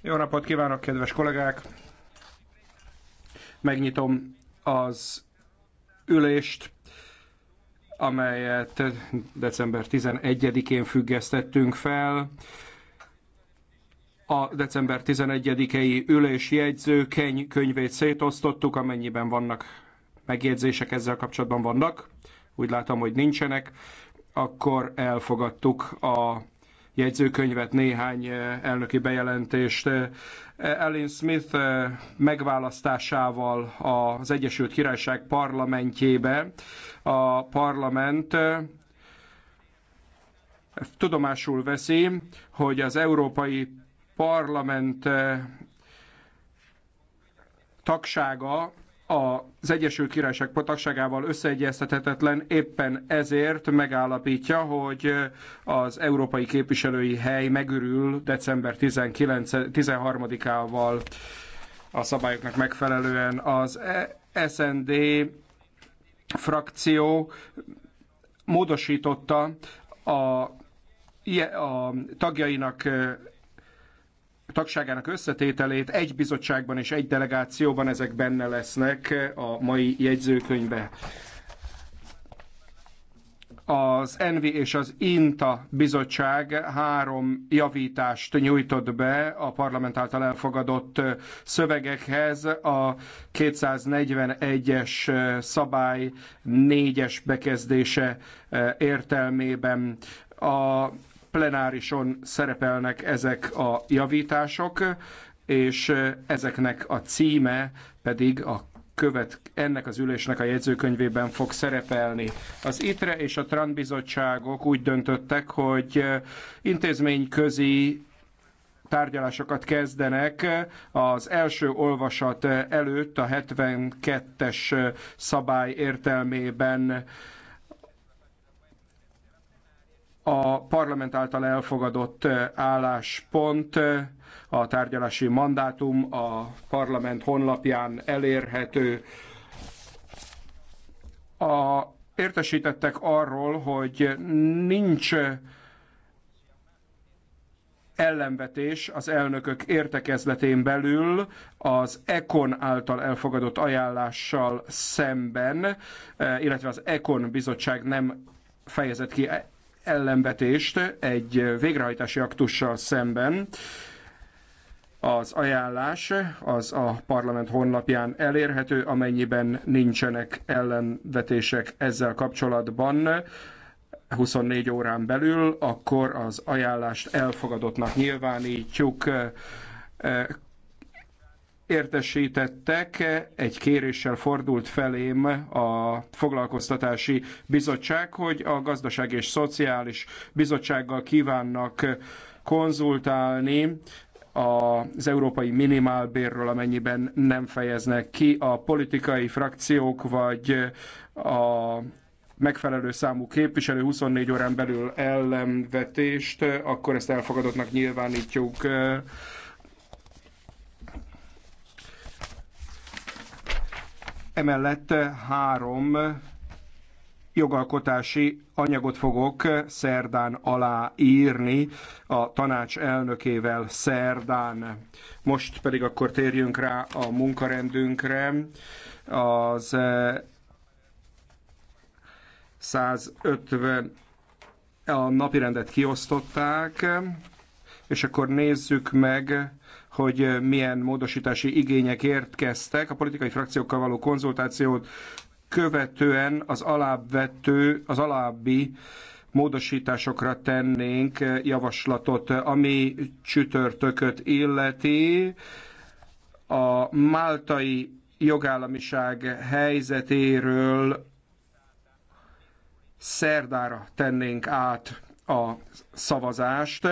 Jó napot kívánok, kedves kollégák! Megnyitom az ülést, amelyet december 11-én függesztettünk fel. A december 11-i ülés jegyzőkeny könyvét szétosztottuk, amennyiben vannak megjegyzések ezzel kapcsolatban vannak. Úgy látom, hogy nincsenek akkor elfogadtuk a jegyzőkönyvet, néhány eh, elnöki bejelentést. Ellen eh, Smith eh, megválasztásával az Egyesült Királyság parlamentjébe a parlament tudomásul veszi, hogy az Európai Parlament tagsága az Egyesült Királyság patakságával összeegyeztethetetlen, éppen ezért megállapítja, hogy az európai képviselői hely megürül december 19, 13-ával a szabályoknak megfelelően. Az SND frakció módosította a, a tagjainak tagságának összetételét egy bizottságban és egy delegációban ezek benne lesznek a mai jegyzőkönyvbe. Az Envi és az INTA bizottság három javítást nyújtott be a parlament által elfogadott szövegekhez a 241-es szabály négyes bekezdése értelmében. A plenárison szerepelnek ezek a javítások, és ezeknek a címe pedig a követ, ennek az ülésnek a jegyzőkönyvében fog szerepelni. Az ITRE és a TRAN bizottságok úgy döntöttek, hogy intézményközi tárgyalásokat kezdenek az első olvasat előtt a 72-es szabály értelmében a parlament által elfogadott eh, álláspont, eh, a tárgyalási mandátum a parlament honlapján elérhető. A, értesítettek arról, hogy nincs eh, ellenvetés az elnökök értekezletén belül az ECON által elfogadott ajánlással szemben, illetve az ECON bizottság nem fejezett ki ellenvetést egy végrehajtási aktussal szemben. Az ajánlás az a parlament honlapján elérhető, amennyiben nincsenek ellenvetések ezzel kapcsolatban. 24 órán belül, akkor az ajánlást elfogadottnak nyilvánítjuk értesítettek, egy kéréssel fordult felém a foglalkoztatási bizottság, hogy a gazdaság és szociális bizottsággal kívánnak konzultálni az európai minimálbérről, amennyiben nem fejeznek ki a politikai frakciók vagy a megfelelő számú képviselő 24 órán belül ellenvetést, akkor ezt elfogadottnak nyilvánítjuk. Emellett három jogalkotási anyagot fogok szerdán aláírni a tanács elnökével szerdán. Most pedig akkor térjünk rá a munkarendünkre. Az 150 eh, a napirendet kiosztották, és akkor nézzük meg hogy eh, milyen módosítási igények érkeztek. A politikai frakciókkal való konzultációt követően az alábbvető, az alábbi módosításokra tennénk eh, javaslatot, eh, ami csütörtököt illeti. A máltai jogállamiság helyzetéről szerdára tennénk át a szavazást.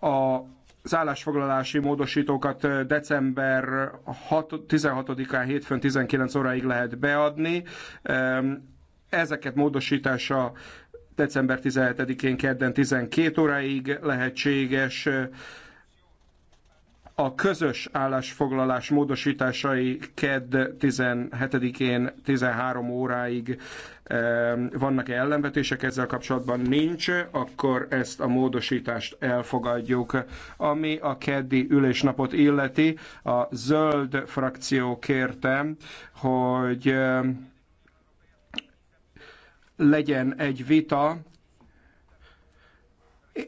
a az állásfoglalási módosítókat december 16-án hétfőn 19 óráig lehet beadni. Ezeket módosítása december 17-én kedden 12 óráig lehetséges a közös állásfoglalás módosításai KED 17-én 13 óráig eh, vannak-e ellenvetések ezzel kapcsolatban? Nincs, akkor ezt a módosítást elfogadjuk. Ami a keddi ülésnapot illeti, a zöld frakció kérte, hogy eh, legyen egy vita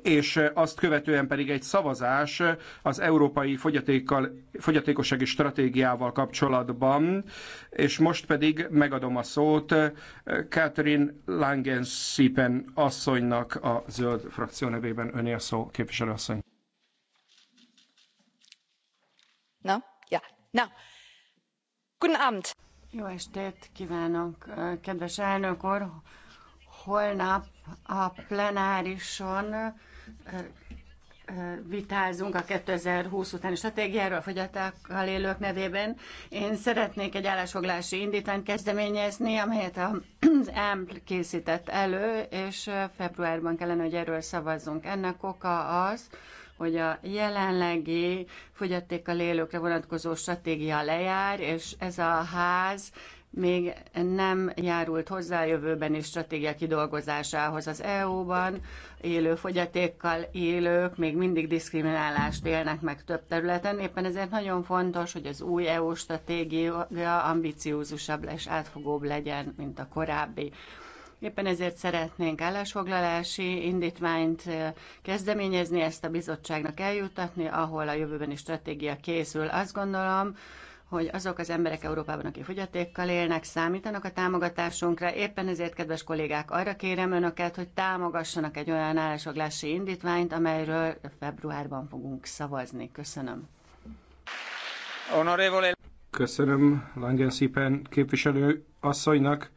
és eh, azt követően pedig egy szavazás eh, az európai fogyatékkal, fogyatékossági stratégiával kapcsolatban, és most pedig megadom a szót eh, Catherine Langenszépen asszonynak a zöld frakció nevében öné a szó, képviselőasszony. Na, ja, na. Guten Abend. Jó estét kívánok, kedves elnök úr! Holnap a plenárison vitázunk a 2020 utáni stratégiáról a fogyatákkal élők nevében. Én szeretnék egy állásfoglási indítványt kezdeményezni, amelyet az EMP készített elő, és februárban kellene, hogy erről szavazzunk. Ennek oka az, hogy a jelenlegi fogyatékkal élőkre vonatkozó stratégia lejár, és ez a ház még nem járult hozzá és stratégia kidolgozásához. Az EU-ban élő fogyatékkal élők még mindig diszkriminálást élnek meg több területen, éppen ezért nagyon fontos, hogy az új EU stratégia ambiciózusabb és átfogóbb legyen, mint a korábbi. Éppen ezért szeretnénk állásfoglalási indítványt kezdeményezni, ezt a bizottságnak eljutatni, ahol a jövőbeni stratégia készül. Azt gondolom, hogy azok az emberek Európában, akik fogyatékkal élnek, számítanak a támogatásunkra. Éppen ezért, kedves kollégák, arra kérem önöket, hogy támogassanak egy olyan állásoglási indítványt, amelyről februárban fogunk szavazni. Köszönöm. Köszönöm Langen szépen képviselő asszonynak.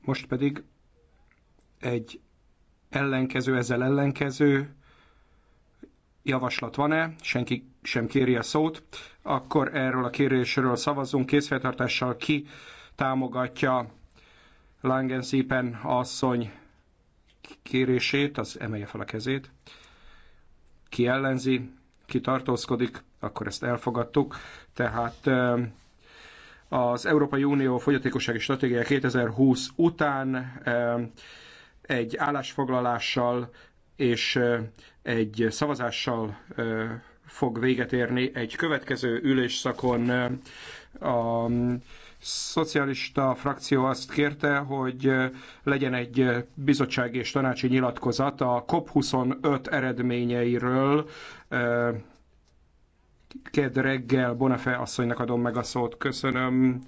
Most pedig egy ellenkező, ezzel ellenkező javaslat van-e? Senki sem kéri a szót, akkor erről a kérésről szavazunk. Készfeltartással ki támogatja Langenszépen asszony kérését, az emelje fel a kezét. Ki ellenzi, ki tartózkodik, akkor ezt elfogadtuk. Tehát az Európai Unió fogyatékossági stratégia 2020 után egy állásfoglalással és egy szavazással fog véget érni egy következő ülésszakon. A szocialista frakció azt kérte, hogy legyen egy bizottsági és tanácsi nyilatkozat a COP25 eredményeiről. Ked reggel Bonafé asszonynak adom meg a szót. Köszönöm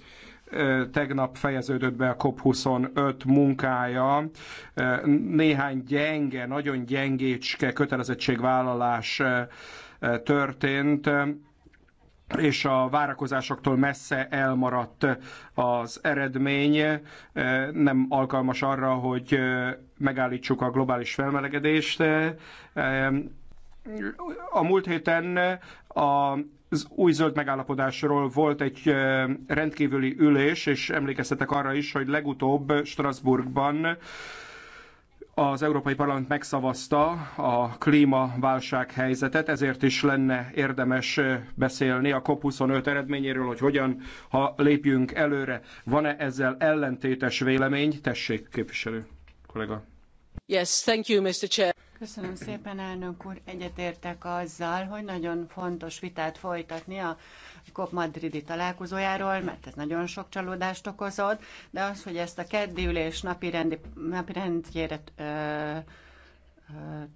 tegnap fejeződött be a COP25 munkája. Néhány gyenge, nagyon gyengécske kötelezettségvállalás történt, és a várakozásoktól messze elmaradt az eredmény, nem alkalmas arra, hogy megállítsuk a globális felmelegedést. A múlt héten a az új zöld megállapodásról volt egy rendkívüli ülés, és emlékeztetek arra is, hogy legutóbb Strasbourgban az Európai Parlament megszavazta a klímaválság helyzetet, ezért is lenne érdemes beszélni a COP25 eredményéről, hogy hogyan, ha lépjünk előre. Van-e ezzel ellentétes vélemény? Tessék, képviselő kollega. Yes, thank you, Mr. Chair. Köszönöm szépen, elnök úr. Egyetértek azzal, hogy nagyon fontos vitát folytatni a COP madridi találkozójáról, mert ez nagyon sok csalódást okozott, de az, hogy ezt a keddi ülés napi, rendi, napi rendjére ö, ö,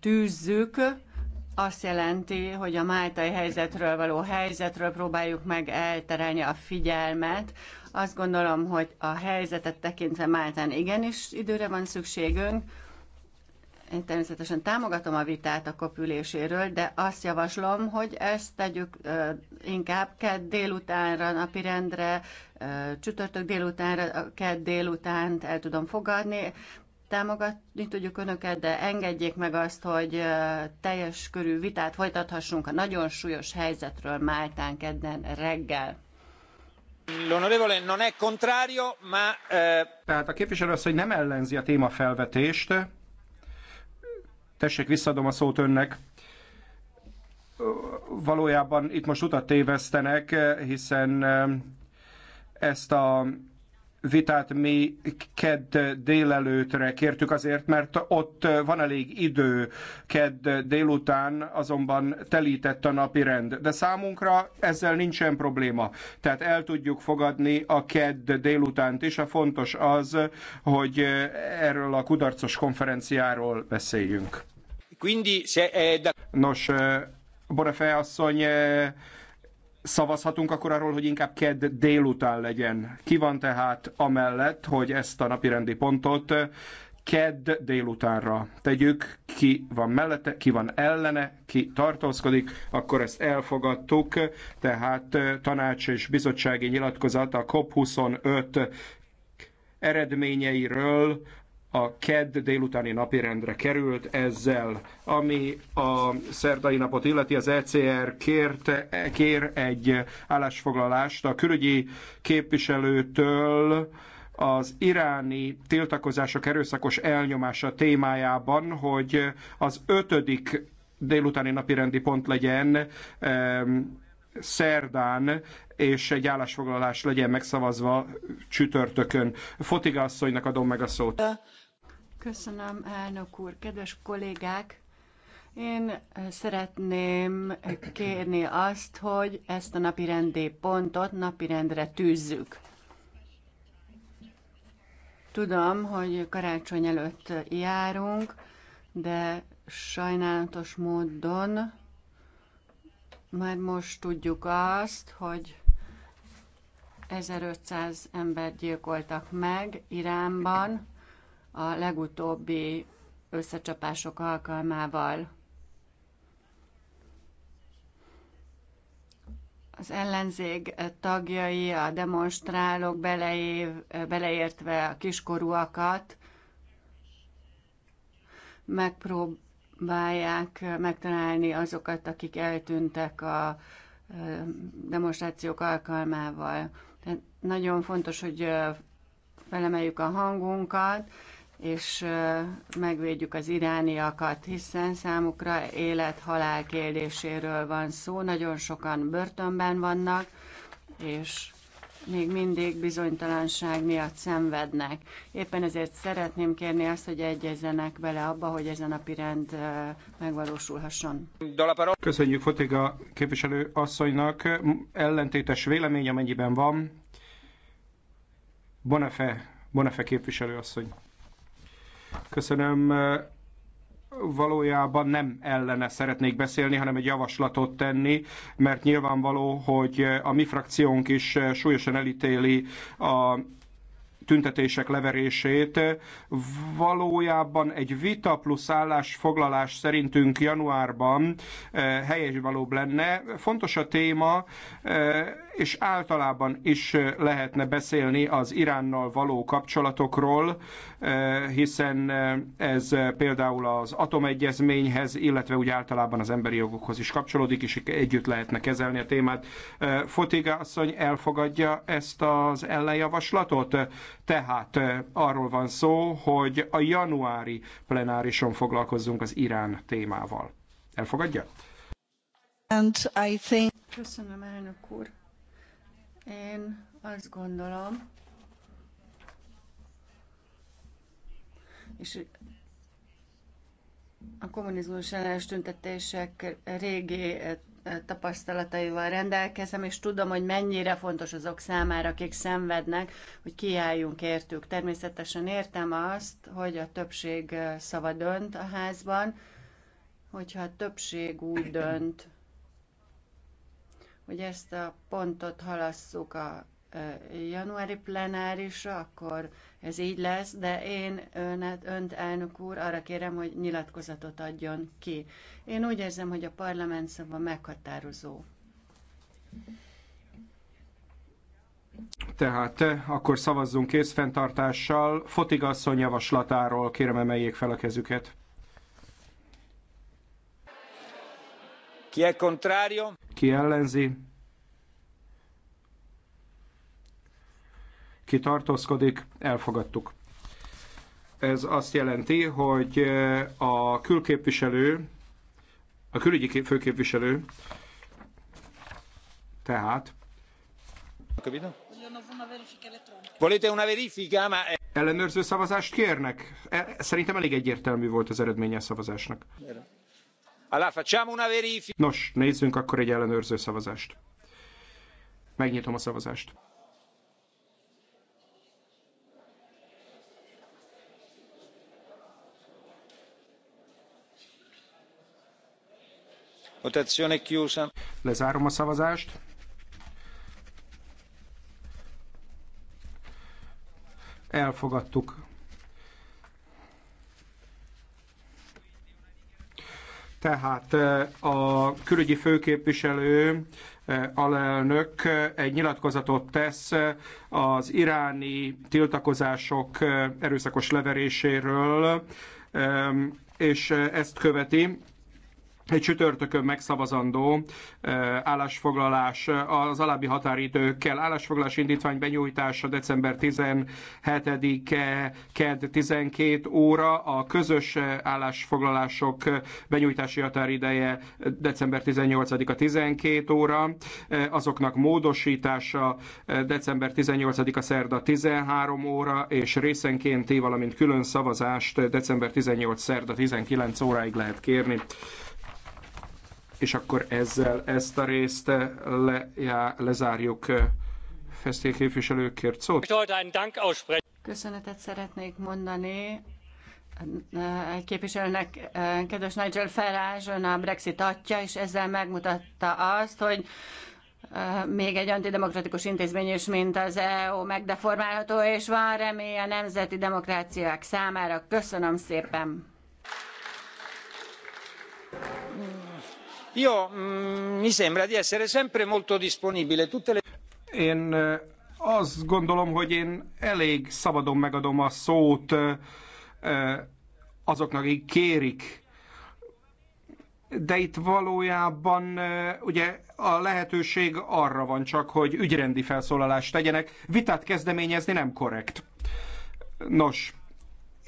tűzzük, azt jelenti, hogy a máltai helyzetről való helyzetről próbáljuk meg elterelni a figyelmet. Azt gondolom, hogy a helyzetet tekintve Máltán igenis időre van szükségünk, én természetesen támogatom a vitát a kopüléséről, de azt javaslom, hogy ezt tegyük inkább kedd délutánra, napirendre, csütörtök délutánra, kedd délutánt el tudom fogadni. Támogatni tudjuk önöket, de engedjék meg azt, hogy teljes körű vitát folytathassunk a nagyon súlyos helyzetről Máltán kedden reggel. L'onorevole non è contrario, ma... Tehát a képviselő az, hogy nem ellenzi a témafelvetést, Tessék, visszadom a szót önnek. Valójában itt most utat tévesztenek, hiszen eh, ezt a vitát mi kedd délelőtre kértük azért, mert ott van elég idő kedd délután, azonban telített a napi rend. De számunkra ezzel nincsen probléma. Tehát el tudjuk fogadni a kedd délutánt is. A fontos az, hogy erről a kudarcos konferenciáról beszéljünk. Quindi, se, eh, Nos, eh, Borefe asszony eh, szavazhatunk akkor arról, hogy inkább kedd délután legyen. Ki van tehát amellett, hogy ezt a napirendi pontot kedd délutánra tegyük, ki van mellette, ki van ellene, ki tartózkodik, akkor ezt elfogadtuk, tehát tanács és bizottsági nyilatkozat a COP25 eredményeiről a KED délutáni napirendre került ezzel, ami a szerdai napot illeti, az ECR kért, kér egy állásfoglalást a külügyi képviselőtől, az iráni tiltakozások erőszakos elnyomása témájában, hogy az ötödik délutáni napirendi pont legyen szerdán, és egy állásfoglalás legyen megszavazva csütörtökön. Fotiga asszonynak adom meg a szót. Köszönöm, elnök úr, kedves kollégák! Én szeretném kérni azt, hogy ezt a napirendi pontot napirendre tűzzük. Tudom, hogy karácsony előtt járunk, de sajnálatos módon már most tudjuk azt, hogy 1500 ember gyilkoltak meg Iránban, a legutóbbi összecsapások alkalmával. Az ellenzék tagjai, a demonstrálók beleév, beleértve a kiskorúakat megpróbálják megtalálni azokat, akik eltűntek a demonstrációk alkalmával. Tehát nagyon fontos, hogy felemeljük a hangunkat, és megvédjük az irániakat, hiszen számukra élet-halál kérdéséről van szó. Nagyon sokan börtönben vannak, és még mindig bizonytalanság miatt szenvednek. Éppen ezért szeretném kérni azt, hogy egyezzenek bele abba, hogy ez a napi rend megvalósulhasson. Köszönjük Fotiga képviselő asszonynak. Ellentétes vélemény, amennyiben van. Bonafé, Bonafé képviselő asszony. Köszönöm. Valójában nem ellene szeretnék beszélni, hanem egy javaslatot tenni, mert nyilvánvaló, hogy a mi frakciónk is súlyosan elítéli a tüntetések leverését. Valójában egy vita plusz állásfoglalás szerintünk januárban eh, helyes valóbb lenne. Fontos a téma, eh, és általában is lehetne beszélni az Iránnal való kapcsolatokról, hiszen ez például az atomegyezményhez, illetve úgy általában az emberi jogokhoz is kapcsolódik, és együtt lehetne kezelni a témát. Fotiga asszony elfogadja ezt az ellenjavaslatot, tehát arról van szó, hogy a januári plenárison foglalkozzunk az Irán témával. Elfogadja? And I think... Köszönöm, elnök úr én azt gondolom, és a kommunizmus ellenes tüntetések régi eh, eh, tapasztalataival rendelkezem, és tudom, hogy mennyire fontos azok számára, akik szenvednek, hogy kiálljunk értük. Természetesen értem azt, hogy a többség eh, szava dönt a házban, hogyha a többség úgy dönt, hogy ezt a pontot halasszuk a januári plenárisra, akkor ez így lesz, de én önet, önt, elnök úr, arra kérem, hogy nyilatkozatot adjon ki. Én úgy érzem, hogy a parlament szava meghatározó. Tehát eh, akkor szavazzunk készfenntartással. Fotigasszony javaslatáról kérem emeljék fel a kezüket. Ki è contrario? Ki ellenzi? Ki tartózkodik? Elfogadtuk. Ez azt jelenti, hogy eh, a külképviselő, a külügyi főképviselő, tehát Volete una verifica, ma... Ellenőrző szavazást kérnek? E, szerintem elég egyértelmű volt az eredménye a szavazásnak. Nos, nézzünk akkor egy ellenőrző szavazást. Megnyitom a szavazást. Votazione chiusa. Lezárom a szavazást. Elfogadtuk. Tehát eh, a külügyi főképviselő eh, alelnök eh, egy nyilatkozatot tesz az iráni tiltakozások erőszakos leveréséről, és ezt követi egy csütörtökön megszavazandó állásfoglalás az alábbi határidőkkel. Állásfoglalás indítvány benyújtása december 17-e, KED 12 óra, a közös állásfoglalások benyújtási határideje december 18-a 12 óra, azoknak módosítása december 18-a szerda 13 óra, és részenkénti, valamint külön szavazást december 18 szerda 19 óráig lehet kérni és akkor ezzel ezt a részt já, lezárjuk. Fesztély képviselőkért szót. Köszönetet szeretnék mondani egy képviselőnek, kedves Nigel Farage, ön a Brexit atya, és ezzel megmutatta azt, hogy még egy antidemokratikus intézmény is, mint az EU megdeformálható, és van remély a nemzeti demokráciák számára. Köszönöm szépen! io mm, mi sembra di essere sempre molto disponibile. Tutte le... Én azt gondolom, hogy én elég szabadon megadom a szót azoknak, akik kérik. De itt valójában ugye a lehetőség arra van csak, hogy ügyrendi felszólalást tegyenek. Vitát kezdeményezni nem korrekt. Nos,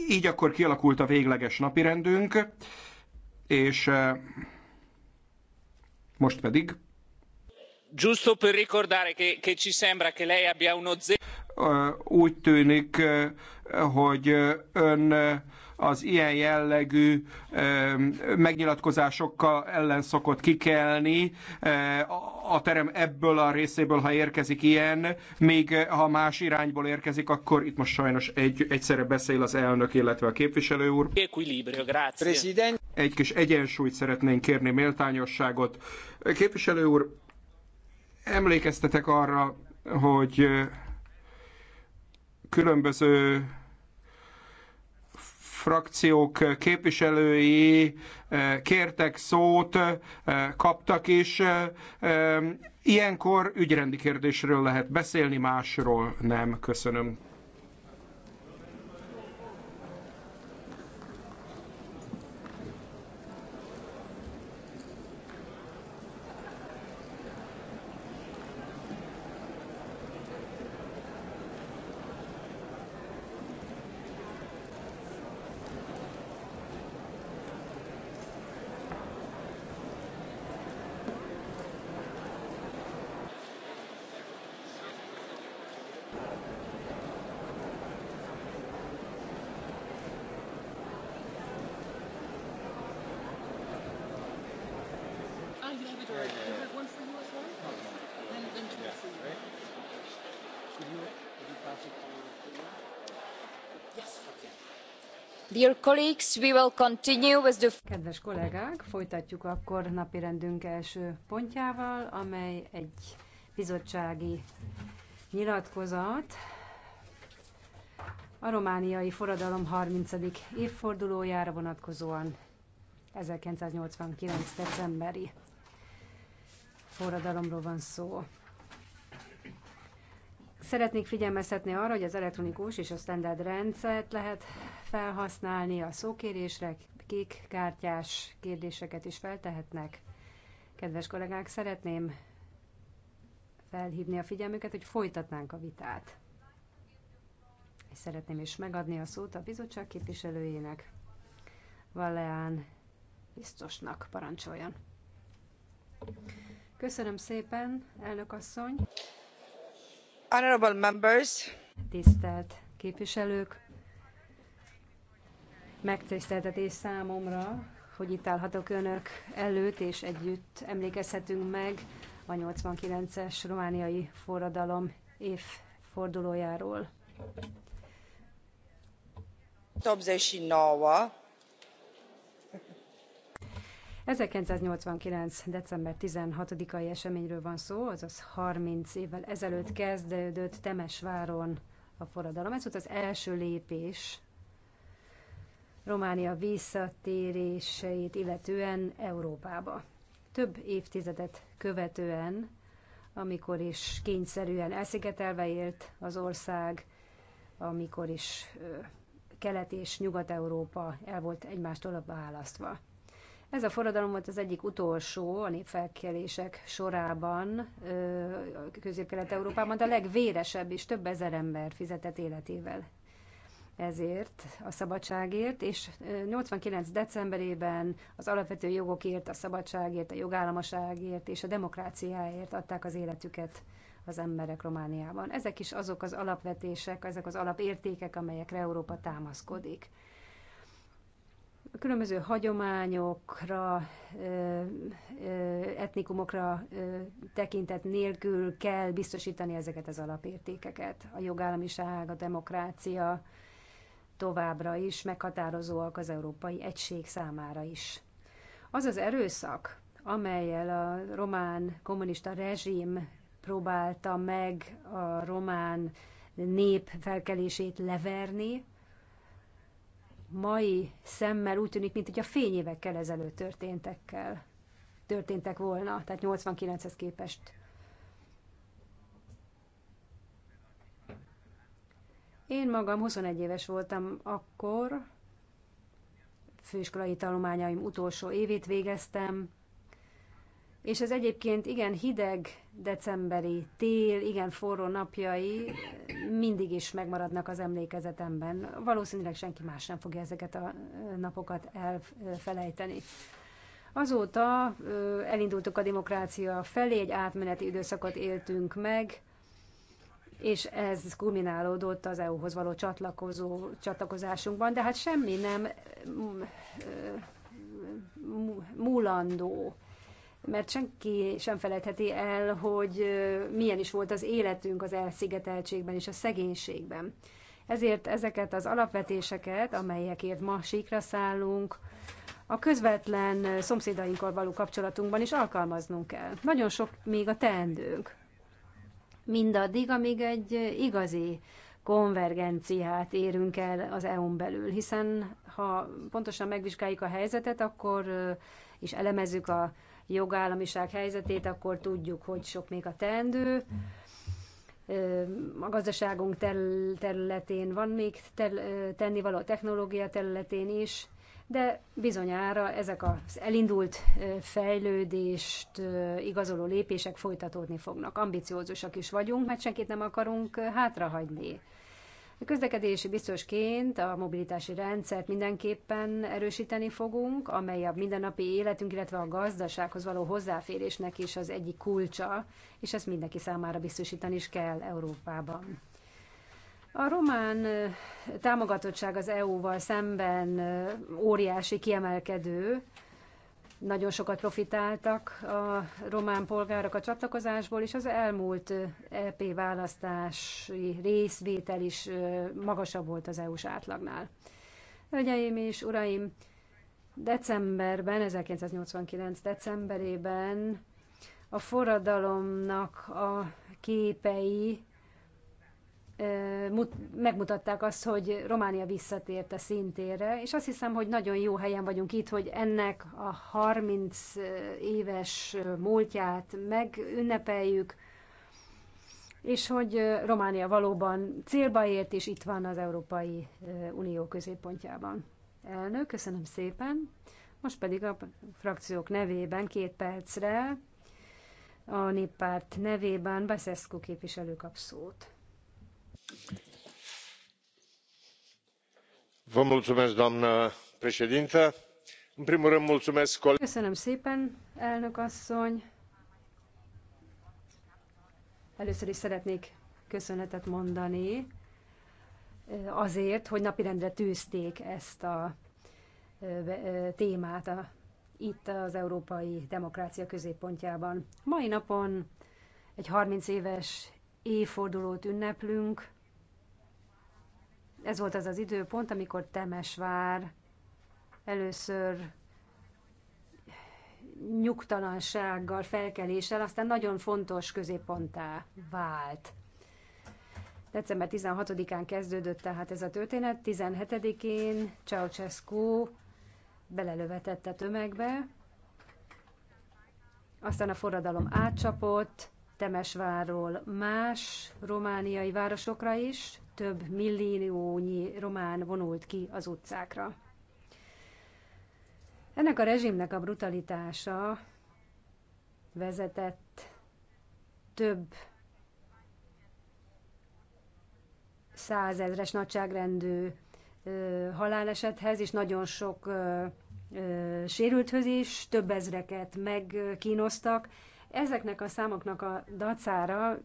így akkor kialakult a végleges napirendünk, és most pedig giusto per ricordare che, che ci sembra che lei abbia uno zero. Úgy tűnik, hogy ön az ilyen jellegű megnyilatkozásokkal ellen szokott kikelni. Eh, a terem ebből a részéből, ha érkezik ilyen, még eh, ha más irányból érkezik, akkor itt most sajnos egy, egyszerre beszél az elnök, illetve a képviselő úr. Egy kis egyensúlyt szeretnénk kérni, méltányosságot. Képviselő úr, emlékeztetek arra, hogy eh, különböző frakciók képviselői eh, kértek szót, eh, kaptak is. Eh, ilyenkor ügyrendi kérdésről lehet beszélni, másról nem. Köszönöm. Kedves kollégák, folytatjuk akkor napirendünk első pontjával, amely egy bizottsági nyilatkozat a romániai forradalom 30. évfordulójára vonatkozóan 1989. decemberi forradalomról van szó. Szeretnék figyelmeztetni arra, hogy az elektronikus és a standard rendszert lehet felhasználni a szókérésre, kék kártyás kérdéseket is feltehetnek. Kedves kollégák, szeretném felhívni a figyelmüket, hogy folytatnánk a vitát. És szeretném is megadni a szót a bizottság képviselőjének, Valleán biztosnak parancsoljon. Köszönöm szépen, elnök asszony! Honorable members! Tisztelt képviselők! megtiszteltetés számomra, hogy itt állhatok önök előtt, és együtt emlékezhetünk meg a 89-es romániai forradalom évfordulójáról. 89. 1989. december 16-ai eseményről van szó, azaz 30 évvel ezelőtt kezdődött Temesváron a forradalom. Ez volt az első lépés Románia visszatéréseit illetően Európába. Több évtizedet követően, amikor is kényszerűen elszigetelve élt az ország, amikor is Kelet és Nyugat-Európa el volt egymástól választva. Ez a forradalom volt az egyik utolsó a népfelkelések sorában Közép-Kelet-Európában, de a legvéresebb is, több ezer ember fizetett életével ezért, a szabadságért, és 89. decemberében az alapvető jogokért, a szabadságért, a jogállamaságért és a demokráciáért adták az életüket az emberek Romániában. Ezek is azok az alapvetések, ezek az alapértékek, amelyekre Európa támaszkodik. A különböző hagyományokra, etnikumokra tekintet nélkül kell biztosítani ezeket az alapértékeket. A jogállamiság, a demokrácia, továbbra is meghatározóak az európai egység számára is. Az az erőszak, amelyel a román kommunista rezsim próbálta meg a román nép felkelését leverni, mai szemmel úgy tűnik, mint hogy a fényévekkel ezelőtt történtekkel történtek volna, tehát 89-hez képest Én magam 21 éves voltam akkor, főiskolai tanulmányaim utolsó évét végeztem, és ez egyébként igen hideg decemberi tél, igen forró napjai mindig is megmaradnak az emlékezetemben. Valószínűleg senki más nem fogja ezeket a napokat elfelejteni. Azóta elindultuk a demokrácia felé, egy átmeneti időszakot éltünk meg, és ez kulminálódott az EU-hoz való csatlakozó, csatlakozásunkban, de hát semmi nem mm, mm, mm, múlandó, mert senki sem felejtheti el, hogy milyen is volt az életünk az elszigeteltségben és a szegénységben. Ezért ezeket az alapvetéseket, amelyekért ma síkra szállunk, a közvetlen szomszédainkkal való kapcsolatunkban is alkalmaznunk kell. Nagyon sok még a teendőnk mindaddig, amíg egy igazi konvergenciát érünk el az EU-n belül, hiszen ha pontosan megvizsgáljuk a helyzetet, akkor is elemezzük a jogállamiság helyzetét, akkor tudjuk, hogy sok még a teendő. A gazdaságunk területén van még tennivaló a technológia területén is, de bizonyára ezek az elindult fejlődést igazoló lépések folytatódni fognak. Ambiciózusak is vagyunk, mert senkit nem akarunk hátrahagyni. A közlekedési biztosként a mobilitási rendszert mindenképpen erősíteni fogunk, amely a mindennapi életünk, illetve a gazdasághoz való hozzáférésnek is az egyik kulcsa, és ezt mindenki számára biztosítani is kell Európában. A román támogatottság az EU-val szemben óriási, kiemelkedő. Nagyon sokat profitáltak a román polgárok a csatlakozásból, és az elmúlt EP választási részvétel is magasabb volt az EU-s átlagnál. Hölgyeim és uraim, decemberben, 1989. decemberében a forradalomnak a képei megmutatták azt, hogy Románia visszatérte szintére, és azt hiszem, hogy nagyon jó helyen vagyunk itt, hogy ennek a 30 éves múltját megünnepeljük, és hogy Románia valóban célba ért, és itt van az Európai Unió középpontjában. Elnök, köszönöm szépen. Most pedig a frakciók nevében két percre a néppárt nevében Beszeszkó képviselő kap szót doamnă președintă în primul először is szeretnék köszönetet mondani azért hogy napirendre tűzték ezt a témát itt az európai demokrácia középpontjában. mai napon egy 30 éves évfordulót ünneplünk ez volt az az időpont, amikor Temesvár először nyugtalansággal, felkeléssel, aztán nagyon fontos középpontá vált. December 16-án kezdődött tehát ez a történet, 17-én Ceausescu belelövetett a tömegbe, aztán a forradalom átcsapott Temesvárról más romániai városokra is, több milliónyi román vonult ki az utcákra. Ennek a rezsimnek a brutalitása vezetett több százezres nagyságrendű ö, halálesethez, és nagyon sok ö, ö, sérülthöz is, több ezreket megkínoztak. Ezeknek a számoknak a dacára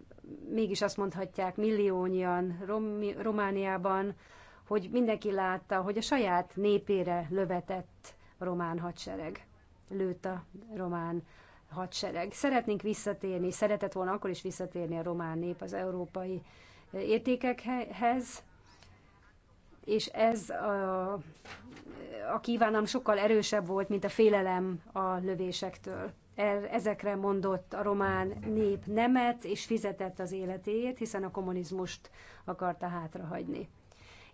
mégis azt mondhatják milliónyian Romániában, hogy mindenki látta, hogy a saját népére lövetett román hadsereg, lőtt a román hadsereg. Szeretnénk visszatérni, szeretett volna akkor is visszatérni a román nép az európai értékekhez, és ez a, a kívánalom sokkal erősebb volt, mint a félelem a lövésektől ezekre mondott a román nép nemet, és fizetett az életéért, hiszen a kommunizmust akarta hátrahagyni.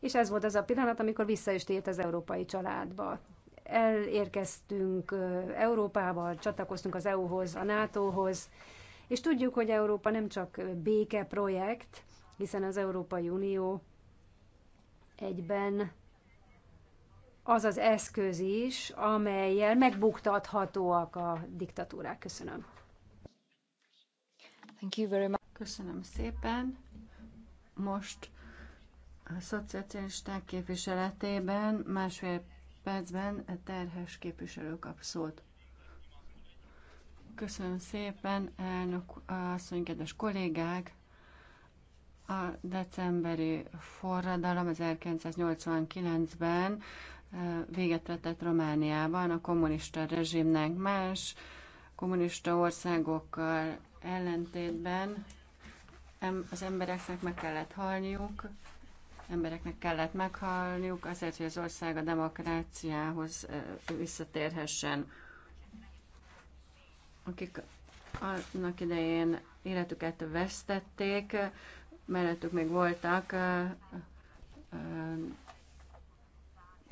És ez volt az a pillanat, amikor vissza is tért az európai családba. Elérkeztünk Európába, csatlakoztunk az EU-hoz, a NATO-hoz, és tudjuk, hogy Európa nem csak béke projekt, hiszen az Európai Unió egyben az az eszköz is, amelyel megbuktathatóak a diktatúrák. Köszönöm. Thank you very much. Köszönöm szépen. Most a szocialisták képviseletében másfél percben a terhes képviselő kap szót. Köszönöm szépen, elnök asszony, kedves kollégák! A decemberi forradalom 1989-ben véget vetett Romániában a kommunista rezsimnek más kommunista országokkal ellentétben az embereknek meg kellett halniuk, embereknek kellett meghalniuk azért, hogy az ország a demokráciához visszatérhessen. Akik annak idején életüket vesztették, mellettük még voltak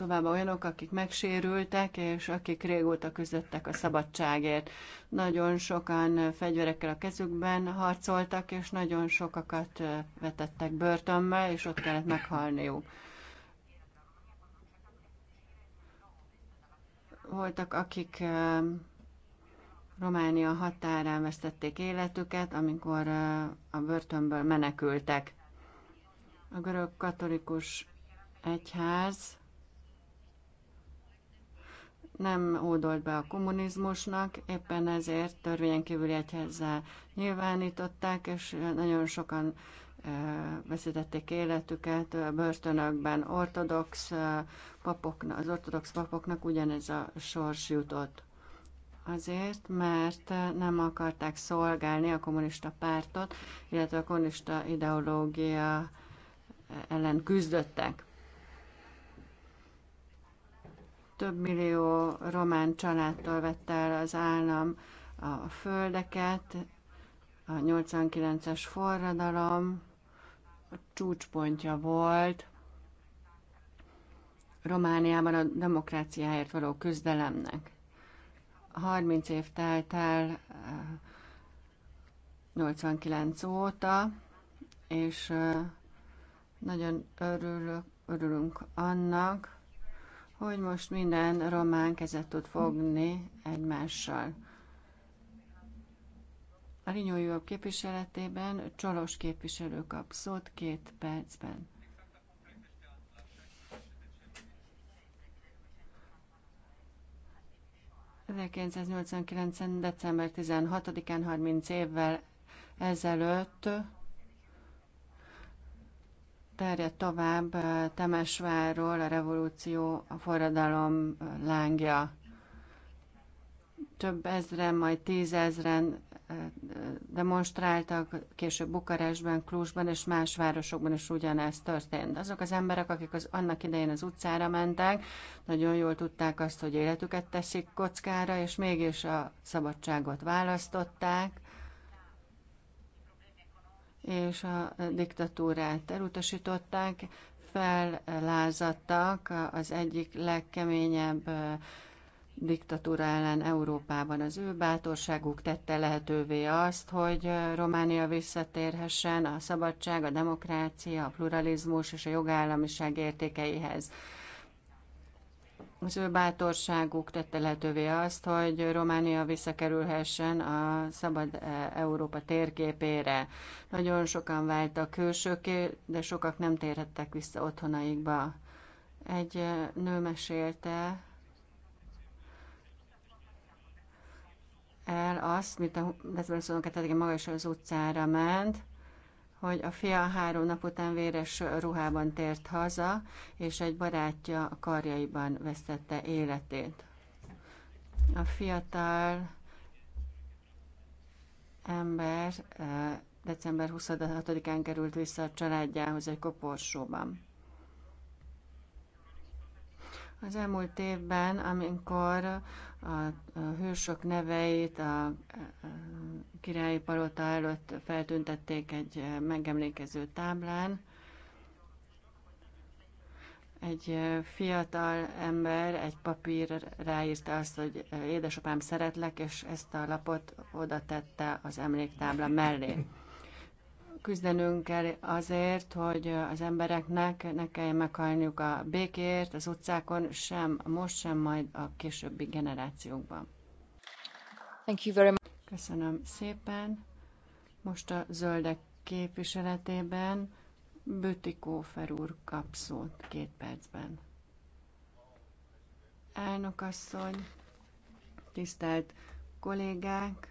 továbbá olyanok, akik megsérültek, és akik régóta küzdöttek a szabadságért. Nagyon sokan fegyverekkel a kezükben harcoltak, és nagyon sokakat vetettek börtönbe, és ott kellett meghalniuk. Voltak, akik Románia határán vesztették életüket, amikor a börtönből menekültek. A görög katolikus egyház nem oldolt be a kommunizmusnak, éppen ezért törvénykívüli egyházzá nyilvánították, és nagyon sokan veszítették életüket börtönökben. Ortodox papoknak, az ortodox papoknak ugyanez a sors jutott. Azért, mert nem akarták szolgálni a kommunista pártot, illetve a kommunista ideológia ellen küzdöttek. több millió román családtól vette el az állam a földeket, a 89-es forradalom a csúcspontja volt Romániában a demokráciáért való küzdelemnek. 30 év telt el 89 eh, óta, és eh, nagyon örülök, örülünk annak, hogy most minden román kezet tud fogni egymással. A Rinyó képviseletében Csolos képviselő kap szót két percben. ...1989. december 16-án, 30 évvel ezelőtt terjed tovább Temesvárról a revolúció, a forradalom lángja. Több ezren, majd tízezren demonstráltak, később Bukarestben, Klúzsban és más városokban is ugyanezt történt. Azok az emberek, akik az, annak idején az utcára mentek, nagyon jól tudták azt, hogy életüket teszik kockára, és mégis a szabadságot választották és a diktatúrát elutasították, fellázadtak az egyik legkeményebb diktatúra ellen Európában. Az ő bátorságuk tette lehetővé azt, hogy Románia visszatérhessen a szabadság, a demokrácia, a pluralizmus és a jogállamiság értékeihez az ő bátorságuk tette lehetővé azt, hogy Románia visszakerülhessen a szabad e, Európa térképére. Nagyon sokan váltak külsőké, de sokak nem térhettek vissza otthonaikba. Egy e, nő mesélte el azt, mint a 22. maga is az utcára ment, hogy a fia három nap után véres ruhában tért haza, és egy barátja a karjaiban vesztette életét. A fiatal ember eh, december 26-án került vissza a családjához egy koporsóban. Az elmúlt évben, amikor a, a hősök neveit a királyi palota előtt feltüntették egy megemlékező táblán. Egy fiatal ember egy papír ráírta azt, hogy édesapám szeretlek, és ezt a lapot oda tette az emléktábla mellé küzdenünk kell azért, hogy az embereknek ne kelljen meghalniuk a békért az utcákon, sem most, sem majd a későbbi generációkban. Thank you very much. Köszönöm szépen. Most a zöldek képviseletében Bütikófer úr kap szót két percben. Elnök asszony, tisztelt kollégák,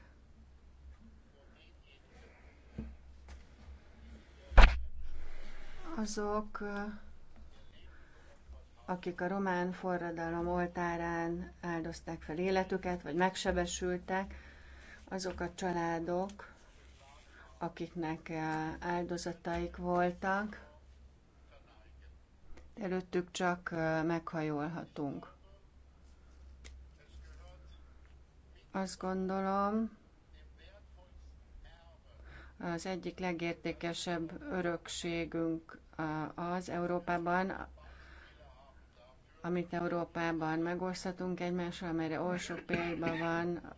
azok, akik a román forradalom oltárán áldozták fel életüket, vagy megsebesültek, azok a családok, akiknek áldozataik voltak, előttük csak meghajolhatunk. Azt gondolom, az egyik legértékesebb örökségünk az Európában, amit Európában megosztatunk egymással, amelyre olsó példa van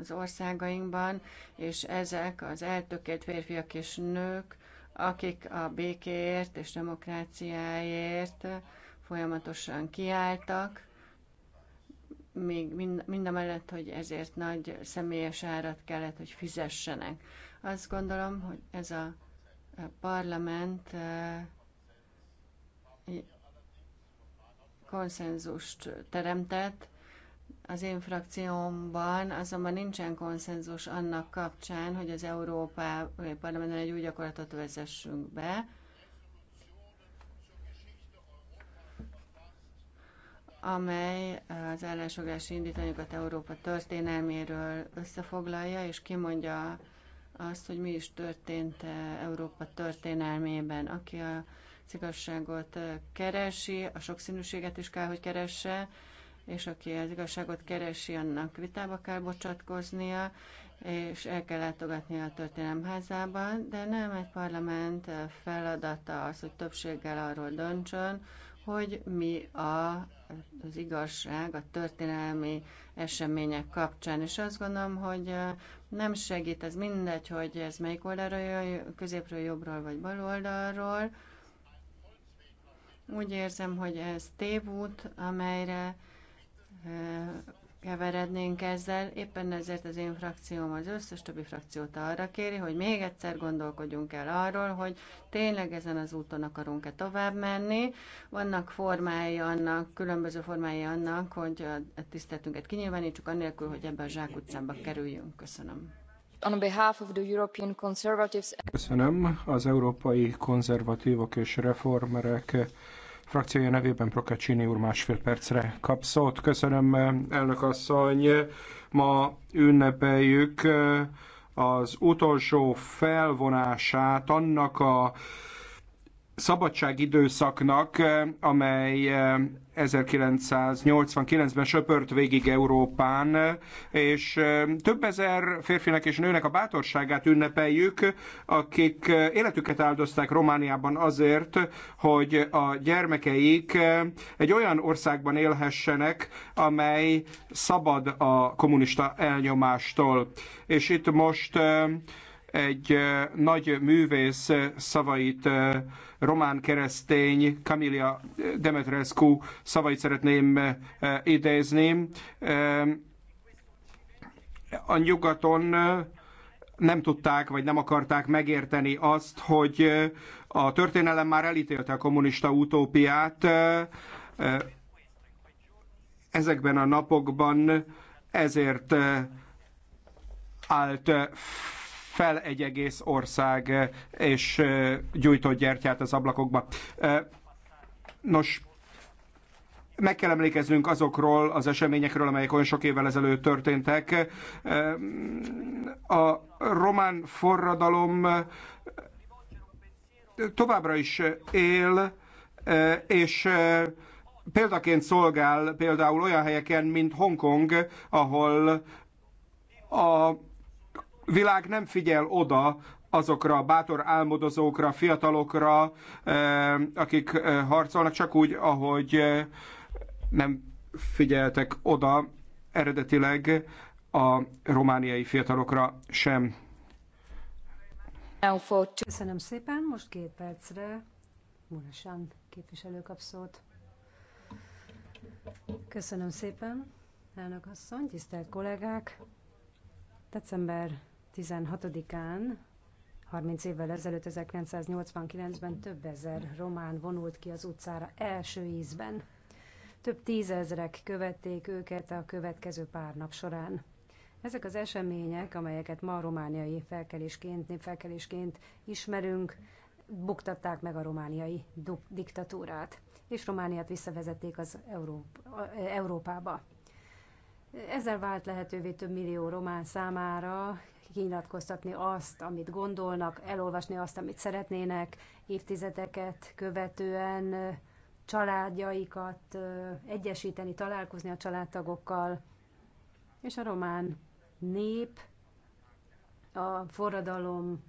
az országainkban, és ezek az eltökélt férfiak és nők, akik a békéért és demokráciáért folyamatosan kiálltak, még mind, mind a mellett, hogy ezért nagy személyes árat kellett, hogy fizessenek. Azt gondolom, hogy ez a parlament konszenzust teremtett. Az én frakciómban azonban nincsen konszenzus annak kapcsán, hogy az Európai Parlamenten egy új gyakorlatot vezessünk be, amely az állásfoglási indítványokat Európa történelméről összefoglalja, és kimondja azt, hogy mi is történt eh, Európa történelmében. Aki a igazságot eh, keresi, a sokszínűséget is kell, hogy keresse, és aki az igazságot keresi, annak vitába kell bocsatkoznia, és el kell látogatnia a történelemházában, de nem egy parlament eh, feladata az, hogy többséggel arról döntsön, hogy mi a, az igazság a történelmi események kapcsán. És azt gondolom, hogy nem segít, ez mindegy, hogy ez melyik oldalról jön, középről, jobbról vagy bal oldalról. Úgy érzem, hogy ez tévút, amelyre eh, keverednénk ezzel. Éppen ezért az én frakcióm az összes többi frakciót arra kéri, hogy még egyszer gondolkodjunk el arról, hogy tényleg ezen az úton akarunk-e tovább menni. Vannak formái annak, különböző formái annak, hogy a tiszteletünket kinyilvánítsuk, anélkül, hogy ebbe a zsákutcába kerüljünk. Köszönöm. On behalf of the European Conservatives... Köszönöm. Az európai konzervatívok és reformerek frakciója nevében Prokacsini úr másfél percre kap szót. Köszönöm, elnök asszony. Ma ünnepeljük eh, az utolsó felvonását annak a szabadságidőszaknak, eh, amely 1989-ben eh, söpört végig Európán, eh, és több ezer férfinek és nőnek a bátorságát ünnepeljük, akik életüket áldozták Romániában azért, hogy a gyermekeik egy olyan országban élhessenek, amely szabad a kommunista elnyomástól. És itt most egy nagy művész szavait, román keresztény Kamilia Demetrescu szavait szeretném idézni. A nyugaton nem tudták, vagy nem akarták megérteni azt, hogy a történelem már elítélte a kommunista utópiát. Ezekben a napokban ezért állt fel egy egész ország, eh, és eh, gyújtott gyertyát az ablakokba. Eh, nos, meg kell emlékeznünk azokról az eseményekről, amelyek olyan sok évvel ezelőtt történtek. A román forradalom továbbra is él, és példaként szolgál például olyan helyeken, mint Hongkong, ahol a világ nem figyel oda azokra a bátor álmodozókra, fiatalokra, eh, akik eh, harcolnak, csak úgy, ahogy eh, nem figyeltek oda eredetileg a romániai fiatalokra sem. Köszönöm szépen, most két percre Murasán képviselő kap szót. Köszönöm szépen, elnök asszony, tisztelt kollégák! December 16-án, 30 évvel ezelőtt, 1989-ben több ezer román vonult ki az utcára első ízben. Több tízezrek követték őket a következő pár nap során. Ezek az események, amelyeket ma a romániai felkelésként, népfelkelésként ismerünk, buktatták meg a romániai diktatúrát, és Romániát visszavezették az Európ- Európába. Ezzel vált lehetővé több millió román számára kinyilatkoztatni azt, amit gondolnak, elolvasni azt, amit szeretnének, évtizedeket követően családjaikat egyesíteni, találkozni a családtagokkal, és a román nép a forradalom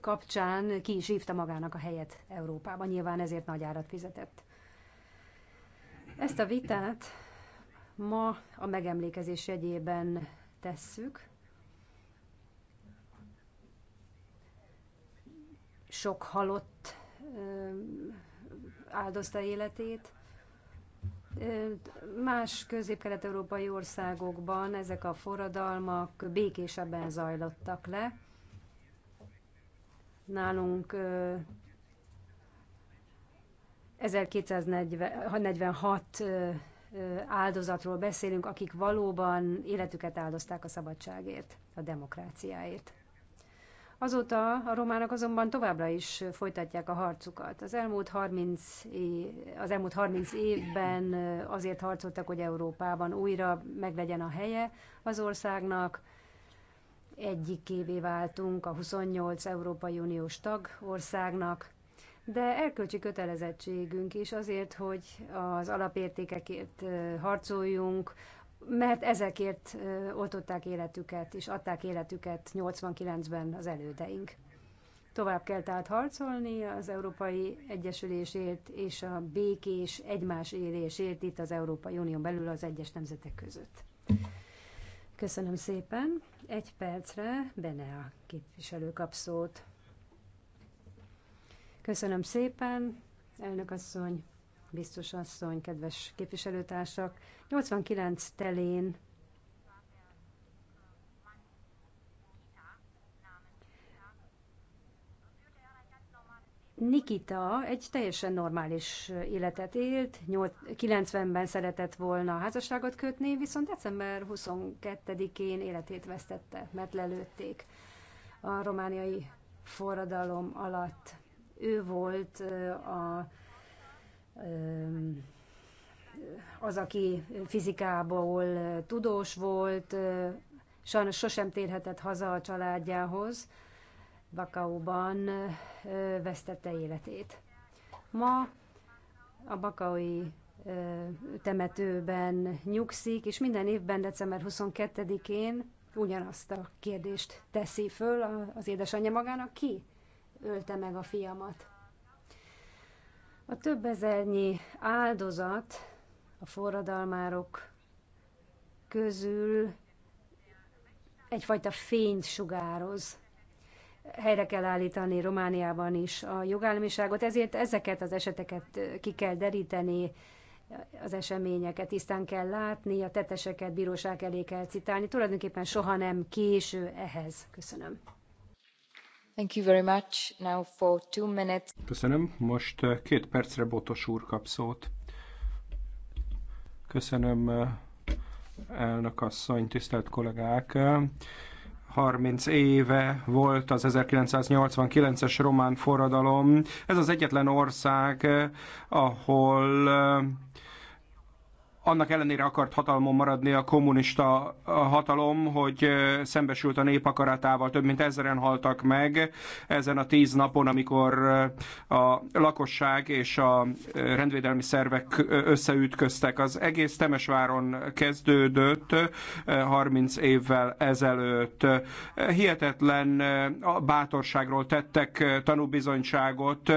kapcsán ki is hívta magának a helyet Európában, nyilván ezért nagy árat fizetett. Ezt a vitát ma a megemlékezés jegyében tesszük. Sok halott áldozta életét. Más közép-kelet-európai országokban ezek a forradalmak békésebben zajlottak le. Nálunk 1246 áldozatról beszélünk, akik valóban életüket áldozták a szabadságért, a demokráciáért. Azóta a románok azonban továbbra is folytatják a harcukat. Az elmúlt 30, év, az elmúlt 30 évben azért harcoltak, hogy Európában újra meglegyen a helye az országnak. Egyikévé váltunk a 28 Európai Uniós tag országnak, de erkölcsi kötelezettségünk is azért, hogy az alapértékekért harcoljunk, mert ezekért oltották életüket és adták életüket 89-ben az elődeink. Tovább kell tehát harcolni az Európai Egyesülésért és a békés egymás élésért itt az Európai Unión belül az egyes nemzetek között. Köszönöm szépen. Egy percre Benea képviselő kap szót. Köszönöm szépen, elnök asszony, biztos asszony, kedves képviselőtársak. 89 telén Nikita egy teljesen normális életet élt, 90-ben szeretett volna házasságot kötni, viszont december 22-én életét vesztette, mert lelőtték a romániai forradalom alatt. Ő volt a, az, aki fizikából tudós volt, sajnos sosem térhetett haza a családjához, Bakaóban vesztette életét. Ma a bakaui temetőben nyugszik, és minden évben december 22-én ugyanazt a kérdést teszi föl az édesanyja magának, ki ölte meg a fiamat. A több ezernyi áldozat a forradalmárok közül egyfajta fényt sugároz. Helyre kell állítani Romániában is a jogállamiságot, ezért ezeket az eseteket ki kell deríteni, az eseményeket tisztán kell látni, a teteseket bíróság elé kell citálni. Tulajdonképpen soha nem késő ehhez. Köszönöm. Thank you very much. Now for two minutes. Köszönöm. Most eh, két percre Botos úr kap szót. Köszönöm, eh, elnök asszony, tisztelt kollégák. 30 éve volt az 1989-es román forradalom. Ez az egyetlen ország, eh, ahol annak ellenére akart hatalmon maradni a kommunista hatalom, hogy szembesült a nép akaratával, több mint ezeren haltak meg ezen a tíz napon, amikor a lakosság és a rendvédelmi szervek összeütköztek. Az egész Temesváron kezdődött 30 évvel ezelőtt. Hihetetlen bátorságról tettek tanúbizonyságot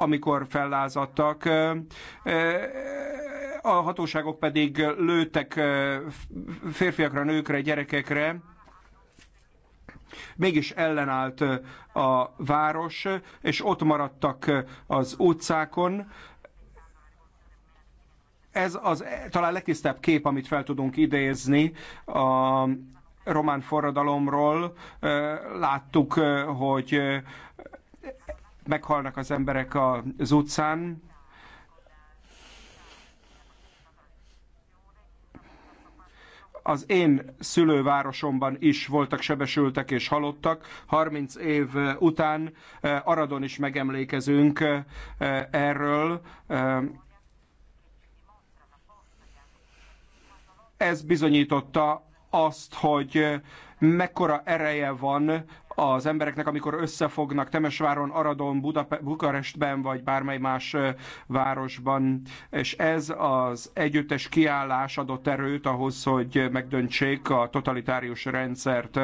amikor fellázadtak. A hatóságok pedig lőttek férfiakra, nőkre, gyerekekre. Mégis ellenállt a város, és ott maradtak az utcákon ez az talán legtisztább kép, amit fel tudunk idézni a román forradalomról. Láttuk, hogy meghalnak az emberek az utcán. Az én szülővárosomban is voltak sebesültek és halottak. 30 év után eh, Aradon is megemlékezünk eh, erről. Eh, ez bizonyította azt, hogy mekkora ereje van az embereknek, amikor összefognak Temesváron, Aradon, Budape- Bukarestben, vagy bármely más városban. És ez az együttes kiállás adott erőt ahhoz, hogy megdöntsék a totalitárius rendszert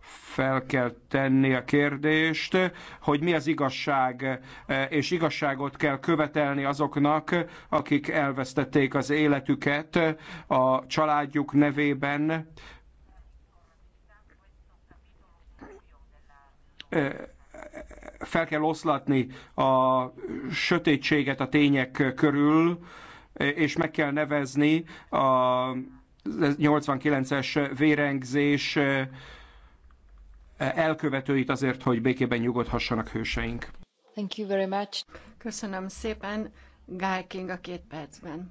fel kell tenni a kérdést, hogy mi az igazság, és igazságot kell követelni azoknak, akik elvesztették az életüket a családjuk nevében, fel kell oszlatni a sötétséget a tények körül, és meg kell nevezni a 89-es vérengzés elkövetőit azért, hogy békében nyugodhassanak hőseink. Thank you very much. Köszönöm szépen. Guy King a két percben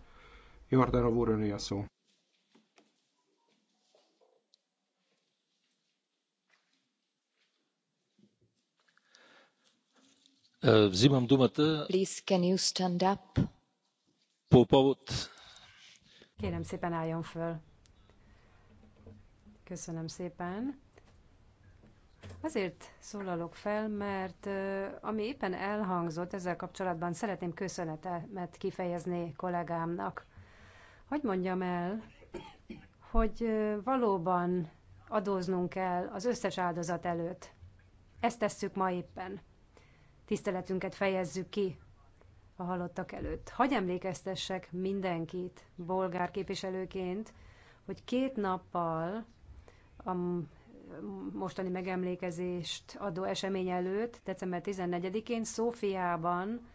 Jordanov úr, a szó. Взимам думата. Please, can you stand up? По повод. Kérem szépen álljon föl. Köszönöm szépen. Azért szólalok fel, mert ami éppen elhangzott ezzel kapcsolatban, szeretném köszönetemet kifejezni kollégámnak. Hogy mondjam el, hogy valóban adóznunk kell az összes áldozat előtt. Ezt tesszük ma éppen. Tiszteletünket fejezzük ki a halottak előtt. Hagy emlékeztessek mindenkit, bolgár képviselőként, hogy két nappal a mostani megemlékezést adó esemény előtt, december 14-én Szófiában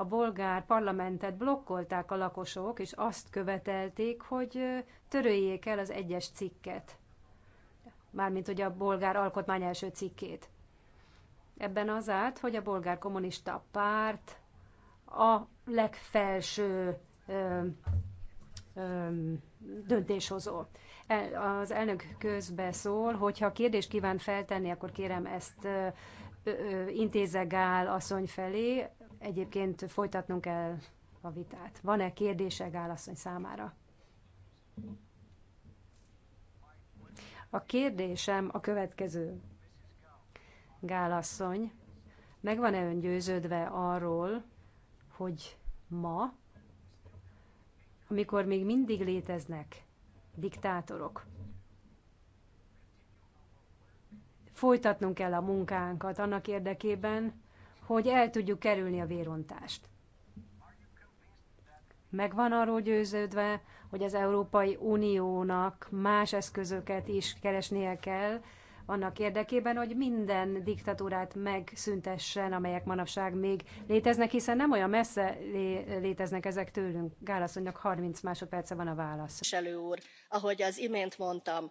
a bolgár parlamentet blokkolták a lakosok, és azt követelték, hogy töröljék el az egyes cikket. Mármint, hogy a bolgár alkotmány első cikkét. Ebben az állt, hogy a bolgár kommunista párt a legfelső ö, ö, döntéshozó. El, az elnök közbe szól, hogyha kérdés kíván feltenni, akkor kérem ezt ö, ö, intézegál asszony felé, Egyébként folytatnunk kell a vitát. Van-e kérdése Gálasszony számára? A kérdésem a következő. Gálasszony, meg van-e ön győződve arról, hogy ma, amikor még mindig léteznek diktátorok, folytatnunk kell a munkánkat annak érdekében, hogy el tudjuk kerülni a vérontást. Megvan arról győződve, hogy az Európai Uniónak más eszközöket is keresnie kell, annak érdekében, hogy minden diktatúrát megszüntessen, amelyek manapság még léteznek, hiszen nem olyan messze léteznek ezek tőlünk. Gálaszonynak 30 másodperce van a válasz. Úr, ahogy az imént mondtam,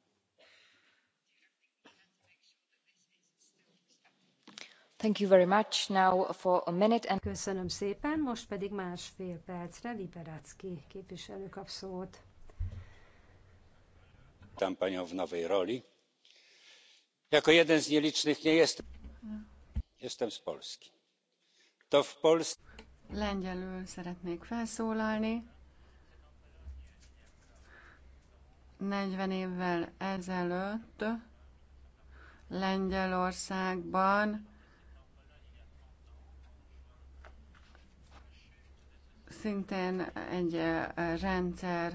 Köszönöm szépen, most pedig másfél percre Liberacki képviselő kap szót. Witam panią Jako jeden z nielicznych nie jestem. Jestem z Polski. To w Polsce. Lengyelül szeretnék felszólalni. 40 évvel ezelőtt Lengyelországban szintén egy rendszer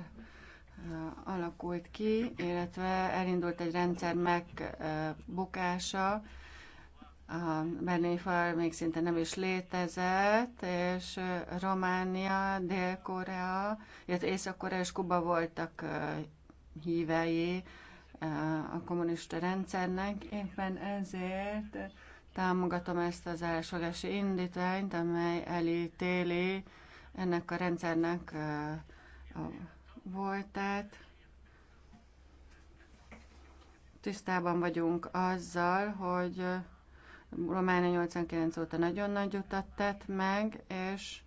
alakult ki, illetve elindult egy rendszer megbukása. A berlini fal még szinte nem is létezett, és Románia, Dél-Korea, illetve Észak-Korea és Kuba voltak hívei a kommunista rendszernek. Éppen ezért támogatom ezt az elsőlesi indítványt, amely elítéli ennek a rendszernek a voltát. Tisztában vagyunk azzal, hogy Románia 89 óta nagyon nagy utat tett meg, és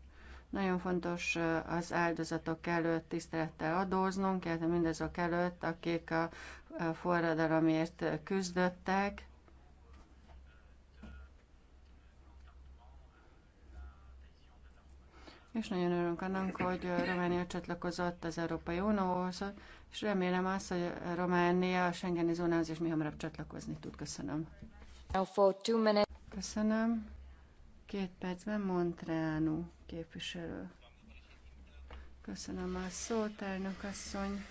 nagyon fontos az áldozatok előtt tisztelettel adóznunk, illetve mindazok előtt, akik a forradalomért küzdöttek, és nagyon örülünk annak, hogy Románia csatlakozott az Európai Unióhoz, és remélem azt, hogy Románia a Schengeni zónához is mi hamarabb csatlakozni tud. Köszönöm. Köszönöm. Két percben Montreanu képviselő. Köszönöm a szót, elnök asszony.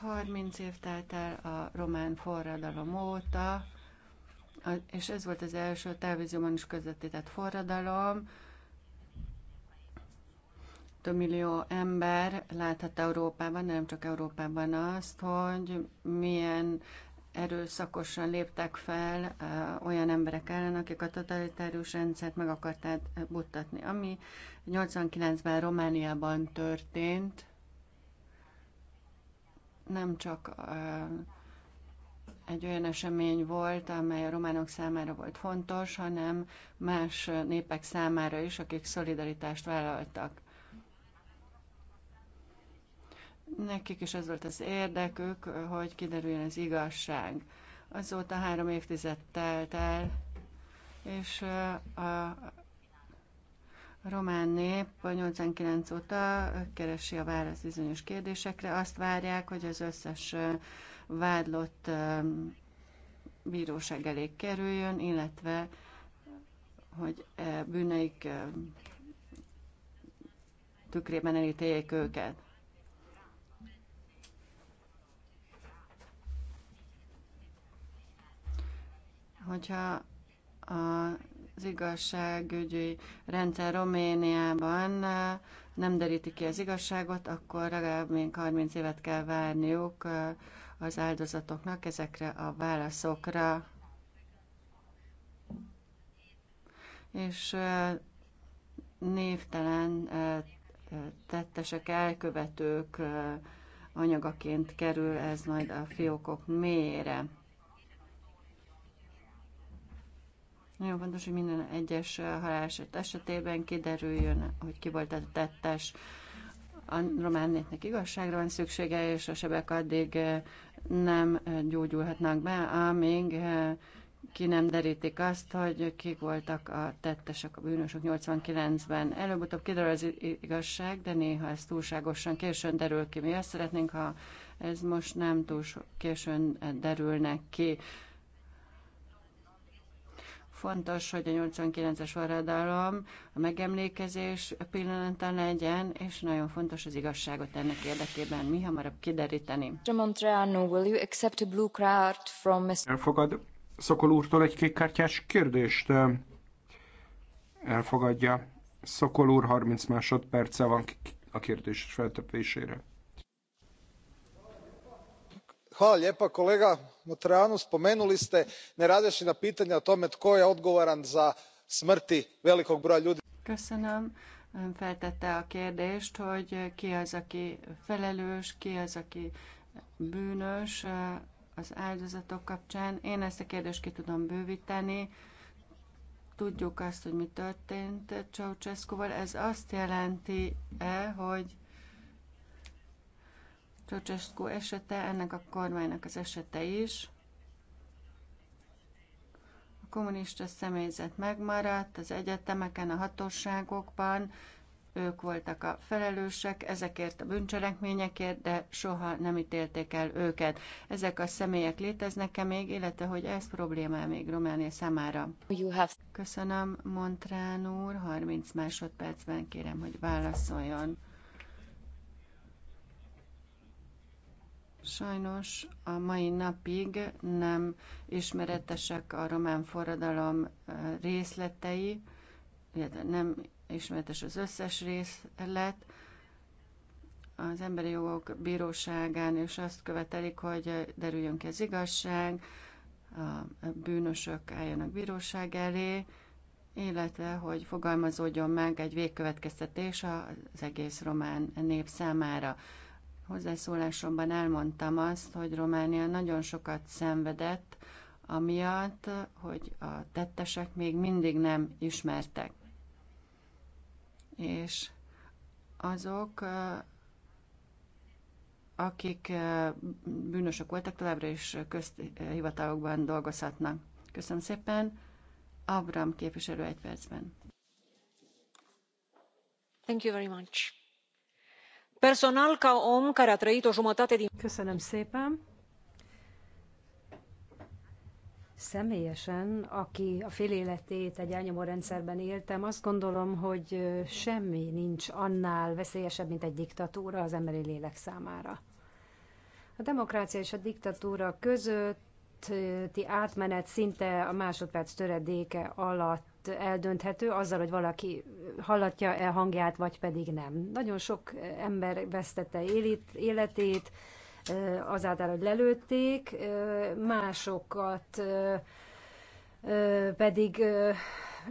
30 év telt el a román forradalom óta, és ez volt az első a televízióban is közvetített forradalom. Több millió ember láthatta Európában, nem csak Európában azt, hogy milyen erőszakosan léptek fel olyan emberek ellen, akik a totalitárius rendszert meg akarták buttatni. Ami 89-ben Romániában történt, nem csak egy olyan esemény volt, amely a románok számára volt fontos, hanem más népek számára is, akik szolidaritást vállaltak. Nekik is ez volt az érdekük, hogy kiderüljön az igazság. Azóta három évtized telt el, és a román nép 89 óta keresi a választ bizonyos kérdésekre. Azt várják, hogy az összes vádlott um, bíróság elé kerüljön, illetve hogy uh, bűneik um, tükrében elítéljék őket. Hogyha az igazságügyi rendszer Roméniában uh, nem deríti ki az igazságot, akkor legalább még 30 évet kell várniuk uh, az áldozatoknak ezekre a válaszokra. És névtelen tettesek, elkövetők anyagaként kerül ez majd a fiókok mélyére. Nagyon fontos, hogy minden egyes haláleset esetében kiderüljön, hogy ki volt a tettes. A román népnek igazságra van szüksége, és a sebek addig nem gyógyulhatnak be, amíg ki nem derítik azt, hogy kik voltak a tettesek, a bűnösök 89-ben. Előbb-utóbb kiderül az igazság, de néha ez túlságosan későn derül ki. Mi azt szeretnénk, ha ez most nem túl későn derülnek ki. Fontos, hogy a 89-es forradalom a megemlékezés pillanata legyen, és nagyon fontos az igazságot ennek érdekében mi hamarabb kideríteni. Montreano, will you accept a blue card from Mr. Elfogad Szokol úrtól egy kékkártyás kérdést. Elfogadja. Szokol úr 30 másodperce van a kérdés feltöpésére kolega materiju spomenuli ste nerazjašnjena pitanja o tome tko je odgovoran za smrti velikog broja ljudi. köszönöm ön feltette a kérdést hogy ki az aki felelős ki az aki bűnös az áldozatok kapcsán. Én ezt a kérdést ki tudom bővíteni. Tudjuk azt, hogy mi történt Ceausescuval. Ez azt jelenti-e, hogy Csocsesko esete, ennek a kormánynak az esete is. A kommunista személyzet megmaradt az egyetemeken, a hatóságokban, ők voltak a felelősek ezekért a bűncselekményekért, de soha nem ítélték el őket. Ezek a személyek léteznek-e még, illetve hogy ez problémá még Románia számára? Have... Köszönöm, Montrán úr, 30 másodpercben kérem, hogy válaszoljon. Sajnos a mai napig nem ismeretesek a román forradalom részletei, illetve nem ismeretes az összes részlet. Az Emberi Jogok Bíróságán és azt követelik, hogy derüljön ki az igazság, a bűnösök álljanak bíróság elé, illetve hogy fogalmazódjon meg egy végkövetkeztetés az egész román nép számára hozzászólásomban elmondtam azt, hogy Románia nagyon sokat szenvedett, amiatt, hogy a tettesek még mindig nem ismertek. És azok, akik bűnösök voltak, továbbra is közhivatalokban dolgozhatnak. Köszönöm szépen. Abram képviselő egy percben. Thank you very much. Personal, ca om care a trăit o jumătate din... Köszönöm szépen. Személyesen, aki a fél életét egy elnyomó rendszerben éltem, azt gondolom, hogy semmi nincs annál veszélyesebb, mint egy diktatúra az emberi lélek számára. A demokrácia és a diktatúra közötti átmenet szinte a másodperc töredéke alatt eldönthető, azzal, hogy valaki hallatja el hangját, vagy pedig nem. Nagyon sok ember vesztette életét, azáltal, hogy lelőtték, másokat pedig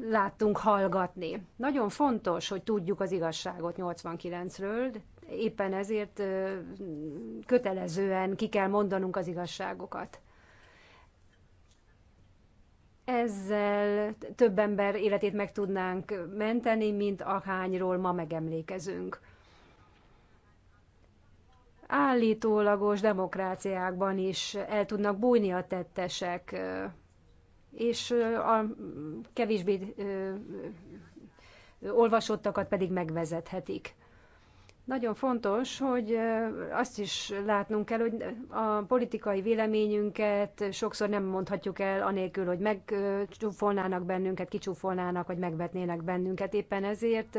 láttunk hallgatni. Nagyon fontos, hogy tudjuk az igazságot 89-ről, éppen ezért kötelezően ki kell mondanunk az igazságokat. Ezzel több ember életét meg tudnánk menteni, mint ahányról ma megemlékezünk. Állítólagos demokráciákban is el tudnak bújni a tettesek, és a kevésbé olvasottakat pedig megvezethetik. Nagyon fontos, hogy azt is látnunk kell, hogy a politikai véleményünket sokszor nem mondhatjuk el, anélkül, hogy megcsúfolnának bennünket, kicsúfolnának, vagy megvetnének bennünket. Éppen ezért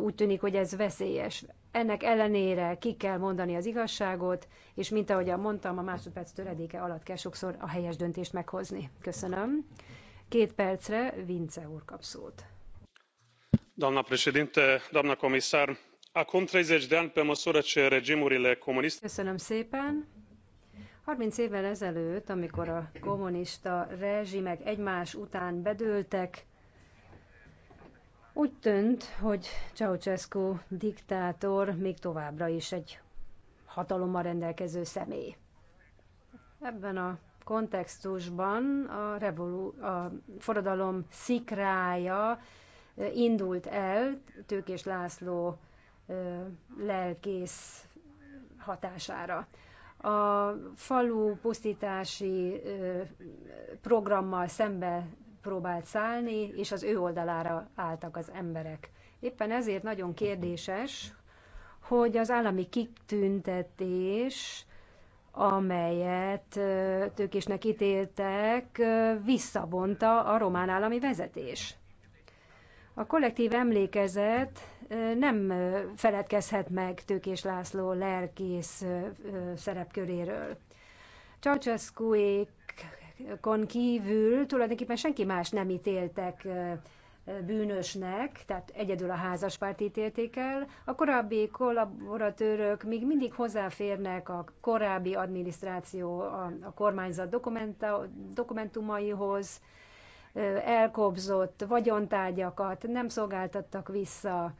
úgy tűnik, hogy ez veszélyes. Ennek ellenére ki kell mondani az igazságot, és mint ahogy mondtam, a másodperc töredéke alatt kell sokszor a helyes döntést meghozni. Köszönöm. Két percre Vince úr kap szót. Doamna președinte, doamna comisar, Acum 30 de ani, pe măsură ce regimurile comuniste... szépen. 30 évvel ezelőtt, amikor a kommunista rezsimek egymás után bedőltek, úgy tűnt, hogy Ceausescu diktátor még továbbra is egy hatalommal rendelkező személy. Ebben a kontextusban a, revolu- a forradalom szikrája indult el Tőkés László lelkész hatására. A falu pusztítási programmal szembe próbált szállni, és az ő oldalára álltak az emberek. Éppen ezért nagyon kérdéses, hogy az állami kitüntetés, amelyet tőkésnek ítéltek, visszavonta a román állami vezetés. A kollektív emlékezet nem feledkezhet meg Tőkés László lelkész szerepköréről. Csacsaszkóékon kívül tulajdonképpen senki más nem ítéltek bűnösnek, tehát egyedül a házaspárt ítélték el, a korábbi kollaboratőrök még mindig hozzáférnek a korábbi adminisztráció, a, a kormányzat dokumentumaihoz, elkobzott vagyontárgyakat nem szolgáltattak vissza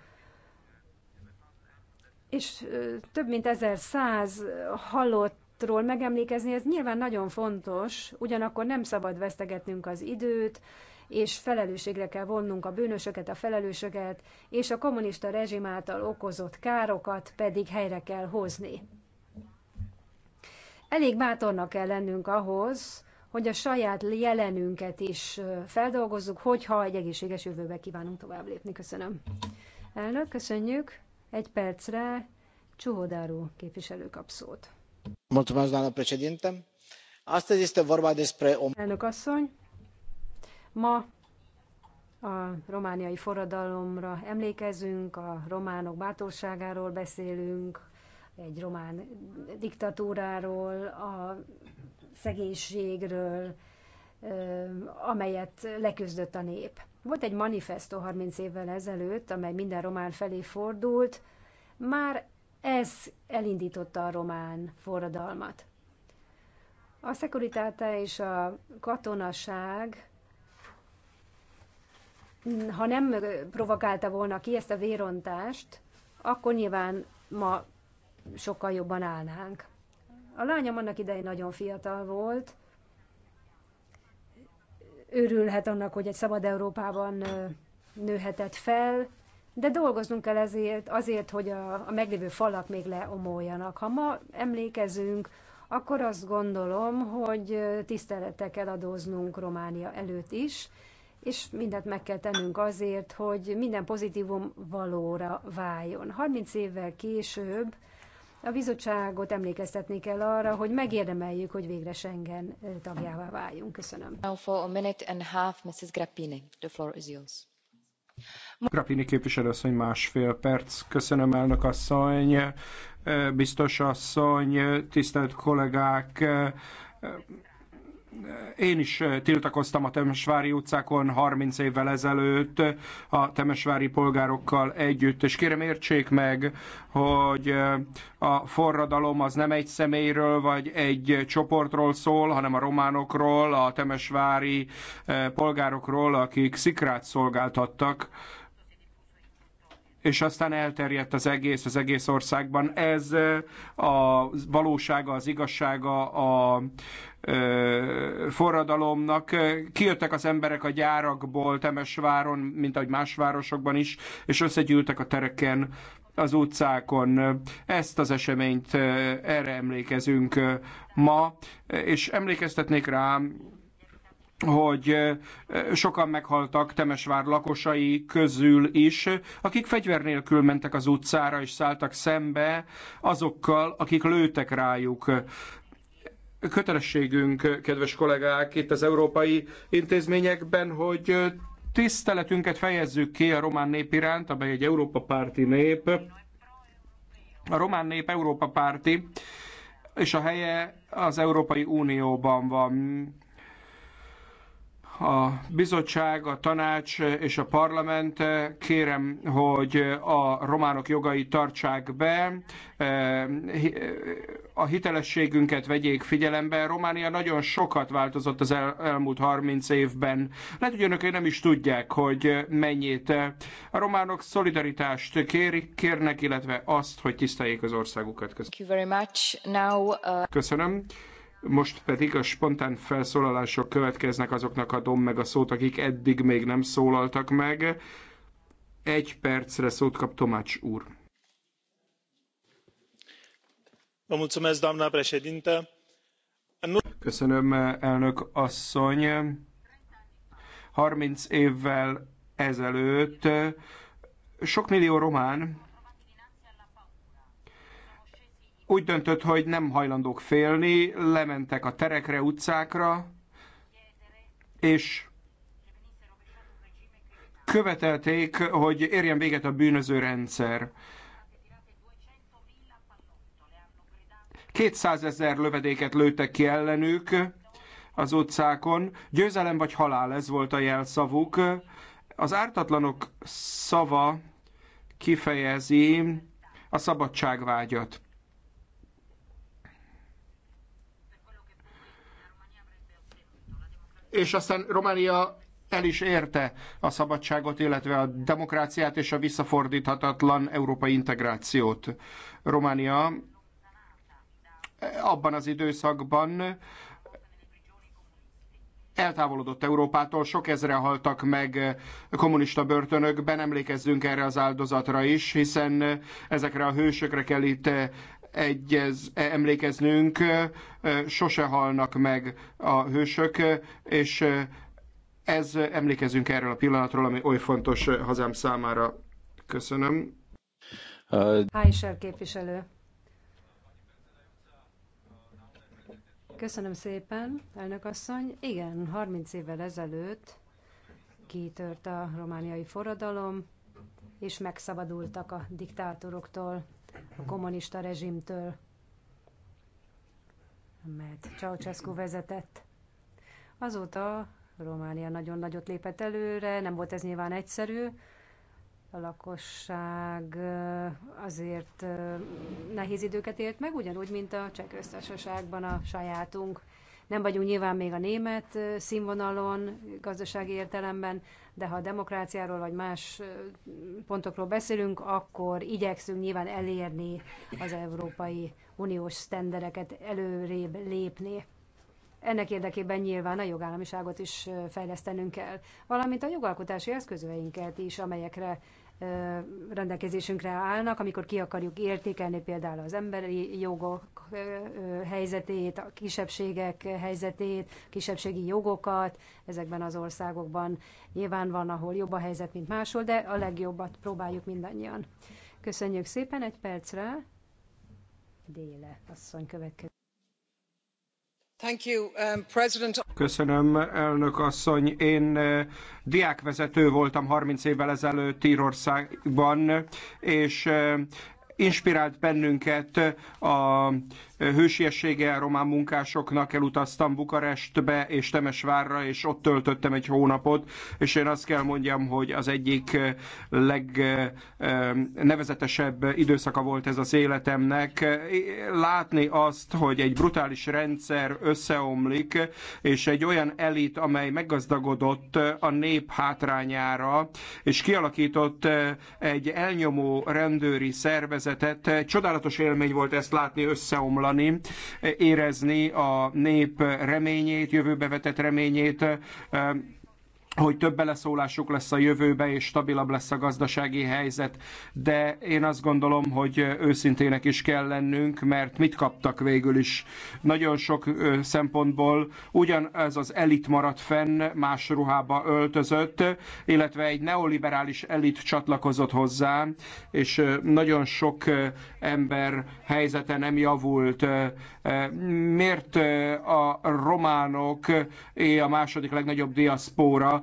és több mint 1100 halottról megemlékezni, ez nyilván nagyon fontos, ugyanakkor nem szabad vesztegetnünk az időt, és felelősségre kell vonnunk a bűnösöket, a felelősöket, és a kommunista rezsim által okozott károkat pedig helyre kell hozni. Elég bátornak kell lennünk ahhoz, hogy a saját jelenünket is feldolgozzuk, hogyha egy egészséges jövőbe kívánunk tovább lépni. Köszönöm. Elnök, köszönjük. Egy percre Csuhodáró képviselő kap szót. Astăzi este vorba despre... Elnök asszony, ma a romániai forradalomra emlékezünk, a románok bátorságáról beszélünk, egy román diktatúráról, a szegénységről, amelyet leküzdött a nép. Volt egy manifesto 30 évvel ezelőtt, amely minden román felé fordult, már ez elindította a román forradalmat. A szekuritáta és a katonaság, ha nem provokálta volna ki ezt a vérontást, akkor nyilván ma sokkal jobban állnánk. A lányom annak idején nagyon fiatal volt, örülhet annak, hogy egy szabad Európában nőhetett fel, de dolgoznunk kell ezért, azért, hogy a, a meglévő falak még leomoljanak. Ha ma emlékezünk, akkor azt gondolom, hogy tisztelettel kell adóznunk Románia előtt is, és mindent meg kell tennünk azért, hogy minden pozitívum valóra váljon. 30 évvel később a bizottságot emlékeztetni kell arra, hogy megérdemeljük, hogy végre Schengen tagjává váljunk. Köszönöm. Now for a minute and a half, Mrs. Grappini. The floor is yours. Grappini képviselőasszony másfél perc. Köszönöm, elnök asszony, biztos asszony, tisztelt kollégák én is eh, tiltakoztam a Temesvári utcákon 30 évvel ezelőtt a temesvári polgárokkal együtt, és kérem értsék meg, hogy eh, a forradalom az nem egy személyről vagy egy csoportról szól, hanem a románokról, a temesvári eh, polgárokról, akik szikrát szolgáltattak, és aztán elterjedt az egész, az egész országban. Ez a valósága, az igazsága a forradalomnak. Kijöttek az emberek a gyárakból Temesváron, mint ahogy más városokban is, és összegyűltek a tereken, az utcákon. Ezt az eseményt erre emlékezünk ma, és emlékeztetnék rá, hogy sokan meghaltak Temesvár lakosai közül is, akik fegyver nélkül mentek az utcára és szálltak szembe azokkal, akik lőtek rájuk kötelességünk, kedves kollégák, itt az európai intézményekben, hogy tiszteletünket fejezzük ki a román nép iránt, amely egy Európa párti nép. A román nép Európa párti, és a helye az Európai Unióban van a bizottság, a tanács és a parlament kérem, hogy a románok jogai tartsák be, e, e, a hitelességünket vegyék figyelembe. Románia nagyon sokat változott az el, elmúlt 30 évben. Lehet, hogy önök nem is tudják, hogy mennyit. A románok szolidaritást kérik, kérnek, illetve azt, hogy tiszteljék az országukat. Köszönöm. Uh, Köszönöm. Most pedig a spontán felszólalások következnek azoknak a dom meg a szót, akik eddig még nem szólaltak meg. Egy percre szót kap Tomács úr. Köszönöm, elnök asszony. 30 évvel ezelőtt sok millió román úgy döntött, hogy nem hajlandók félni, lementek a terekre, utcákra, és követelték, hogy érjen véget a bűnöző rendszer. 200 ezer lövedéket lőttek ki ellenük az utcákon. Győzelem vagy halál, ez volt a jelszavuk. Az ártatlanok szava kifejezi a szabadságvágyat. és aztán Románia el is érte a szabadságot, illetve a demokráciát és a visszafordíthatatlan európai integrációt. Románia abban az időszakban eltávolodott Európától, sok ezre haltak meg kommunista börtönökben, emlékezzünk erre az áldozatra is, hiszen ezekre a hősökre kell itt egyez, e, emlékeznünk, e, e, sose halnak meg a hősök, és ez emlékezünk erről a pillanatról, ami oly fontos hazám számára. Köszönöm. Hájser képviselő. Köszönöm szépen, elnök asszony. Igen, 30 évvel ezelőtt kitört a romániai forradalom, és megszabadultak a diktátoroktól a kommunista rezsimtől, mert Ceausescu vezetett. Azóta Románia nagyon nagyot lépett előre, nem volt ez nyilván egyszerű, a lakosság azért nehéz időket élt meg, ugyanúgy, mint a cseh köztársaságban a sajátunk. Nem vagyunk nyilván még a német színvonalon, gazdasági értelemben, de ha a demokráciáról vagy más pontokról beszélünk, akkor igyekszünk nyilván elérni az Európai Uniós sztendereket, előrébb lépni. Ennek érdekében nyilván a jogállamiságot is fejlesztenünk kell, valamint a jogalkotási eszközveinket is, amelyekre rendelkezésünkre állnak, amikor ki akarjuk értékelni például az emberi jogok helyzetét, a kisebbségek helyzetét, kisebbségi jogokat ezekben az országokban. Nyilván van, ahol jobb a helyzet, mint máshol, de a legjobbat próbáljuk mindannyian. Köszönjük szépen, egy percre. Déle asszony következik. Um, Köszönöm, elnök asszony. Én uh, diákvezető voltam harminc évvel ezelőtt rországban és uh, inspirált bennünket a hősiessége a román munkásoknak, elutaztam Bukarestbe és Temesvárra, és ott töltöttem egy hónapot, és én azt kell mondjam, hogy az egyik eh, legnevezetesebb eh, időszaka volt ez az életemnek. Látni azt, hogy egy brutális rendszer összeomlik, és egy olyan elit, amely meggazdagodott eh, a nép hátrányára, és kialakított egy elnyomó rendőri szervezetet. Csodálatos élmény volt ezt látni összeomlani, hallani, érezni a nép reményét, jövőbe vetett reményét, hogy több beleszólásuk lesz a jövőbe, és stabilabb lesz a gazdasági helyzet. De én azt gondolom, hogy őszintének is kell lennünk, mert mit kaptak végül is? Nagyon sok szempontból ugyanez az elit maradt fenn, más ruhába öltözött, illetve egy neoliberális elit csatlakozott hozzá, és nagyon sok ember helyzete nem javult. Miért a románok a második legnagyobb diaszpóra,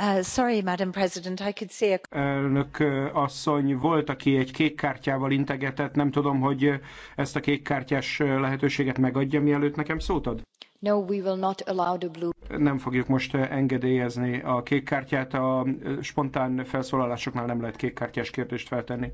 Uh, Elnök uh, asszony, volt, aki egy kék kártyával integetett, nem tudom, hogy uh, ezt a kék kártyás lehetőséget megadja, mielőtt nekem szót ad? No, we will not allow the blue. Nem fogjuk most engedélyezni a kék kártyát, a spontán felszólalásoknál nem lehet kék kártyás kérdést feltenni.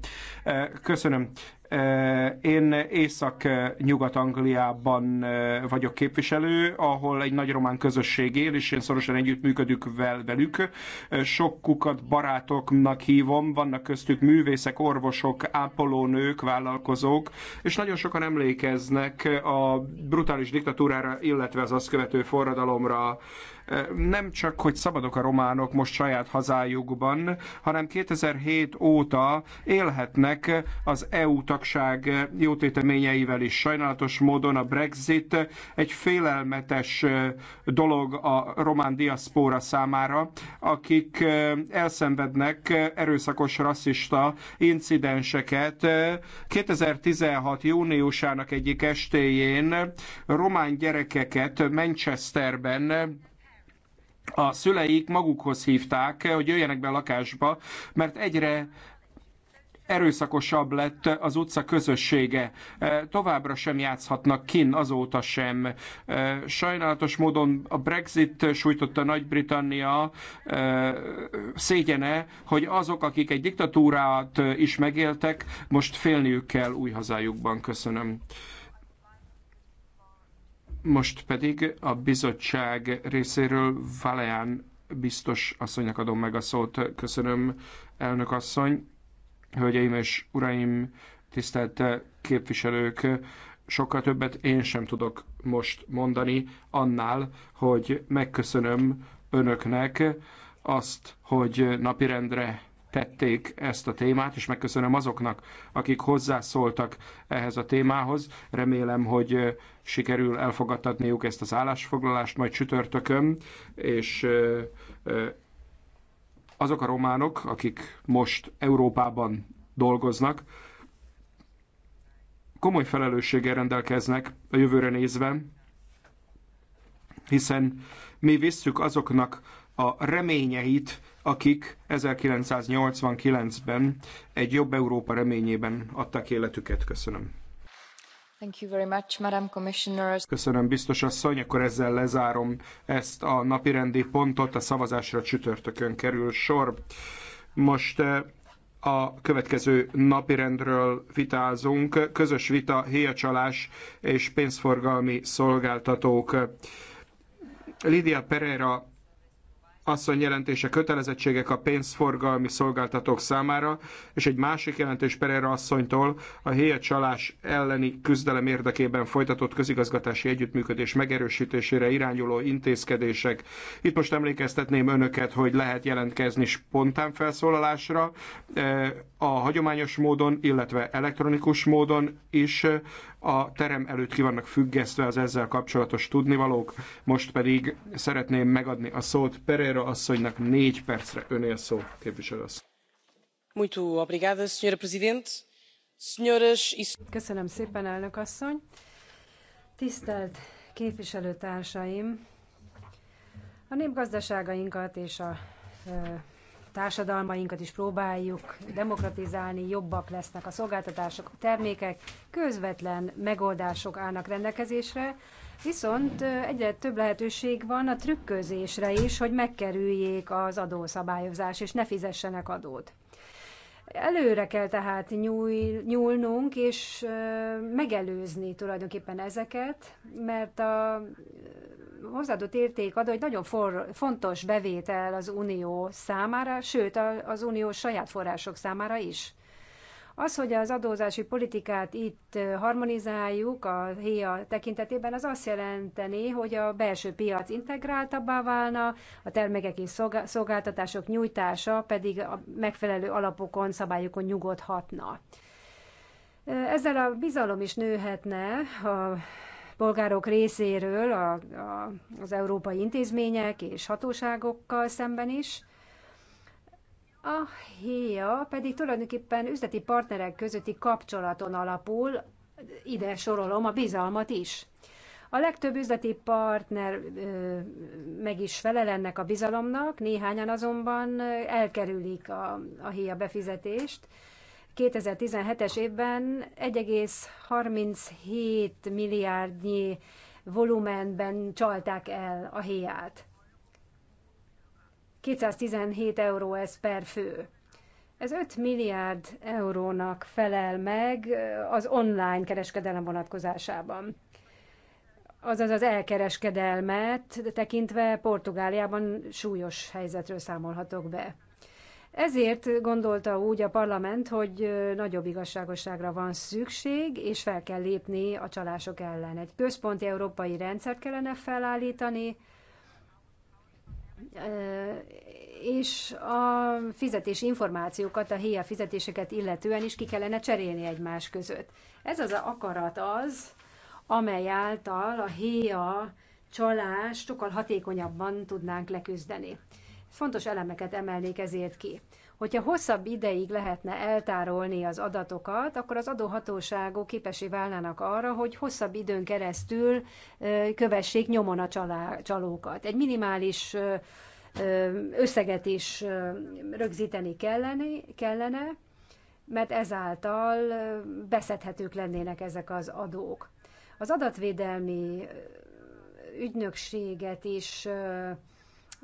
Köszönöm. Eh, én Észak-Nyugat-Angliában eh, vagyok képviselő, ahol egy nagy román közösség él, és én szorosan együttműködök velük. Eh, Sokukat barátoknak hívom, vannak köztük művészek, orvosok, ápolónők, vállalkozók, és nagyon sokan emlékeznek a brutális diktatúrára, illetve az azt követő forradalomra. Nem csak, hogy szabadok a románok most saját hazájukban, hanem 2007 óta élhetnek az EU tagság jótéteményeivel is. Sajnálatos módon a Brexit egy félelmetes dolog a román diaszpóra számára, akik elszenvednek erőszakos rasszista incidenseket. 2016 júniusának egyik estéjén román gyerekeket Manchesterben a szüleik magukhoz hívták, hogy jöjjenek be a lakásba, mert egyre erőszakosabb lett az utca közössége. E, továbbra sem játszhatnak kin, azóta sem. E, sajnálatos módon a Brexit sújtotta Nagy-Britannia e, szégyene, hogy azok, akik egy diktatúrát is megéltek, most félniük kell új hazájukban. Köszönöm. Most pedig a bizottság részéről Valeán biztos asszonynak adom meg a szót. Köszönöm, elnök asszony, hölgyeim és uraim, tisztelt képviselők, sokkal többet én sem tudok most mondani annál, hogy megköszönöm önöknek azt, hogy napirendre tették ezt a témát, és megköszönöm azoknak, akik hozzászóltak ehhez a témához. Remélem, hogy sikerül elfogadtatniuk ezt az állásfoglalást majd csütörtökön, és azok a románok, akik most Európában dolgoznak, komoly felelősséggel rendelkeznek a jövőre nézve, hiszen mi visszük azoknak a reményeit, akik 1989-ben egy jobb Európa reményében adtak életüket. Köszönöm. Thank you very much, Madam Commissioner. Köszönöm, biztos asszony. Akkor ezzel lezárom ezt a napirendi pontot. A szavazásra csütörtökön kerül sor. Most eh, a következő napirendről vitázunk. Közös vita, héjacsalás és pénzforgalmi szolgáltatók. Lidia Pereira asszony jelentése kötelezettségek a pénzforgalmi szolgáltatók számára, és egy másik jelentés Pereira asszonytól a csalás elleni küzdelem érdekében folytatott közigazgatási együttműködés megerősítésére irányuló intézkedések. Itt most emlékeztetném önöket, hogy lehet jelentkezni spontán felszólalásra eh, a hagyományos módon, illetve elektronikus módon is eh, a terem előtt ki vannak függesztve az ezzel kapcsolatos tudnivalók. Most pedig szeretném megadni a szót Pereira Ferreira asszonynak négy percre önél szó, képviselő asszony. Muito obrigada, senhora presidente. Senhoras e... Köszönöm szépen, elnök asszony. Tisztelt képviselőtársaim! A népgazdaságainkat és a társadalmainkat is próbáljuk demokratizálni, jobbak lesznek a szolgáltatások, a termékek, közvetlen megoldások állnak rendelkezésre, Viszont egyre több lehetőség van a trükközésre is, hogy megkerüljék az adószabályozás, és ne fizessenek adót. Előre kell tehát nyúlnunk, és megelőzni tulajdonképpen ezeket, mert a hozzáadott ad hogy nagyon for, fontos bevétel az Unió számára, sőt az Unió saját források számára is. Az, hogy az adózási politikát itt harmonizáljuk a HIA tekintetében, az azt jelenteni, hogy a belső piac integráltabbá válna, a termékek és szolgáltatások nyújtása pedig a megfelelő alapokon, szabályokon nyugodhatna. Ezzel a bizalom is nőhetne a polgárok részéről a, a, az európai intézmények és hatóságokkal szemben is, a héja pedig tulajdonképpen üzleti partnerek közötti kapcsolaton alapul, ide sorolom a bizalmat is. A legtöbb üzleti partner ö, meg is felel ennek a bizalomnak, néhányan azonban elkerülik a, a héja befizetést. 2017-es évben 1,37 milliárdnyi volumenben csalták el a héját. 217 euró ez per fő. Ez 5 milliárd eurónak felel meg az online kereskedelem vonatkozásában. Azaz az elkereskedelmet tekintve Portugáliában súlyos helyzetről számolhatok be. Ezért gondolta úgy a parlament, hogy nagyobb igazságosságra van szükség, és fel kell lépni a csalások ellen. Egy központi európai rendszert kellene felállítani, és a fizetési információkat, a héja fizetéseket illetően is ki kellene cserélni egymás között. Ez az a akarat az, amely által a héja csalást sokkal hatékonyabban tudnánk leküzdeni. Fontos elemeket emelnék ezért ki. Hogyha hosszabb ideig lehetne eltárolni az adatokat, akkor az adóhatóságok képesé válnának arra, hogy hosszabb időn keresztül kövessék nyomon a csalókat. Egy minimális összeget is rögzíteni kellene, kellene mert ezáltal beszedhetők lennének ezek az adók. Az adatvédelmi ügynökséget is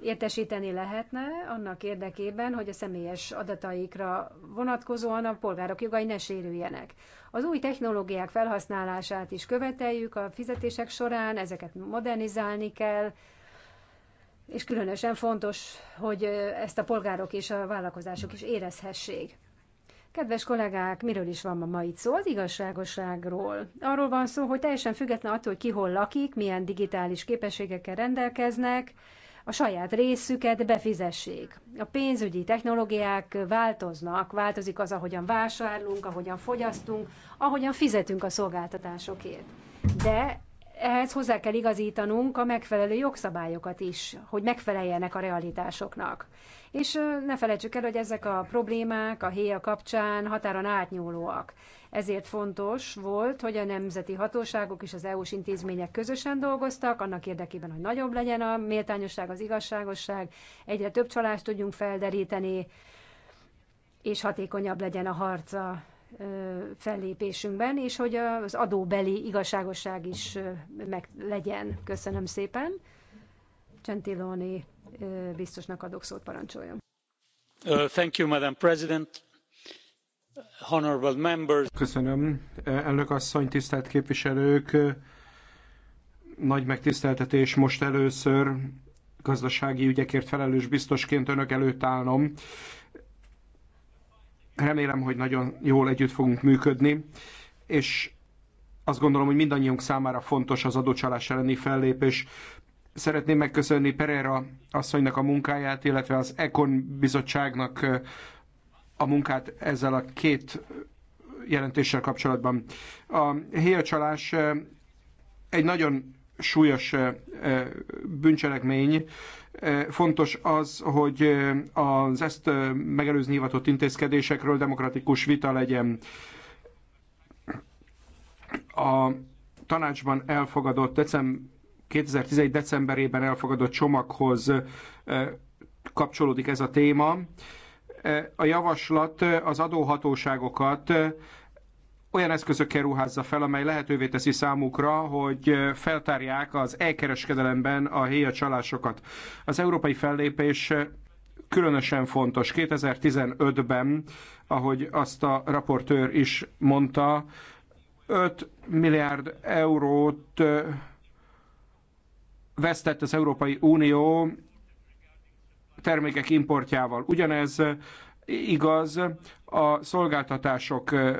értesíteni lehetne annak érdekében, hogy a személyes adataikra vonatkozóan a polgárok jogai ne sérüljenek. Az új technológiák felhasználását is követeljük a fizetések során, ezeket modernizálni kell, és különösen fontos, hogy ezt a polgárok és a vállalkozások is érezhessék. Kedves kollégák, miről is van ma, ma itt szó? Az igazságosságról. Arról van szó, hogy teljesen független attól, hogy ki hol lakik, milyen digitális képességekkel rendelkeznek, a saját részüket befizessék. A pénzügyi technológiák változnak, változik az, ahogyan vásárlunk, ahogyan fogyasztunk, ahogyan fizetünk a szolgáltatásokért. De ehhez hozzá kell igazítanunk a megfelelő jogszabályokat is, hogy megfeleljenek a realitásoknak. És ne felejtsük el, hogy ezek a problémák a héja kapcsán határon átnyúlóak. Ezért fontos volt, hogy a nemzeti hatóságok és az EU-s intézmények közösen dolgoztak, annak érdekében, hogy nagyobb legyen a méltányosság, az igazságosság, egyre több csalást tudjunk felderíteni, és hatékonyabb legyen a harca fellépésünkben, és hogy az adóbeli igazságosság is meg legyen. Köszönöm szépen. Gentiloni biztosnak adok szót, parancsoljon. Uh, thank you, Madam President Köszönöm, elnök asszony, tisztelt képviselők. Nagy megtiszteltetés most először gazdasági ügyekért felelős biztosként önök előtt állnom. Remélem, hogy nagyon jól együtt fogunk működni, és azt gondolom, hogy mindannyiunk számára fontos az adócsalás elleni fellépés. Szeretném megköszönni Pereira asszonynak a munkáját, illetve az Econ bizottságnak a munkát ezzel a két jelentéssel kapcsolatban. A héjacsalás eh, egy nagyon súlyos eh, eh, bűncselekmény. Fontos az, hogy az ezt megelőzni hivatott intézkedésekről demokratikus vita legyen. A tanácsban elfogadott december 2011. decemberében elfogadott csomaghoz kapcsolódik ez a téma a javaslat az adóhatóságokat olyan eszközökkel ruházza fel, amely lehetővé teszi számukra, hogy feltárják az elkereskedelemben a héja csalásokat. Az európai fellépés különösen fontos. 2015-ben, ahogy azt a raportőr is mondta, 5 milliárd eurót vesztett az Európai Unió termékek importjával. Ugyanez eh, igaz a szolgáltatások eh,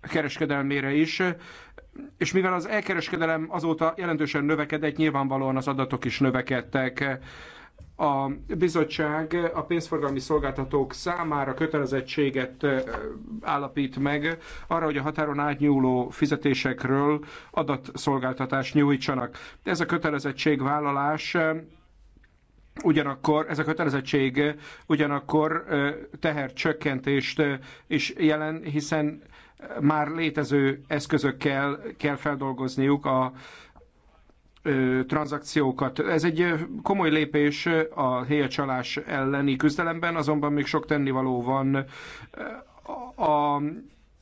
kereskedelmére is, és mivel az elkereskedelem azóta jelentősen növekedett, nyilvánvalóan az adatok is növekedtek. A bizottság a pénzforgalmi szolgáltatók számára kötelezettséget eh, állapít meg arra, hogy a határon átnyúló fizetésekről adatszolgáltatást nyújtsanak. Ez a kötelezettségvállalás Ugyanakkor ez a kötelezettség ugyanakkor tehercsökkentést is jelen, hiszen már létező eszközökkel kell feldolgozniuk a tranzakciókat. Ez egy komoly lépés a héjacsalás elleni küzdelemben, azonban még sok tennivaló van. A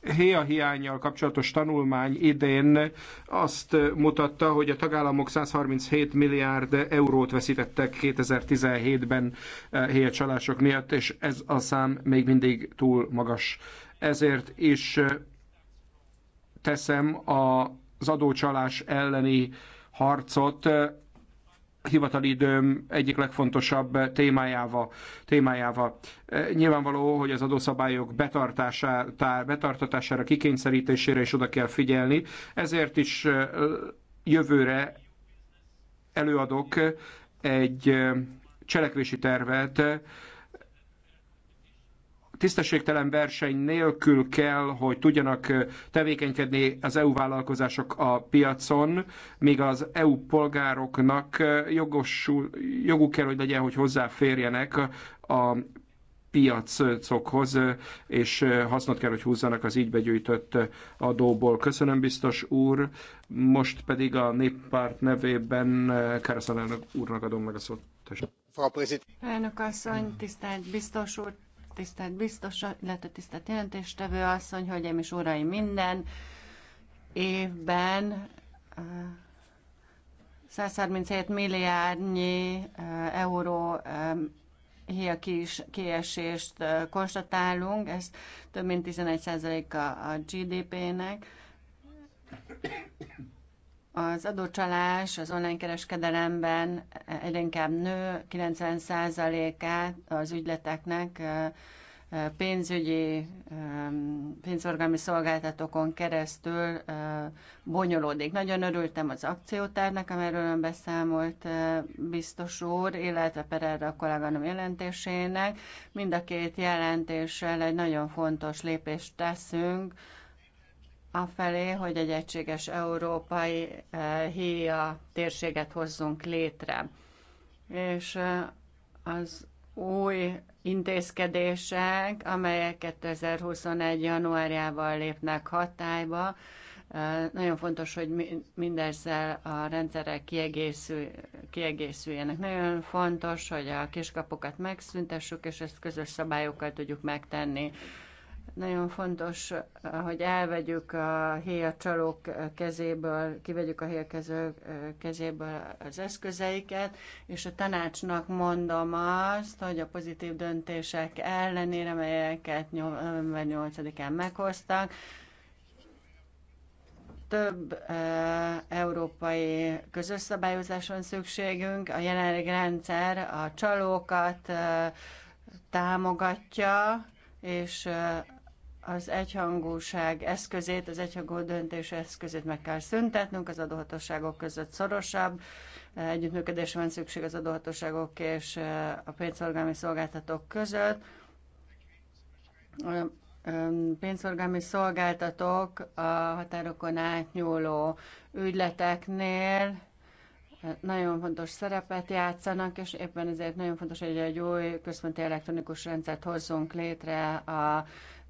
héja hiányjal kapcsolatos tanulmány idén azt mutatta, hogy a tagállamok 137 milliárd eurót veszítettek 2017-ben eh, héja csalások miatt, és ez a szám még mindig túl magas. Ezért is eh, teszem az adócsalás elleni harcot eh, hivatali időm egyik legfontosabb témájával. témájával. E, nyilvánvaló, hogy az adószabályok betartására, betartatására, kikényszerítésére is oda kell figyelni, ezért is e, jövőre előadok egy e, cselekvési tervet tisztességtelen verseny nélkül kell, hogy tudjanak tevékenykedni az EU vállalkozások a piacon, míg az EU polgároknak jogosul, joguk kell, hogy legyen, hogy hozzáférjenek a piacokhoz, és hasznot kell, hogy húzzanak az így begyűjtött adóból. Köszönöm, biztos úr. Most pedig a néppárt nevében Kárszal úrnak adom meg a szót. Elnök asszony, tisztelt biztos úr, tisztelt biztos, illetve tisztelt jelentéstevő asszony, hölgyeim és uraim, minden évben 137 eh, milliárdnyi eh, euró héja eh, kiesést konstatálunk, ez több mint 11% a GDP-nek. Az adócsalás az online kereskedelemben egyre inkább nő, 90%-át az ügyleteknek pénzügyi, pénzorgalmi szolgáltatókon keresztül bonyolódik. Nagyon örültem az akciótárnak, amelyről ön beszámolt biztos úr, illetve Pereira a kolléganom jelentésének. Mind a két jelentéssel egy nagyon fontos lépést teszünk, afelé, hogy egy egységes európai héja eh, térséget hozzunk létre. És eh, az új intézkedések, amelyek 2021. januárjával lépnek hatályba, eh, nagyon fontos, hogy mindezzel a rendszerek kiegészül, kiegészüljenek. Nagyon fontos, hogy a kiskapokat megszüntessük, és ezt közös szabályokkal tudjuk megtenni. Nagyon fontos, hogy elvegyük a héjacsalók kezéből, kivegyük a héjakezők kezéből az eszközeiket, és a tanácsnak mondom azt, hogy a pozitív döntések ellenére, melyeket november 8-án meghoztak, több e, európai közös szabályozáson szükségünk. A jelenlegi rendszer a csalókat e, támogatja, és e, az egyhangúság eszközét, az egyhangú döntés eszközét meg kell szüntetnünk, az adóhatóságok között szorosabb eh, együttműködésre van szükség az adóhatóságok és eh, a pénzforgalmi szolgáltatók között. A pénzforgalmi szolgáltatók a határokon átnyúló ügyleteknél eh, nagyon fontos szerepet játszanak, és éppen ezért nagyon fontos, hogy egy új központi elektronikus rendszert hozzunk létre a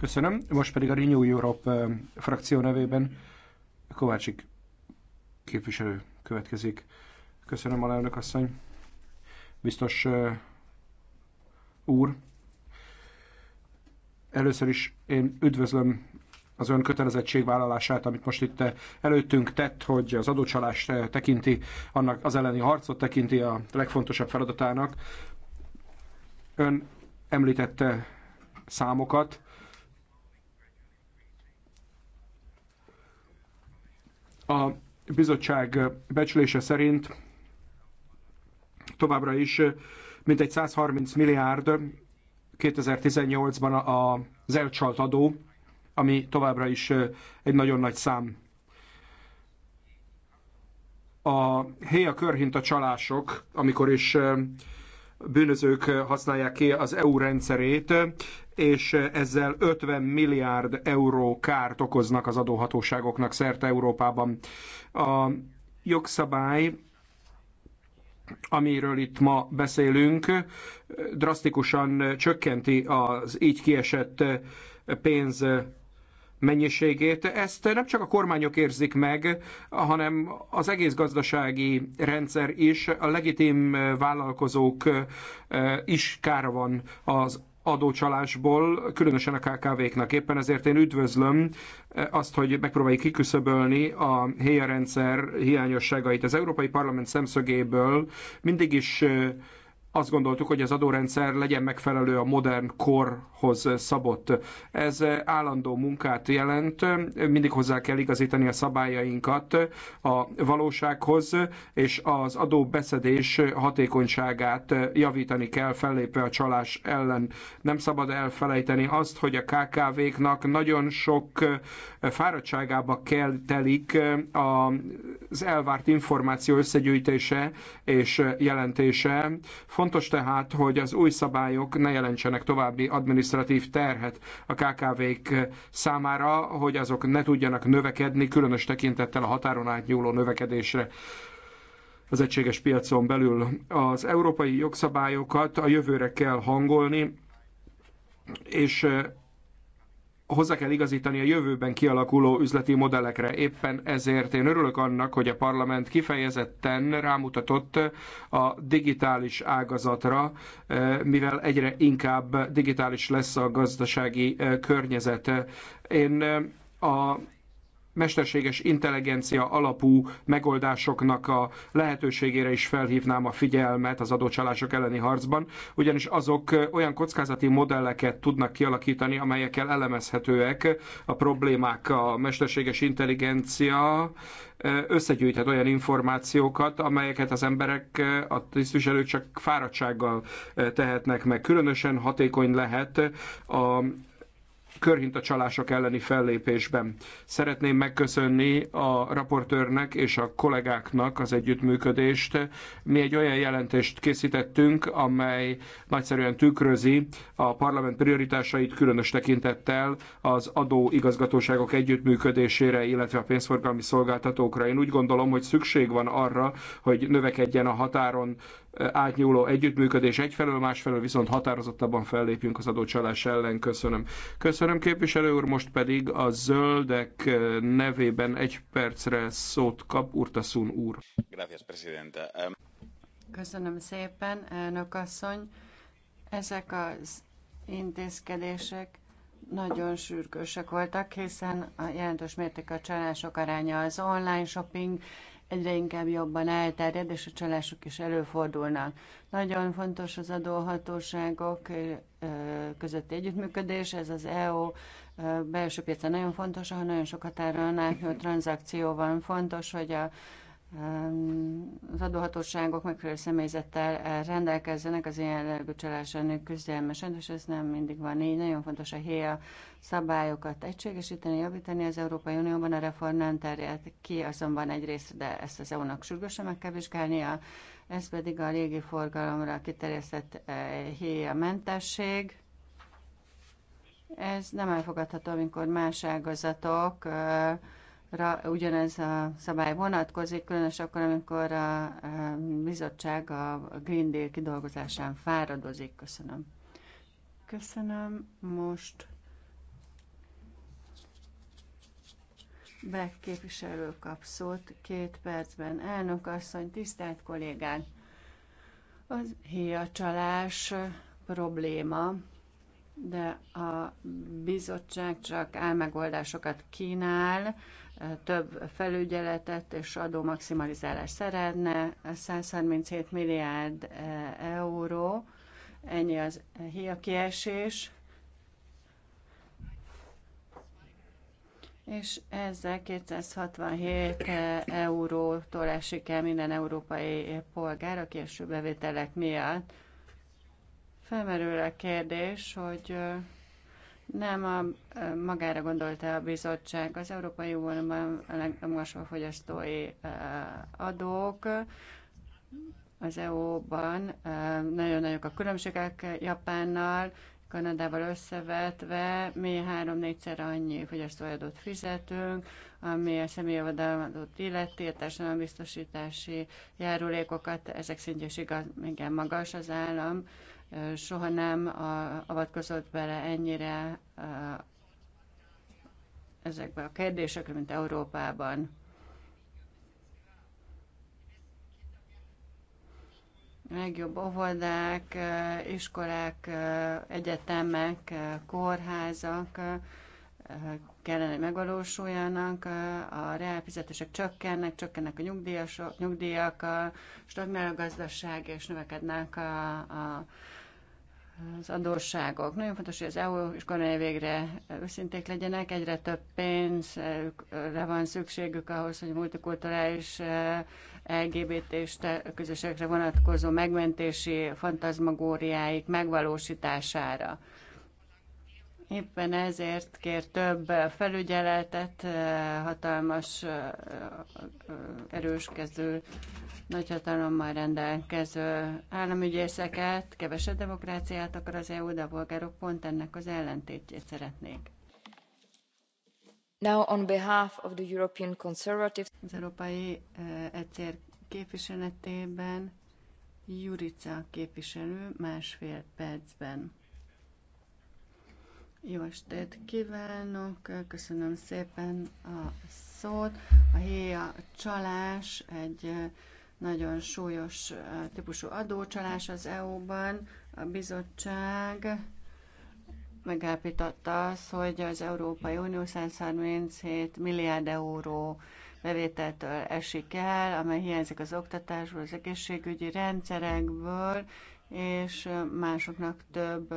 Köszönöm. Most pedig a Renew Europe eh, frakció nevében Kovácsik képviselő következik. Köszönöm, alelnök asszony. Biztos uh, úr, először is én üdvözlöm az ön kötelezettségvállalását, amit most itt eh, előttünk tett, hogy az adócsalást tekinti, annak az elleni harcot tekinti a legfontosabb feladatának. Ön említette számokat. A bizottság becslése szerint továbbra is mintegy 130 milliárd 2018-ban az elcsalt adó, ami továbbra is egy nagyon nagy szám. A héja körhinta csalások, amikor is bűnözők használják ki az EU rendszerét, és ezzel 50 milliárd euró kárt okoznak az adóhatóságoknak szerte Európában. A jogszabály amiről itt ma beszélünk, drasztikusan csökkenti az így kiesett pénz mennyiségét. Ezt nem csak a kormányok érzik meg, hanem az egész gazdasági rendszer is, a legitim vállalkozók eh, is kára van az adócsalásból, különösen a KKV-knak. Éppen ezért én üdvözlöm eh, azt, hogy megpróbáljuk kiküszöbölni a helyi rendszer hiányosságait. Az Európai Parlament szemszögéből mindig is eh, azt gondoltuk, hogy az adórendszer legyen megfelelő a modern korhoz szabott. Ez állandó munkát jelent, mindig hozzá kell igazítani a szabályainkat a valósághoz, és az adóbeszedés hatékonyságát javítani kell, fellépve a csalás ellen. Nem szabad elfelejteni azt, hogy a KKV-knak nagyon sok fáradtságába kell telik az elvárt információ összegyűjtése és jelentése Fontos tehát, hogy az új szabályok ne jelentsenek további administratív terhet a KKV-k számára, hogy azok ne tudjanak növekedni, különös tekintettel a határon átnyúló növekedésre az egységes piacon belül. Az európai jogszabályokat a jövőre kell hangolni, és hozzá kell igazítani a jövőben kialakuló üzleti modellekre. Éppen ezért én örülök annak, hogy a parlament kifejezetten rámutatott a digitális ágazatra, eh, mivel egyre inkább digitális lesz a gazdasági eh, környezet. Én eh, a mesterséges intelligencia alapú megoldásoknak a lehetőségére is felhívnám a figyelmet az adócsalások elleni harcban, ugyanis azok olyan kockázati modelleket tudnak kialakítani, amelyekkel elemezhetőek a problémák. A mesterséges intelligencia összegyűjthet olyan információkat, amelyeket az emberek, a tisztviselők csak fáradtsággal tehetnek meg. Különösen hatékony lehet a csalások elleni fellépésben. Szeretném megköszönni a raportőrnek és a kollégáknak az együttműködést. Mi egy olyan jelentést készítettünk, amely nagyszerűen tükrözi a parlament prioritásait különös tekintettel az adóigazgatóságok együttműködésére, illetve a pénzforgalmi szolgáltatókra. Én úgy gondolom, hogy szükség van arra, hogy növekedjen a határon átnyúló együttműködés egyfelől, másfelől viszont határozottabban fellépjünk az adócsalás ellen. Köszönöm. Köszönöm képviselő úr, most pedig a zöldek eh, nevében egy percre szót kap Urtasun úr. Köszönöm szépen, elnök asszony. Ezek az intézkedések nagyon sürgősek voltak, hiszen a jelentős mértékű a csalások aránya az online shopping, egyre inkább jobban elterjed, és a csalások is előfordulnak. Nagyon fontos az adóhatóságok közötti együttműködés, ez az EU belső piaca nagyon fontos, ahol nagyon sok határon átnyúlt tranzakció van. Fontos, hogy a az adóhatóságok megfelelő személyzettel rendelkezzenek az ilyen jellegű nők ellen és ez nem mindig van így. Nagyon fontos a héja szabályokat egységesíteni, javítani az Európai Unióban. A reform nem terjed ki azonban egyrészt, de ezt az EU-nak sürgősen meg kell vizsgálnia. Ez pedig a légi forgalomra kiterjesztett eh, héja mentesség. Ez nem elfogadható, amikor más ágazatok eh, ra ugyanez a szabály vonatkozik, különösen akkor, amikor a bizottság a Green Deal kidolgozásán fáradozik. Köszönöm. Köszönöm. Most Beck képviselő kap szót két percben. Elnök asszony, tisztelt kollégán! Az héjacsalás probléma, de a bizottság csak álmegoldásokat kínál, több felügyeletet és adó maximalizálás szeretne. 137 milliárd e, euró, ennyi az hia kiesés. És ezzel 267 e, eurótól esik el minden európai polgár a késő bevételek miatt. Felmerül a kérdés, hogy nem a, magára gondolta a bizottság. Az Európai Unióban a legmagasabb a adók. Az EU-ban nagyon nagyok a különbségek Japánnal, Kanadával összevetve mi három-négyszer annyi fogyasztói adót fizetünk, ami a személyjavadalmadót illeti, a biztosítási járulékokat, ezek szintje is igaz, igen magas az állam soha nem a avatkozott bele ennyire ezekbe a kérdésekre, mint Európában. A legjobb óvodák, iskolák, egyetemek, kórházak kellene, hogy megvalósuljanak, a reálfizetések csökkennek, csökkennek a nyugdíjasok, nyugdíjak, stagnál a gazdaság, és növekednek a, a az adósságok. Nagyon fontos, hogy az EU és Kanada végre őszinték legyenek, egyre több pénzre van szükségük ahhoz, hogy multikulturális eh, lgbt közösségre vonatkozó megmentési fantazmagóriáik megvalósítására. Éppen ezért kér több felügyeletet, eh, hatalmas, eh, eh, erős kezdő, nagy hatalommal rendelkező államügyészeket, kevesebb demokráciát akar az EU, de a polgárok pont ennek az ellentétjét szeretnék. Now on behalf of the European Conservatives. Az Európai Egyszer képviseletében Jurica képviselő másfél percben. Jó estét kívánok, köszönöm szépen a szót. A héja csalás egy nagyon súlyos típusú adócsalás az EU-ban. A bizottság megállapította azt, hogy az Európai Unió 137 milliárd euró bevételtől esik el, amely hiányzik az oktatásból, az egészségügyi rendszerekből, és másoknak több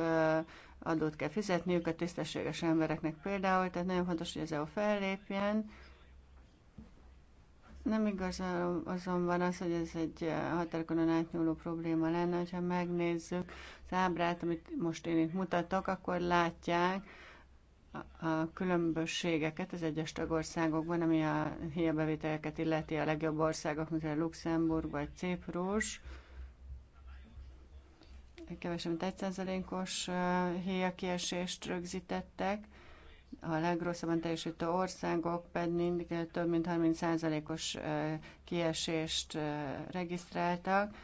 adót kell fizetniük a tisztességes embereknek például, tehát nagyon fontos, hogy az EU fellépjen. Nem igaz azonban az, hogy ez egy eh, határokon átnyúló probléma lenne, hogyha megnézzük az ábrát, amit most én itt mutatok, akkor látják, a különbösségeket az egyes tagországokban, ami a hiabevételeket illeti a legjobb országok, mint a Luxemburg vagy Ciprus kevesebb mint 1%-os héjakiesést rögzítettek, a legrosszabban teljesítő országok pedig több mint 30%-os kiesést regisztráltak,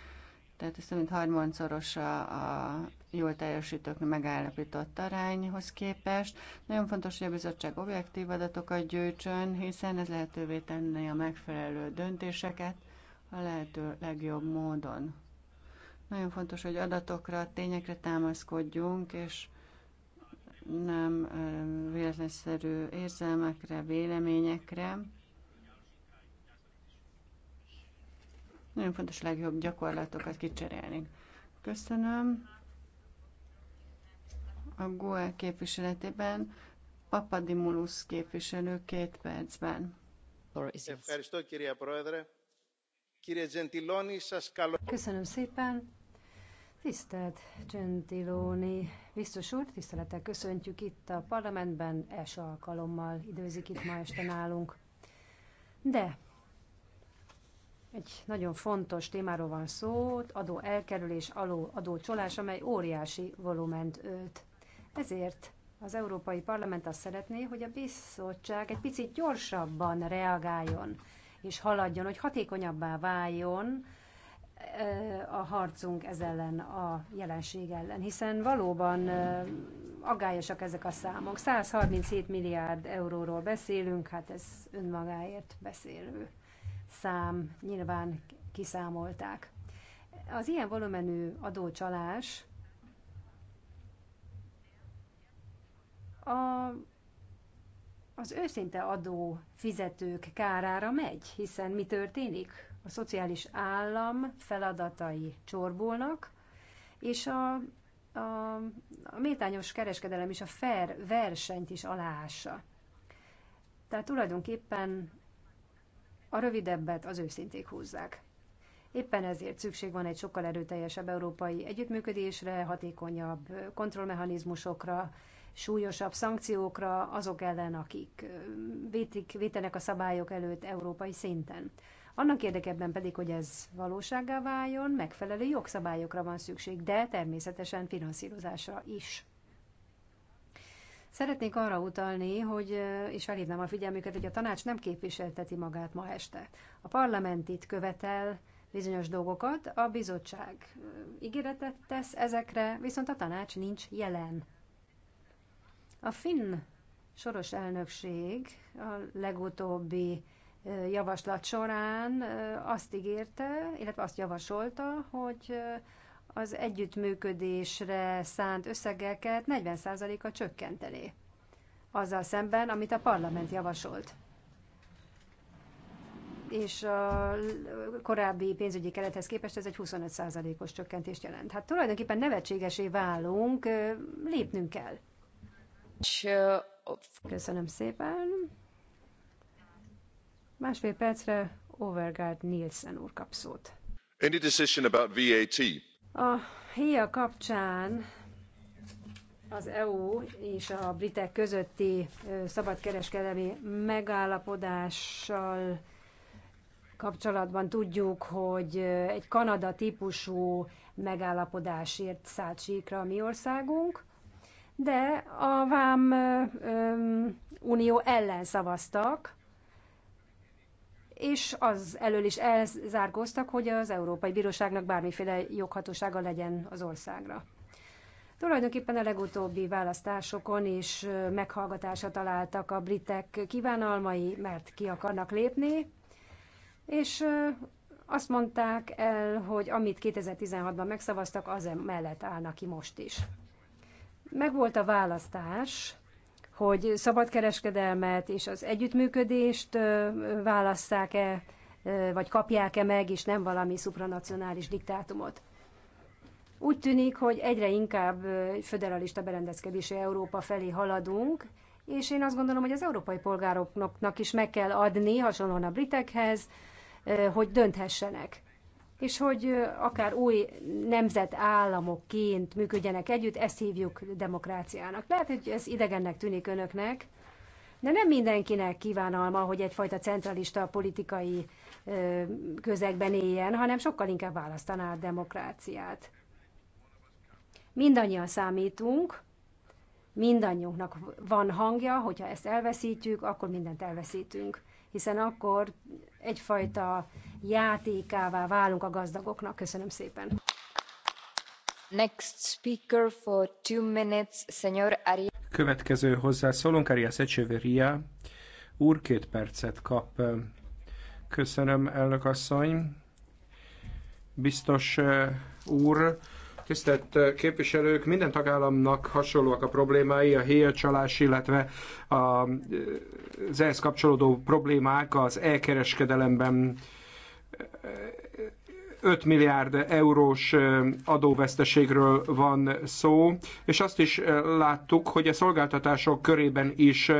tehát ez több mint harmadszoros a, a jól teljesítők megállapított arányhoz képest. Nagyon fontos, hogy a bizottság objektív adatokat gyűjtsön, hiszen ez lehetővé tenni a megfelelő döntéseket a lehető legjobb módon. Nagyon fontos, hogy adatokra, tényekre támaszkodjunk, és nem véletlenszerű érzelmekre, véleményekre. Nagyon fontos a legjobb gyakorlatokat kicserélni. Köszönöm. A GUE képviseletében Papadimulus képviselő két percben. Köszönöm, Köszönöm szépen. Tisztelt Gentiloni biztos úr, tisztelettel köszöntjük itt a parlamentben, első alkalommal időzik itt ma este nálunk. De egy nagyon fontos témáról van szó, adó elkerülés, aló, csolás, amely óriási volument ölt. Ezért az Európai Parlament azt szeretné, hogy a bizottság egy picit gyorsabban reagáljon és haladjon, hogy hatékonyabbá váljon a harcunk ez ellen a jelenség ellen, hiszen valóban agályosak ezek a számok. 137 milliárd euróról beszélünk, hát ez önmagáért beszélő szám, nyilván kiszámolták. Az ilyen volumenű adócsalás a az őszinte adó fizetők kárára megy, hiszen mi történik? A szociális állam feladatai csorbulnak, és a, a, a méltányos kereskedelem is a fair versenyt is aláássa. Tehát tulajdonképpen a rövidebbet az őszinték húzzák. Éppen ezért szükség van egy sokkal erőteljesebb európai együttműködésre, hatékonyabb kontrollmechanizmusokra, súlyosabb szankciókra azok ellen, akik vétik, vétenek a szabályok előtt európai szinten. Annak érdekében pedig, hogy ez valóságá váljon, megfelelő jogszabályokra van szükség, de természetesen finanszírozásra is. Szeretnék arra utalni, hogy, és felhívnám a figyelmüket, hogy a tanács nem képviselteti magát ma este. A parlament itt követel bizonyos dolgokat, a bizottság ígéretet tesz ezekre, viszont a tanács nincs jelen. A finn soros elnökség a legutóbbi javaslat során azt ígérte, illetve azt javasolta, hogy az együttműködésre szánt összegeket 40%-a csökkenteni. Azzal szemben, amit a parlament javasolt. És a korábbi pénzügyi kerethez képest ez egy 25%-os csökkentést jelent. Hát tulajdonképpen nevetségesé válunk, lépnünk kell. Köszönöm szépen. Másfél percre Overgaard Nielsen úr kap szót. Any decision about VAT? A HIA kapcsán az EU és a britek közötti szabadkereskedelmi megállapodással kapcsolatban tudjuk, hogy egy Kanada típusú megállapodásért szállt síkra a mi országunk de a Vám ö, Unió ellen szavaztak, és az elől is elzárgóztak, hogy az Európai Bíróságnak bármiféle joghatósága legyen az országra. Tulajdonképpen a legutóbbi választásokon is meghallgatásra találtak a britek kívánalmai, mert ki akarnak lépni, és azt mondták el, hogy amit 2016-ban megszavaztak, az mellett állnak ki most is. Megvolt a választás, hogy szabadkereskedelmet és az együttműködést válasszák-e, vagy kapják-e meg, és nem valami szupranacionális diktátumot. Úgy tűnik, hogy egyre inkább föderalista berendezkedési Európa felé haladunk, és én azt gondolom, hogy az európai polgároknak is meg kell adni, hasonlóan a britekhez, hogy dönthessenek és hogy akár új nemzetállamokként működjenek együtt, ezt hívjuk demokráciának. Lehet, hogy ez idegennek tűnik önöknek, de nem mindenkinek kívánalma, hogy egyfajta centralista politikai közegben éljen, hanem sokkal inkább választaná a demokráciát. Mindannyian számítunk, mindannyiunknak van hangja, hogyha ezt elveszítjük, akkor mindent elveszítünk hiszen akkor egyfajta játékává válunk a gazdagoknak. Köszönöm szépen. Next speaker for two minutes, senor Ari. Következő hozzászólónk Arias Echeverria. Úr két percet kap. Köszönöm, elnök asszony. Biztos eh, úr, Tisztelt képviselők, minden tagállamnak hasonlóak a problémái, a héjacsalás, illetve a, az ehhez kapcsolódó problémák az elkereskedelemben 5 milliárd eurós adóveszteségről van szó, és azt is láttuk, hogy a szolgáltatások körében is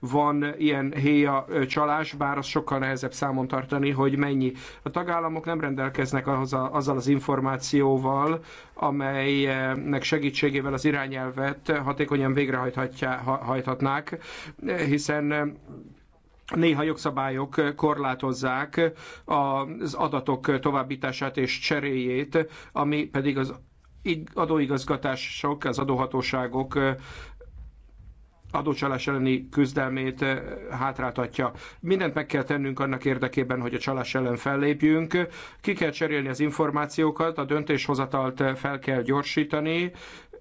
van ilyen héja csalás, bár az sokkal nehezebb számon tartani, hogy mennyi. A tagállamok nem rendelkeznek azzal az információval, amelynek segítségével az irányelvet hatékonyan végrehajthatják, hiszen Néha jogszabályok korlátozzák az adatok továbbítását és cseréjét, ami pedig az adóigazgatások, az adóhatóságok adócsalás elleni küzdelmét hátráltatja. Mindent meg kell tennünk annak érdekében, hogy a csalás ellen fellépjünk. Ki kell cserélni az információkat, a döntéshozatalt fel kell gyorsítani,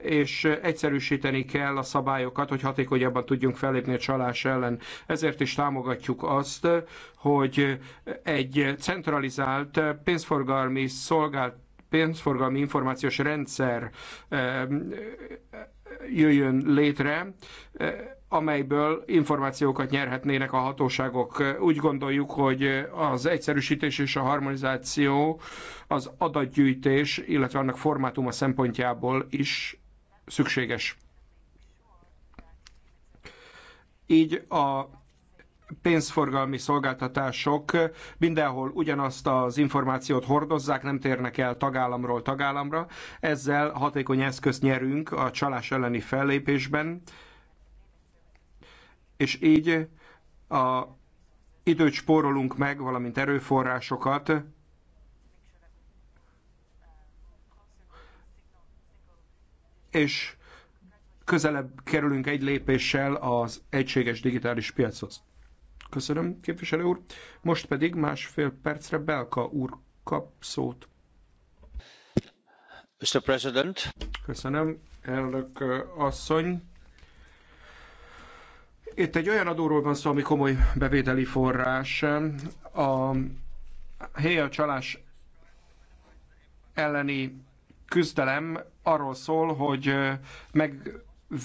és egyszerűsíteni kell a szabályokat, hogy hatékonyabban tudjunk fellépni a csalás ellen. Ezért is támogatjuk azt, hogy egy centralizált pénzforgalmi szolgált pénzforgalmi információs rendszer jöjjön létre, amelyből információkat nyerhetnének a hatóságok. Úgy gondoljuk, hogy az egyszerűsítés és a harmonizáció az adatgyűjtés, illetve annak formátuma szempontjából is szükséges. Így a pénzforgalmi szolgáltatások mindenhol ugyanazt az információt hordozzák, nem térnek el tagállamról tagállamra. Ezzel hatékony eszközt nyerünk a csalás elleni fellépésben, és így a időt spórolunk meg, valamint erőforrásokat, és közelebb kerülünk egy lépéssel az egységes digitális piachoz. Köszönöm, képviselő úr. Most pedig másfél percre Belka úr kap szót. Mr. President. Köszönöm, elnök asszony. Itt egy olyan adóról van szó, ami komoly bevételi forrás. A héja csalás elleni küzdelem arról szól, hogy meg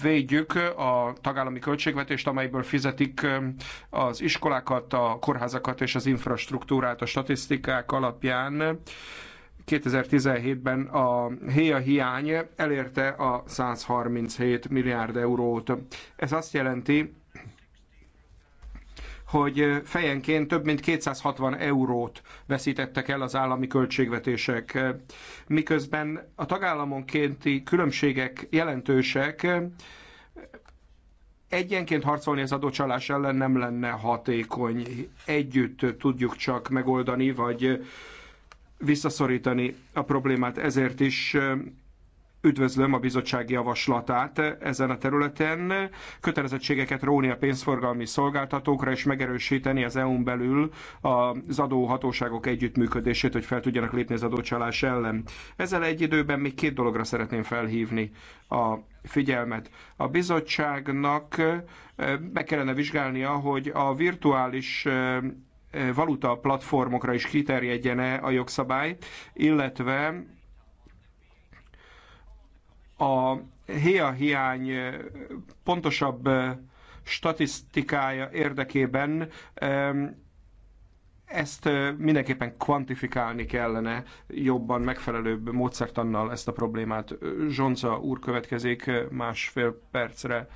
védjük a tagállami költségvetést, amelyből fizetik az iskolákat, a kórházakat és az infrastruktúrát a statisztikák alapján. 2017-ben a héja hiány elérte a 137 milliárd eurót. Ez azt jelenti, hogy fejenként több mint 260 eurót veszítettek el az állami költségvetések. Miközben a tagállamonkénti különbségek jelentősek, egyenként harcolni az adócsalás ellen nem lenne hatékony. Együtt tudjuk csak megoldani, vagy visszaszorítani a problémát. Ezért is Üdvözlöm a bizottság javaslatát ezen a területen. Kötelezettségeket róni a pénzforgalmi szolgáltatókra és megerősíteni az EU-n belül az adóhatóságok együttműködését, hogy fel tudjanak lépni az adócsalás ellen. Ezzel egy időben még két dologra szeretném felhívni a figyelmet. A bizottságnak be eh, kellene vizsgálnia, hogy a virtuális eh, valuta platformokra is kiterjedjene a jogszabály, illetve a héja e hiány pontosabb statisztikája érdekében ezt mindenképpen kvantifikálni kellene jobban, megfelelőbb módszertannal ezt a problémát. Zsonca úr következik másfél percre.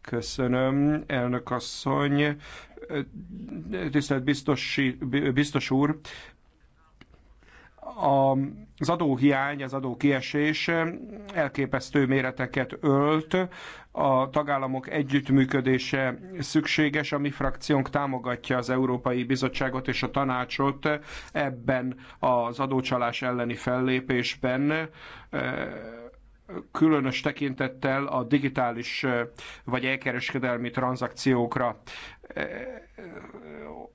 Köszönöm, elnök asszony. Tisztelt biztos, biztos úr, az adóhiány, az adókiesés elképesztő méreteket ölt, a tagállamok együttműködése szükséges. A mi frakciónk támogatja az Európai Bizottságot és a tanácsot ebben az adócsalás elleni fellépésben különös tekintettel a digitális vagy elkereskedelmi tranzakciókra.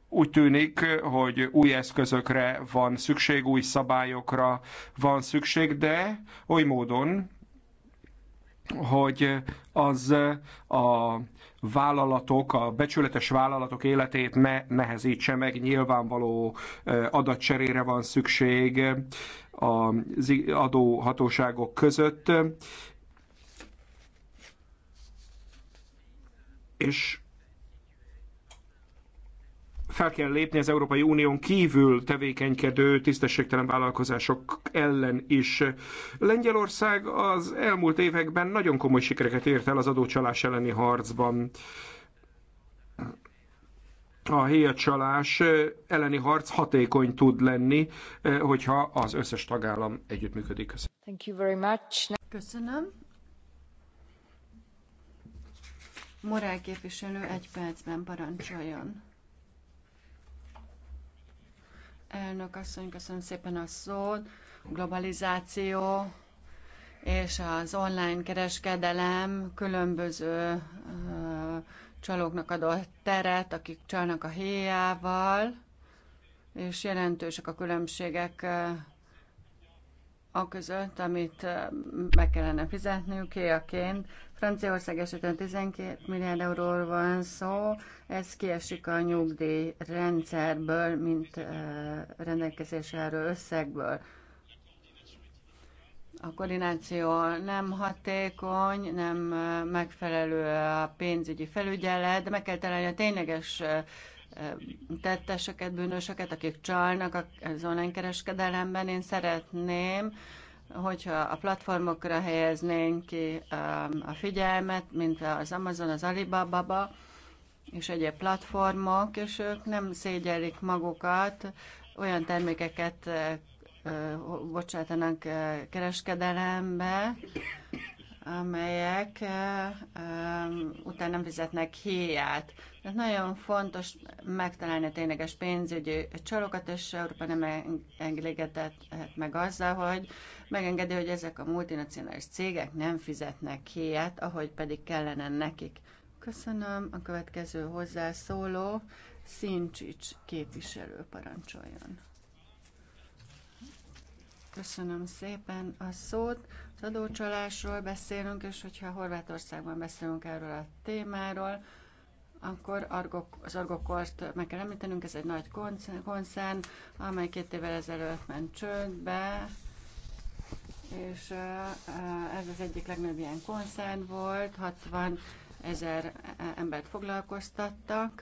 Úgy tűnik, hogy új eszközökre van szükség, új szabályokra van szükség, de oly módon, hogy az a vállalatok, a becsületes vállalatok életét ne nehezítse meg, nyilvánvaló adatcserére van szükség, az adóhatóságok között. És fel kell lépni az Európai Unión kívül tevékenykedő tisztességtelen vállalkozások ellen is. Lengyelország az elmúlt években nagyon komoly sikereket ért el az adócsalás elleni harcban a héjacsalás elleni harc hatékony tud lenni, hogyha az összes tagállam együttműködik. Köszönöm. Thank you very much. Köszönöm. Morál képviselő egy percben parancsoljon. Elnök asszony, köszönöm szépen a szót. Globalizáció és az online kereskedelem különböző uh, csalóknak adott teret, akik csalnak a héjával, és jelentősek a különbségek a között, amit meg kellene fizetniük héjaként. Franciaország esetén 12 milliárd euróról van szó, ez kiesik a nyugdíjrendszerből, mint rendelkezésre álló összegből a koordináció nem hatékony, nem megfelelő a pénzügyi felügyelet, de meg kell találni a tényleges tetteseket, bűnösöket, akik csalnak az online kereskedelemben. Én szeretném, hogyha a platformokra helyeznénk ki a figyelmet, mint az Amazon, az Alibaba és egyéb platformok, és ők nem szégyelik magukat, olyan termékeket bocsátanak kereskedelembe, amelyek utána nem fizetnek héját. Tehát nagyon fontos megtalálni a tényleges pénzügyi csalókat és Európa nem engedett meg azzal, hogy megengedi, hogy ezek a multinacionális cégek nem fizetnek héját, ahogy pedig kellene nekik. Köszönöm. A következő hozzászóló Szincsics képviselő parancsoljon. Köszönöm szépen a szót. Az adócsalásról beszélünk, és hogyha Horvátországban beszélünk erről a témáról, akkor Argok, az Argokort meg kell említenünk, ez egy nagy koncern, amely két évvel ezelőtt ment csődbe, és eh, ez az egyik legnagyobb ilyen koncern volt, 60 ezer eh, embert foglalkoztattak.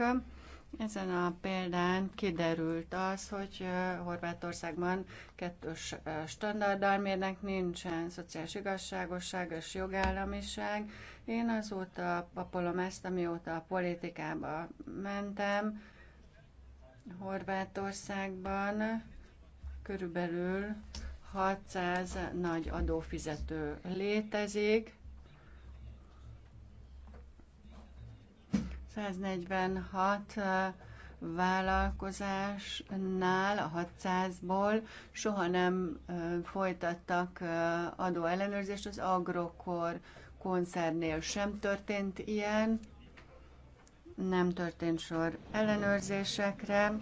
Ezen a példán kiderült az, hogy Horvátországban kettős standarddal mérnek, nincsen szociális igazságosság és jogállamiság. Én azóta papolom ezt, amióta a politikába mentem. Horvátországban körülbelül 600 nagy adófizető létezik, 146 vállalkozásnál a 600-ból soha nem folytattak adóellenőrzést, az Agrokor koncernél sem történt ilyen, nem történt sor ellenőrzésekre, a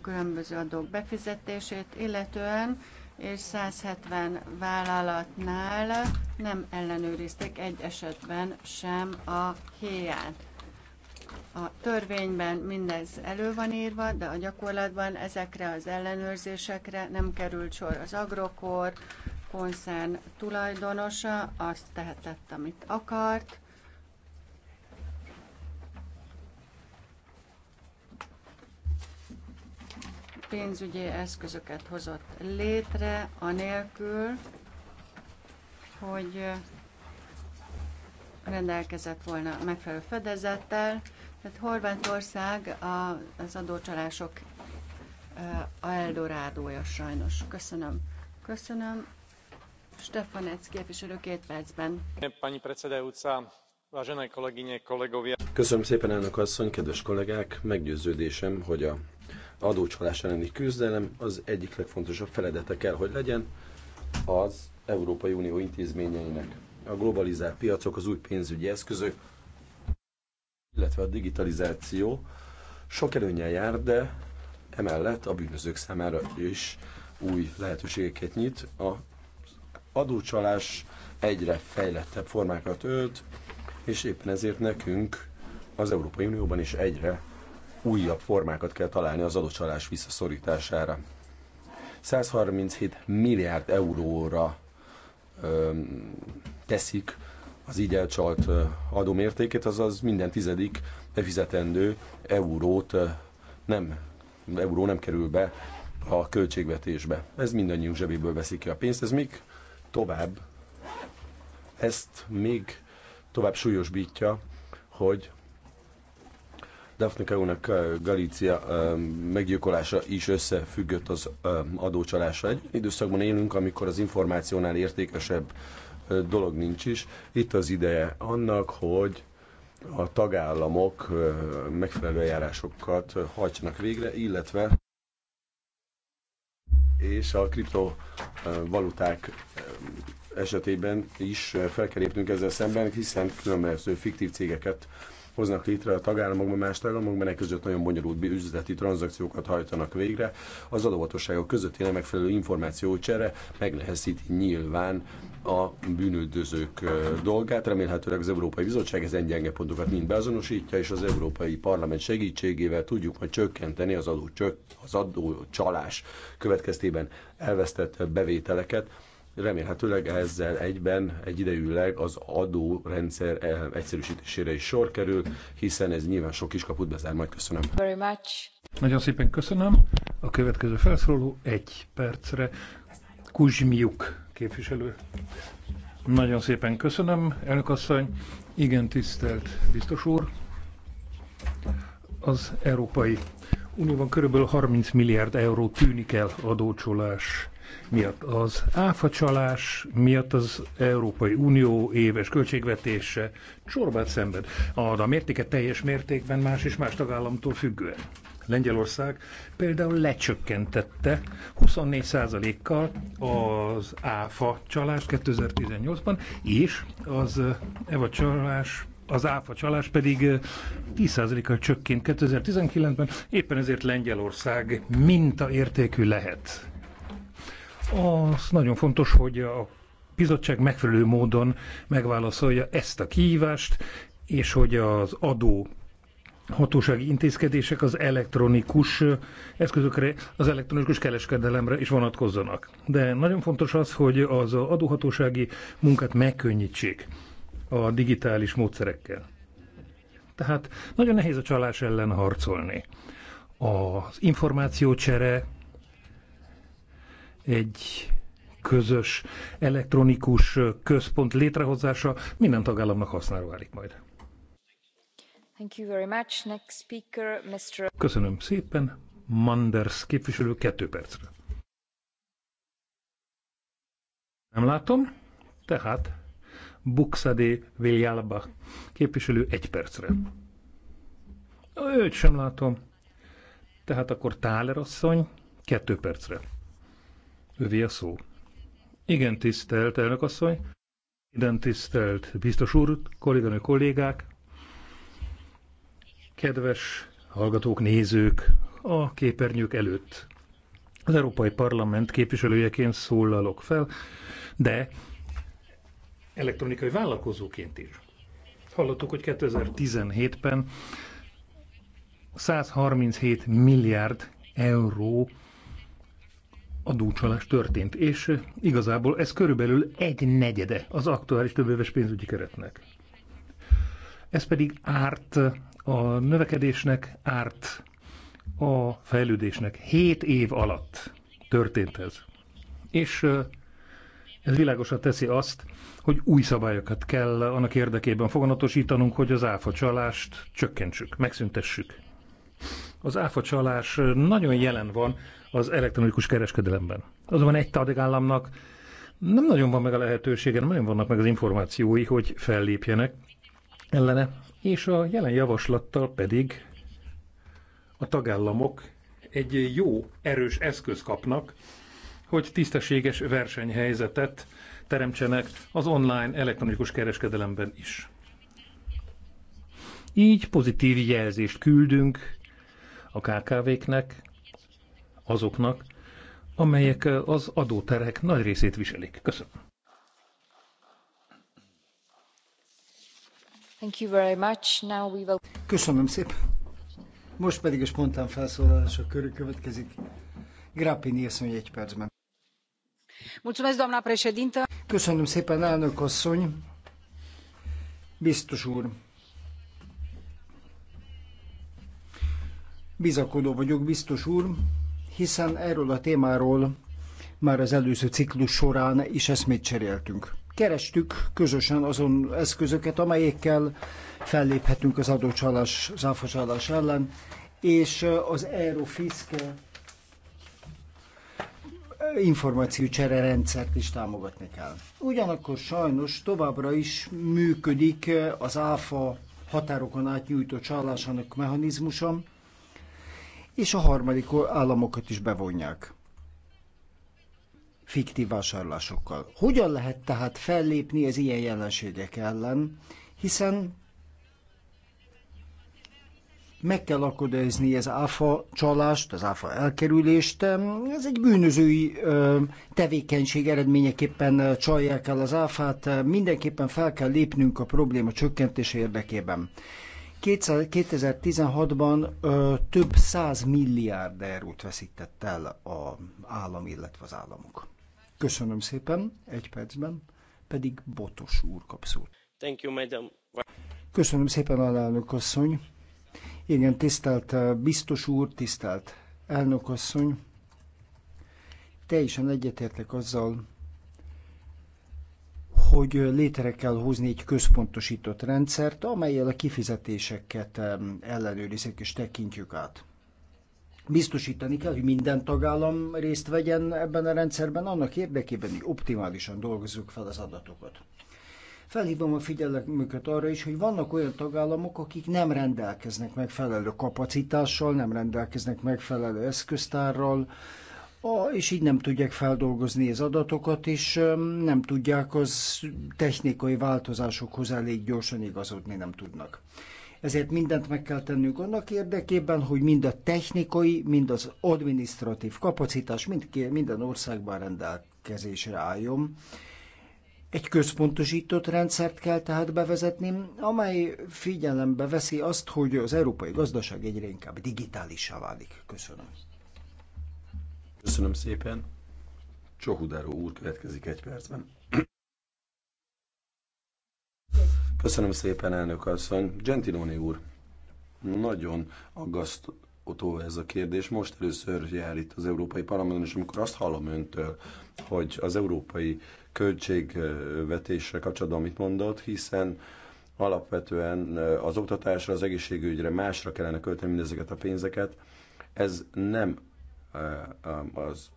különböző adók befizetését illetően, és 170 vállalatnál nem ellenőrizték egy esetben sem a héját. A törvényben mindez elő van írva, de a gyakorlatban ezekre az ellenőrzésekre nem került sor. Az agrokor konszern tulajdonosa azt tehetett, amit akart. Pénzügyi eszközöket hozott létre, anélkül, hogy rendelkezett volna megfelelő fedezettel, tehát Horvátország a, az adócsalások a Eldorádója sajnos. Köszönöm. Köszönöm. Stefanec képviselő két percben. Pani predsedajúca, vážené kolegyne, kolegovia. Köszönöm szépen, elnök asszony, kedves kollégák. Meggyőződésem, hogy a adócsalás elleni küzdelem az egyik legfontosabb feladata kell, hogy legyen az Európai Unió intézményeinek. A globalizált piacok, az új pénzügyi eszközök, illetve a digitalizáció sok előnyel jár, de emellett a bűnözők számára is új lehetőségeket nyit. A adócsalás egyre fejlettebb formákat ölt, és éppen ezért nekünk az Európai Unióban is egyre újabb formákat kell találni az adócsalás visszaszorítására. 137 milliárd euróra öm, teszik az így elcsalt adómértékét, azaz minden tizedik befizetendő eurót nem, euró nem kerül be a költségvetésbe. Ez mindannyiunk zsebéből veszik ki a pénzt, ez még tovább, ezt még tovább súlyosbítja, hogy Daphne Carunak Galícia meggyilkolása is összefüggött az adócsalással. Egy időszakban élünk, amikor az információnál értékesebb dolog nincs is. Itt az ideje annak, hogy a tagállamok megfelelő járásokat hajtsanak végre, illetve és a kriptovaluták esetében is fel kell lépnünk ezzel szemben, hiszen különböző fiktív cégeket hoznak létre a tagállamokban, más tagállamokban, között nagyon bonyolult üzleti tranzakciókat hajtanak végre. Az adóhatóságok közötti nem megfelelő információcsere megnehezíti nyilván a bűnöldözők dolgát. Remélhetőleg az Európai Bizottság ezen gyenge pontokat mind beazonosítja, és az Európai Parlament segítségével tudjuk majd csökkenteni az adó, csök, az adó csalás következtében elvesztett bevételeket Remélhetőleg ezzel egyben egyidejűleg az adórendszer eh, egyszerűsítésére is sor kerül, hiszen ez nyilván sok is kaput bezár. Majd köszönöm. Very much. Nagyon szépen köszönöm. A következő felszóló egy percre. Kuzsmiuk képviselő. Nagyon szépen köszönöm, elnök asszony. Igen, tisztelt biztos úr. Az Európai Unióban körülbelül 30 milliárd euró tűnik el adócsolás miatt. Az áfacsalás miatt az Európai Unió éves költségvetése csorbát szenved. A mértéke teljes mértékben más és más tagállamtól függően. Lengyelország például lecsökkentette 24%-kal az áfa csalást 2018-ban, és az EVA csalás az áfa csalás pedig 10%-kal csökkent 2019-ben, éppen ezért Lengyelország mintaértékű lehet az nagyon fontos, hogy a bizottság megfelelő módon megválaszolja ezt a kihívást, és hogy az adó hatósági intézkedések az elektronikus eszközökre, az elektronikus kereskedelemre is vonatkozzanak. De nagyon fontos az, hogy az adóhatósági munkát megkönnyítsék a digitális módszerekkel. Tehát nagyon nehéz a csalás ellen harcolni. Az információcsere egy közös elektronikus központ létrehozása minden tagállamnak hasznára válik majd. Köszönöm szépen. Manders képviselő kettő percre. Nem látom, tehát Buxadé Viljálba képviselő egy percre. Őt sem látom. Tehát akkor Táler asszony kettő percre. Övé a szó. Igen, tisztelt elnökasszony, igen, tisztelt biztos úr, kolléganő kollégák, kedves hallgatók, nézők a képernyők előtt. Az Európai Parlament képviselőjeként szólalok fel, de elektronikai vállalkozóként is. Hallottuk, hogy 2017-ben 137 milliárd euró adócsalás történt, és igazából ez körülbelül egy negyede az aktuális többéves pénzügyi keretnek. Ez pedig árt a növekedésnek, árt a fejlődésnek. Hét év alatt történt ez. És ez világosan teszi azt, hogy új szabályokat kell annak érdekében foganatosítanunk, hogy az áfa csalást csökkentsük, megszüntessük. Az áfa csalás nagyon jelen van az elektronikus kereskedelemben. Azonban egy tagállamnak nem nagyon van meg a lehetősége, nem nagyon vannak meg az információi, hogy fellépjenek ellene, és a jelen javaslattal pedig a tagállamok egy jó, erős eszköz kapnak, hogy tisztességes versenyhelyzetet teremtsenek az online elektronikus kereskedelemben is. Így pozitív jelzést küldünk a KKV-knek, azoknak, amelyek az adóterhek nagy részét viselik. Köszönöm. Thank you very much. Now we will... Köszönöm szépen. Most pedig a spontán felszólalások körül következik. Grappini asszony egy percben. Köszönöm szépen, elnök asszony. Biztos úr. Bizakodó vagyok, biztos úr, hiszen erről a témáról már az előző ciklus során is eszmét cseréltünk. Kerestük közösen azon eszközöket, amelyekkel felléphetünk az adócsalás, záfacsalás ellen, és az Eurofiske információcsere rendszert is támogatni kell. Ugyanakkor sajnos továbbra is működik az ÁFA határokon átnyújtó csalásának mechanizmusa, és a harmadik államokat is bevonják fiktív vásárlásokkal. Hogyan lehet tehát fellépni az ilyen jelenségek ellen, hiszen meg kell akadályozni az áfa csalást, az áfa elkerülést. Ez egy bűnözői tevékenység eredményeképpen csalják el az áfát. Mindenképpen fel kell lépnünk a probléma csökkentése érdekében. 2016-ban több száz milliárd eurót veszített el az állam, illetve az államok. Köszönöm szépen, egy percben pedig Botos úr kap szót. Thank you, madam. Köszönöm szépen, alelnök asszony. Igen, tisztelt biztos úr, tisztelt elnök asszony. Teljesen egyetértek azzal, hogy létre kell hozni egy központosított rendszert, amelyel a kifizetéseket ellenőrizik és tekintjük át. Biztosítani kell, hogy minden tagállam részt vegyen ebben a rendszerben, annak érdekében, hogy optimálisan dolgozzuk fel az adatokat. Felhívom a figyelmüket arra is, hogy vannak olyan tagállamok, akik nem rendelkeznek megfelelő kapacitással, nem rendelkeznek megfelelő eszköztárral, a és így nem tudják feldolgozni az adatokat, és nem tudják az technikai változásokhoz elég gyorsan igazodni nem tudnak. Ezért mindent meg kell tennünk annak érdekében, hogy mind a technikai, mind az administratív kapacitás mind, minden országban rendelkezésre álljon. Egy központosított rendszert kell tehát bevezetni, amely figyelembe veszi azt, hogy az európai gazdaság egyre inkább digitálisá válik. Köszönöm. Köszönöm szépen. Csohudáró úr következik egy percben. Köszönöm szépen, elnök asszony. Gentiloni úr, nagyon aggasztó ez a kérdés. Most először jár itt az Európai Parlamenton, és amikor azt hallom öntől, hogy az európai költségvetésre kapcsolatban mit mondott, hiszen alapvetően az oktatásra, az egészségügyre, másra kellene költeni mindezeket a pénzeket, ez nem az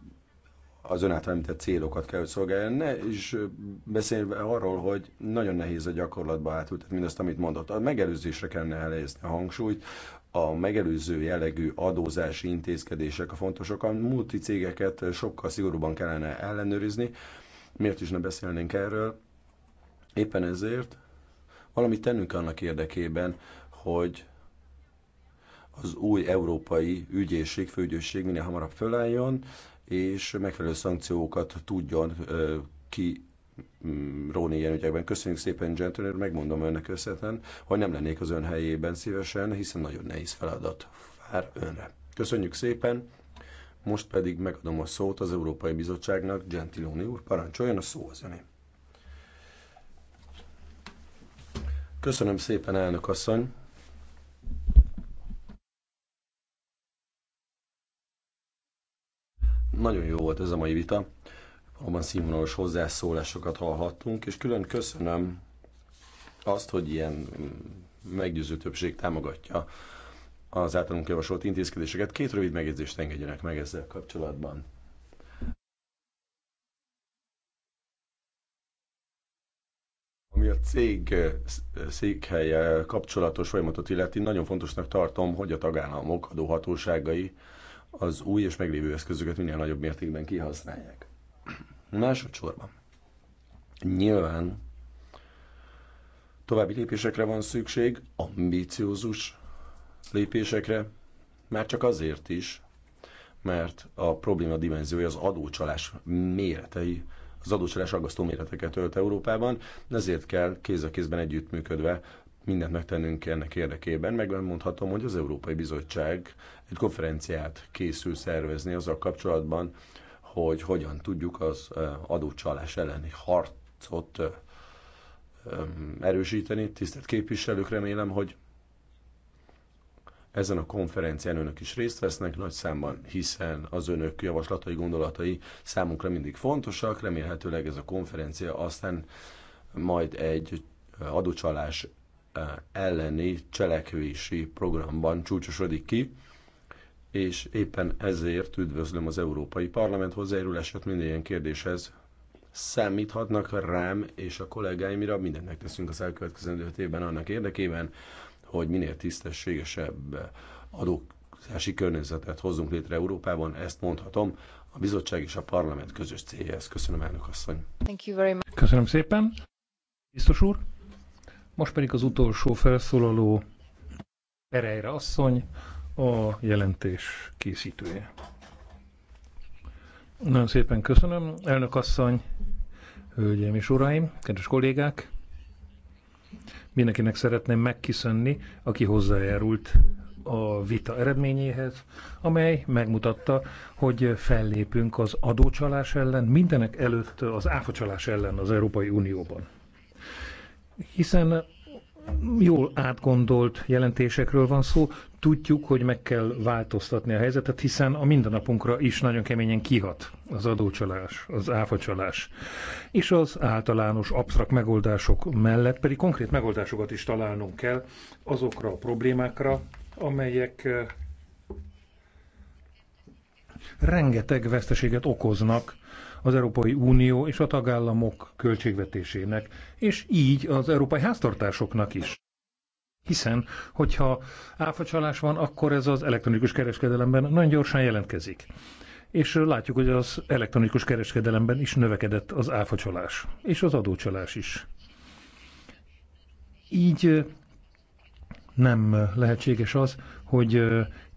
az ön által említett célokat kell, hogy szolgáljon. Ne is beszélve arról, hogy nagyon nehéz a gyakorlatba átültetni mindazt, amit mondott. A megelőzésre kellene helyezni a hangsúlyt, a megelőző jellegű adózási intézkedések a fontosak. A multicégeket sokkal szigorúban kellene ellenőrizni. Miért is ne beszélnénk erről? Éppen ezért valamit tennünk annak érdekében, hogy az új európai ügyészség, főügyészség minél hamarabb fölálljon, és megfelelő szankciókat tudjon ki mm, Róni ilyen ügyekben. Köszönjük szépen, gentleman, megmondom önnek összetlen, hogy nem lennék az ön helyében szívesen, hiszen nagyon nehéz feladat vár önre. Köszönjük szépen, most pedig megadom a szót az Európai Bizottságnak, Gentiloni úr, parancsoljon a szó az öné. Köszönöm szépen, elnök asszony. Nagyon jó volt ez a mai vita, valóban színvonalos hozzászólásokat hallhattunk, és külön köszönöm azt, hogy ilyen meggyőző többség támogatja az általunk javasolt intézkedéseket. Két rövid megjegyzést engedjenek meg ezzel kapcsolatban. Ami a cég székhelye kapcsolatos folyamatot illeti, nagyon fontosnak tartom, hogy a tagállamok adóhatóságai az új és meglévő eszközöket minél nagyobb mértékben kihasználják. Másodszorban. Nyilván további lépésekre van szükség, ambíciózus lépésekre, már csak azért is, mert a probléma dimenziója az adócsalás méretei, az adócsalás aggasztó méreteket ölt Európában, ezért kell kéz a kézben együttműködve mindent megtennünk ennek érdekében. Megmondhatom, hogy az Európai Bizottság egy konferenciát készül szervezni azzal kapcsolatban, hogy hogyan tudjuk az adócsalás elleni harcot erősíteni. Tisztelt képviselők, remélem, hogy ezen a konferencián önök is részt vesznek nagy számban, hiszen az önök javaslatai, gondolatai számunkra mindig fontosak. Remélhetőleg ez a konferencia aztán majd egy adócsalás elleni cselekvési programban csúcsosodik ki és éppen ezért üdvözlöm az Európai Parlament hozzájárulását minden ilyen kérdéshez. Számíthatnak rám és a kollégáimra, mindennek teszünk az elkövetkezendő évben annak érdekében, hogy minél tisztességesebb adózási környezetet hozzunk létre Európában, ezt mondhatom, a bizottság és a parlament közös céljához. Köszönöm, elnök asszony. Thank you very much. Köszönöm szépen. Biztos úr. Most pedig az utolsó felszólaló Pereira asszony, a jelentés készítője. Nagyon szépen köszönöm, elnök asszony, hölgyeim és uraim, kedves kollégák! Mindenkinek szeretném megkiszönni, aki hozzájárult a vita eredményéhez, amely megmutatta, hogy fellépünk az adócsalás ellen, mindenek előtt az áfacsalás ellen az Európai Unióban. Hiszen jól átgondolt jelentésekről van szó. Tudjuk, hogy meg kell változtatni a helyzetet, hiszen a mindennapunkra is nagyon keményen kihat az adócsalás, az áfacsalás. És az általános absztrakt megoldások mellett pedig konkrét megoldásokat is találnunk kell azokra a problémákra, amelyek eh, rengeteg veszteséget okoznak az Európai Unió és a tagállamok költségvetésének, és így az európai háztartásoknak is. Hiszen, hogyha áfacsalás van, akkor ez az elektronikus kereskedelemben nagyon gyorsan jelentkezik. És látjuk, hogy az elektronikus kereskedelemben is növekedett az áfacsalás, és az adócsalás is. Így nem lehetséges az, hogy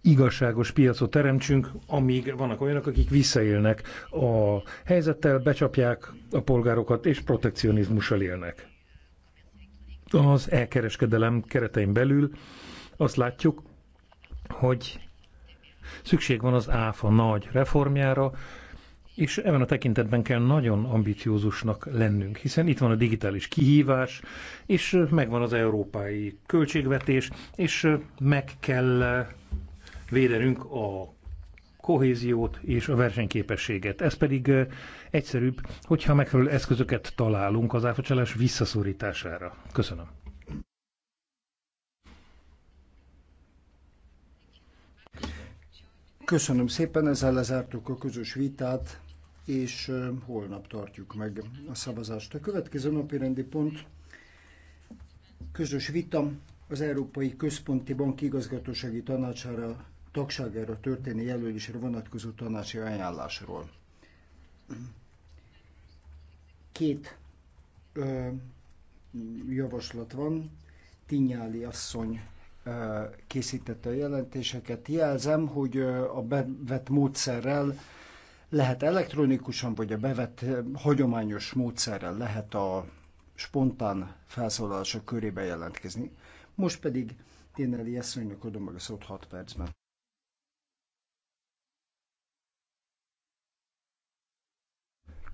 igazságos piacot teremtsünk, amíg vannak olyanok, akik visszaélnek a helyzettel, becsapják a polgárokat és protekcionizmussal élnek. Az elkereskedelem keretein belül azt látjuk, hogy szükség van az ÁFA nagy reformjára, és ebben a tekintetben kell nagyon ambiciózusnak lennünk, hiszen itt van a digitális kihívás, és megvan az európai költségvetés, és meg kell védenünk a kohéziót és a versenyképességet. Ez pedig egyszerűbb, hogyha megfelelő eszközöket találunk az áfacsalás visszaszorítására. Köszönöm. Köszönöm szépen, ezzel lezártuk a közös vitát, és holnap tartjuk meg a szavazást. A következő napi rendi pont közös vita az Európai Központi Bank igazgatósági tanácsára tagságára történő jelölésre vonatkozó tanácsi ajánlásról. Két ö, javaslat van. Tinyáli asszony ö, készítette a jelentéseket. Jelzem, hogy ö, a bevett módszerrel lehet elektronikusan, vagy a bevett ö, hagyományos módszerrel lehet a spontán felszólalások körébe jelentkezni. Most pedig Tinyáli asszonynak adom meg a szót 6 percben.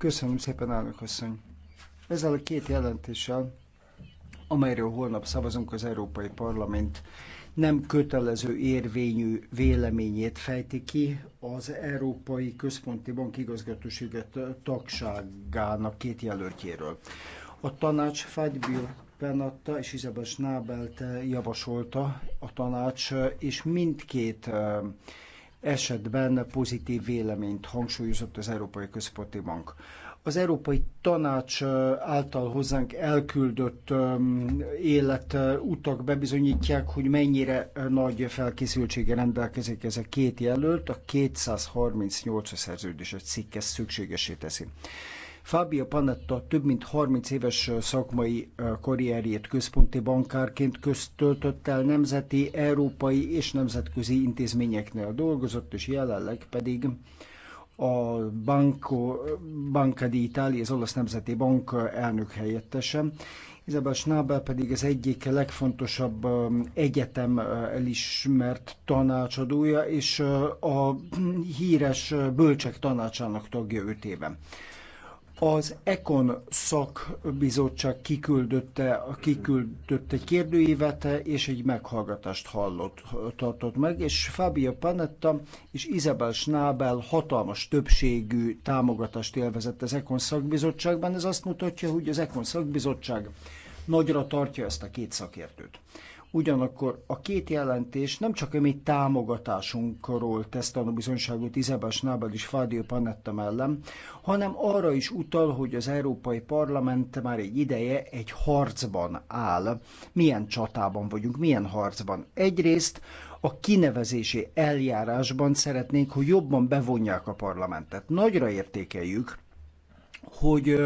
Köszönöm szépen, elnök asszony. Ezzel a két jelentéssel, amelyről holnap szavazunk az Európai Parlament, nem kötelező érvényű véleményét fejti ki az Európai Központi Bank igazgatóságát tagságának két jelöltjéről. A tanács Fagybio Penatta és Izabel Schnabelt javasolta a tanács, és mindkét esetben pozitív véleményt hangsúlyozott az Európai Központi Bank. Az Európai Tanács által hozzánk elküldött életutak bebizonyítják, hogy mennyire nagy felkészültsége rendelkezik ez a két jelölt, a 238 szerződéses cikk ezt szükségesé teszi. Fábia Panetta több mint 30 éves szakmai karrierjét központi bankárként köztöltött el nemzeti, európai és nemzetközi intézményeknél dolgozott, és jelenleg pedig a Banco, Banca Italia, az olasz nemzeti bank elnök helyettese. Isabel Schnabel pedig az egyik legfontosabb egyetem elismert tanácsadója, és a híres bölcsek tanácsának tagja öt éve. Az Econ szakbizottság kiküldötte, kiküldött egy kérdőívet, és egy meghallgatást hallott, tartott meg, és Fabio Panetta és Isabel Schnabel hatalmas többségű támogatást élvezett az Econ szakbizottságban. Ez azt mutatja, hogy az Econ szakbizottság nagyra tartja ezt a két szakértőt. Ugyanakkor a két jelentés nem csak a mi támogatásunkról tesz tanúbizonyságot Izabel Nábel és Fádio Panetta mellem, hanem arra is utal, hogy az Európai Parlament már egy ideje egy harcban áll. Milyen csatában vagyunk, milyen harcban? Egyrészt a kinevezési eljárásban szeretnénk, hogy jobban bevonják a parlamentet. Nagyra értékeljük, hogy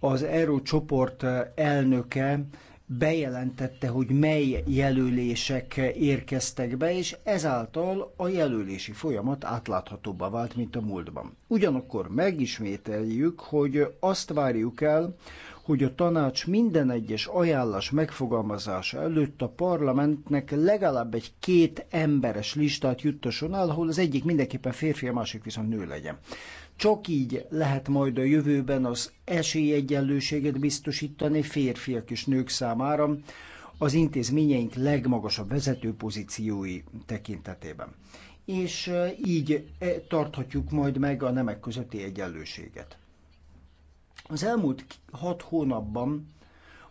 az Euró csoport elnöke bejelentette, hogy mely jelölések érkeztek be, és ezáltal a jelölési folyamat átláthatóbbá vált, mint a múltban. Ugyanakkor megismételjük, hogy azt várjuk el, hogy a tanács minden egyes ajánlás megfogalmazása előtt a parlamentnek legalább egy két emberes listát juttasson el, ahol az egyik mindenképpen férfi, a másik viszont nő legyen. Csak így lehet majd a jövőben az esélyegyenlőséget biztosítani férfiak és nők számára az intézményeink legmagasabb vezető pozíciói tekintetében. És eh, így eh, tarthatjuk majd meg a nemek közötti egyenlőséget. Az elmúlt hat hónapban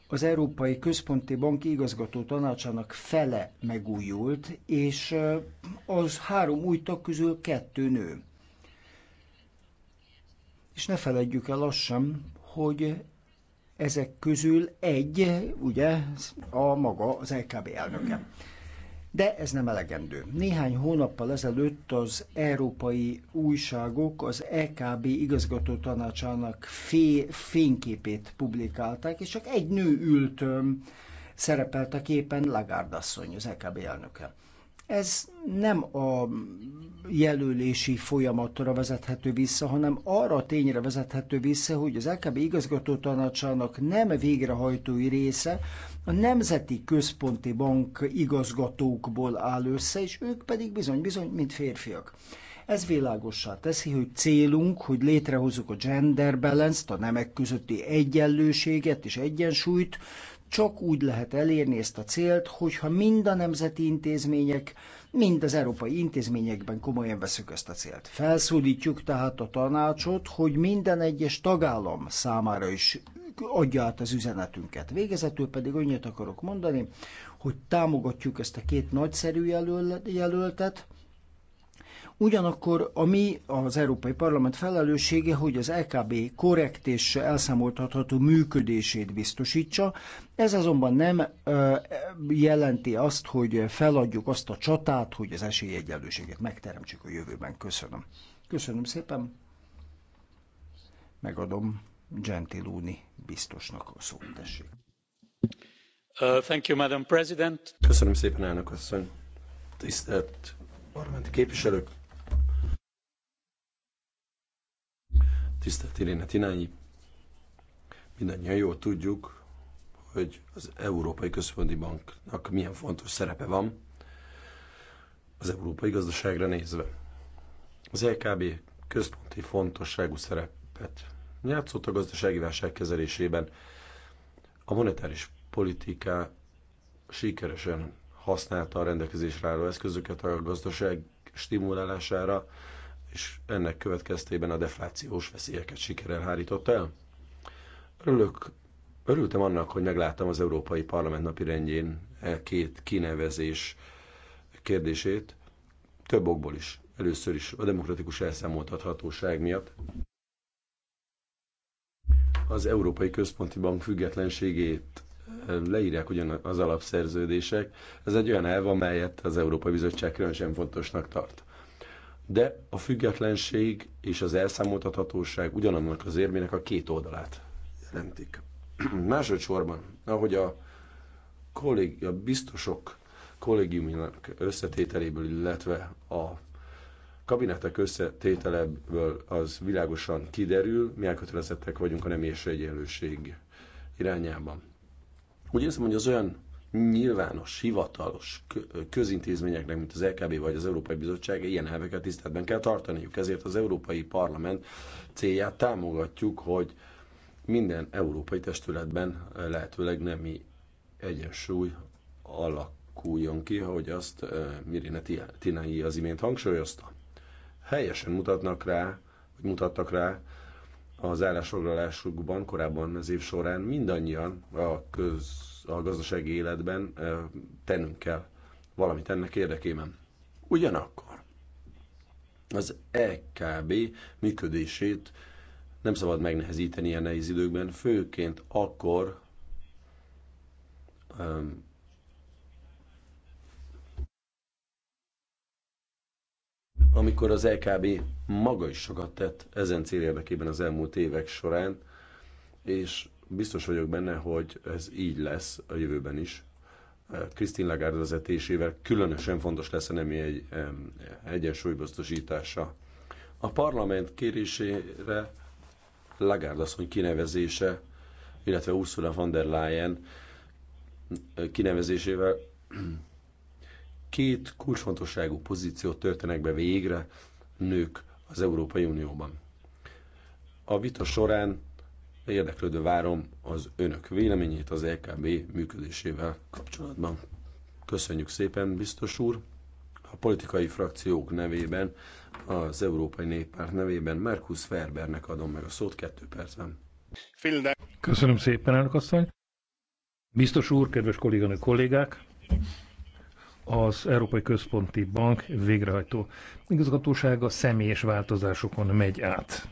az Európai Központi Bank igazgató tanácsának fele megújult, és eh, az három új tag közül kettő nő. És ne feledjük el azt sem, hogy ezek közül egy, ugye, a maga az LKB elnöke. De ez nem elegendő. Néhány hónappal ezelőtt az európai újságok az LKB igazgató tanácsának fé, fényképét publikálták, és csak egy nő ült szerepelt a képen, Lagarde asszony, az LKB elnöke. Ez nem a jelölési folyamatra vezethető vissza, hanem arra a tényre vezethető vissza, hogy az LKB igazgató tanácsának nem végrehajtói része a Nemzeti Központi Bank igazgatókból áll össze, és ők pedig bizony-bizony, mint férfiak. Ez világossá teszi, hogy célunk, hogy létrehozzuk a gender balance-t, a nemek közötti egyenlőséget és egyensúlyt, csak úgy lehet elérni ezt a célt, hogyha mind a nemzeti intézmények, mind az európai intézményekben komolyan veszük ezt a célt. Felszólítjuk tehát a tanácsot, hogy minden egyes tagállam számára is adja át az üzenetünket. Végezetül pedig annyit akarok mondani, hogy támogatjuk ezt a két nagyszerű jelöltet, Ugyanakkor a mi, az Európai Parlament felelőssége, hogy az LKB korrekt és elszámoltatható működését biztosítsa. Ez azonban nem jelenti azt, hogy feladjuk azt a csatát, hogy az esélyegyenlőséget megteremtsük a jövőben. Köszönöm. Köszönöm szépen. Megadom Gentiloni biztosnak a szót, tessék. Uh, thank you, Madam President. Köszönöm szépen, elnök asszony. Tisztelt parlamenti képviselők! Tisztelt Iréna Tinányi, mindannyian jól tudjuk, hogy az Európai Központi Banknak milyen fontos szerepe van az európai gazdaságra nézve. Az LKB központi fontosságú szerepet játszott a gazdasági válság kezelésében. A monetáris politiká sikeresen használta a rendelkezésre álló eszközöket a gazdaság stimulálására, és ennek következtében a deflációs veszélyeket sikerrel hárított el. Örülök, örültem annak, hogy megláttam az Európai Parlament napi rendjén e két kinevezés kérdését, több okból is. Először is a demokratikus elszámoltathatóság miatt. Az Európai Központi Bank függetlenségét e, leírják ugyan az alapszerződések. Ez egy olyan elv, amelyet az Európai Bizottság különösen fontosnak tart de a függetlenség és az elszámoltathatóság ugyanannak az érmének a két oldalát jelentik. Másodszorban, ahogy a, kollégi, a biztosok kollégiuminak összetételéből, illetve a kabinetek összetételeből az világosan kiderül, mi elkötelezettek vagyunk a nem és egyenlőség irányában. Úgy érzem, hogy az olyan nyilvános, hivatalos közintézményeknek, mint az LKB vagy az Európai Bizottság ilyen elveket tiszteletben kell tartaniuk. Ezért az Európai Parlament célját támogatjuk, hogy minden európai testületben lehetőleg nemi egyensúly alakuljon ki, ahogy azt Mirina Tinai az imént hangsúlyozta. Helyesen mutatnak rá, vagy mutattak rá, az állásfoglalásukban korábban az év során mindannyian a köz a gazdasági életben tennünk kell valamit ennek érdekében. Ugyanakkor az EKB működését nem szabad megnehezíteni ilyen nehéz időkben, főként akkor, um, amikor az LKB e maga is sokat tett ezen cél érdekében az elmúlt évek során, és Biztos vagyok benne, hogy ez így lesz a jövőben is. Krisztin eh, Lagarde vezetésével különösen fontos lesz a nemi egy, egyensúlybiztosítása. A parlament kérésére Lagarde asszony kinevezése, illetve Ursula von der Leyen eh, kinevezésével két kulcsfontosságú pozíciót töltenek be végre nők az Európai Unióban. A vita során Érdeklődő várom az önök véleményét az LKB e működésével kapcsolatban. Köszönjük szépen, biztos úr! A politikai frakciók nevében, az Európai Néppárt nevében Markus Ferbernek adom meg a szót kettő percben. Köszönöm szépen, elnök asszony! Biztos úr, kedves kolléganő kollégák! az Európai Központi Bank végrehajtó igazgatósága személyes változásokon megy át.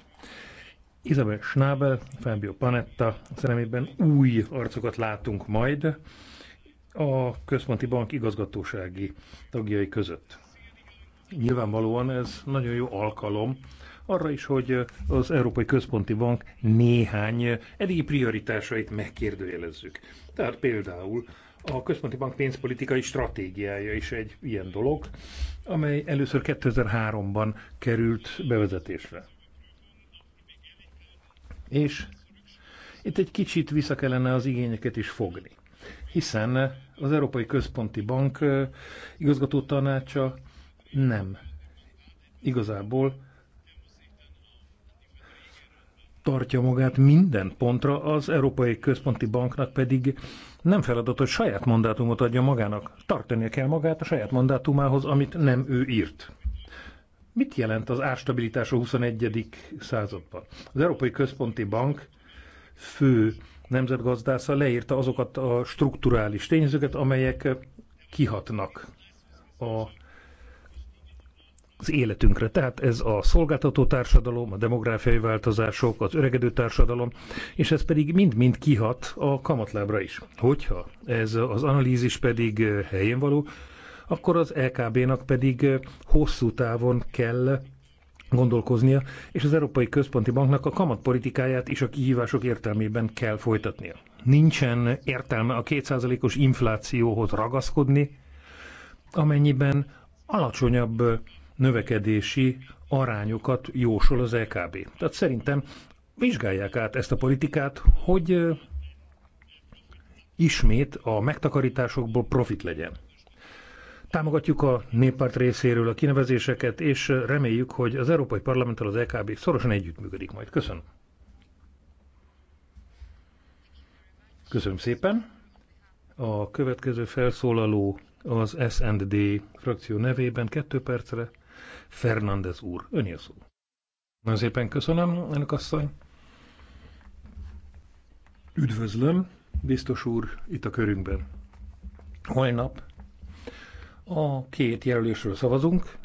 Isabel Schnabel, Fábio Panetta szeremében új arcokat látunk majd a Központi Bank igazgatósági tagjai között. Nyilvánvalóan ez nagyon jó alkalom arra is, hogy az Európai Központi Bank néhány eddigi prioritásait megkérdőjelezzük. Tehát például a Központi Bank pénzpolitikai stratégiája is egy ilyen dolog, amely először 2003-ban került bevezetésre. És itt egy kicsit vissza kellene az igényeket is fogni, hiszen az Európai Központi Bank igazgató tanácsa nem igazából tartja magát minden pontra, az Európai Központi Banknak pedig nem feladat, hogy saját mandátumot adja magának. Tartania kell magát a saját mandátumához, amit nem ő írt. Mit jelent az árstabilitás a 21. században? Az Európai Központi Bank fő nemzetgazdásza leírta azokat a strukturális tényezőket, amelyek kihatnak a, az életünkre. Tehát ez a szolgáltató társadalom, a demográfiai változások, az öregedő társadalom, és ez pedig mind-mind kihat a kamatlábra is. Hogyha ez az analízis pedig helyén való, akkor az LKB-nak pedig hosszú távon kell gondolkoznia, és az Európai Központi Banknak a kamatpolitikáját is a kihívások értelmében kell folytatnia. Nincsen értelme a kétszázalékos inflációhoz ragaszkodni, amennyiben alacsonyabb növekedési arányokat jósol az LKB. Tehát szerintem vizsgálják át ezt a politikát, hogy ismét a megtakarításokból profit legyen. Támogatjuk a néppárt részéről a kinevezéseket, és reméljük, hogy az Európai Parlamenttel az EKB szorosan együttműködik majd. Köszönöm. Köszönöm szépen. A következő felszólaló az SND frakció nevében kettő percre. Fernández úr, öné a szó. Nagyon szépen köszönöm, önök asszony. Üdvözlöm, biztos úr, itt a körünkben. Holnap a két jelölésről szavazunk,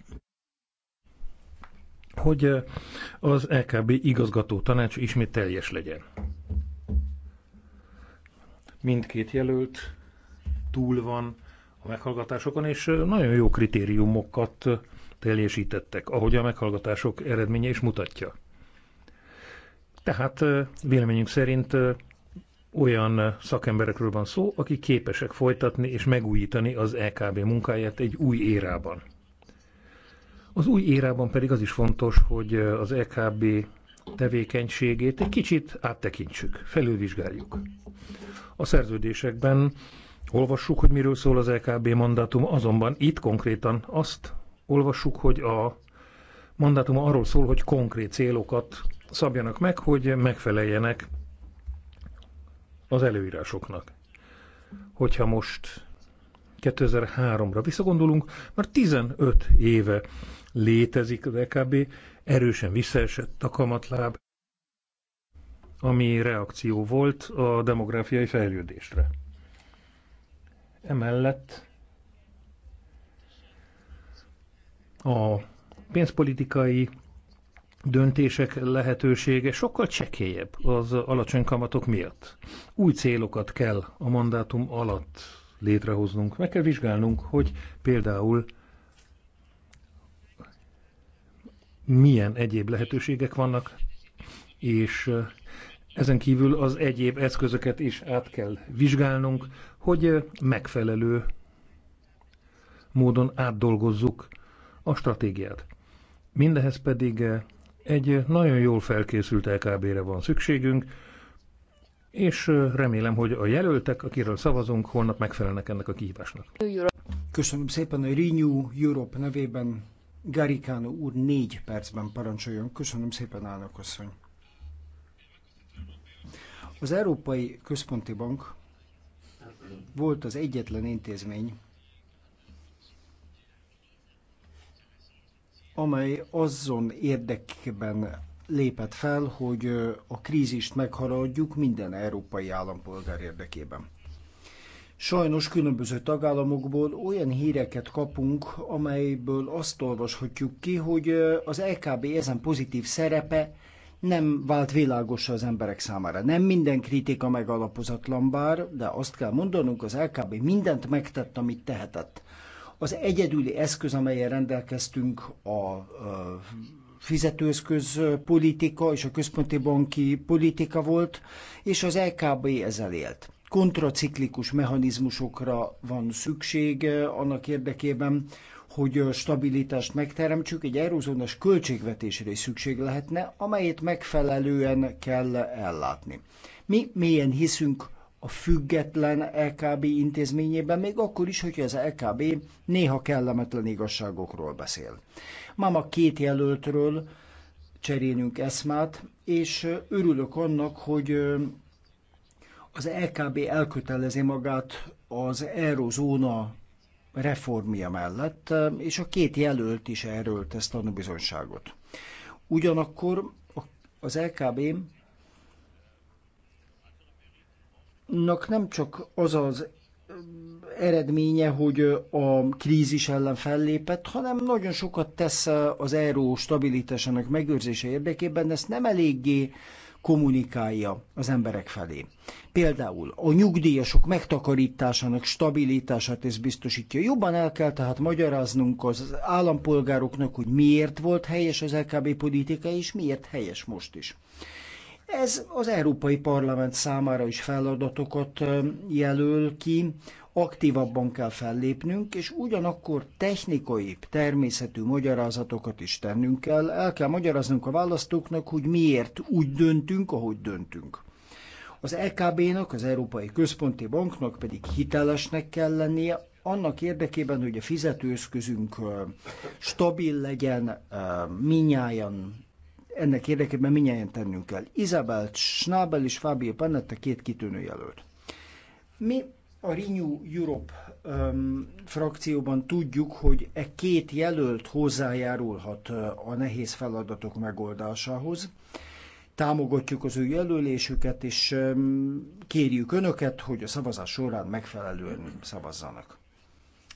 hogy az LKB e igazgató tanács ismét teljes legyen. Mindkét jelölt túl van a meghallgatásokon, és nagyon jó kritériumokat teljesítettek, ahogy a meghallgatások eredménye is mutatja. Tehát véleményünk szerint olyan szakemberekről van szó, akik képesek folytatni és megújítani az EKB munkáját egy új érában. Az új érában pedig az is fontos, hogy az EKB tevékenységét egy kicsit áttekintsük, felülvizsgáljuk. A szerződésekben olvassuk, hogy miről szól az EKB mandátum, azonban itt konkrétan azt olvassuk, hogy a mandátum arról szól, hogy konkrét célokat szabjanak meg, hogy megfeleljenek az előírásoknak. Hogyha most 2003-ra visszagondolunk, már 15 éve létezik az EKB, erősen visszaesett a kamatláb, ami reakció volt a demográfiai fejlődésre. Emellett a pénzpolitikai döntések lehetősége sokkal csekélyebb az alacsony kamatok miatt. Új célokat kell a mandátum alatt létrehoznunk. Meg kell vizsgálnunk, hogy például milyen egyéb lehetőségek vannak, és ezen kívül az egyéb eszközöket is át kell vizsgálnunk, hogy megfelelő módon átdolgozzuk a stratégiát. Mindehez pedig egy nagyon jól felkészült LKB-re van szükségünk, és remélem, hogy a jelöltek, akiről szavazunk, holnap megfelelnek ennek a kihívásnak. Köszönöm szépen a Renew Europe nevében. Garikánó úr négy percben parancsoljon. Köszönöm szépen, állnak asszony. Az Európai Központi Bank volt az egyetlen intézmény, amely azon érdekében lépett fel, hogy a krízist meghaladjuk minden európai állampolgár érdekében. Sajnos különböző tagállamokból olyan híreket kapunk, amelyből azt olvashatjuk ki, hogy az LKB ezen pozitív szerepe nem vált világos az emberek számára. Nem minden kritika megalapozatlan bár, de azt kell mondanunk, az LKB mindent megtett, amit tehetett az egyedüli eszköz, amelyen rendelkeztünk a fizetőeszköz politika és a központi banki politika volt, és az LKB ezzel élt. Kontraciklikus mechanizmusokra van szükség eh, annak érdekében, hogy stabilitást megteremtsük, egy erózónas költségvetésre is szükség lehetne, amelyet megfelelően kell ellátni. Mi mélyen hiszünk a független LKB intézményében, még akkor is, hogyha az LKB néha kellemetlen igazságokról beszél. Máma két jelöltről cserélünk eszmát, és örülök annak, hogy az LKB elkötelezi magát az eurozóna reformja mellett, és a két jelölt is erről tesz tanúbizonyságot. Ugyanakkor az LKB nem csak az az eredménye, hogy a krízis ellen fellépett, hanem nagyon sokat tesz az euró stabilitásának megőrzése érdekében, ezt nem eléggé kommunikálja az emberek felé. Például a nyugdíjasok megtakarításának stabilitását ez biztosítja. Jobban el kell tehát magyaráznunk az állampolgároknak, hogy miért volt helyes az LKB politika, és miért helyes most is. Ez az Európai Parlament számára is feladatokat jelöl ki, aktívabban kell fellépnünk, és ugyanakkor technikai, természetű magyarázatokat is tennünk kell. El kell magyaráznunk a választóknak, hogy miért úgy döntünk, ahogy döntünk. Az EKB-nak, az Európai Központi Banknak pedig hitelesnek kell lennie, annak érdekében, hogy a fizetőeszközünk stabil legyen, minnyáján ennek érdekében minnyáján tennünk kell. Isabel Schnabel és Fabio Panetta két kitűnő jelölt. Mi a Renew Europe um, frakcióban tudjuk, hogy e két jelölt hozzájárulhat a nehéz feladatok megoldásához. Támogatjuk az ő jelölésüket, és um, kérjük önöket, hogy a szavazás során megfelelően szavazzanak.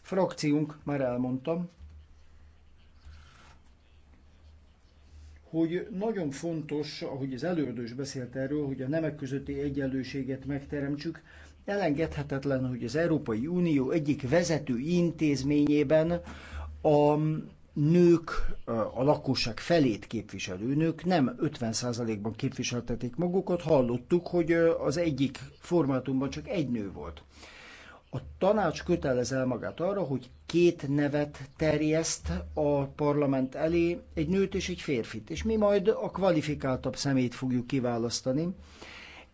Frakciunk, már elmondtam, hogy nagyon fontos, ahogy az előadó is beszélt erről, hogy a nemek közötti egyenlőséget megteremtsük, elengedhetetlen, hogy az Európai Unió egyik vezető intézményében a nők, a lakosság felét képviselő nők nem 50%-ban képviseltetik magukat. Hallottuk, hogy az egyik formátumban csak egy nő volt. A tanács kötelez el magát arra, hogy két nevet terjeszt a parlament elé, egy nőt és egy férfit, és mi majd a kvalifikáltabb szemét fogjuk kiválasztani.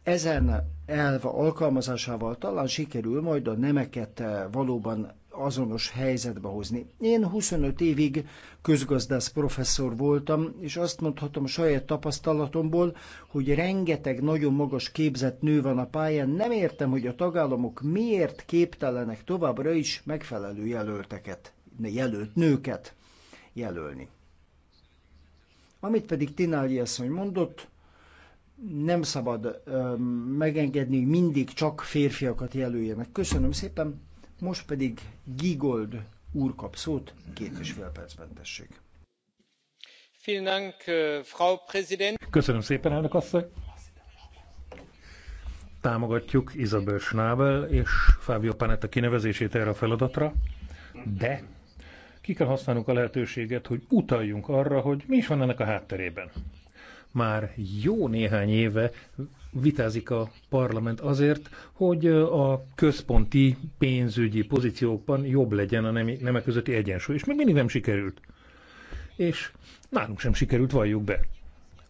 Ezen elv alkalmazásával talán sikerül majd a nemeket eh, valóban azonos helyzetbe hozni. Én 25 évig közgazdász professzor voltam, és azt mondhatom a saját tapasztalatomból, hogy rengeteg nagyon magas képzett nő van a pályán. Nem értem, hogy a tagállamok miért képtelenek továbbra is megfelelő jelölteket, jelölt nőket jelölni. Amit pedig Tináli asszony mondott, nem szabad ö, megengedni, hogy mindig csak férfiakat jelöljenek. Köszönöm szépen, most pedig Gigold úr kap szót, két és fél percben tessék. Äh, Köszönöm szépen, elnök asszony! Támogatjuk Isabel Schnabel és Fábio Panetta kinevezését erre a feladatra, de ki kell használnunk a lehetőséget, hogy utaljunk arra, hogy mi is van ennek a hátterében. Már jó néhány éve vitázik a parlament azért, hogy a központi pénzügyi pozíciókban jobb legyen a nemek közötti egyensúly, és még mindig nem sikerült. És nálunk sem sikerült, valljuk be.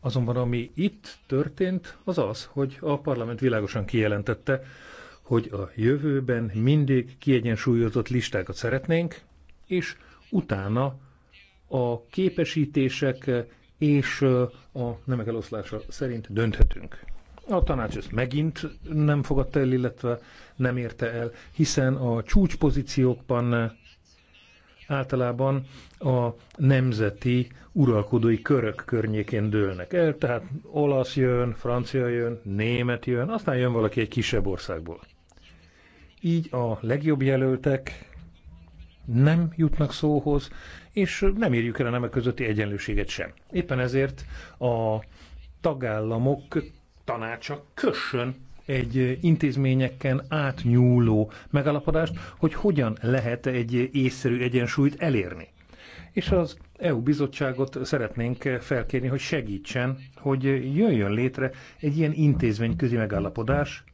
Azonban ami itt történt, az az, hogy a parlament világosan kijelentette, hogy a jövőben mindig kiegyensúlyozott listákat szeretnénk, és utána a képesítések és a nemek eloszlása szerint dönthetünk. A tanács ezt megint nem fogadta el, illetve nem érte el, hiszen a csúcspozíciókban általában a nemzeti uralkodói körök környékén dőlnek el, tehát olasz jön, francia jön, német jön, aztán jön valaki egy kisebb országból. Így a legjobb jelöltek nem jutnak szóhoz, és nem érjük el a nemek közötti egyenlőséget sem. Éppen ezért a tagállamok tanácsa kössön egy intézményeken átnyúló megalapodást, hogy hogyan lehet egy észszerű egyensúlyt elérni. És az EU bizottságot szeretnénk felkérni, hogy segítsen, hogy jöjjön létre egy ilyen intézményközi megállapodás,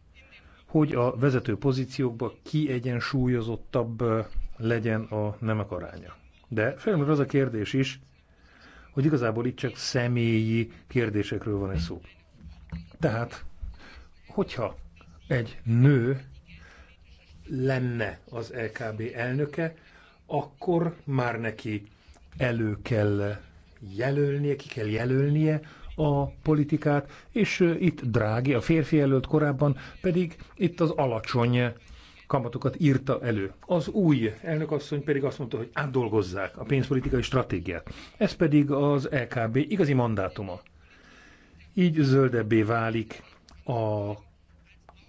hogy a vezető pozíciókba kiegyensúlyozottabb legyen a nemek aránya. De felmerül az a kérdés is, hogy igazából itt csak személyi kérdésekről van egy szó. Tehát, hogyha egy nő lenne az LKB elnöke, akkor már neki elő kell jelölnie, ki kell jelölnie a politikát, és itt Drági, a férfi jelölt korábban pedig itt az alacsony kamatokat írta elő. Az új elnökasszony pedig azt mondta, hogy átdolgozzák a pénzpolitikai stratégiát. Ez pedig az LKB igazi mandátuma. Így zöldebbé válik a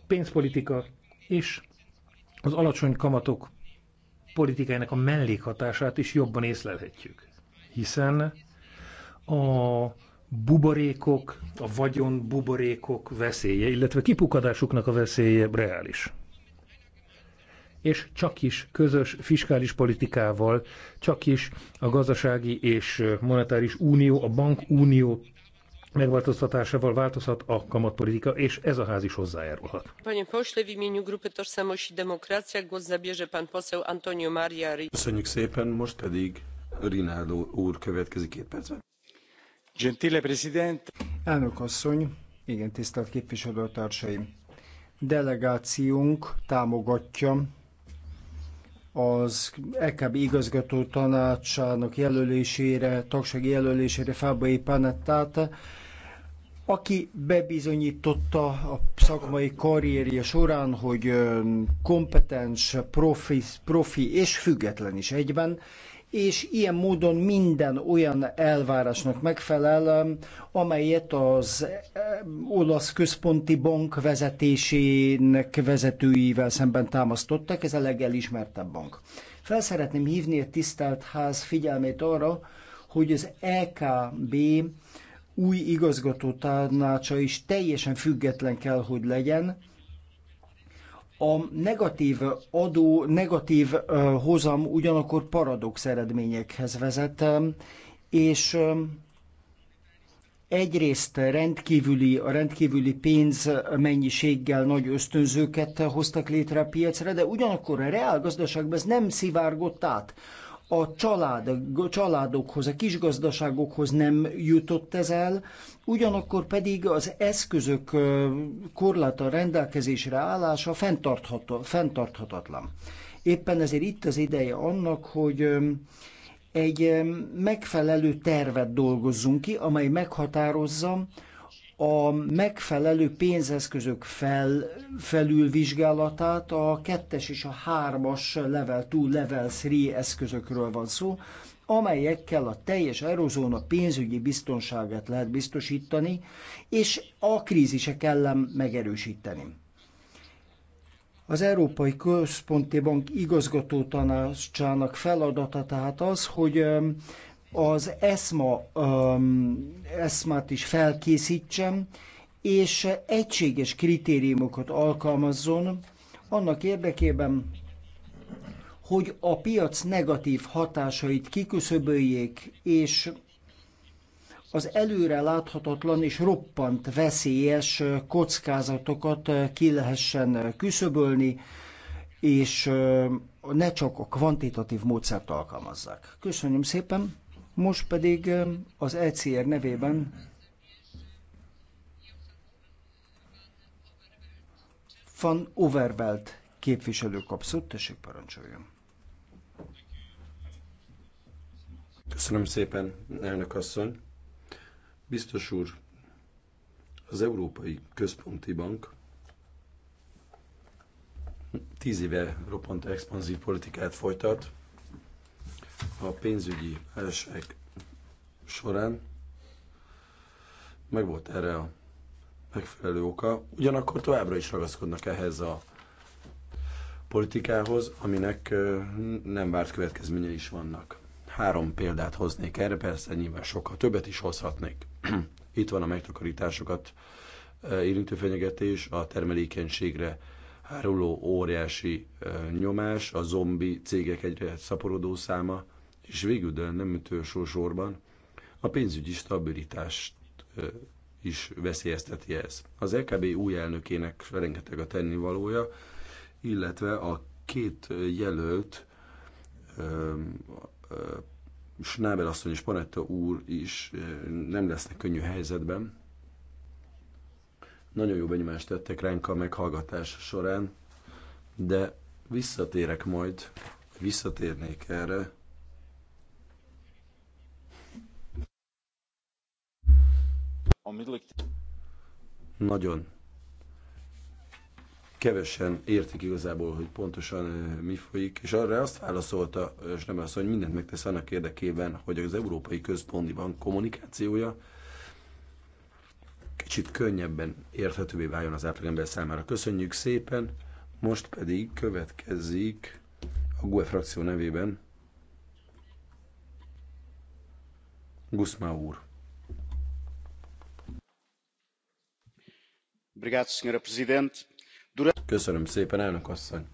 pénzpolitika és az alacsony kamatok politikájának a mellékhatását is jobban észlelhetjük. Hiszen a buborékok, a vagyon buborékok veszélye, illetve kipukadásuknak a veszélye reális. És csak is közös fiskális politikával, csak is a gazdasági és monetáris unió, a bankunió megváltoztatásával változhat a kamatpolitika, és ez a ház is hozzájárulhat. Panie pośle, w imieniu Antonio Maria Ri. Köszönjük szépen, most pedig Rinaldo úr következik két Gentile President. Elnök asszony, igen, tisztelt képviselőtársaim. Delegációnk támogatja az EKB igazgató tanácsának jelölésére, tagsági jelölésére Fábai Panettát, aki bebizonyította a szakmai karrierje során, hogy kompetens, profi, profi és független is egyben, és ilyen módon minden olyan elvárásnak megfelel, amelyet az olasz központi bank vezetésének vezetőivel szemben támasztottak, ez a legelismertebb bank. Fel szeretném hívni a tisztelt ház figyelmét arra, hogy az EKB új igazgató tanácsa is teljesen független kell, hogy legyen. A negatív adó, negatív hozam ugyanakkor paradox eredményekhez vezet, és egyrészt rendkívüli, a rendkívüli pénz mennyiséggel nagy ösztönzőket hoztak létre a piacra, de ugyanakkor a reálgazdaságban ez nem szivárgott át a család, a családokhoz, a kisgazdaságokhoz nem jutott ez el, ugyanakkor pedig az eszközök korlata rendelkezésre állása fenntarthatatlan. Éppen ezért itt az ideje annak, hogy egy megfelelő tervet dolgozzunk ki, amely meghatározza, a megfelelő pénzeszközök fel, felülvizsgálatát, a kettes és a hármas level 2, level 3 eszközökről van szó, amelyekkel a teljes eurozóna pénzügyi biztonságát lehet biztosítani, és a krízisek ellen megerősíteni. Az Európai Központi Bank igazgató tanácsának feladata tehát az, hogy um, az ESMA, um, ESMA-t is felkészítsem, és egységes kritériumokat alkalmazzon annak érdekében, hogy a piac negatív hatásait kiküszöböljék, és az előre láthatatlan és roppant veszélyes kockázatokat ki lehessen küszöbölni, és ne csak a kvantitatív módszert alkalmazzák. Köszönöm szépen! Most pedig az ECR nevében Van Overveld képviselő kapszott, tessék parancsoljon. Köszönöm szépen, elnök asszony. Biztos úr, az Európai Központi Bank tíz éve roppant expanzív politikát folytat, a pénzügyi esek során megvolt erre a megfelelő oka, ugyanakkor továbbra is ragaszkodnak ehhez a politikához, aminek nem várt következménye is vannak. Három példát hoznék erre, persze nyilván sokkal többet is hozhatnék. Itt van a megtakarításokat érintő fenyegetés, a termelékenységre háruló óriási nyomás, a zombi cégek egyre szaporodó száma, és végül, de nem utolsó sorban, a pénzügyi stabilitást is veszélyezteti ez. Az LKB új elnökének rengeteg a tennivalója, illetve a két jelölt, Schnabel asszony és Panetta úr is nem lesznek könnyű helyzetben, nagyon jó benyomást tettek ránk a meghallgatás során, de visszatérek majd, visszatérnék erre. Nagyon kevesen értik igazából, hogy pontosan eh, mi folyik, és arra azt válaszolta eh, azt, hogy mindent megtesz annak érdekében, hogy az Európai Központi Bank kommunikációja kicsit könnyebben érthetővé váljon az átlagember számára. Köszönjük szépen, most pedig következik a GUE frakció nevében Guszma úr. Köszönöm szépen, elnök asszony!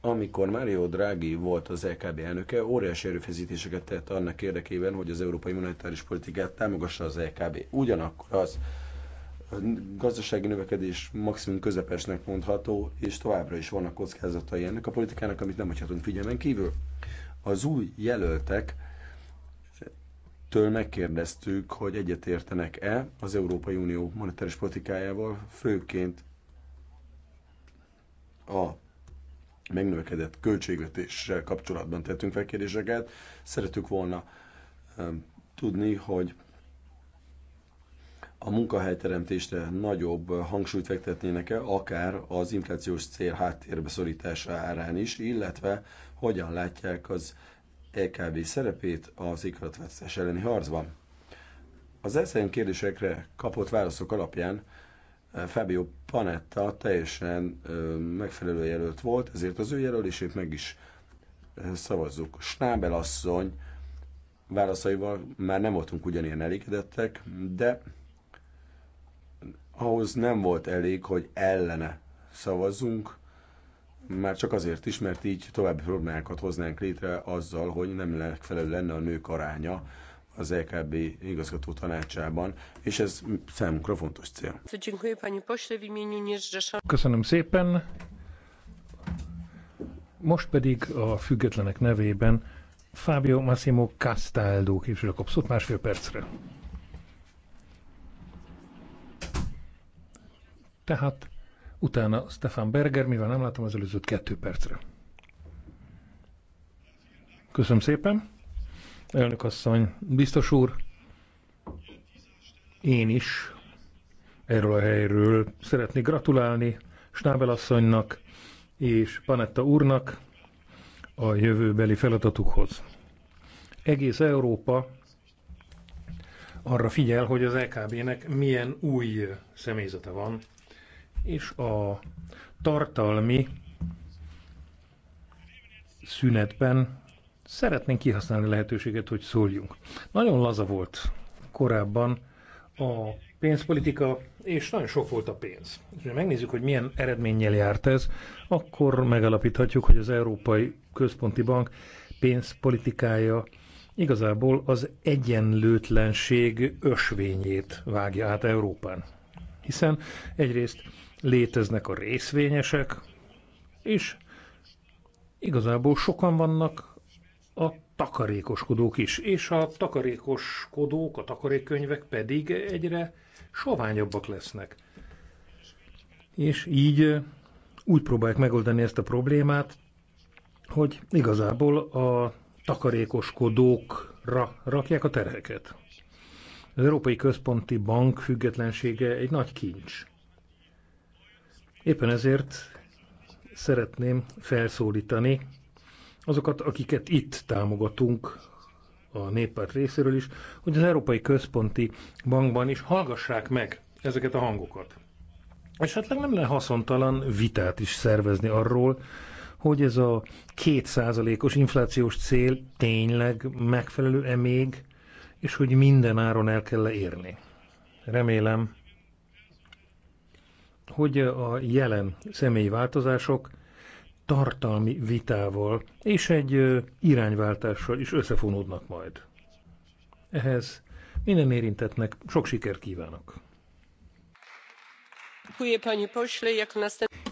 amikor Mario Draghi volt az LKB e elnöke, óriási erőfeszítéseket tett annak érdekében, hogy az európai monetáris politikát támogassa az LKB. E Ugyanakkor az a gazdasági növekedés maximum közepesnek mondható, és továbbra is vannak kockázatai ennek a politikának, amit nem hagyhatunk figyelmen kívül. Az új jelöltek től megkérdeztük, hogy egyetértenek-e az Európai Unió monetáris politikájával, főként a megnövekedett költségvetéssel kapcsolatban tettünk fel kérdéseket. Szeretük volna tudni, hogy a munkahelyteremtésre nagyobb hangsúlyt fektetnének-e, akár az inflációs cél háttérbe szorítása árán is, illetve hogyan látják az EKB szerepét az ikaratvesztés elleni harcban. Az ezen kérdésekre kapott válaszok alapján Fabio Panetta teljesen megfelelő jelölt volt, ezért az ő jelölését meg is szavazzuk. Schnabel asszony válaszaival már nem voltunk ugyanilyen elégedettek, de ahhoz nem volt elég, hogy ellene szavazzunk, már csak azért is, mert így további problémákat hoznánk létre azzal, hogy nem megfelelő lenne a nők aránya az EKB igazgató tanácsában, és ez számunkra fontos cél. Köszönöm szépen. Most pedig a függetlenek nevében Fábio Massimo Castaldo képviselő kap szót másfél percre. Tehát utána Stefan Berger, mivel nem látom az előzőt kettő percre. Köszönöm szépen. Elnök asszony, biztos úr, én is erről a helyről szeretnék gratulálni Snábel asszonynak és Panetta úrnak a jövőbeli feladatukhoz. Egész Európa arra figyel, hogy az LKB-nek milyen új személyzete van, és a tartalmi szünetben szeretnénk kihasználni a lehetőséget, hogy szóljunk. Nagyon laza volt korábban a pénzpolitika, és nagyon sok volt a pénz. És ha megnézzük, hogy milyen eredménnyel járt ez, akkor megalapíthatjuk, hogy az Európai Központi Bank pénzpolitikája igazából az egyenlőtlenség ösvényét vágja át Európán. Hiszen egyrészt léteznek a részvényesek, és igazából sokan vannak, a takarékoskodók is, és a takarékoskodók, a takarékkönyvek pedig egyre soványabbak lesznek. És így úgy próbálják megoldani ezt a problémát, hogy igazából a takarékoskodókra rakják a terheket. Az Európai Központi Bank függetlensége egy nagy kincs. Éppen ezért szeretném felszólítani azokat, akiket itt támogatunk, a néppárt részéről is, hogy az Európai Központi Bankban is hallgassák meg ezeket a hangokat. Esetleg nem lehet haszontalan vitát is szervezni arról, hogy ez a kétszázalékos inflációs cél tényleg megfelelő-e még, és hogy minden áron el kell -e érni. Remélem, hogy a jelen személyi változások tartalmi vitával és egy irányváltással is összefonódnak majd. Ehhez minden érintetnek sok sikert kívánok!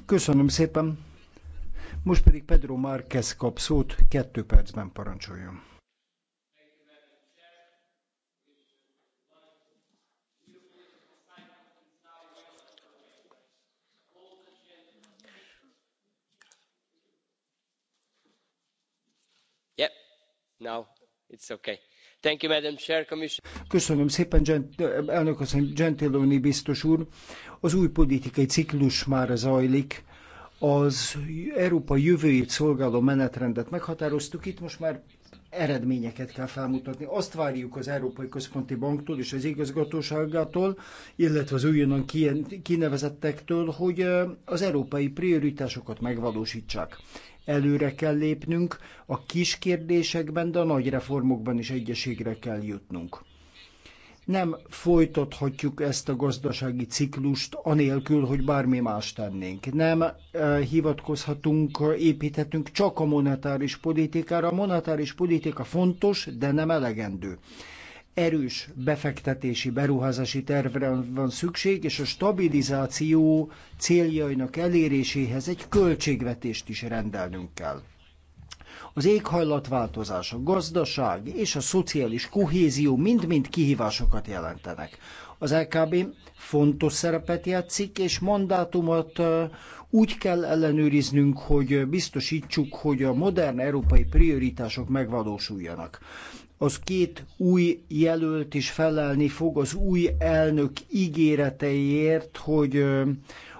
Köszönöm szépen! Most pedig Pedro Márquez kap szót, kettő percben parancsoljon. Köszönöm szépen, elnök asszony, Gentiloni biztos úr. Az új politikai ciklus már zajlik. Az Európa jövőjét szolgáló menetrendet meghatároztuk. Itt most már eredményeket kell felmutatni. Azt várjuk az Európai Központi Banktól és az igazgatóságától, illetve az újonnan kinevezettektől, hogy az európai prioritásokat megvalósítsák előre kell lépnünk, a kis kérdésekben, de a nagy reformokban is egyeségre kell jutnunk. Nem folytathatjuk ezt a gazdasági ciklust anélkül, hogy bármi más tennénk. Nem eh, hivatkozhatunk, építhetünk csak a monetáris politikára. A monetáris politika fontos, de nem elegendő erős befektetési, beruházási tervre van szükség, és a stabilizáció céljainak eléréséhez egy költségvetést is rendelnünk kell. Az éghajlatváltozás, a gazdaság és a szociális kohézió mind-mind kihívásokat jelentenek. Az LKB fontos szerepet játszik, és mandátumot úgy kell ellenőriznünk, hogy biztosítsuk, hogy a modern európai prioritások megvalósuljanak. Az két új jelölt is felelni fog az új elnök ígéreteiért, hogy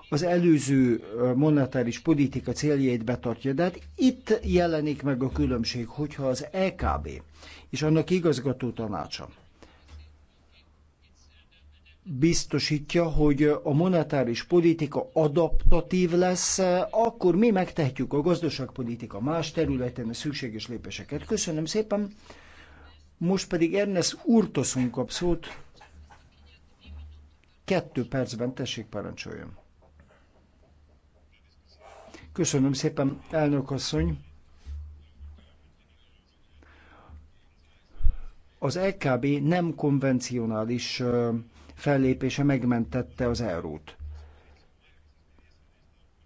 az előző monetáris politika céljait betartja. De hát itt jelenik meg a különbség, hogyha az EKB és annak igazgató tanácsa biztosítja, hogy a monetáris politika adaptatív lesz, akkor mi megtehetjük a gazdaságpolitika más területen a szükséges lépéseket. Köszönöm szépen! Most pedig Ernest Urtoszunk kap szót. Kettő percben tessék parancsoljon. Köszönöm szépen, elnök asszony. Az LKB nem konvencionális fellépése megmentette az eurót.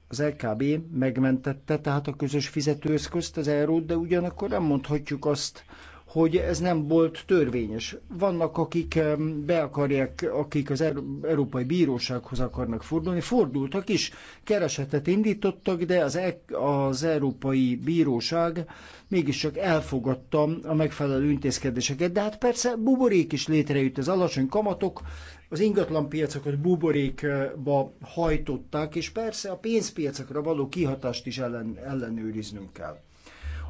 Az LKB megmentette tehát a közös fizetőeszközt, az eurót, de ugyanakkor nem mondhatjuk azt, hogy ez nem volt törvényes. Vannak, akik be akarják, akik az Európai Bírósághoz akarnak fordulni, fordultak is, keresetet indítottak, de az, e az Európai Bíróság mégiscsak elfogadta a megfelelő intézkedéseket. De hát persze buborék is létrejött, az alacsony kamatok az piacokat buborékba hajtották, és persze a pénzpiacokra való kihatást is ellen, ellenőriznünk kell.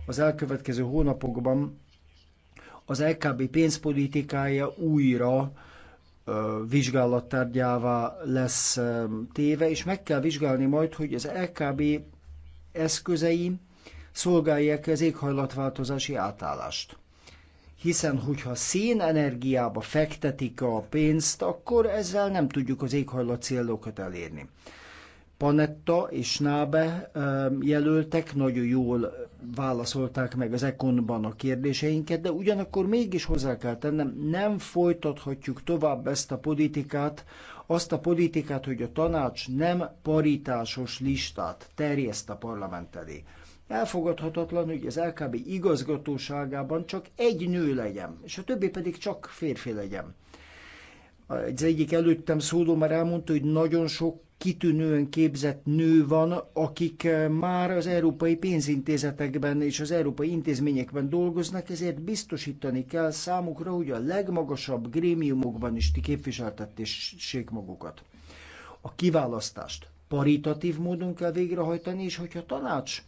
Az elkövetkező hónapokban az LKB pénzpolitikája újra vizsgálattárgyává lesz téve, és meg kell vizsgálni majd, hogy az LKB eszközei szolgálják az éghajlatváltozási átállást. Hiszen, hogyha szénenergiába fektetik a pénzt, akkor ezzel nem tudjuk az éghajlat célokat elérni. Panetta és Nábe jelöltek nagyon jól válaszolták meg az Econban a kérdéseinket, de ugyanakkor mégis hozzá kell tennem, nem folytathatjuk tovább ezt a politikát, azt a politikát, hogy a tanács nem paritásos listát terjeszt a parlament elé. Elfogadhatatlan, hogy az LKB igazgatóságában csak egy nő legyen, és a többi pedig csak férfi legyen. Az egyik előttem szóló már elmondta, hogy nagyon sok kitűnően képzett nő van, akik eh, már az európai pénzintézetekben és az európai intézményekben dolgoznak, ezért biztosítani kell számukra, hogy a legmagasabb grémiumokban is képviseltetésség magukat. A kiválasztást paritatív módon kell végrehajtani, és hogyha tanács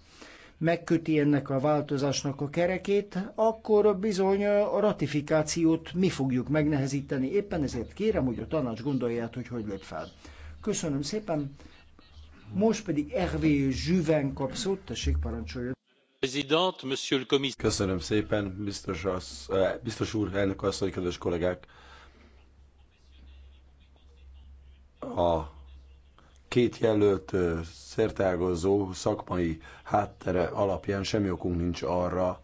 megköti ennek a változásnak a kerekét, akkor bizony a ratifikációt mi fogjuk megnehezíteni. Éppen ezért kérem, hogy a tanács gondolja át, hogy hogy lép fel. Köszönöm szépen. Most pedig Hervé Zsüven kap szót, tessék parancsolja. Köszönöm szépen, biztos, az, eh, biztos úr, elnök asszony, kedves kollégák. A két jelölt eh, szertágozó szakmai háttere alapján semmi okunk nincs arra,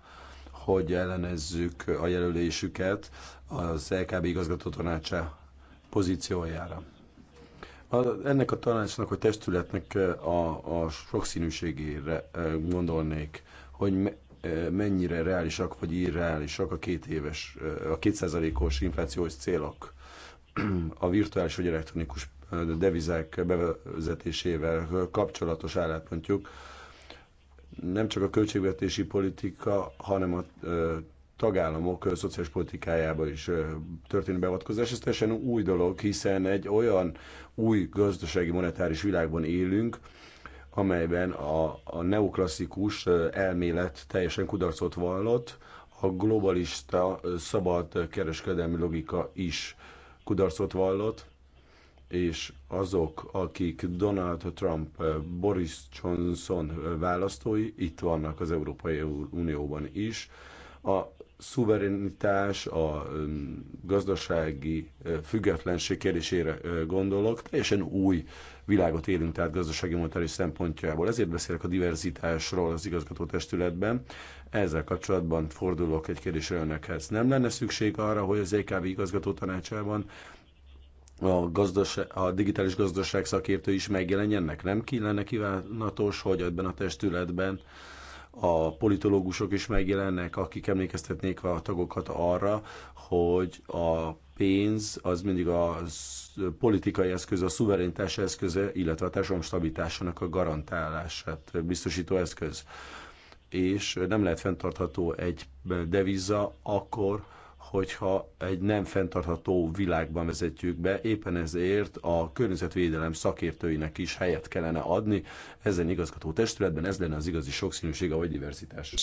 hogy ellenezzük a jelölésüket az LKB igazgató tanácsa pozíciójára. A, ennek a tanácsnak, hogy testületnek a, a sokszínűségére gondolnék, hogy me, mennyire reálisak vagy irreálisak a két éves, a kétszázalékos inflációs célok. A virtuális vagy elektronikus devizák bevezetésével kapcsolatos álláspontjuk nem csak a költségvetési politika, hanem a tagállamok szociális politikájába is történő beavatkozás. Ez teljesen új dolog, hiszen egy olyan új gazdasági monetáris világban élünk, amelyben a, a neoklasszikus elmélet teljesen kudarcot vallott, a globalista szabad kereskedelmi logika is kudarcot vallott, és azok, akik Donald Trump, Boris Johnson választói, itt vannak az Európai Unióban is. A szuverenitás, a gazdasági függetlenség kérdésére gondolok, teljesen új világot élünk, tehát gazdasági monetáris szempontjából. Ezért beszélek a diverzitásról az igazgató testületben. Ezzel kapcsolatban fordulok egy kérdésre önökhez. Nem lenne szükség arra, hogy az EKB igazgató tanácsában a, gazdaság, a digitális gazdaság szakértő is megjelenjenek? Nem ki kívánatos, hogy ebben a testületben a politológusok is megjelennek, akik emlékeztetnék a tagokat arra, hogy a pénz az mindig a politikai eszköz, a szuverenitás eszköze, illetve a társadalom stabilitásának a garantálását biztosító eszköz. És nem lehet fenntartható egy deviza akkor, hogyha egy nem fenntartható világban vezetjük be. Éppen ezért a környezetvédelem szakértőinek is helyet kellene adni ezen igazgató testületben. Ez lenne az igazi sokszínűség, a diversitás.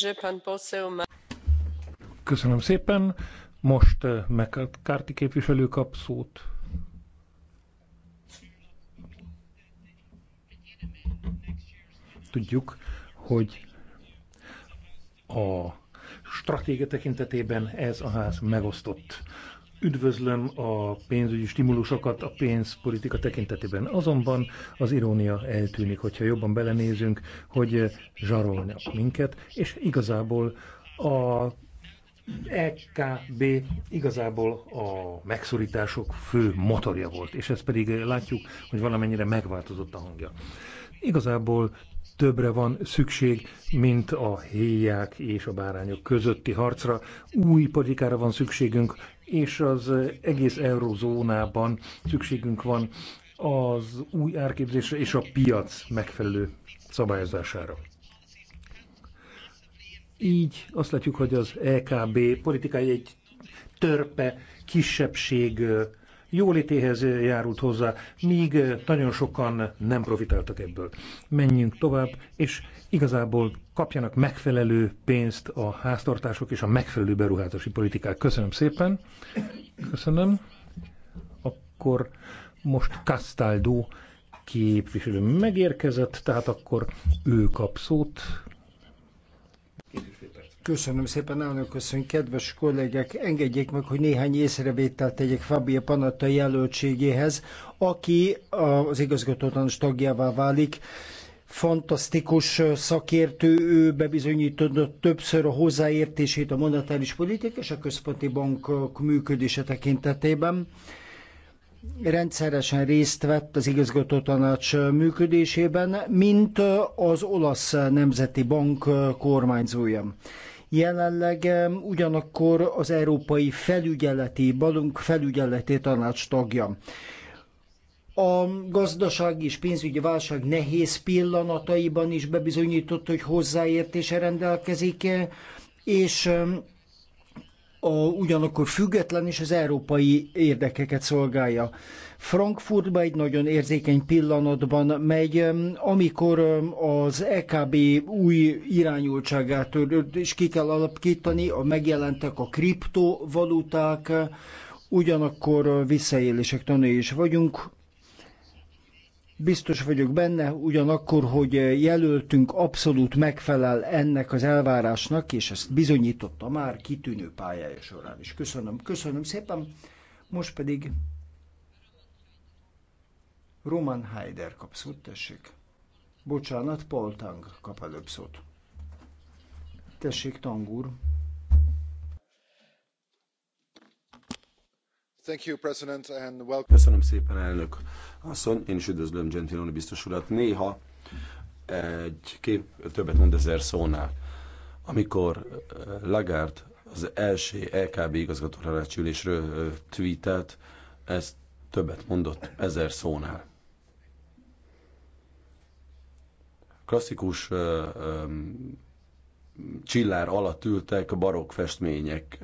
Köszönöm szépen. Most eh, McCarthy képviselő kap szót. Tudjuk, hogy a stratégia tekintetében ez a ház megosztott. Üdvözlöm a pénzügyi stimulusokat a pénzpolitika tekintetében. Azonban az irónia eltűnik, hogyha jobban belenézünk, hogy zsarolnak minket, és igazából a EKB igazából a megszorítások fő motorja volt, és ezt pedig látjuk, hogy valamennyire megváltozott a hangja. Igazából többre van szükség, mint a héják és a bárányok közötti harcra. Új politikára van szükségünk, és az egész eurozónában szükségünk van az új árképzésre és a piac megfelelő szabályozására. Így azt látjuk, hogy az EKB politikai egy törpe kisebbség jólétéhez járult hozzá, míg eh, nagyon sokan nem profitáltak ebből. Menjünk tovább, és igazából kapjanak megfelelő pénzt a háztartások és a megfelelő beruházási politikák. Köszönöm szépen. Köszönöm. Akkor most Castaldo képviselő megérkezett, tehát akkor ő kap szót. Köszönöm szépen, elnök asszony, kedves kollégek, engedjék meg, hogy néhány észrevételt tegyek Fabia Panatta jelöltségéhez, aki az igazgatótanos tagjává válik fantasztikus szakértő, ő bebizonyított többször a hozzáértését a monetáris politik és a központi bankok működése tekintetében. Rendszeresen részt vett az igazgatótanács működésében, mint az olasz nemzeti bank kormányzója. Jelenleg ugyanakkor az Európai Felügyeleti Balunk Felügyeleti Tanács tagja. A gazdasági és pénzügyi válság nehéz pillanataiban is bebizonyított, hogy hozzáértése rendelkezik, e, és a, ugyanakkor független is az európai érdekeket szolgálja. Frankfurtba egy nagyon érzékeny pillanatban megy, amikor az EKB új irányultságát is ki kell alapítani, a megjelentek a kriptovaluták, ugyanakkor visszaélések tanulói is vagyunk, Biztos vagyok benne, ugyanakkor, hogy jelöltünk abszolút megfelel ennek az elvárásnak, és ezt bizonyította már kitűnő pályája során is. Köszönöm, köszönöm szépen. Most pedig Roman Heider kap szót, tessék. Bocsánat, Paul Tang kap előbb szót. Tessék, Tang úr. Köszönöm szépen, elnök asszony. Én is üdvözlöm Gentiloni biztos urat. Néha egy kép többet mond ezer szónál. Amikor eh, Lagarde az első LKB igazgatóra ülésről eh, tweetelt, ez többet mondott ezer szónál. klasszikus csillár alatt ültek a barokk festmények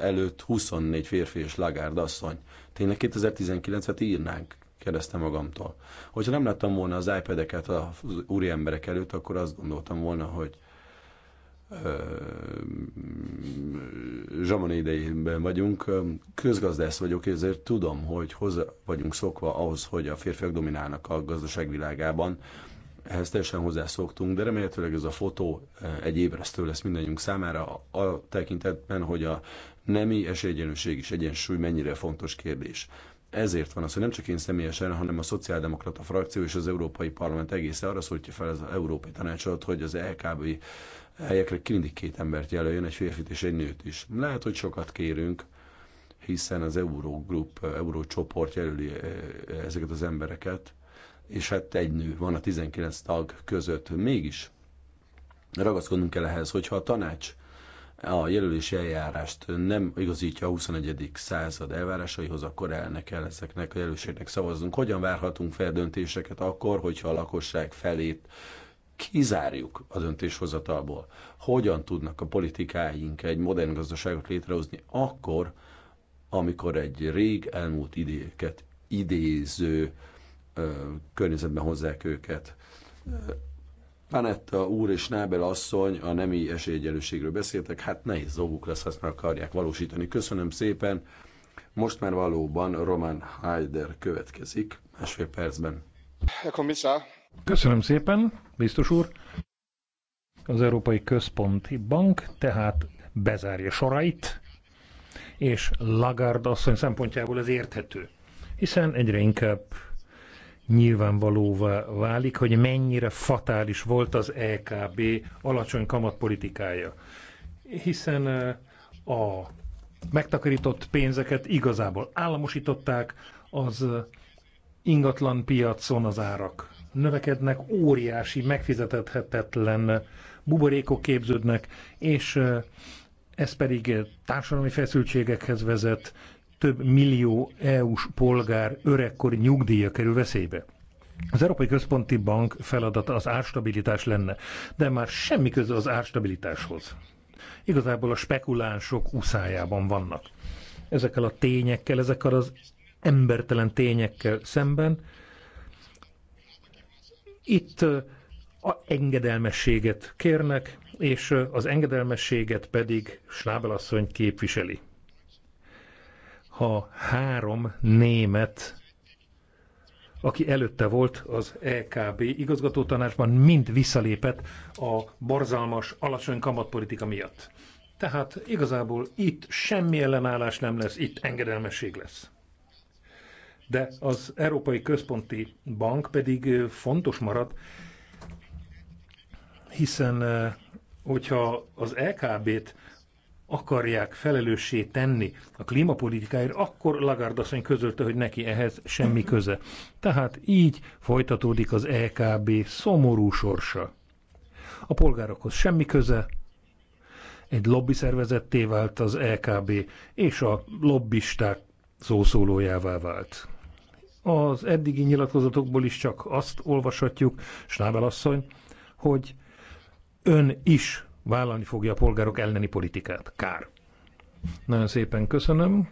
előtt 24 férfi és lagárd asszony. Tényleg 2019-et írnánk, kérdezte magamtól. Hogyha nem láttam volna az iPad-eket az úri emberek előtt, akkor azt gondoltam volna, hogy zsamon idejében vagyunk, közgazdász vagyok, ezért tudom, hogy hozzá vagyunk szokva ahhoz, hogy a férfiak dominálnak a gazdaságvilágában, ehhez teljesen hozzászoktunk, de remélhetőleg ez a fotó eh, egy ébresztő lesz mindannyiunk számára a tekintetben, hogy a nemi esélyegyenlőség és egyensúly mennyire fontos kérdés. Ezért van az, hogy nem csak én személyesen, hanem a Szociáldemokrata frakció és az Európai Parlament egészen arra szólítja fel az Európai Tanácsot, hogy az LKB helyekre mindig két embert jelöljön, egy férfit és egy nőt is. Lehet, hogy sokat kérünk, hiszen az Eurogroup, Eurócsoport jelöli eh, ezeket az embereket, és hát egy nő van a 19 tag között. Mégis ragaszkodnunk kell ehhez, hogyha a tanács a jelölési eljárást nem igazítja a 21. század elvárásaihoz, akkor elne kell ezeknek a jelölségnek szavaznunk. Hogyan várhatunk fel döntéseket akkor, hogyha a lakosság felét kizárjuk a döntéshozatalból? Hogyan tudnak a politikáink egy modern gazdaságot létrehozni akkor, amikor egy rég elmúlt idéket idéző környezetben hozzák őket. Panetta úr és Nábel asszony a nemi esélyegyenlőségről beszéltek, hát nehéz dolguk lesz, ezt meg akarják valósítani. Köszönöm szépen. Most már valóban Roman Heider következik másfél percben. Köszönöm szépen, biztos úr. Az Európai Központi Bank tehát bezárja sorait, és Lagarde asszony szempontjából ez érthető, hiszen egyre inkább nyilvánvalóvá válik, hogy mennyire fatális volt az EKB alacsony kamatpolitikája. Hiszen eh, a megtakarított pénzeket igazából államosították, az ingatlan piacon az árak növekednek, óriási, megfizethetetlen buborékok képződnek, és eh, ez pedig társadalmi feszültségekhez vezet, több millió EU-s polgár öregkori nyugdíja kerül veszélybe. Az Európai Központi Bank feladata az árstabilitás lenne, de már semmi köze az árstabilitáshoz. Igazából a spekulánsok úszájában vannak. Ezekkel a tényekkel, ezekkel az embertelen tényekkel szemben itt a engedelmességet kérnek, és az engedelmességet pedig Schnabel asszony képviseli ha három német, aki előtte volt az EKB igazgatótanácsban, mind visszalépett a borzalmas, alacsony kamatpolitika miatt. Tehát igazából itt semmi ellenállás nem lesz, itt engedelmesség lesz. De az Európai Központi Bank pedig fontos marad, hiszen hogyha az LKB-t e akarják felelőssé tenni a klímapolitikáért, akkor Lagarde asszony közölte, hogy neki ehhez semmi köze. Tehát így folytatódik az EKB szomorú sorsa. A polgárokhoz semmi köze, egy lobby szervezetté vált az EKB, és a lobbisták szószólójává vált. Az eddigi nyilatkozatokból is csak azt olvashatjuk, Snábel asszony, hogy ön is vállalni fogja a polgárok elleni politikát. Kár. Nagyon szépen köszönöm,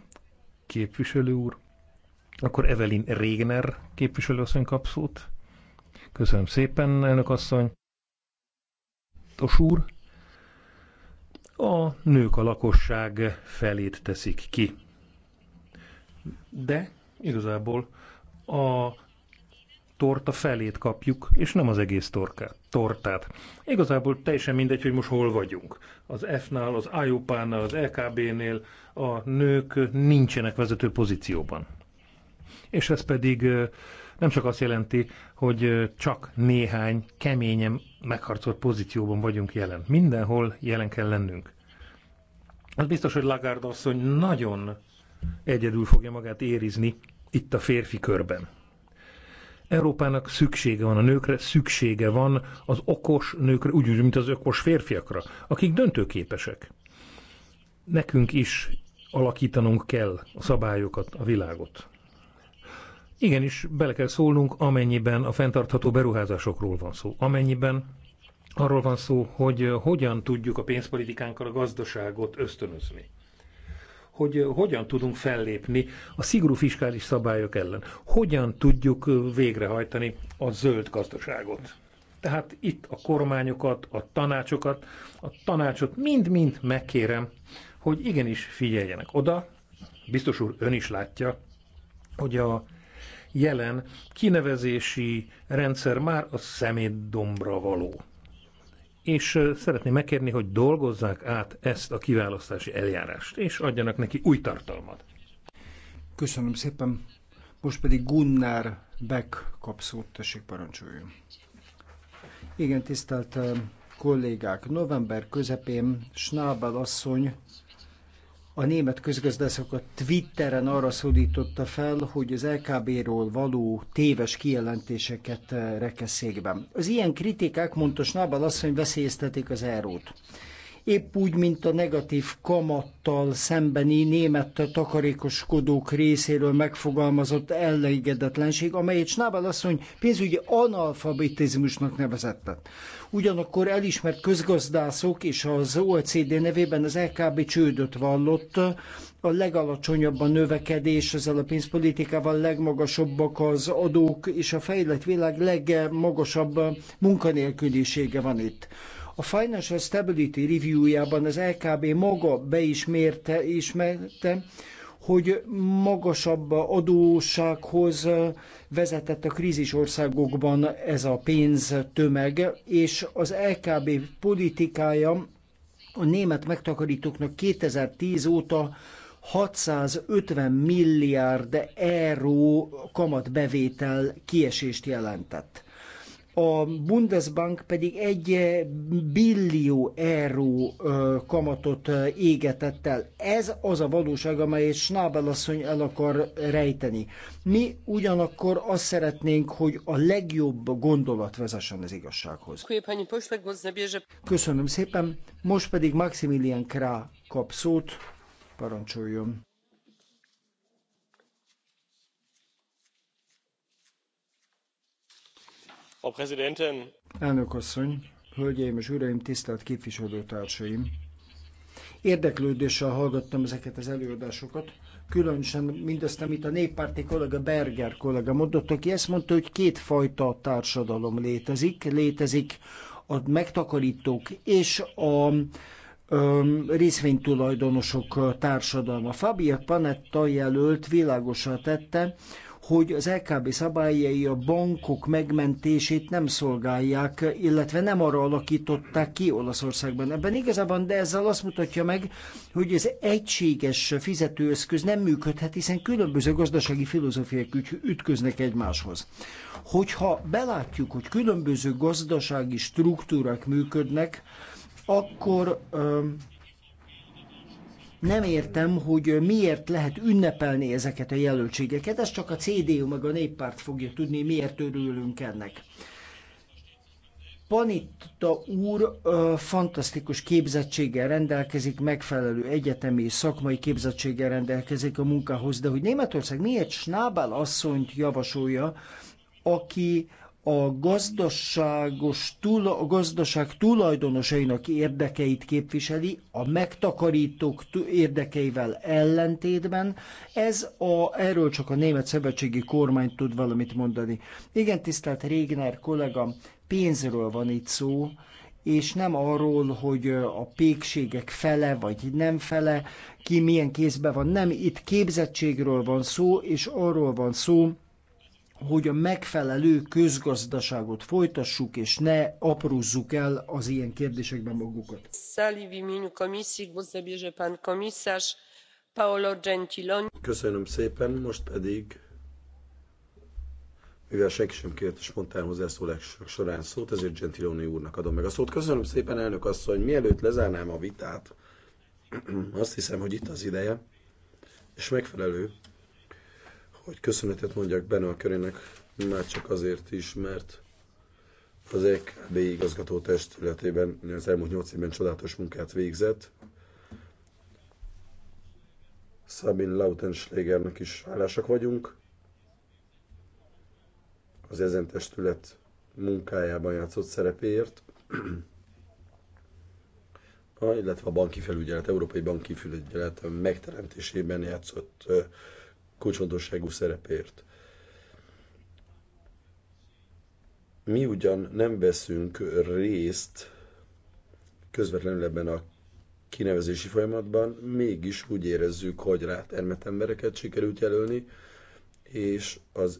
képviselő úr. Akkor Evelyn Régner képviselőasszony kap szót. Köszönöm szépen, elnök asszony. Tos úr, a nők a lakosság felét teszik ki. De igazából a torta felét kapjuk, és nem az egész torkát, tortát. Igazából teljesen mindegy, hogy most hol vagyunk. Az F-nál, az IOPA-nál, az LKB-nél e a nők nincsenek vezető pozícióban. És ez pedig nem csak azt jelenti, hogy csak néhány keményen megharcolt pozícióban vagyunk jelen. Mindenhol jelen kell lennünk. Az biztos, hogy Lagarde asszony nagyon egyedül fogja magát érizni itt a férfi körben. Európának szüksége van a nőkre, szüksége van az okos nőkre, úgy, úgy mint az okos férfiakra, akik döntőképesek. Nekünk is alakítanunk kell a szabályokat, a világot. Igenis, bele kell szólnunk, amennyiben a fenntartható beruházásokról van szó. Amennyiben arról van szó, hogy hogyan tudjuk a pénzpolitikánkkal a gazdaságot ösztönözni hogy hogyan tudunk fellépni a szigorú fiskális szabályok ellen, hogyan tudjuk végrehajtani a zöld gazdaságot. Tehát itt a kormányokat, a tanácsokat, a tanácsot mind-mind megkérem, hogy igenis figyeljenek oda, biztos úr ön is látja, hogy a jelen kinevezési rendszer már a szemétdombra való és szeretném megkérni, hogy dolgozzák át ezt a kiválasztási eljárást, és adjanak neki új tartalmat. Köszönöm szépen. Most pedig Gunnar Beck kap szót, tessék parancsoljon. Igen, tisztelt kollégák, november közepén Schnabel asszony a német közgazdászok Twitteren arra szólította fel, hogy az LKB-ról való téves kijelentéseket rekeszékben. Az ilyen kritikák, mondta Schnabel asszony, veszélyeztetik az eurót épp úgy, mint a negatív kamattal szembeni német takarékoskodók részéről megfogalmazott ellegedetlenség, amelyet Schnabel asszony pénzügyi analfabetizmusnak nevezette. Ugyanakkor elismert közgazdászok és az OECD nevében az LKB e csődöt vallott, a legalacsonyabb a növekedés, ezzel a pénzpolitikával legmagasabbak az adók, és a fejlett világ legmagasabb munkanélkülisége van itt. A Financial Stability Review-jában az LKB maga beismerte, ismerte, hogy magasabb adóssághoz vezetett a krízis országokban ez a pénztömeg, és az LKB politikája a német megtakarítóknak 2010 óta 650 milliárd euró kamatbevétel kiesést jelentett a Bundesbank pedig egy billió euró kamatot égetett el. Ez az a valóság, amelyet Schnabel asszony el akar rejteni. Mi ugyanakkor azt szeretnénk, hogy a legjobb gondolat vezessen az igazsághoz. Köszönöm szépen, most pedig Maximilian Krá kap szót, parancsoljon. Frau Präsidentin! Elnök asszony, hölgyeim és uraim, tisztelt képviselőtársaim! Érdeklődéssel hallgattam ezeket az előadásokat, különösen mindazt, amit a néppárti kollega Berger kollega mondott, aki ezt mondta, hogy kétfajta társadalom létezik. Létezik a megtakarítók és a öm, részvénytulajdonosok társadalma. Fabia Panetta jelölt világosan tette, hogy az LKB szabályai a bankok megmentését nem szolgálják, illetve nem arra alakították ki Olaszországban. Ebben igazából, de ezzel azt mutatja meg, hogy az egységes fizetőeszköz nem működhet, hiszen különböző gazdasági filozófiák ütköznek egymáshoz. Hogyha belátjuk, hogy különböző gazdasági struktúrák működnek, akkor nem értem, hogy miért lehet ünnepelni ezeket a jelöltségeket, ez csak a CDU meg a néppárt fogja tudni, miért örülünk ennek. Panitta úr ö, fantasztikus képzettséggel rendelkezik, megfelelő egyetemi szakmai képzettséggel rendelkezik a munkához, de hogy Németország miért Schnabel asszonyt javasolja, aki a gazdaságos túl, a gazdaság tulajdonosainak érdekeit képviseli, a megtakarítók érdekeivel ellentétben. Ez a, erről csak a német szövetségi kormány tud valamit mondani. Igen, tisztelt Régner kollega, pénzről van itt szó, és nem arról, hogy a pékségek fele vagy nem fele, ki milyen kézben van. Nem, itt képzettségről van szó, és arról van szó, hogy a megfelelő közgazdaságot folytassuk, és ne aprózzuk el az ilyen kérdésekben magukat. Köszönöm szépen, most pedig mivel senki sem kért spontán hozzászólás során szót, ezért Gentiloni úrnak adom meg a szót. Köszönöm szépen, elnök asszony, mielőtt lezárnám a vitát, azt hiszem, hogy itt az ideje, és megfelelő, hogy köszönetet mondjak benne a körének, már csak azért is, mert az EKB igazgató testületében az elmúlt nyolc évben csodálatos munkát végzett. Sabin Lautenschlegernek is hálásak vagyunk. Az ezen testület munkájában játszott szerepéért, a, illetve a banki felügyelet, Európai Banki Felügyelet megteremtésében játszott kulcsfontosságú szerepért. Mi ugyan nem veszünk részt közvetlenül ebben a kinevezési folyamatban, mégis úgy érezzük, hogy rá termett embereket sikerült jelölni, és az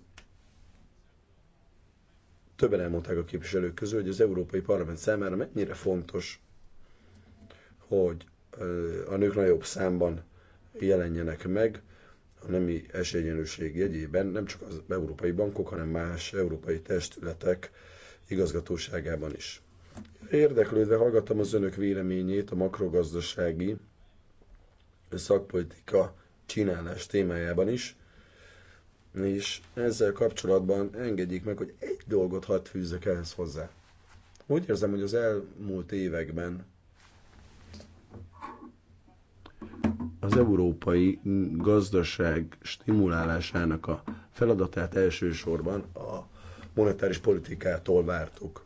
többen elmondták a képviselők közül, hogy az Európai Parlament számára mennyire fontos, hogy a nők nagyobb számban jelenjenek meg a nemi esélyenőség jegyében nem csak az európai bankok, hanem más európai testületek igazgatóságában is. Érdeklődve hallgattam az önök véleményét a makrogazdasági szakpolitika csinálás témájában is, és ezzel kapcsolatban engedjék meg, hogy egy dolgot hadd fűzzek ehhez hozzá. Úgy érzem, hogy az elmúlt években az európai gazdaság stimulálásának a feladatát elsősorban a monetáris politikától vártuk.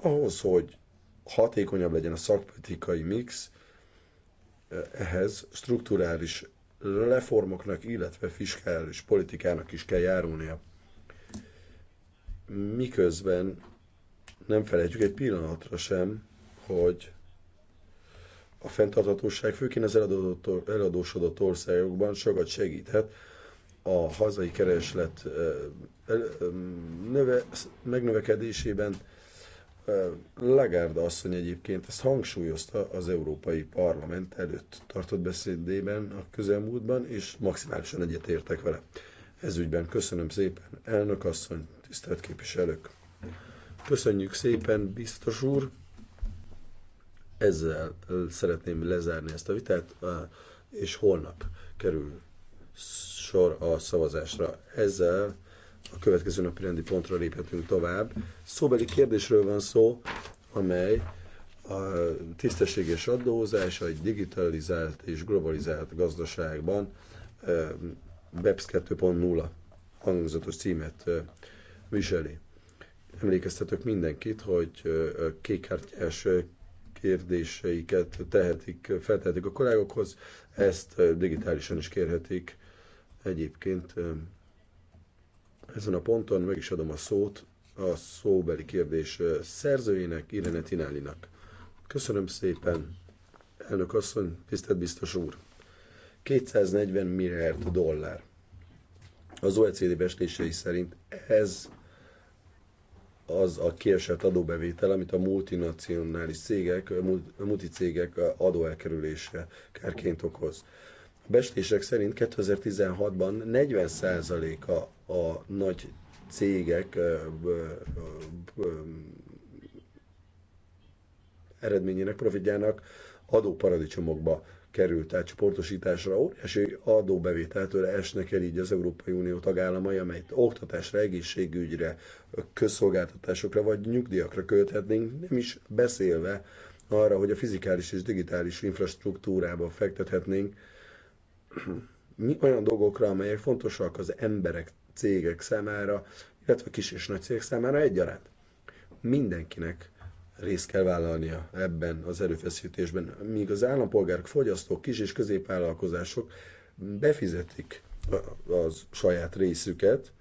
Ahhoz, hogy hatékonyabb legyen a szakpolitikai mix, ehhez strukturális reformoknak, illetve fiskális politikának is kell járulnia. Miközben nem felejtjük egy pillanatra sem, hogy a fenntarthatóság főként az eladósodott országokban sokat segíthet a hazai kereslet növe, megnövekedésében. Lagarde asszony egyébként ezt hangsúlyozta az Európai Parlament előtt tartott beszédében a közelmúltban, és maximálisan egyetértek vele. Ez ügyben köszönöm szépen, elnök asszony, tisztelt képviselők! Köszönjük szépen, biztos úr! ezzel szeretném lezárni ezt a vitát, és holnap kerül sor a szavazásra. Ezzel a következő napi rendi pontra léphetünk tovább. Szóbeli kérdésről van szó, amely a tisztességes adózás egy digitalizált és globalizált gazdaságban BEPS 2.0 hangzatos címet viseli. Emlékeztetek mindenkit, hogy kékkártyás kérdéseiket tehetik, feltehetik a kollégokhoz, ezt digitálisan is kérhetik. Egyébként ezen a ponton meg is adom a szót a szóbeli kérdés szerzőjének, Irene Tinálinak. Köszönöm szépen, elnök asszony, tisztelt biztos úr. 240 milliárd dollár. Az OECD bestései szerint ez az a kiesett adóbevétel, amit a multinacionális cégek, multicégek adóelkerülése kárként okoz. A bestések szerint 2016-ban 40%-a a nagy cégek eredményének, profitjának adóparadicsomokba került át csoportosításra, óriási adóbevételtől esnek el így az Európai Unió tagállamai, amelyet oktatásra, egészségügyre, közszolgáltatásokra vagy nyugdíjakra költhetnénk, nem is beszélve arra, hogy a fizikális és digitális infrastruktúrába fektethetnénk mi olyan dolgokra, amelyek fontosak az emberek, cégek számára, illetve kis és nagy cégek számára egyaránt. Mindenkinek részt kell vállalnia ebben az erőfeszítésben, míg az állampolgárok, fogyasztók, kis- és középvállalkozások befizetik az saját részüket,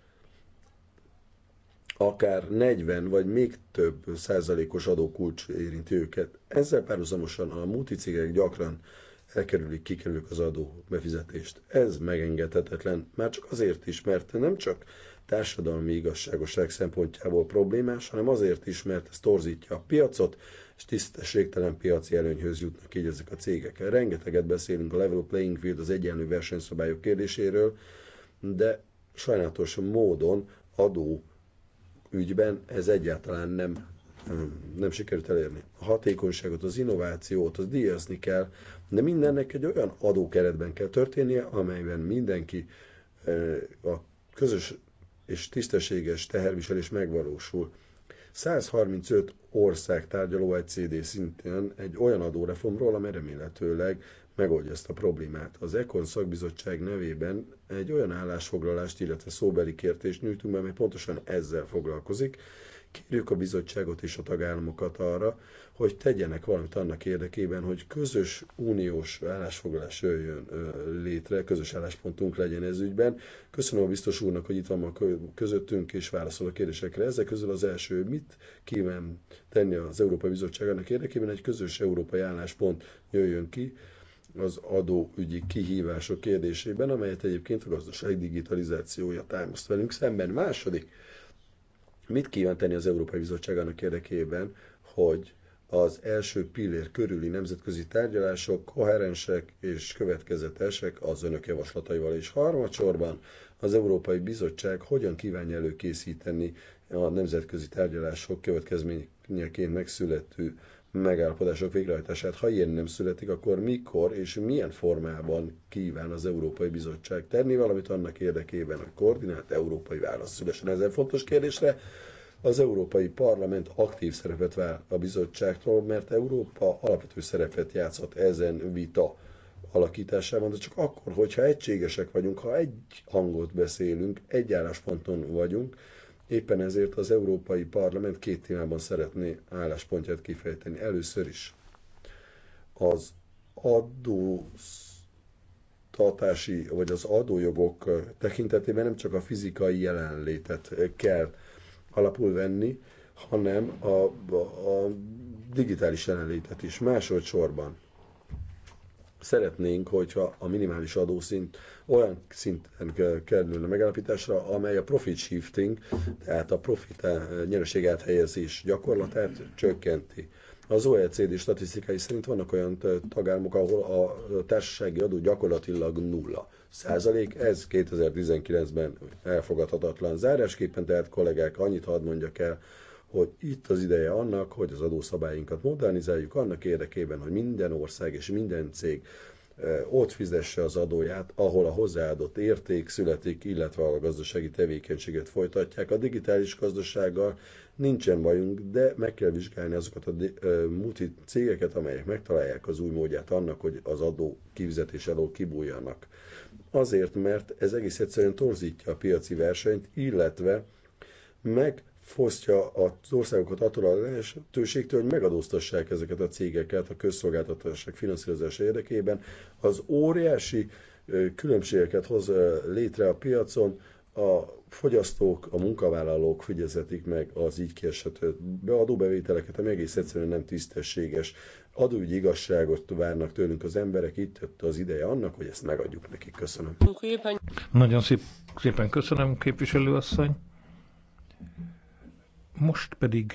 akár 40 vagy még több százalékos adókulcs érinti őket. Ezzel párhuzamosan a multicégek gyakran elkerülik, kikerülik az adó befizetést. Ez megengedhetetlen, már csak azért is, mert nem csak társadalmi igazságoság szempontjából problémás, hanem azért is, mert ez torzítja a piacot, és tisztességtelen piaci előnyhöz jutnak így ezek a cégek. Rengeteget beszélünk a level playing field, az egyenlő versenyszabályok kérdéséről, de sajnálatos módon adó ügyben ez egyáltalán nem nem sikerült elérni. A hatékonyságot, az innovációt, az díjazni kell, de mindennek egy olyan adókeretben kell történnie, amelyben mindenki eh, a közös és tisztességes teherviselés megvalósul. 135 ország tárgyaló egy CD szintén egy olyan adóreformról, amely remélhetőleg megoldja ezt a problémát. Az Ekon szakbizottság nevében egy olyan állásfoglalást, illetve szóbeli kértést nyújtunk be, amely pontosan ezzel foglalkozik. Kérjük a bizottságot és a tagállamokat arra, hogy tegyenek valamit annak érdekében, hogy közös uniós állásfoglalás jöjjön létre, közös álláspontunk legyen ez ügyben. Köszönöm a biztos úrnak, hogy itt van ma közöttünk, és válaszol a kérdésekre. Ezek közül az első, mit kíván tenni az Európai Bizottság annak érdekében, egy közös európai álláspont jöjjön ki, az adóügyi kihívások kérdésében, amelyet egyébként a gazdaság digitalizációja támaszt velünk szemben. Második, mit kíván tenni az Európai Bizottság annak érdekében, hogy az első pillér körüli nemzetközi tárgyalások koherensek és következetesek az önök javaslataival, és harmadsorban az Európai Bizottság hogyan kívánja előkészíteni a nemzetközi tárgyalások következményeként megszülető megállapodások végrehajtását. Ha ilyen nem születik, akkor mikor és milyen formában kíván az Európai Bizottság tenni valamit annak érdekében, hogy koordinált európai válasz szülessen ezen fontos kérdésre, az Európai Parlament aktív szerepet vár a bizottságtól, mert Európa alapvető szerepet játszott ezen vita alakításában, de csak akkor, hogyha egységesek vagyunk, ha egy hangot beszélünk, egy állásponton vagyunk, éppen ezért az Európai Parlament két témában szeretné álláspontját kifejteni. Először is az adó tartási, vagy az adójogok tekintetében nem csak a fizikai jelenlétet kell alapul venni, hanem a, a, a digitális jelenlétet is másodszorban. Szeretnénk, hogyha a minimális adószint olyan szinten kerülne megállapításra, amely a profit shifting, tehát a profit eh, nyereség áthelyezés gyakorlatát csökkenti. Az OECD statisztikai szerint vannak olyan eh, tagállamok, ahol a eh, társasági adó gyakorlatilag nulla százalék, ez 2019-ben elfogadhatatlan. Zárásképpen tehát kollégák, annyit hadd mondjak el, hogy itt az ideje annak, hogy az adószabályinkat modernizáljuk annak érdekében, hogy minden ország és minden cég eh, ott fizesse az adóját, ahol a hozzáadott érték születik, illetve a gazdasági tevékenységet folytatják. A digitális gazdasággal nincsen bajunk, de meg kell vizsgálni azokat a eh, multi cégeket, amelyek megtalálják az új módját annak, hogy az adó kivizetés elől kibújjanak azért, mert ez egész egyszerűen torzítja a piaci versenyt, illetve megfosztja az országokat attól a lehetőségtől, hogy megadóztassák ezeket a cégeket a közszolgáltatások finanszírozása érdekében. Az óriási különbségeket hoz létre a piacon, a fogyasztók, a munkavállalók figyezetik meg az így kiesett beadóbevételeket, ami egész egyszerűen nem tisztességes adóügyi igazságot várnak tőlünk az emberek, itt jött az ideje annak, hogy ezt megadjuk nekik. Köszönöm. Nagyon szép, szépen köszönöm, képviselőasszony. Most pedig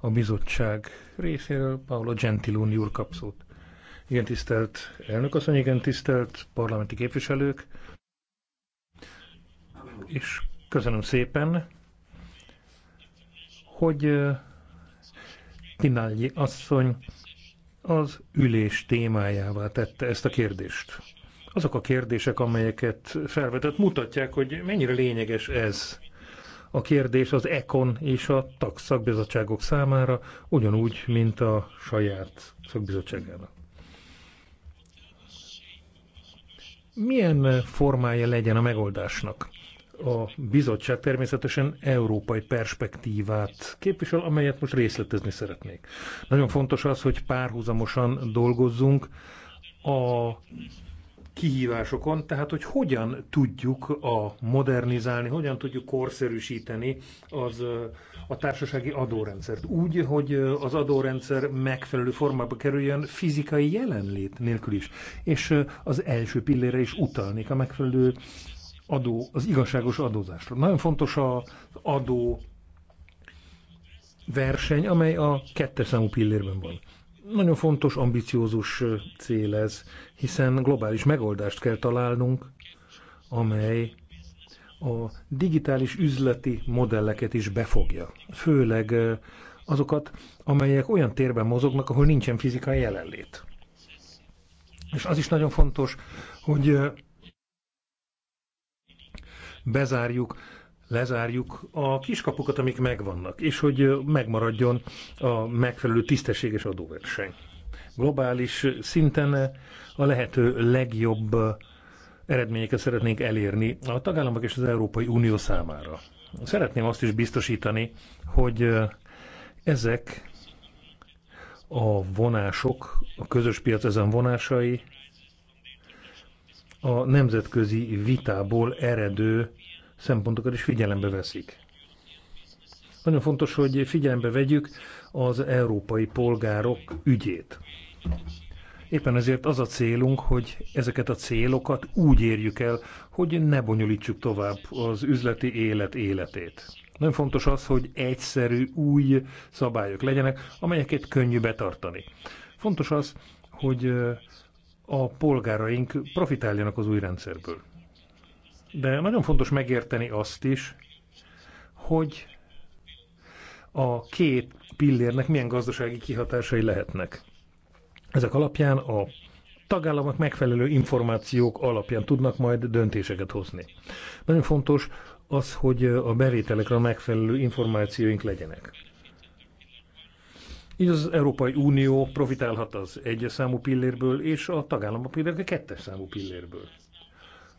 a bizottság részéről Paolo Gentiloni úr kap szót. Igen tisztelt elnökasszony, igen tisztelt parlamenti képviselők, és köszönöm szépen, hogy Tinályi asszony az ülés témájává tette ezt a kérdést. Azok a kérdések, amelyeket felvetett, mutatják, hogy mennyire lényeges ez a kérdés az ECON és a TAG szakbizottságok számára, ugyanúgy, mint a saját szakbizottságának. Milyen formája legyen a megoldásnak? a bizottság természetesen európai perspektívát képvisel, amelyet most részletezni szeretnék. Nagyon fontos az, hogy párhuzamosan dolgozzunk a kihívásokon, tehát hogy hogyan tudjuk a modernizálni, hogyan tudjuk korszerűsíteni az, a társasági adórendszert. Úgy, hogy az adórendszer megfelelő formába kerüljön fizikai jelenlét nélkül is. És az első pillére is utalnék a megfelelő adó, az igazságos adózásról. Nagyon fontos az adó verseny, amely a kettes számú pillérben van. Nagyon fontos, ambiciózus cél ez, hiszen globális megoldást kell találnunk, amely a digitális üzleti modelleket is befogja. Főleg azokat, amelyek olyan térben mozognak, ahol nincsen fizikai jelenlét. És az is nagyon fontos, hogy bezárjuk, lezárjuk a kiskapukat, amik megvannak, és hogy megmaradjon a megfelelő tisztességes adóverseny. Globális szinten a lehető legjobb eredményeket szeretnénk elérni a tagállamok és az Európai Unió számára. Szeretném azt is biztosítani, hogy ezek a vonások, a közös piac ezen vonásai a nemzetközi vitából eredő szempontokat is figyelembe veszik. Nagyon fontos, hogy figyelembe vegyük az európai polgárok ügyét. Éppen ezért az a célunk, hogy ezeket a célokat úgy érjük el, hogy ne bonyolítsuk tovább az üzleti élet életét. Nagyon fontos az, hogy egyszerű, új szabályok legyenek, amelyeket könnyű betartani. Fontos az, hogy a polgáraink profitáljanak az új rendszerből. De nagyon fontos megérteni azt is, hogy a két pillérnek milyen gazdasági kihatásai lehetnek. Ezek alapján a tagállamok megfelelő információk alapján tudnak majd döntéseket hozni. Nagyon fontos az, hogy a bevételekre megfelelő információink legyenek. Így az Európai Unió profitálhat az egyes számú pillérből, és a tagállamok pedig a kettes számú pillérből.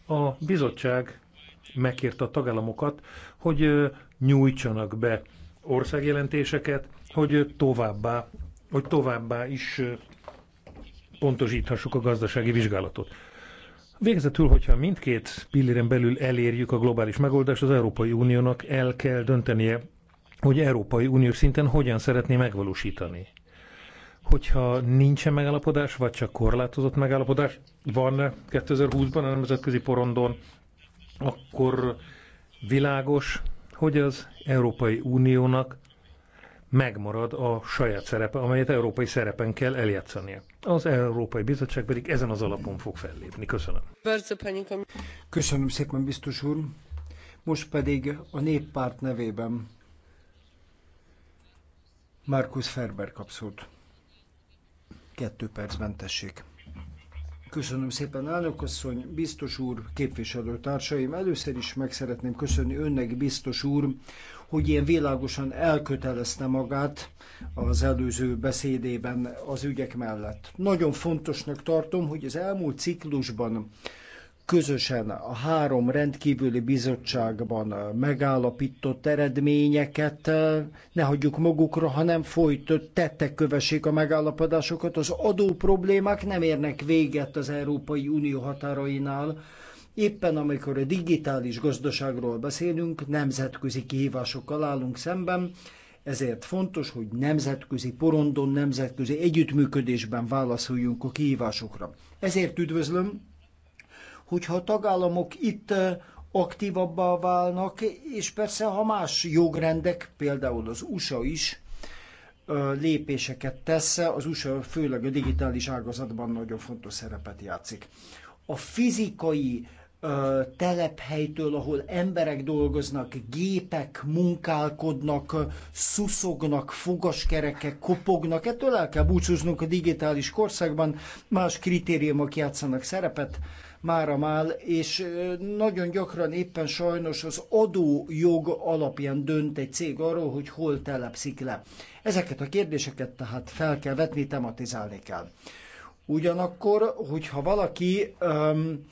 A bizottság megkérte a tagállamokat, hogy nyújtsanak be országjelentéseket, hogy továbbá, hogy továbbá is pontosíthassuk a gazdasági vizsgálatot. Végezetül, hogyha mindkét pilléren belül elérjük a globális megoldást, az Európai Uniónak el kell döntenie hogy Európai Unió szinten hogyan szeretné megvalósítani. Hogyha nincsen megállapodás, vagy csak korlátozott megállapodás van 2020-ban a nemzetközi porondon, akkor világos, hogy az Európai Uniónak megmarad a saját szerepe, amelyet európai szerepen kell eljátszania. Az Európai Bizottság pedig ezen az alapon fog fellépni. Köszönöm. Köszönöm szépen, biztos úr. Most pedig a néppárt nevében Markus Ferber kapszót. Kettő percben tessék. Köszönöm szépen, elnökasszony, biztos úr, képviselőtársaim. Először is meg szeretném köszönni önnek, biztos úr, hogy ilyen világosan elkötelezte magát az előző beszédében az ügyek mellett. Nagyon fontosnak tartom, hogy az elmúlt ciklusban közösen a három rendkívüli bizottságban eh, megállapított eredményeket eh, ne hagyjuk magukra, hanem folytott tettek kövessék a megállapodásokat. Az adó problémák nem érnek véget az Európai Unió határainál. Éppen amikor a digitális gazdaságról beszélünk, nemzetközi kihívásokkal állunk szemben, ezért fontos, hogy nemzetközi porondon, nemzetközi együttműködésben válaszoljunk a kihívásokra. Ezért üdvözlöm hogyha a tagállamok itt aktívabbá válnak, és persze ha más jogrendek, például az USA is lépéseket tesz, az USA főleg a digitális ágazatban nagyon fontos szerepet játszik. A fizikai telephelytől, ahol emberek dolgoznak, gépek munkálkodnak, szuszognak, fogaskerekek kopognak. Ettől el kell búcsúznunk a digitális korszakban, más kritériumok játszanak szerepet mára mál és nagyon gyakran éppen sajnos az adójog alapján dönt egy cég arról, hogy hol telepszik le. Ezeket a kérdéseket tehát fel kell vetni, tematizálni kell. Ugyanakkor, hogyha valaki um,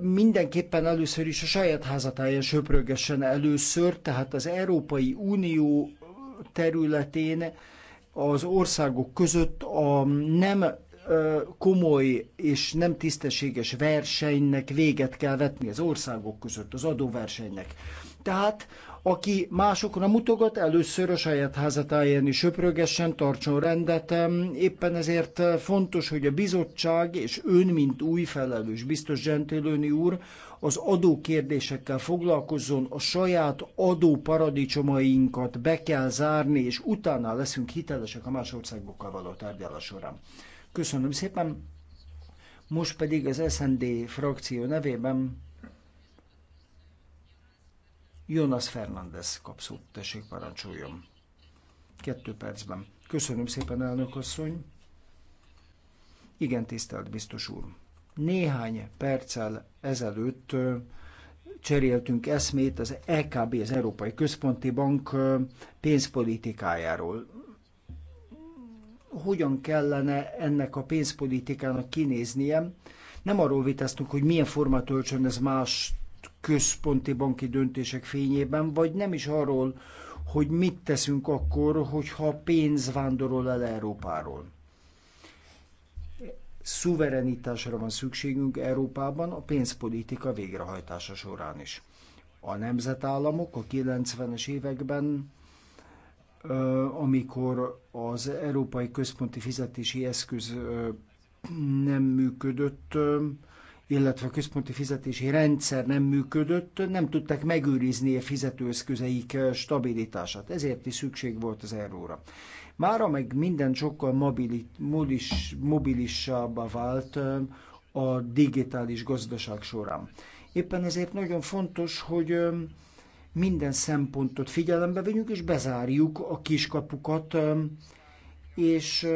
mindenképpen először is a saját házatáján söprögessen először, tehát az Európai Unió területén az országok között a nem komoly és nem tisztességes versenynek véget kell vetni az országok között, az adóversenynek. Tehát aki másokra mutogat, először a saját házatáján is söprögessen, tartson rendet. Éppen ezért fontos, hogy a bizottság és ön, mint új felelős, biztos Gentiloni úr, az adókérdésekkel foglalkozzon, a saját adóparadicsomainkat be kell zárni, és utána leszünk hitelesek a más országokkal való tárgyalás során. Köszönöm szépen. Most pedig az SND frakció nevében Jonas Fernandez kapszót, tessék parancsoljon. Kettő percben. Köszönöm szépen, elnök asszony. Igen, tisztelt biztos úr. Néhány perccel ezelőtt cseréltünk eszmét az EKB, az Európai Központi Bank pénzpolitikájáról hogyan kellene ennek a pénzpolitikának kinéznie. Nem arról vitáztunk, hogy milyen formát öltsön ez más központi banki döntések fényében, vagy nem is arról, hogy mit teszünk akkor, hogyha pénz vándorol el Európáról. Szuverenitásra van szükségünk Európában a pénzpolitika végrehajtása során is. A nemzetállamok a 90-es években amikor az Európai Központi Fizetési Eszköz nem működött, illetve a központi fizetési rendszer nem működött, nem tudták megőrizni a fizetőeszközeik stabilitását. Ezért is szükség volt az euróra. Mára meg minden sokkal mobilis, mobilisabbá vált a digitális gazdaság során. Éppen ezért nagyon fontos, hogy minden szempontot figyelembe vegyünk, és bezárjuk a kiskapukat, és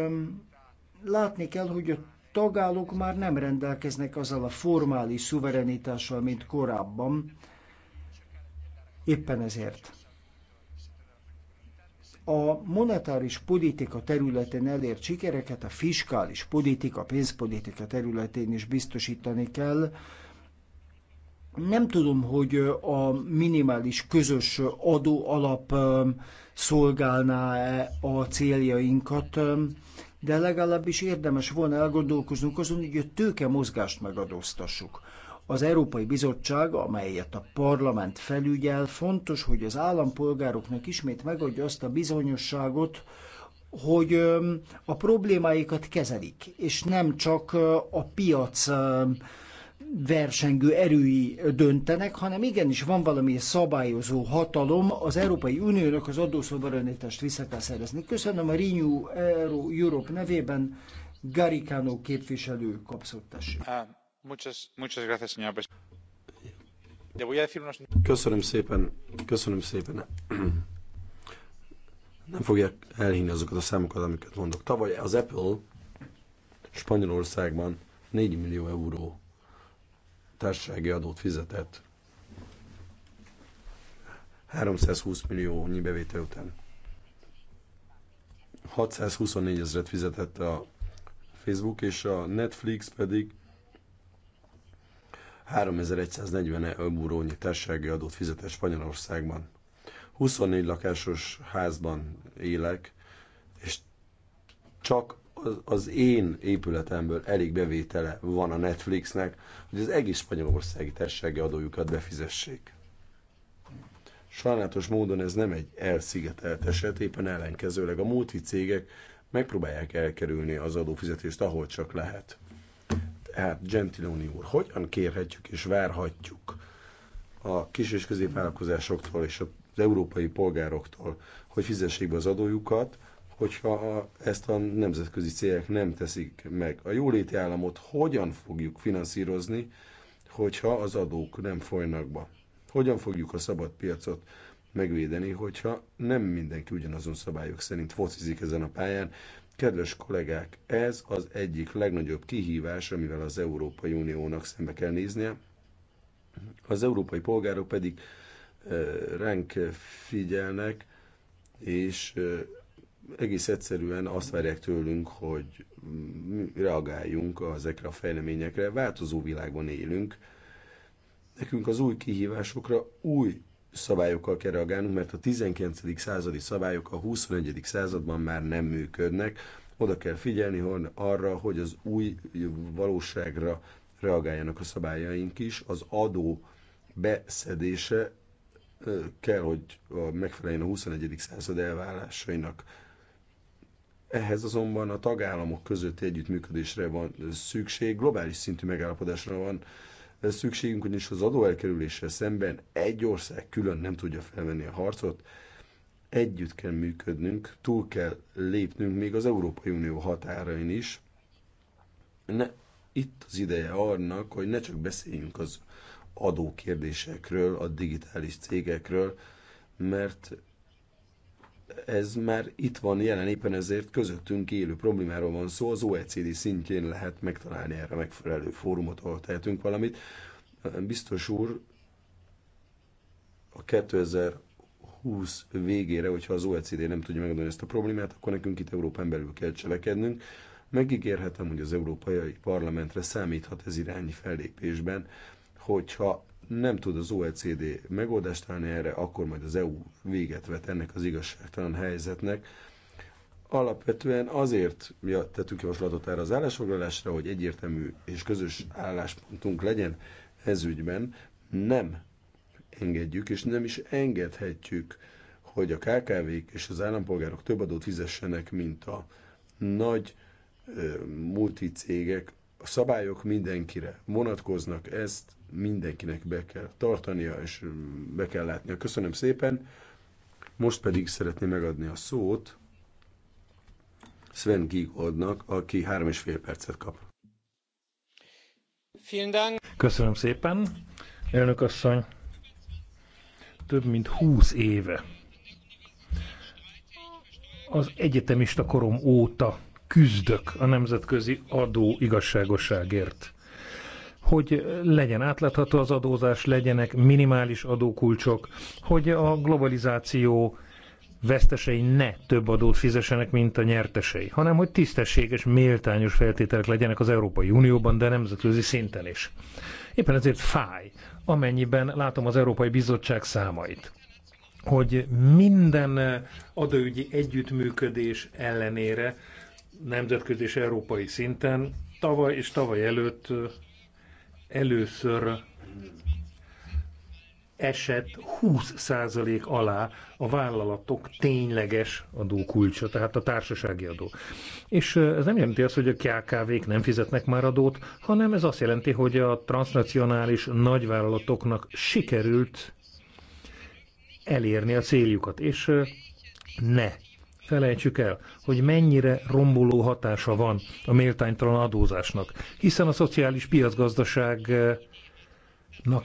látni kell, hogy a tagállamok már nem rendelkeznek azzal a formális szuverenitással, mint korábban. Éppen ezért a monetáris politika területén elért sikereket a fiskális politika, pénzpolitika területén is biztosítani kell, nem tudom, hogy a minimális közös adó alap szolgálná-e a céljainkat, de legalábbis érdemes volna elgondolkoznunk azon, hogy a tőke mozgást megadóztassuk. Az Európai Bizottság, amelyet a parlament felügyel, fontos, hogy az állampolgároknak ismét megadja azt a bizonyosságot, hogy a problémáikat kezelik, és nem csak a piac versengő erői döntenek, hanem igenis van valami szabályozó hatalom, az Európai Uniónak az adószoverenitást vissza kell szerezni. Köszönöm a Renew Euro Europe nevében, Garikano képviselő kapszott tessék. Ah, köszönöm szépen, köszönöm szépen. Nem fogják elhinni azokat a számokat, amiket mondok. Tavaly az Apple Spanyolországban 4 millió euró társasági adót fizetett 320 nyi bevétel után. 624 ezeret fizetett a Facebook, és a Netflix pedig 3140 eurónyi társasági adót fizetett Spanyolországban. 24 lakásos házban élek, és csak az én épületemből elég bevétele van a Netflixnek, hogy az egész spanyolországi tessége adójukat befizessék. Sajnálatos módon ez nem egy elszigetelt eset, éppen ellenkezőleg a cégek megpróbálják elkerülni az adófizetést, ahol csak lehet. Tehát Gentiloni úr, hogyan kérhetjük és várhatjuk a kis és középvállalkozásoktól és az európai polgároktól, hogy fizessék be az adójukat, hogyha ezt a nemzetközi cégek nem teszik meg. A jóléti államot hogyan fogjuk finanszírozni, hogyha az adók nem folynak be? Hogyan fogjuk a szabad piacot megvédeni, hogyha nem mindenki ugyanazon szabályok szerint focizik ezen a pályán. Kedves kollégák, ez az egyik legnagyobb kihívás, amivel az Európai Uniónak szembe kell néznie. Az európai polgárok pedig eh, ránk figyelnek, és eh, egész egyszerűen azt várják tőlünk, hogy reagáljunk ezekre a fejleményekre. Változó világban élünk. Nekünk az új kihívásokra új szabályokkal kell reagálnunk, mert a 19. századi szabályok a 21. században már nem működnek. Oda kell figyelni arra, hogy az új valóságra reagáljanak a szabályaink is. Az adó beszedése kell, hogy megfeleljen a 21. század elvárásainak ehhez azonban a tagállamok közötti együttműködésre van szükség, globális szintű megállapodásra van szükségünk, ugyanis az adóelkerüléssel szemben egy ország külön nem tudja felvenni a harcot, együtt kell működnünk, túl kell lépnünk még az Európai Unió határain is. Ne, itt az ideje annak, hogy ne csak beszéljünk az adókérdésekről, a digitális cégekről, mert ez már itt van jelen, éppen ezért közöttünk élő problémáról van szó, az OECD szintjén lehet megtalálni erre megfelelő fórumot, ahol tehetünk valamit. Biztos úr, a 2020 végére, hogyha az OECD nem tudja megadni ezt a problémát, akkor nekünk itt Európán belül kell cselekednünk. Megígérhetem, hogy az Európai Parlamentre számíthat ez irányi fellépésben, hogyha nem tud az OECD megoldást állni erre, akkor majd az EU véget vet ennek az igazságtalan helyzetnek. Alapvetően azért mi ja, tettük javaslatot erre az állásfoglalásra, hogy egyértelmű és közös álláspontunk legyen ez ügyben. Nem engedjük, és nem is engedhetjük, hogy a KKV-k és az állampolgárok több adót fizessenek, mint a nagy multicégek. A szabályok mindenkire vonatkoznak, ezt mindenkinek be kell tartania, és be kell látnia. Köszönöm szépen. Most pedig szeretném megadni a szót Sven Giegoldnak, aki három és fél percet kap. Köszönöm szépen, elnök asszony. Több mint húsz éve az egyetemista korom óta küzdök a nemzetközi adó igazságosságért hogy legyen átlátható az adózás, legyenek minimális adókulcsok, hogy a globalizáció vesztesei ne több adót fizessenek, mint a nyertesei, hanem hogy tisztességes, méltányos feltételek legyenek az Európai Unióban, de nemzetközi szinten is. Éppen ezért fáj, amennyiben látom az Európai Bizottság számait hogy minden adóügyi együttműködés ellenére nemzetközi és európai szinten tavaly és tavaly előtt először esett 20% alá a vállalatok tényleges adókulcsa, tehát a társasági adó. És ez nem jelenti azt, hogy a KKV-k nem fizetnek már adót, hanem ez azt jelenti, hogy a transnacionális nagyvállalatoknak sikerült elérni a céljukat, és ne felejtsük el, hogy mennyire romboló hatása van a méltánytalan adózásnak, hiszen a szociális piacgazdaságnak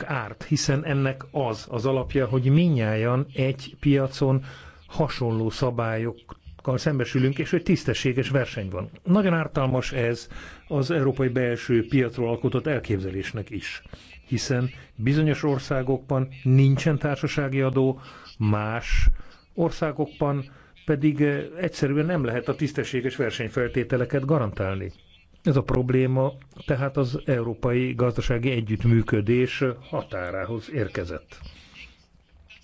árt, hiszen ennek az az alapja, hogy minnyáján egy piacon hasonló szabályokkal szembesülünk, és hogy tisztességes verseny van. Nagyon ártalmas ez az európai belső piacról alkotott elképzelésnek is, hiszen bizonyos országokban nincsen társasági adó, más országokban pedig egyszerűen nem lehet a tisztességes versenyfeltételeket garantálni. Ez a probléma tehát az európai gazdasági együttműködés határához érkezett.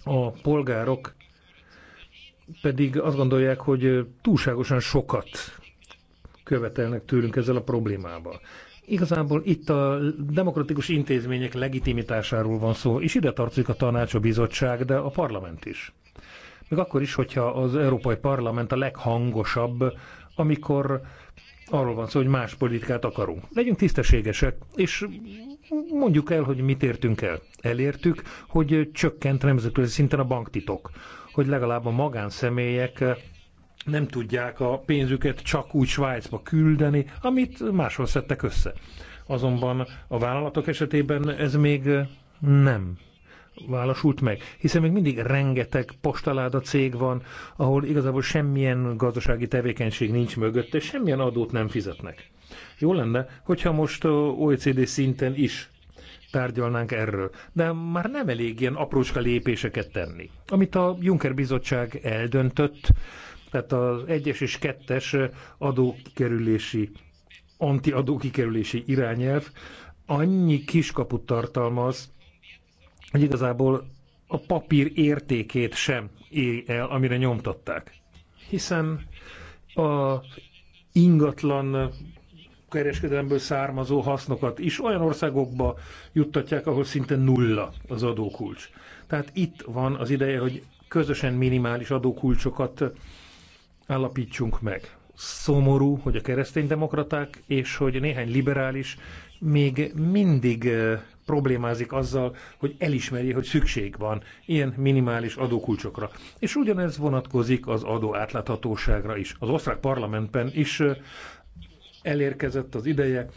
A polgárok pedig azt gondolják, hogy túlságosan sokat követelnek tőlünk ezzel a problémával. Igazából itt a demokratikus intézmények legitimitásáról van szó, és ide tartozik a tanács, a bizottság, de a parlament is még akkor is, hogyha az Európai Parlament a leghangosabb, amikor arról van szó, hogy más politikát akarunk. Legyünk tisztességesek, és mondjuk el, hogy mit értünk el. Elértük, hogy csökkent nemzetközi szinten a banktitok, hogy legalább a magánszemélyek nem tudják a pénzüket csak úgy Svájcba küldeni, amit máshol szedtek össze. Azonban a vállalatok esetében ez még nem válasult meg. Hiszen még mindig rengeteg postaláda cég van, ahol igazából semmilyen gazdasági tevékenység nincs és semmilyen adót nem fizetnek. Jó lenne, hogyha most OECD szinten is tárgyalnánk erről, de már nem elég ilyen aprócska lépéseket tenni. Amit a Juncker bizottság eldöntött, tehát az egyes és kettes adókikerülési, antiadókikerülési irányelv annyi kiskaput tartalmaz, hogy igazából a papír értékét sem éri el, amire nyomtatták. Hiszen a ingatlan kereskedelemből származó hasznokat is olyan országokba juttatják, ahol szinte nulla az adókulcs. Tehát itt van az ideje, hogy közösen minimális adókulcsokat állapítsunk meg. Szomorú, hogy a kereszténydemokraták és hogy néhány liberális még mindig eh, problémázik azzal, hogy elismeri, hogy szükség van ilyen minimális adókulcsokra. És ugyanez vonatkozik az adó átláthatóságra is. Az osztrák parlamentben is elérkezett az ideje,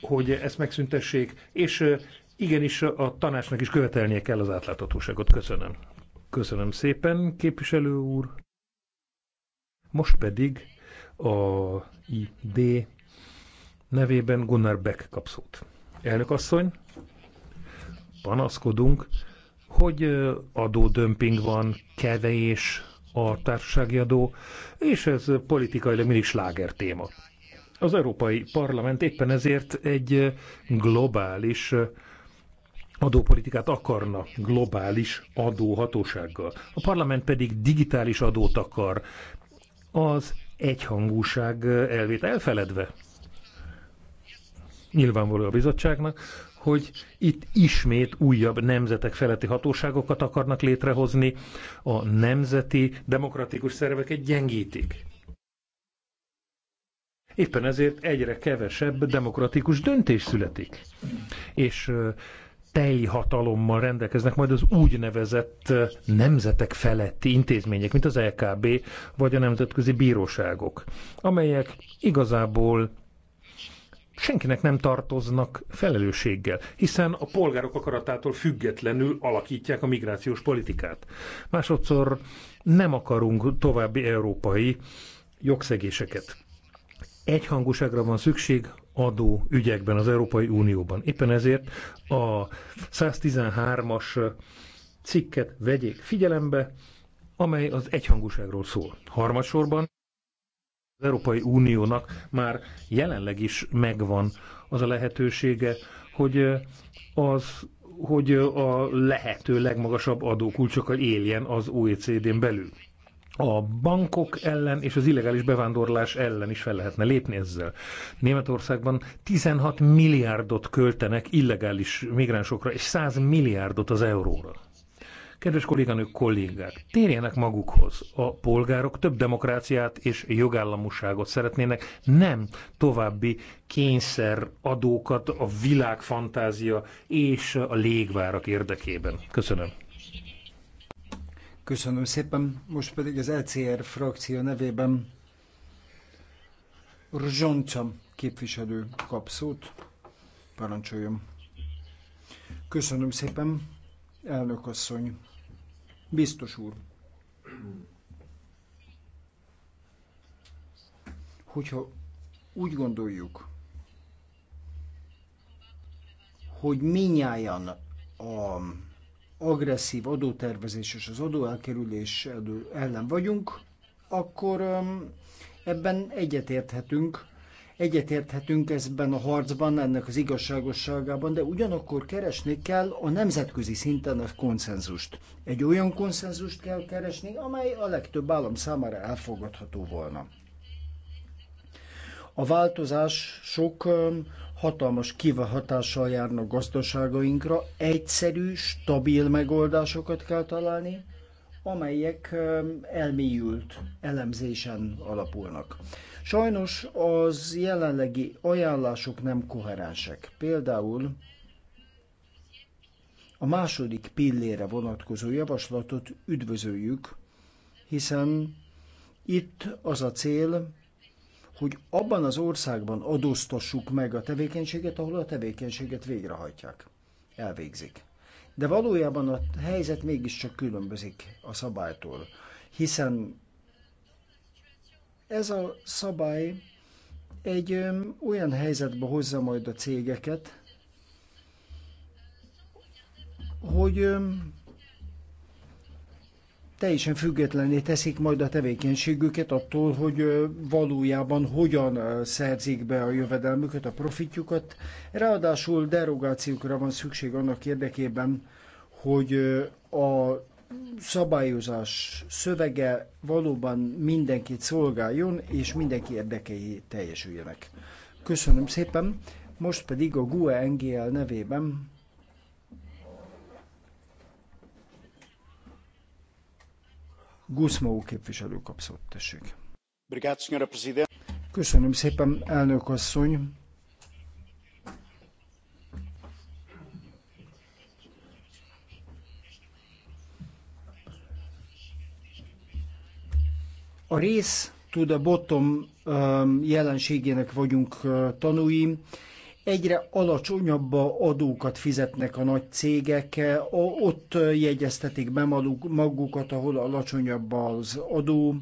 hogy ezt megszüntessék, és igenis a tanácsnak is követelnie kell az átláthatóságot. Köszönöm. Köszönöm szépen, képviselő úr. Most pedig a ID nevében Gunnar Beck kap szót. Elnök asszony, panaszkodunk, hogy adódömping van, kevés a társasági adó, és ez politikailag mindig sláger téma. Az Európai Parlament éppen ezért egy globális adópolitikát akarna globális adóhatósággal. A parlament pedig digitális adót akar, az egyhangúság elvét elfeledve. Nyilvánvaló a bizottságnak, hogy itt ismét újabb nemzetek feletti hatóságokat akarnak létrehozni, a nemzeti demokratikus szerveket gyengítik. Éppen ezért egyre kevesebb demokratikus döntés születik. És tej hatalommal rendelkeznek majd az úgynevezett nemzetek feletti intézmények, mint az LKB vagy a nemzetközi bíróságok, amelyek igazából senkinek nem tartoznak felelősséggel, hiszen a polgárok akaratától függetlenül alakítják a migrációs politikát. Másodszor nem akarunk további európai jogszegéseket. Egyhangúságra van szükség adó ügyekben az Európai Unióban. Éppen ezért a 113-as cikket vegyék figyelembe, amely az egyhangúságról szól. Harmadsorban az Európai Uniónak már jelenleg is megvan az a lehetősége, hogy az hogy a lehető legmagasabb adókulcsokkal éljen az OECD-n belül. A bankok ellen és az illegális bevándorlás ellen is fel lehetne lépni ezzel. Németországban 16 milliárdot költenek illegális migránsokra, és 100 milliárdot az euróra. Kedves kolléganők, kollégák, térjenek magukhoz. A polgárok több demokráciát és jogállamosságot szeretnének, nem további kényszer adókat a világfantázia és a légvárak érdekében. Köszönöm. Köszönöm szépen. Most pedig az LCR e frakció nevében Rzsonca képviselő kap szót. Parancsoljon. Köszönöm szépen, elnök asszony. Biztos úr, hogyha úgy gondoljuk, hogy minnyáján a agresszív adótervezés és az adóelkerülés ellen vagyunk, akkor um, ebben egyetérthetünk, Egyetérthetünk ezben a harcban, ennek az igazságosságában, de ugyanakkor keresni kell a nemzetközi szinten a konszenzust. Egy olyan konszenzust kell keresni, amely a legtöbb állam számára elfogadható volna. A változás sok hatalmas kivahatással járnak gazdaságainkra, egyszerű, stabil megoldásokat kell találni, amelyek elmélyült elemzésen alapulnak. Sajnos az jelenlegi ajánlások nem koherensek. Például a második pillére vonatkozó javaslatot üdvözöljük, hiszen itt az a cél, hogy abban az országban adóztassuk meg a tevékenységet, ahol a tevékenységet végrehajtják, elvégzik de valójában a helyzet mégiscsak különbözik a szabálytól, hiszen ez a szabály egy olyan helyzetbe hozza majd a cégeket, hogy teljesen függetlenné teszik majd a tevékenységüket attól, hogy valójában hogyan szerzik be a jövedelmüket, a profitjukat. Ráadásul derogációkra van szükség annak érdekében, hogy a szabályozás szövege valóban mindenkit szolgáljon, és mindenki érdekei teljesüljenek. Köszönöm szépen, most pedig a GUE NGL nevében Gusmao képviselő kapszott, tessék. Köszönöm szépen, elnök asszony. A rész to the bottom um, jelenségének vagyunk uh, tanúi egyre alacsonyabb adókat fizetnek a nagy cégek, ott jegyeztetik be magukat, ahol alacsonyabb az adó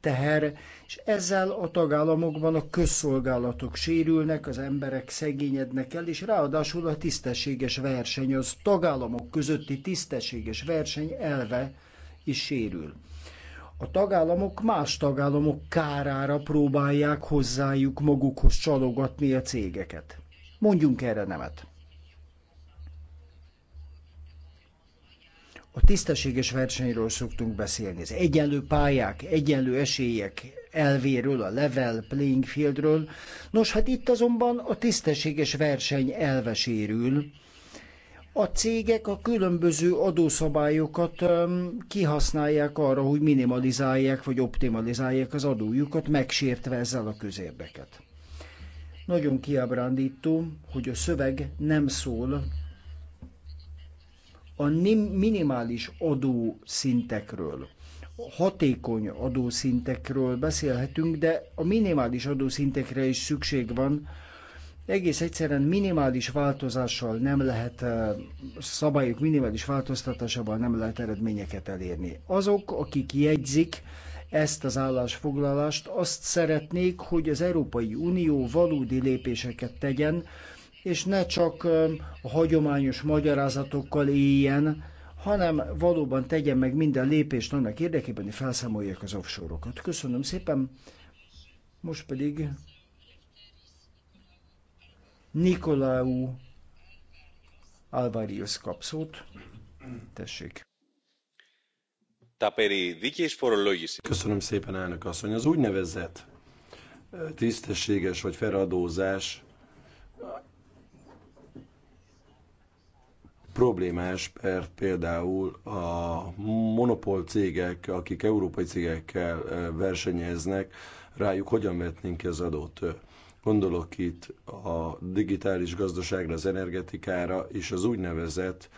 teher, és ezzel a tagállamokban a közszolgálatok sérülnek, az emberek szegényednek el, és ráadásul a tisztességes verseny, az tagállamok közötti tisztességes verseny elve is sérül. A tagállamok más tagállamok kárára próbálják hozzájuk magukhoz csalogatni a cégeket. Mondjunk erre nemet. A tisztességes versenyről szoktunk beszélni, az egyenlő pályák, egyenlő esélyek elvéről, a level playing fieldről. Nos, hát itt azonban a tisztességes verseny elve sérül. A cégek a különböző adószabályokat kihasználják arra, hogy minimalizálják vagy optimalizálják az adójukat, megsértve ezzel a közérdeket. Nagyon kiábrándító, hogy a szöveg nem szól a minimális adószintekről. Hatékony adószintekről beszélhetünk, de a minimális adószintekre is szükség van, egész egyszerűen minimális változással nem lehet, eh, szabályok minimális változtatásával nem lehet eredményeket elérni. Azok, akik jegyzik, ezt az állásfoglalást. Azt szeretnék, hogy az Európai Unió valódi lépéseket tegyen, és ne csak a hagyományos magyarázatokkal éljen, hanem valóban tegyen meg minden lépést annak érdekében, hogy felszámolják az offshore-okat. Köszönöm szépen. Most pedig Nikolau Alvarius kapszót. Tessék. Köszönöm szépen, elnök asszony. Az úgynevezett tisztességes vagy feladózás problémás, mert például a monopól cégek, akik európai cégekkel versenyeznek, rájuk hogyan vetnénk ez adót. Gondolok itt a digitális gazdaságra, az energetikára és az úgynevezett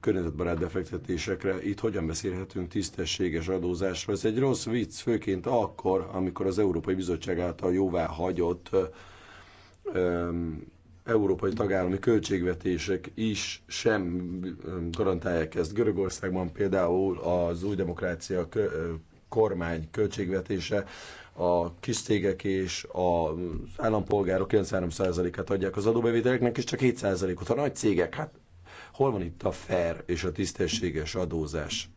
környezetbarát befektetésekre. Itt hogyan beszélhetünk tisztességes adózásról? Ez egy rossz vicc, főként akkor, amikor az Európai Bizottság által jóvá hagyott európai tagállami költségvetések is sem garantálják ezt. Görögországban például az új demokrácia kormány költségvetése a kis cégek és az állampolgárok 93%-át adják az adóbevételeknek, és csak 7%-ot a nagy cégek. Hát Hol van itt a fair és a tisztességes adózás?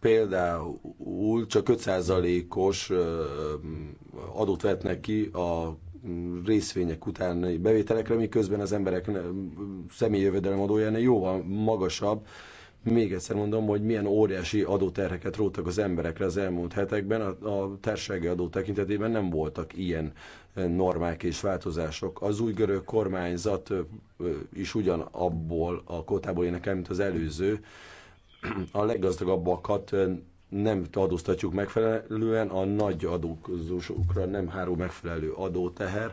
Például csak 5%-os adót vetnek ki a részvények utáni bevételekre, miközben az emberek jövedelem adójának jóval magasabb, még egyszer mondom, hogy milyen óriási adóterheket róttak az emberekre az elmúlt hetekben, a, a társasági adó tekintetében nem voltak ilyen e, normák és változások. Az új görög kormányzat e, e, is ugyanabból a kotából énekel, mint az előző. A leggazdagabbakat nem adóztatjuk megfelelően, a nagy adózósokra nem három megfelelő adóteher,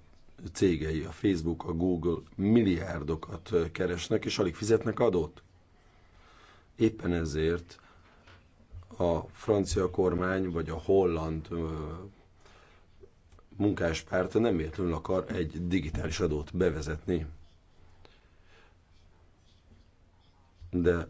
cégei, a Facebook, a Google milliárdokat keresnek, és alig fizetnek adót. Éppen ezért a francia kormány vagy a holland munkáspárt nem véletlenül akar egy digitális adót bevezetni. De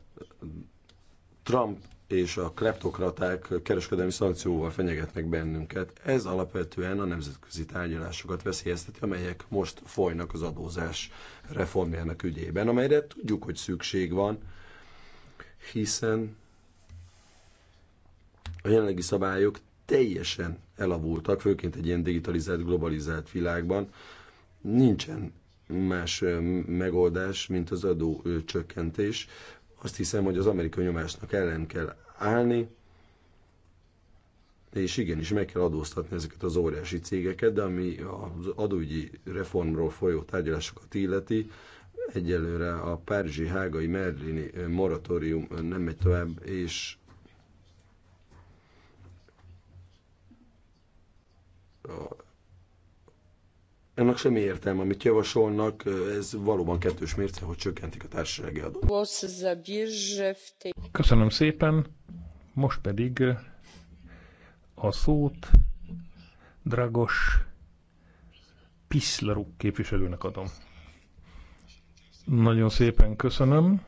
Trump és a kleptokraták kereskedelmi szankcióval fenyegetnek bennünket. Ez alapvetően a nemzetközi tárgyalásokat veszélyezteti, amelyek most folynak az adózás reformjának ügyében, amelyre tudjuk, hogy szükség van, hiszen a jelenlegi szabályok teljesen elavultak, főként egy ilyen digitalizált, globalizált világban. Nincsen más megoldás, mint az adó csökkentés. Azt hiszem, hogy az amerikai nyomásnak ellen kell állni, és igenis meg kell adóztatni ezeket az óriási cégeket, de ami az adógyi reformról folyó tárgyalásokat illeti, egyelőre a Párizsi Hágai Merlini moratórium nem megy tovább, és a ennek semmi értelme, amit javasolnak, ez valóban kettős mérce, hogy csökkentik a társasági adót. Köszönöm szépen, most pedig a szót Dragos Piszlaruk képviselőnek adom. Nagyon szépen köszönöm.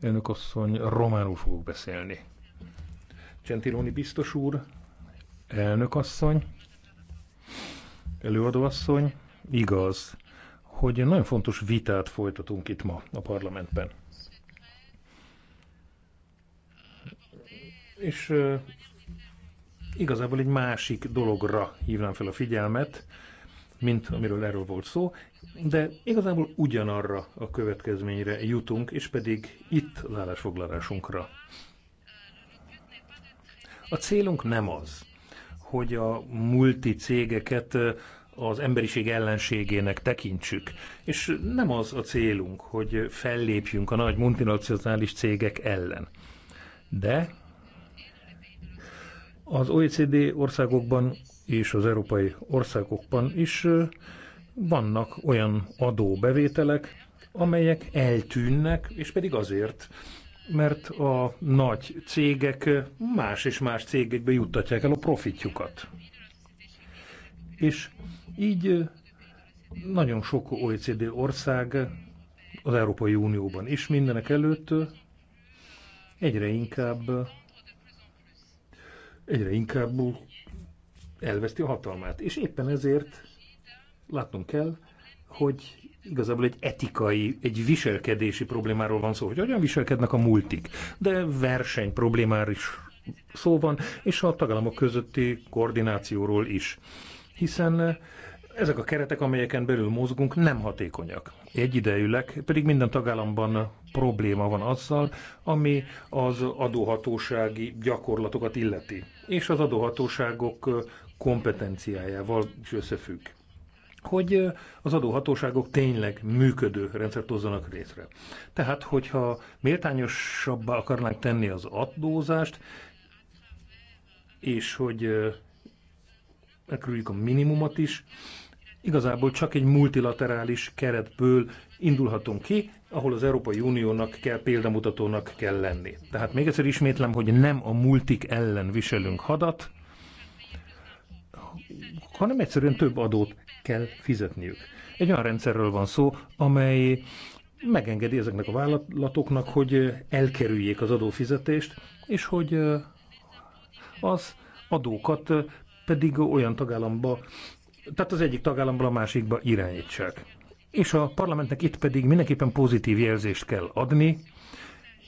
Önök asszony, románul fogok beszélni. Centiloni biztos úr, elnök asszony, asszony, igaz, hogy nagyon fontos vitát folytatunk itt ma a parlamentben. És igazából egy másik dologra hívnám fel a figyelmet, mint amiről erről volt szó, de igazából ugyanarra a következményre jutunk, és pedig itt az állásfoglalásunkra. A célunk nem az, hogy a multi cégeket az emberiség ellenségének tekintsük. És nem az a célunk, hogy fellépjünk a nagy multinacionális cégek ellen. De az OECD országokban és az európai országokban is vannak olyan adóbevételek, amelyek eltűnnek, és pedig azért, mert a nagy cégek más és más cégekbe juttatják el a profitjukat. És így nagyon sok OECD ország az Európai Unióban is mindenek előtt egyre inkább egyre inkább elveszti a hatalmát. És éppen ezért látnunk kell, hogy igazából egy etikai, egy viselkedési problémáról van szó, hogy hogyan viselkednek a multik. De verseny problémáról is szó van, és a tagállamok közötti koordinációról is hiszen eh, ezek a keretek, amelyeken belül mozgunk, nem hatékonyak. Egyidejűleg pedig minden tagállamban probléma van azzal, ami az adóhatósági gyakorlatokat illeti, és az adóhatóságok eh, kompetenciájával is összefügg hogy eh, az adóhatóságok tényleg működő rendszert hozzanak részre. Tehát, hogyha méltányosabbá akarnánk tenni az adózást, és hogy megkerüljük a minimumot is, igazából csak egy multilaterális keretből indulhatunk ki, ahol az Európai Uniónak kell példamutatónak kell lenni. Tehát még egyszer ismétlem, hogy nem a multik ellen viselünk hadat, hanem egyszerűen több adót kell fizetniük. Egy olyan rendszerről van szó, amely megengedi ezeknek a vállalatoknak, hogy elkerüljék az adófizetést, és hogy az adókat pedig olyan tagállamba, tehát az egyik tagállamból a másikba irányítsák. És a parlamentnek itt pedig mindenképpen pozitív jelzést kell adni,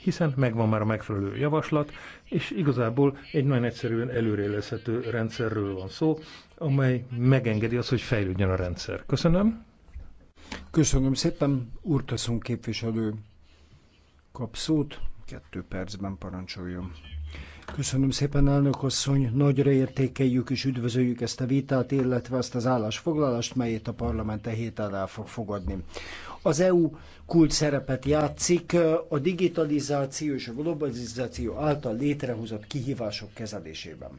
hiszen megvan már a megfelelő javaslat, és igazából egy nagyon egyszerűen előrélezhető rendszerről van szó, amely megengedi azt, hogy fejlődjön a rendszer. Köszönöm. Köszönöm szépen, úrtaszunk képviselő kap szót kettő percben parancsoljon. Köszönöm szépen, elnök asszony. Nagyra értékeljük és üdvözöljük ezt a vitát, illetve azt az állásfoglalást, melyet a parlament e héten el fog fogadni. Az EU kult szerepet játszik a digitalizáció és a globalizáció által létrehozott kihívások kezelésében.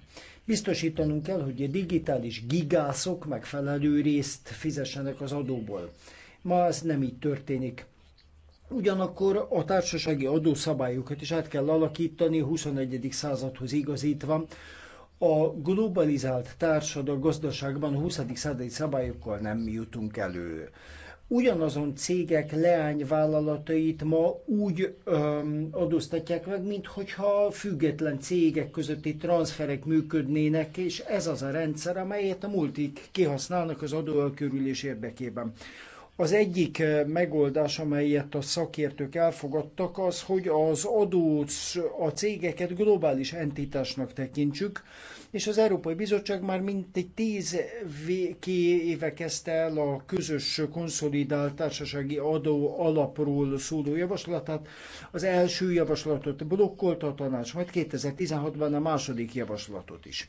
Biztosítanunk kell, hogy a digitális gigászok megfelelő részt fizessenek az adóból. Ma ez nem így történik. Ugyanakkor a társasági adószabályokat is át kell alakítani 21. századhoz igazítva. A globalizált társadal gazdaságban 20. századi szabályokkal nem jutunk elő. Ugyanazon cégek leányvállalatait ma úgy öm, adóztatják meg, mintha független cégek közötti transferek működnének, és ez az a rendszer, amelyet a multik kihasználnak az adóelkerülés érdekében. Az egyik eh, megoldás, amelyet a szakértők elfogadtak, az, hogy az adót, a cégeket globális entitásnak tekintsük, és az Európai Bizottság már mintegy tíz éve kezdte el a közös konszolidált társasági adó alapról szóló javaslatát. Az első javaslatot blokkolta a tanács, majd 2016-ban a második javaslatot is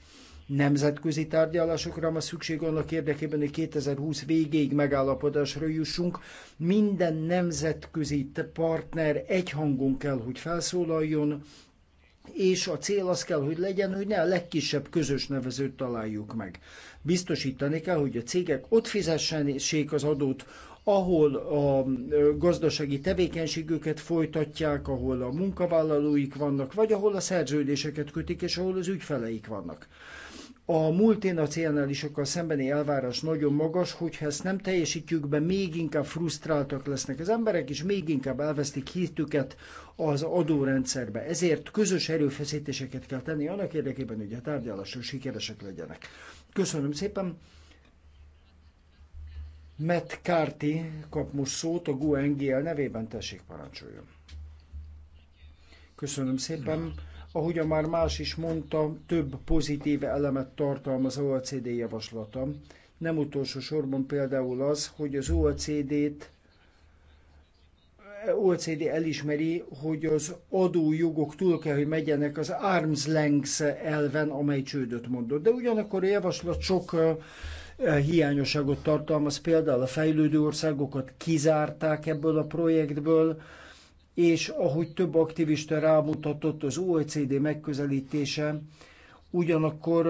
nemzetközi tárgyalásokra van szükség annak érdekében, hogy 2020 végéig megállapodásra jussunk. Minden nemzetközi partner egy hangon kell, hogy felszólaljon, és a cél az kell, hogy legyen, hogy ne a legkisebb közös nevezőt találjuk meg. Biztosítani kell, hogy a cégek ott fizessenék az adót, ahol a gazdasági tevékenységüket folytatják, ahol a munkavállalóik vannak, vagy ahol a szerződéseket kötik, és ahol az ügyfeleik vannak a multinacionálisokkal szembeni elvárás nagyon magas, hogyha ezt nem teljesítjük be, még inkább frusztráltak lesznek az emberek, és még inkább elvesztik hitüket az adórendszerbe. Ezért közös erőfeszítéseket kell tenni annak érdekében, hogy a tárgyalások sikeresek legyenek. Köszönöm szépen! Matt Carty kap most szót a GUNGL nevében, tessék parancsoljon. Köszönöm szépen! ahogy a már más is mondta, több pozitív elemet tartalmaz az OECD javaslata. Nem utolsó sorban például az, hogy az OECD-t OECD elismeri, hogy az adójogok túl kell, hogy megyenek az arm's length elven, amely csődöt mondott. De ugyanakkor a javaslat sok hiányosságot tartalmaz, például a fejlődő országokat kizárták ebből a projektből, és ahogy több aktivista rámutatott, az OECD megközelítése ugyanakkor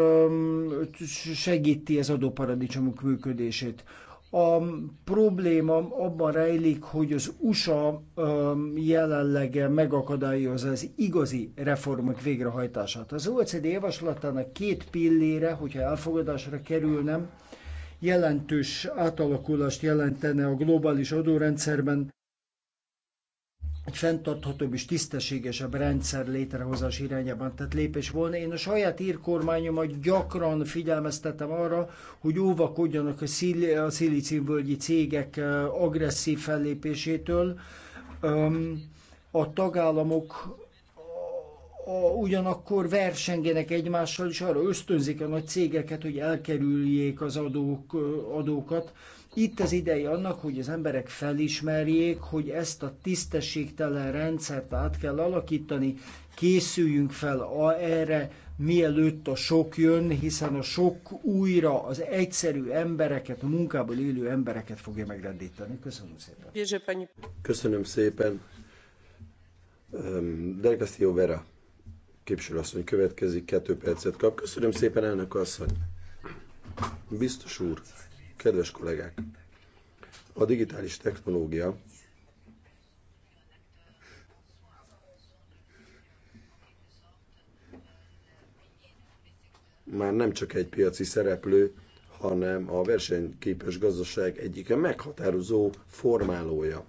segíti az adóparadicsomok működését. A probléma abban rejlik, hogy az USA jelenleg megakadályozza az igazi reformok végrehajtását. Az OECD javaslatának két pillére, hogyha elfogadásra kerülne, jelentős átalakulást jelentene a globális adórendszerben, egy fenntarthatóbb és tisztességesebb rendszer létrehozás irányában tett lépés volna. Én a saját ír gyakran figyelmeztetem arra, hogy óvakodjanak a, szil- a szilíciumvölgyi cégek eh, agresszív fellépésétől. A tagállamok a ugyanakkor versengenek egymással, és arra ösztönzik a nagy cégeket, hogy elkerüljék az adók, eh, adókat itt az ideje annak, hogy az emberek felismerjék, hogy ezt a tisztességtelen rendszert át kell alakítani, készüljünk fel erre, mielőtt a sok jön, hiszen a sok újra az egyszerű embereket, a munkából élő embereket fogja megrendíteni. Köszönöm szépen. Köszönöm szépen. Del Vera képviselőasszony következik, kettő percet kap. Köszönöm szépen, elnök asszony. Biztos úr. Kedves kollégák, a digitális technológia már nem csak egy piaci szereplő, hanem a versenyképes gazdaság egyike meghatározó formálója.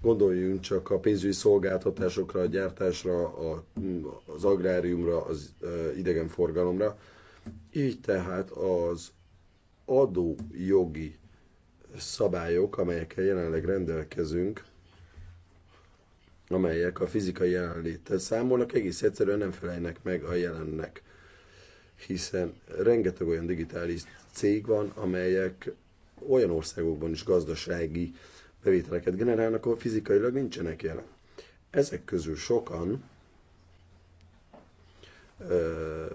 Gondoljunk csak a pénzügyi szolgáltatásokra, a gyártásra, a, az agráriumra, az idegenforgalomra. Így tehát az adójogi szabályok, amelyekkel jelenleg rendelkezünk, amelyek a fizikai jelenléttel számolnak, egész egyszerűen nem felelnek meg a jelennek. Hiszen rengeteg olyan digitális cég van, amelyek olyan országokban is gazdasági bevételeket generálnak, ahol fizikailag nincsenek jelen. Ezek közül sokan ö,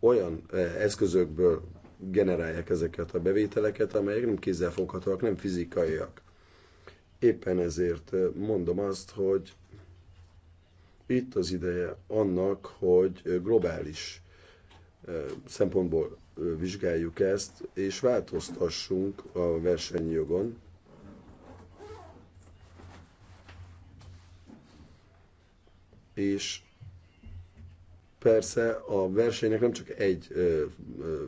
olyan eszközökből generálják ezeket a bevételeket, amelyek nem kézzelfoghatóak, nem fizikaiak. Éppen ezért mondom azt, hogy itt az ideje annak, hogy globális szempontból vizsgáljuk ezt, és változtassunk a versenyjogon. És Persze a versenynek nem csak egy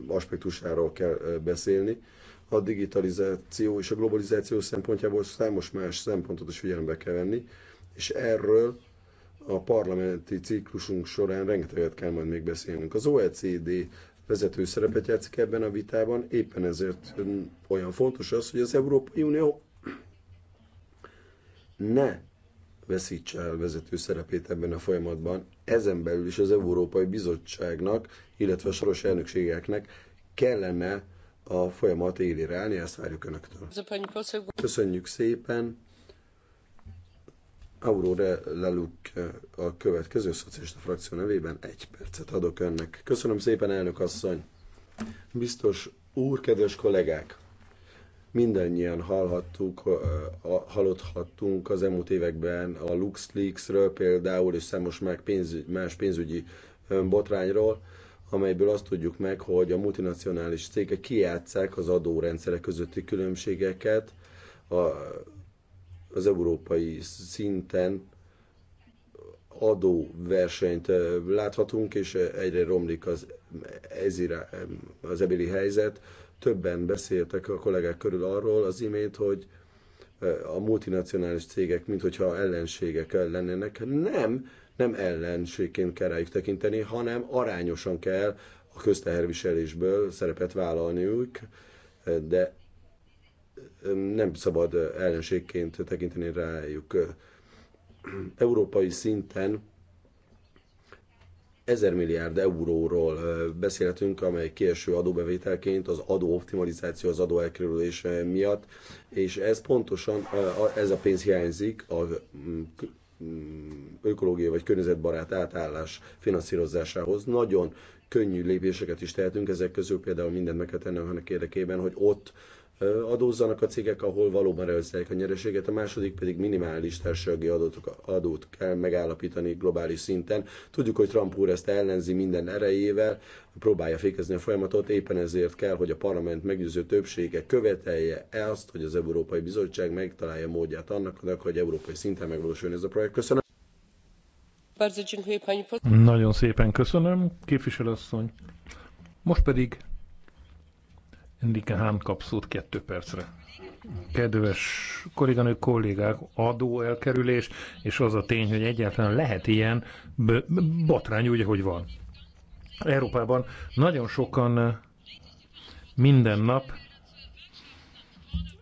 aspektusáról kell beszélni, a digitalizáció és a globalizáció szempontjából számos más szempontot is figyelembe kell venni, és erről a parlamenti ciklusunk során rengeteget kell majd még beszélnünk. Az OECD vezető szerepet játszik ebben a vitában, éppen ezért olyan fontos az, hogy az Európai Unió ne veszítse el vezető szerepét ebben a folyamatban ezen belül is az Európai Bizottságnak, illetve a soros elnökségeknek kellene a folyamat élére állni, ezt várjuk Önöktől. Köszönjük szépen! Aurora Leluk a következő szocialista frakció nevében egy percet adok önnek. Köszönöm szépen, elnök asszony! Biztos úr, kedves kollégák! mindannyian hallhattuk, hallothattunk az elmúlt években a LuxLeaks-ről például, és számos más, pénz, más pénzügyi botrányról, amelyből azt tudjuk meg, hogy a multinacionális cégek kiátszák az adórendszerek közötti különbségeket a, az európai szinten adóversenyt láthatunk, és egyre romlik az, ezira, az ebéli helyzet többen beszéltek a kollégák körül arról az imént, hogy e, a multinacionális cégek, mint hogyha ellenségek lennének. Nem, nem ellenségként kell rájuk tekinteni, hanem arányosan kell a közteherviselésből szerepet vállalniuk, e, de e, nem szabad ellenségként tekinteni rájuk. Európai szinten 1000 milliárd euróról beszélhetünk, amely kieső adóbevételként az adóoptimalizáció, az adóelkerülés miatt, és ez pontosan, ez a pénz hiányzik a ökológiai vagy környezetbarát átállás finanszírozásához. Nagyon könnyű lépéseket is tehetünk ezek közül, például mindent meg kell tennünk annak érdekében, hogy ott adózzanak a cégek, ahol valóban realizálják a nyereséget, a második pedig minimális társasági adót, adót kell megállapítani globális szinten. Tudjuk, hogy Trump úr ezt ellenzi minden erejével, próbálja fékezni a folyamatot, éppen ezért kell, hogy a parlament meggyőző többsége követelje azt, hogy az Európai Bizottság megtalálja módját annak, hogy európai szinten megvalósuljon ez a projekt. Köszönöm. Nagyon szépen köszönöm, képviselőasszony. Most pedig Enrique a kap szót kettő percre. Kedves kolléganő, kollégák, adó elkerülés és az a tény, hogy egyáltalán lehet ilyen botrány úgy, ahogy van. Európában nagyon sokan eh, minden nap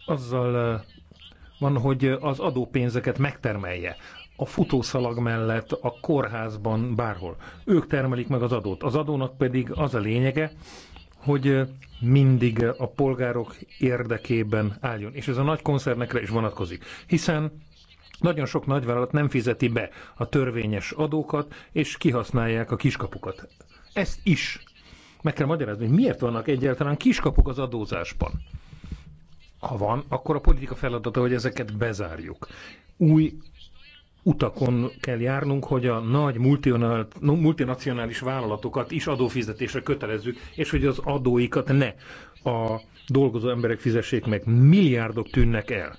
azzal eh, van, hogy az adópénzeket megtermelje. A futószalag mellett, a kórházban, bárhol. Ők termelik meg az adót. Az adónak pedig az a lényege, hogy mindig a polgárok érdekében álljon. És ez a nagy koncernekre is vonatkozik, hiszen nagyon sok nagyvállalat nem fizeti be a törvényes adókat, és kihasználják a kiskapukat. Ezt is meg kell magyarázni, hogy miért vannak egyáltalán kiskapuk az adózásban. Ha van, akkor a politika feladata, hogy ezeket bezárjuk. Új utakon kell járnunk, hogy a nagy multinacionális vállalatokat is adófizetésre kötelezzük, és hogy az adóikat ne a dolgozó emberek fizessék meg. Milliárdok tűnnek el.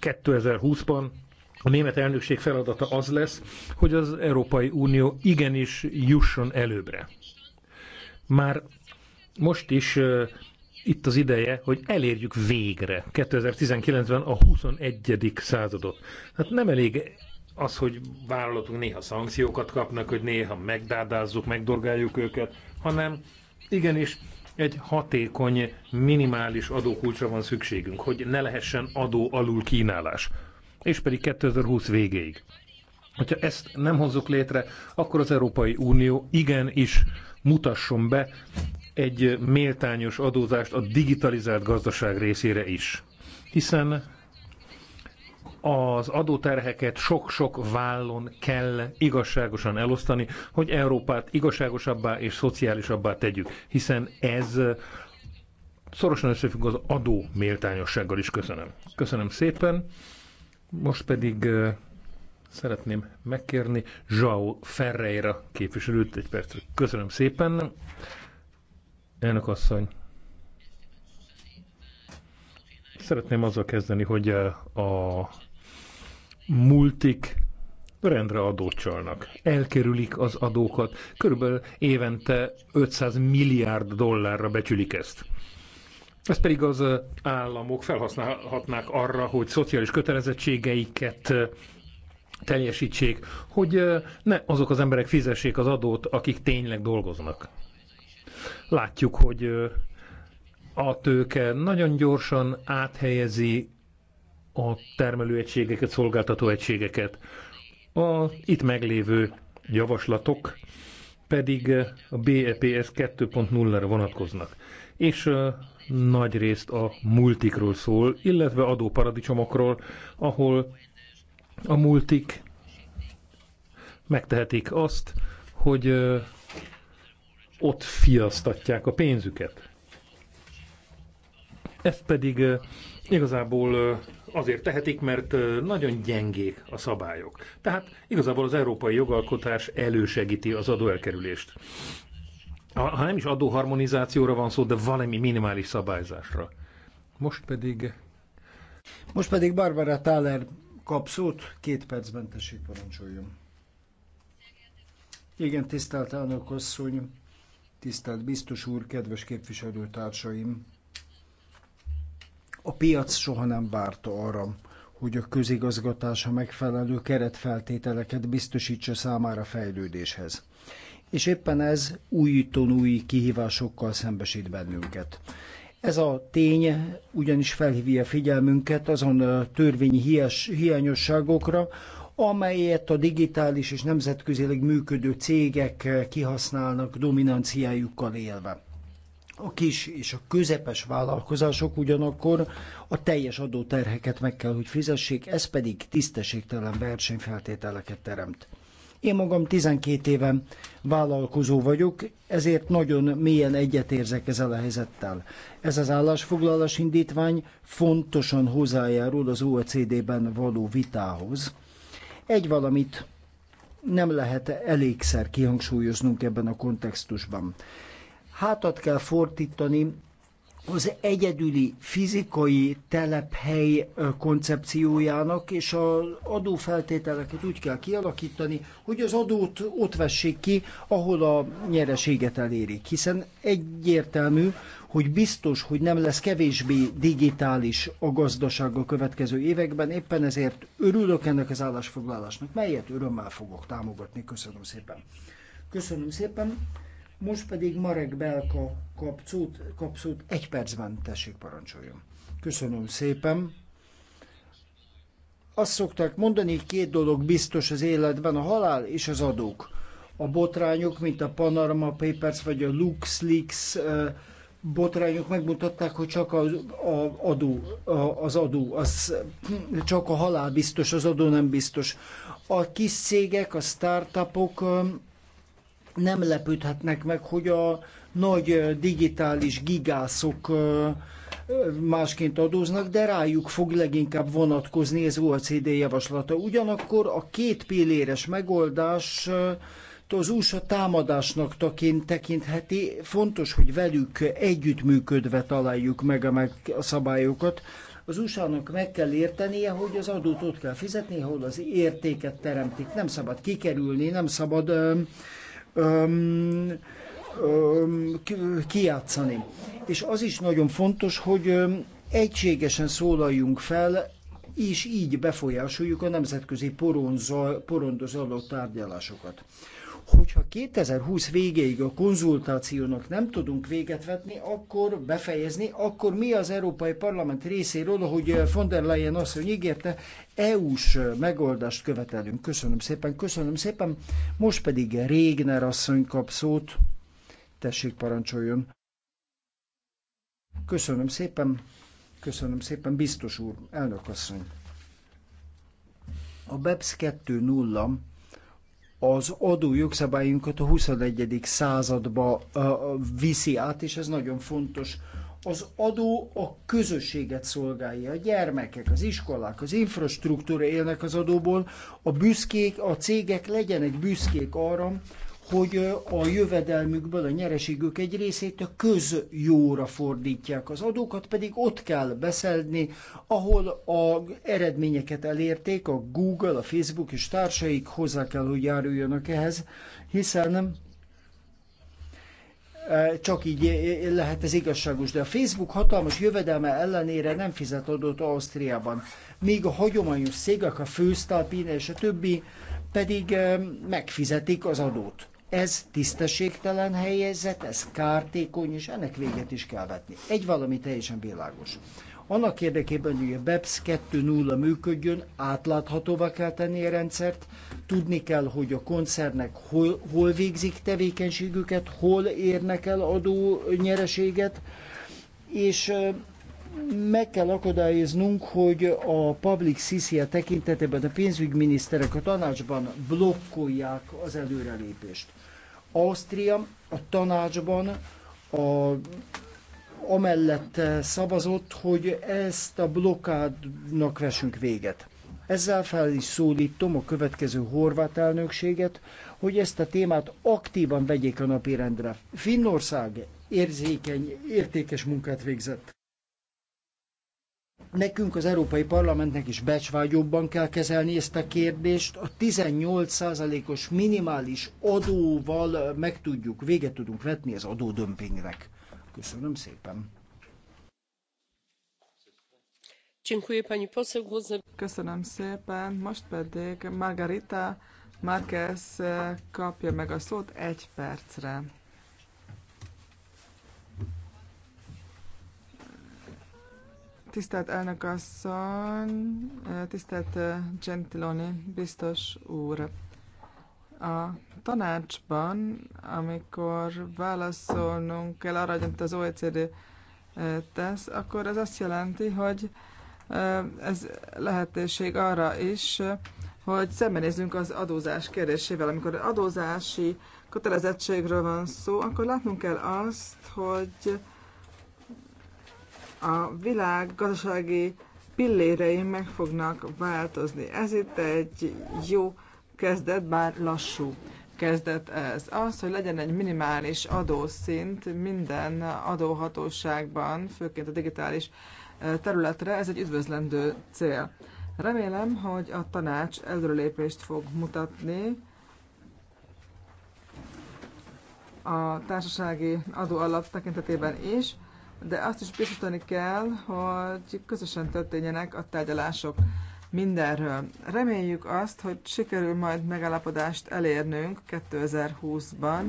2020-ban a német elnökség feladata az lesz, hogy az Európai Unió igenis jusson előbbre. Már most is itt az ideje, hogy elérjük végre 2019-ben a 21. századot. Hát nem elég az, hogy vállalatunk néha szankciókat kapnak, hogy néha megdádázzuk, megdorgáljuk őket, hanem igenis egy hatékony, minimális adókulcsra van szükségünk, hogy ne lehessen adó alul kínálás. És pedig 2020 végéig. Hogyha ezt nem hozzuk létre, akkor az Európai Unió igenis mutasson be egy méltányos adózást a digitalizált gazdaság részére is. Hiszen az adóterheket sok-sok vállon kell igazságosan elosztani, hogy Európát igazságosabbá és szociálisabbá tegyük, hiszen ez szorosan összefügg az adó méltányossággal is. Köszönöm. Köszönöm szépen. Most pedig szeretném megkérni Zsau Ferreira képviselőt egy percre. Köszönöm szépen, Elnök asszony, szeretném azzal kezdeni, hogy eh, a multik rendre adót csalnak. Elkerülik az adókat. Körülbelül évente 500 milliárd dollárra becsülik ezt. Ezt pedig az eh, államok felhasználhatnák arra, hogy szociális kötelezettségeiket eh, teljesítsék, hogy ne azok az emberek fizessék az adót, akik tényleg dolgoznak. Látjuk, hogy a tőke nagyon gyorsan áthelyezi a termelőegységeket, szolgáltatóegységeket. A itt meglévő javaslatok pedig a BEPS 2.0-ra vonatkoznak, és nagy részt a multikról szól, illetve adóparadicsomokról, ahol a multik megtehetik azt, hogy ott fiasztatják a pénzüket. Ezt pedig igazából azért tehetik, mert nagyon gyengék a szabályok. Tehát igazából az európai jogalkotás elősegíti az adóelkerülést. Ha nem is adóharmonizációra van szó, de valami minimális szabályzásra. Most pedig... Most pedig Barbara Thaler kap szót, két percben tessék parancsoljon. Igen, tisztelt elnök asszony, Tisztelt biztos úr, kedves képviselőtársaim! A piac soha nem várta arra, hogy a közigazgatása megfelelő keretfeltételeket biztosítsa számára fejlődéshez. És éppen ez újíton új kihívásokkal szembesít bennünket. Ez a tény ugyanis felhívja figyelmünket azon törvényi hiányosságokra, amelyet a digitális és nemzetközileg működő cégek eh, kihasználnak dominanciájukkal élve. A kis és a közepes vállalkozások ugyanakkor a teljes adóterheket meg kell, hogy fizessék, ez pedig tisztességtelen versenyfeltételeket teremt. Én magam 12 éven vállalkozó vagyok, ezért nagyon mélyen egyetérzek ezzel a helyzettel. Ez az állásfoglalás indítvány fontosan hozzájárul az OECD-ben való vitához egy valamit nem lehet elégszer kihangsúlyoznunk ebben a kontextusban. Hátat kell fordítani az egyedüli fizikai telephely koncepciójának, és az adófeltételeket úgy kell kialakítani, hogy az adót ott vessék ki, ahol a nyereséget elérik. Hiszen egyértelmű, hogy biztos, hogy nem lesz kevésbé digitális a gazdaság a következő években, éppen ezért örülök ennek az állásfoglalásnak, melyet örömmel fogok támogatni. Köszönöm szépen. Köszönöm szépen. Most pedig Marek Belka kapcsút, kapcsút egy percben tessék parancsoljon. Köszönöm szépen. Azt szokták mondani, hogy két dolog biztos az életben, a halál és az adók. A botrányok, mint a Panama Papers vagy a LuxLeaks botrányok megmutatták, hogy csak az, a adó, a, az adó, az, csak a halál biztos, az adó nem biztos. A kis cégek, a startupok nem lepődhetnek meg, hogy a nagy digitális gigászok másként adóznak, de rájuk fog leginkább vonatkozni az OECD javaslata. Ugyanakkor a két pilléres megoldás az USA támadásnak tekintheti, fontos, hogy velük együttműködve találjuk meg a, meg szabályokat. Az USA-nak meg kell értenie, hogy az adót ott kell fizetni, ahol az értéket teremtik. Nem szabad kikerülni, nem szabad öm, öm, kijátszani. És az is nagyon fontos, hogy öm, egységesen szólaljunk fel, és így befolyásoljuk a nemzetközi porondozó tárgyalásokat. Hogyha 2020 végéig a konzultációnak nem tudunk véget vetni, akkor befejezni, akkor mi az Európai Parlament részéről, hogy eh, von der Leyen asszony ígérte, EU-s eh, megoldást követelünk. Köszönöm szépen, köszönöm szépen. Most pedig Régner asszony kap szót. Tessék, parancsoljon. Köszönöm szépen, köszönöm szépen, biztos úr, elnök asszony. A BEPS 2.0 az adó jogszabályunkat a 21. századba viszi át, és ez nagyon fontos. Az adó a közösséget szolgálja, a gyermekek, az iskolák, az infrastruktúra élnek az adóból, a büszkék, a cégek legyenek büszkék arra, hogy a jövedelmükből, a nyereségük egy részét a közjóra fordítják. Az adókat pedig ott kell beszedni, ahol a eredményeket elérték, a Google, a Facebook és társaik hozzá kell, hogy járuljanak ehhez, hiszen csak így lehet ez igazságos. De a Facebook hatalmas jövedelme ellenére nem fizet adót Ausztriában. még a hagyományos szégek, a fősztalpin és a többi pedig megfizetik az adót. Ez tisztességtelen helyzet, ez kártékony, és ennek véget is kell vetni. Egy valami teljesen világos. Annak érdekében, hogy a BEPS 2.0 működjön, átláthatóvá kell tenni a rendszert, tudni kell, hogy a koncernek hol, hol végzik tevékenységüket, hol érnek el adó nyereséget, és meg kell akadályoznunk, hogy a public CCA tekintetében a pénzügyminiszterek a tanácsban blokkolják az előrelépést. Ausztria a tanácsban a, amellett szavazott, hogy ezt a blokkádnak vessünk véget. Ezzel fel is szólítom a következő horvát elnökséget, hogy ezt a témát aktívan vegyék a napirendre. Finnország érzékeny, értékes munkát végzett. Nekünk az Európai Parlamentnek is becsvágyobban kell kezelni ezt a kérdést. A 18%-os minimális adóval meg tudjuk, véget tudunk vetni az adódömpingnek. Köszönöm szépen. Köszönöm szépen. Most pedig Margarita Márquez kapja meg a szót egy percre. Tisztelt elnök asszony, tisztelt eh, Gentiloni, biztos úr. A tanácsban, amikor válaszolnunk kell arra, hogy amit az OECD eh, tesz, akkor ez azt jelenti, hogy eh, ez lehetőség arra is, hogy szembenézzünk az adózás kérdésével. Amikor adózási kötelezettségről van szó, akkor látnunk kell azt, hogy a világ gazdasági pillérei meg fognak változni. Ez itt egy jó kezdet, bár lassú kezdet ez. Az, hogy legyen egy minimális adószint minden adóhatóságban, főként a digitális területre, ez egy üdvözlendő cél. Remélem, hogy a tanács előrelépést fog mutatni a társasági adóalap tekintetében is, de azt is biztosítani kell, hogy közösen történjenek a tárgyalások mindenről. Reméljük azt, hogy sikerül majd megállapodást elérnünk 2020-ban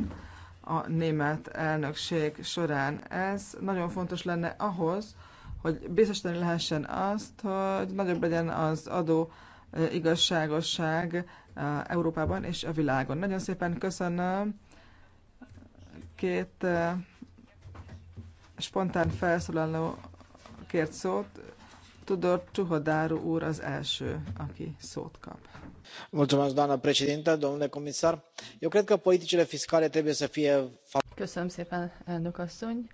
a német elnökség során. Ez nagyon fontos lenne ahhoz, hogy biztosítani lehessen azt, hogy nagyobb legyen az adó eh, igazságosság eh, Európában és a világon. Nagyon szépen köszönöm két eh, spontán felszólaló kért szót. Tudor Csuhodáru úr az első, aki szót kap. Mulțumesc, doamnă președintă, domnule comisar. Eu cred că politicile fiscale trebuie să fie... Köszönöm szépen, elnök asszony.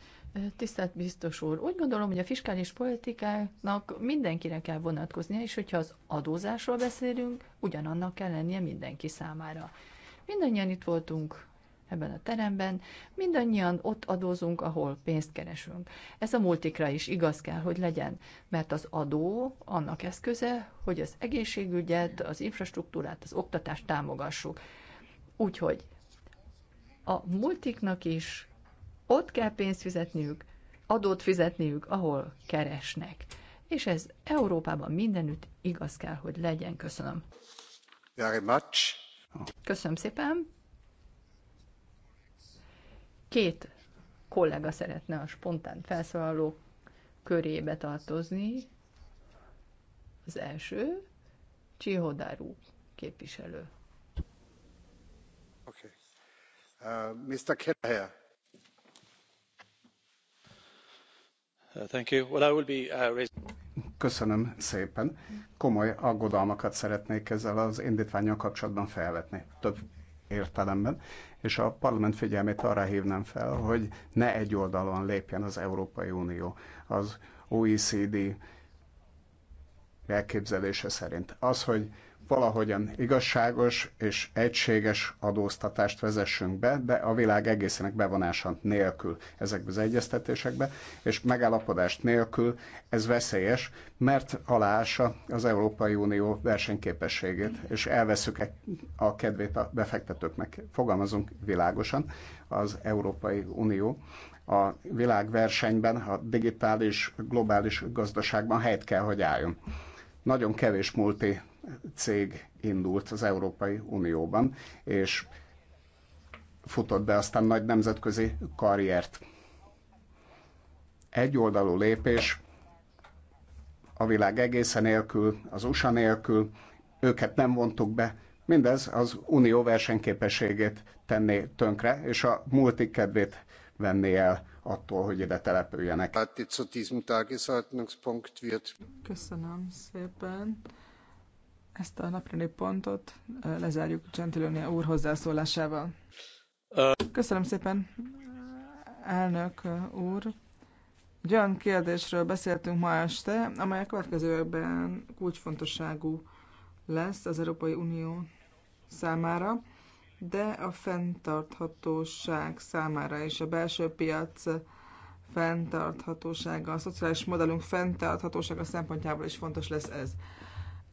Tisztelt biztos úr, úgy gondolom, hogy a fiskális politikának mindenkire kell vonatkoznia, és hogyha az adózásról beszélünk, ugyanannak kell lennie mindenki számára. Mindannyian itt voltunk ebben a teremben, mindannyian ott adózunk, ahol pénzt keresünk. Ez a multikra is igaz kell, hogy legyen, mert az adó annak eszköze, hogy az egészségügyet, az infrastruktúrát, az oktatást támogassuk. Úgyhogy a multiknak is ott kell pénzt fizetniük, adót fizetniük, ahol keresnek. És ez Európában mindenütt igaz kell, hogy legyen. Köszönöm. Very much. Köszönöm szépen. Két kollega szeretne a spontán felszólaló körébe tartozni. Az első, Csihodárú képviselő. Okay. Uh, Mr. Kelleher. Uh, thank you. Well, I will be, uh, Köszönöm szépen. Komoly aggodalmakat szeretnék ezzel az indítványjal kapcsolatban felvetni. Több értelemben, és a parlament figyelmét arra hívnám fel, hogy ne egy oldalon lépjen az Európai Unió az OECD elképzelése szerint. Az, hogy valahogyan igazságos és egységes adóztatást vezessünk be, de a világ egészének bevonása nélkül ezekbe az egyeztetésekbe, és megállapodást nélkül ez veszélyes, mert aláása az Európai Unió versenyképességét, és elveszük e- a kedvét a befektetőknek. Fogalmazunk világosan, az Európai Unió a világversenyben, a digitális, globális gazdaságban helyt kell, hogy álljon. Nagyon kevés multi cég indult az Európai Unióban, és futott be aztán nagy nemzetközi karriert. Egy oldalú lépés a világ egészen nélkül, az USA nélkül, őket nem vontuk be, mindez az unió versenyképességét tenné tönkre, és a multi kedvét venné el attól, hogy ide települjenek. Köszönöm szépen ezt a napirendi pontot lezárjuk Gentiloni úr hozzászólásával. Köszönöm szépen, elnök úr. Egy olyan kérdésről beszéltünk ma este, amely a következőkben kulcsfontosságú lesz az Európai Unió számára, de a fenntarthatóság számára és a belső piac fenntarthatósága, a szociális modellünk fenntarthatósága szempontjából is fontos lesz ez.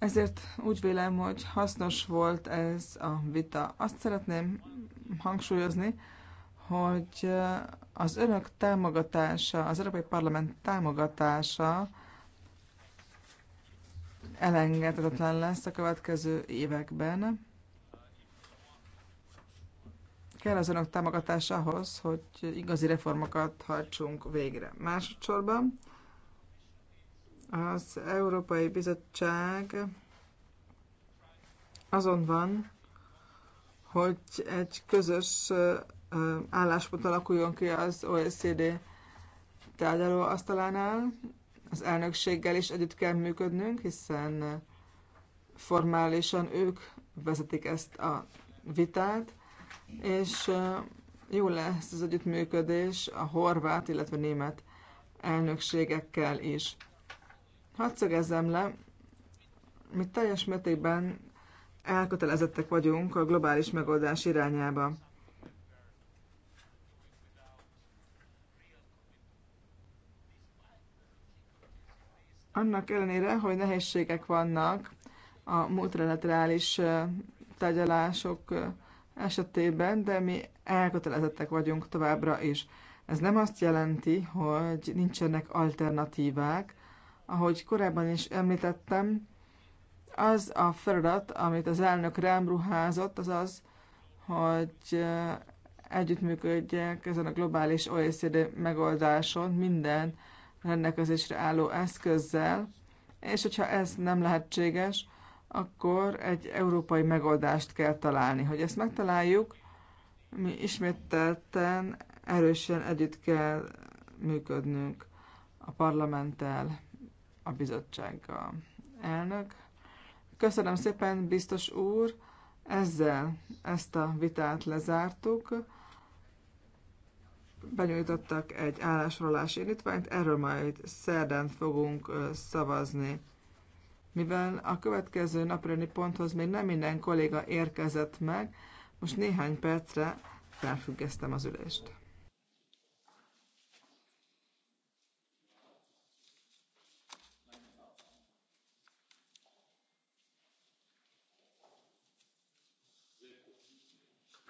Ezért úgy vélem, hogy hasznos volt ez a vita. Azt szeretném hangsúlyozni, hogy az önök támogatása, az Európai Parlament támogatása elengedhetetlen lesz a következő években. Kell az önök támogatása ahhoz, hogy igazi reformokat hajtsunk végre. Másodszorban az Európai Bizottság azon van, hogy egy közös álláspont alakuljon ki az OECD tárgyalóasztalánál. Az elnökséggel is együtt kell működnünk, hiszen formálisan ők vezetik ezt a vitát, és jó lesz az együttműködés a horvát, illetve német elnökségekkel is. Hadd szögezzem le, mi teljes mértékben elkötelezettek vagyunk a globális megoldás irányába. Annak ellenére, hogy nehézségek vannak a multilaterális tárgyalások esetében, de mi elkötelezettek vagyunk továbbra is. Ez nem azt jelenti, hogy nincsenek alternatívák, ahogy korábban is említettem, az a feladat, amit az elnök rám ruházott, az az, hogy együttműködjek ezen a globális OECD megoldáson minden rendelkezésre álló eszközzel, és hogyha ez nem lehetséges, akkor egy európai megoldást kell találni. Hogy ezt megtaláljuk, mi ismételten erősen együtt kell működnünk a parlamenttel, a bizottsággal. Elnök, köszönöm szépen, biztos úr, ezzel ezt a vitát lezártuk. Benyújtottak egy állásrólási indítványt, erről majd szerdán fogunk szavazni. Mivel a következő napreni ponthoz még nem minden kolléga érkezett meg, most néhány percre felfüggesztem az ülést.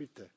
bitte.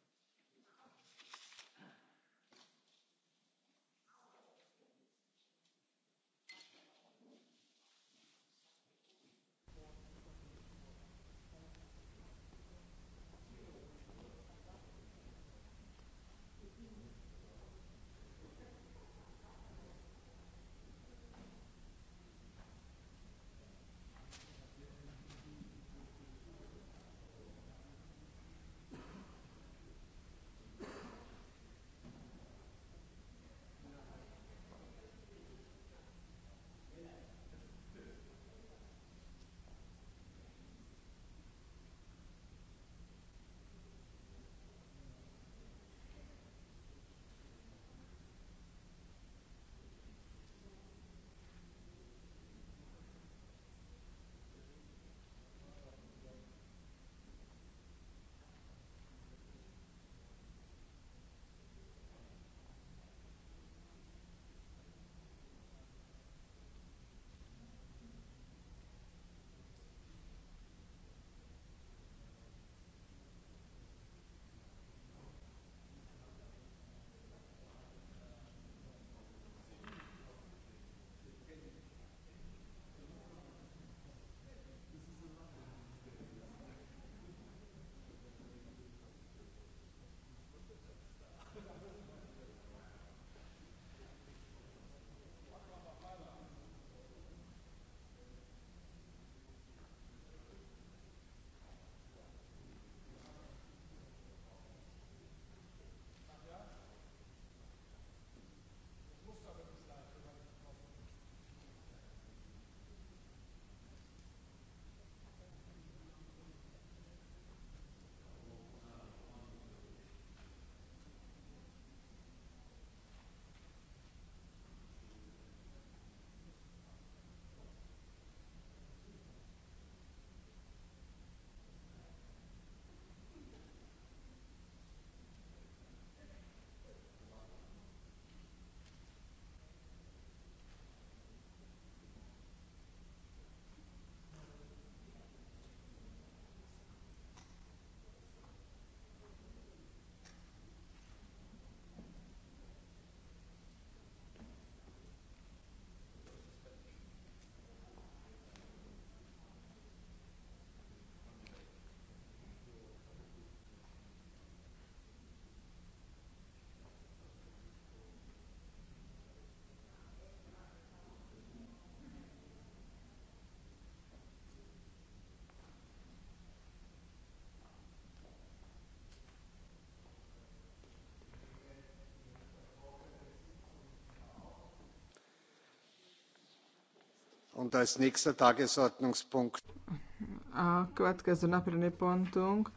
A következő napirendi pontunk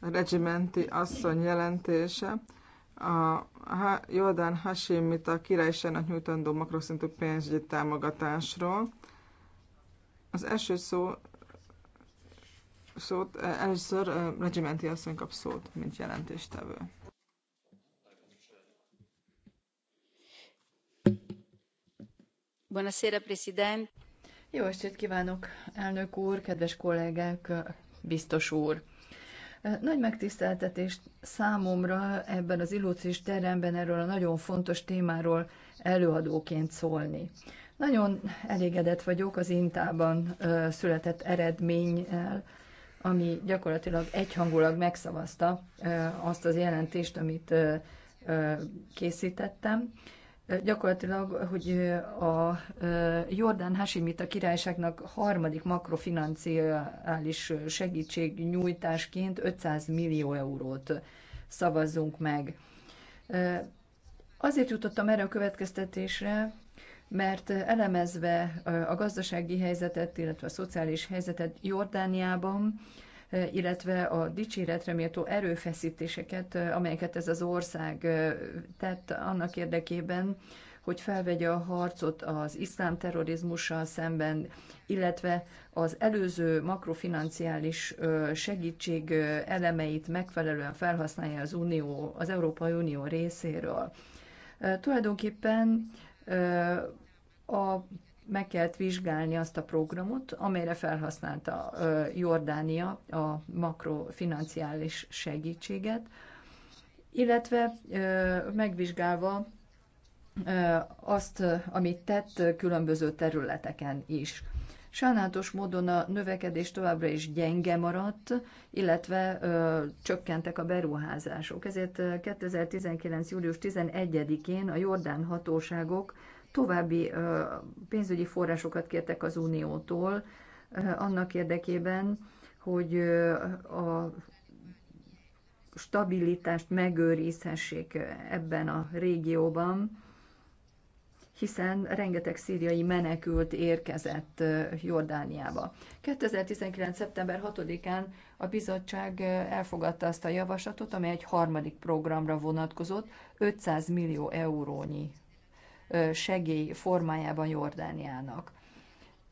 Regimenti asszony jelentése. A Jordan a királyságnak nyújtandó makroszintű pénzügyi támogatásról. Az első szó, szót, eh, először eh, Regimenti asszony kap szót, mint jelentéstevő. Buonasera, Presidente. Jó estét kívánok, elnök úr, kedves kollégák, biztos úr! Nagy megtiszteltetés számomra ebben az illúciós teremben erről a nagyon fontos témáról előadóként szólni. Nagyon elégedett vagyok az Intában született eredménnyel, ami gyakorlatilag egyhangulag megszavazta azt az jelentést, amit készítettem gyakorlatilag, hogy a Jordán Hasimita királyságnak harmadik makrofinanciális segítségnyújtásként 500 millió eurót szavazzunk meg. Azért jutottam erre a következtetésre, mert elemezve a gazdasági helyzetet, illetve a szociális helyzetet Jordániában, illetve a dicséretre méltó erőfeszítéseket, amelyeket ez az ország tett annak érdekében, hogy felvegye a harcot az iszlám terrorizmussal szemben, illetve az előző makrofinanciális segítség elemeit megfelelően felhasználja az Unió, az Európai Unió részéről. Tulajdonképpen a meg kellett vizsgálni azt a programot, amelyre felhasználta Jordánia a makrofinanciális segítséget, illetve megvizsgálva azt, amit tett különböző területeken is. Sajnálatos módon a növekedés továbbra is gyenge maradt, illetve ö, csökkentek a beruházások. Ezért 2019. július 11-én a jordán hatóságok további pénzügyi forrásokat kértek az Uniótól annak érdekében, hogy a stabilitást megőrizhessék ebben a régióban, hiszen rengeteg szíriai menekült érkezett Jordániába. 2019. szeptember 6-án a bizottság elfogadta azt a javaslatot, amely egy harmadik programra vonatkozott, 500 millió eurónyi segély formájában Jordániának.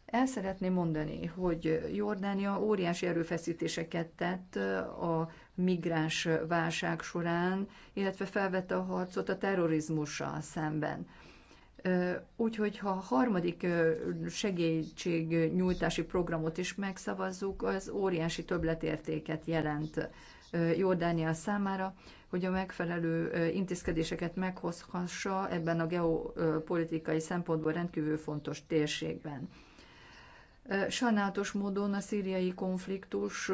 El szeretném mondani, hogy Jordánia óriási erőfeszítéseket tett a migráns válság során, illetve felvette a harcot a terrorizmussal szemben. Úgyhogy ha a harmadik segítségnyújtási programot is megszavazzuk, az óriási többletértéket jelent Jordánia számára, hogy a megfelelő intézkedéseket meghozhassa ebben a geopolitikai szempontból rendkívül fontos térségben. Sajnálatos módon a szíriai konfliktus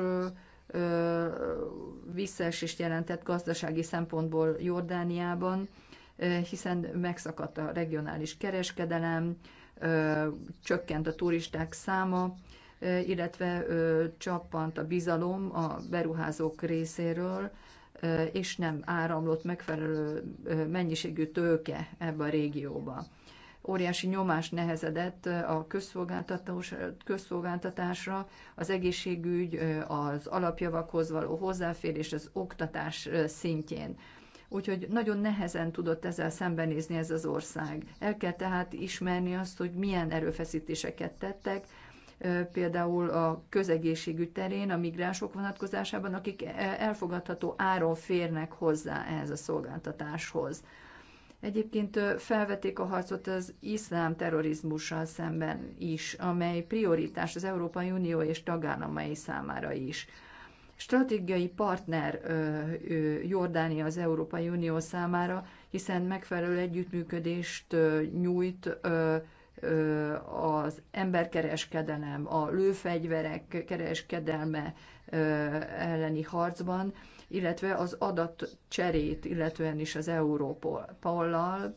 visszaesést jelentett gazdasági szempontból Jordániában, hiszen megszakadt a regionális kereskedelem, csökkent a turisták száma, illetve csappant a bizalom a beruházók részéről, és nem áramlott megfelelő mennyiségű tőke ebbe a régióba. Óriási nyomás nehezedett a közszolgáltatásra, az egészségügy, az alapjavakhoz való hozzáférés, az oktatás szintjén. Úgyhogy nagyon nehezen tudott ezzel szembenézni ez az ország. El kell tehát ismerni azt, hogy milyen erőfeszítéseket tettek, például a közegészségügy terén, a migránsok vonatkozásában, akik elfogadható áron férnek hozzá ehhez a szolgáltatáshoz. Egyébként felvették a harcot az iszlám terrorizmussal szemben is, amely prioritás az Európai Unió és tagállamai számára is. Stratégiai partner Jordánia az Európai Unió számára, hiszen megfelelő együttműködést nyújt az emberkereskedelem, a lőfegyverek kereskedelme elleni harcban, illetve az adatcserét, illetően is az Európollal,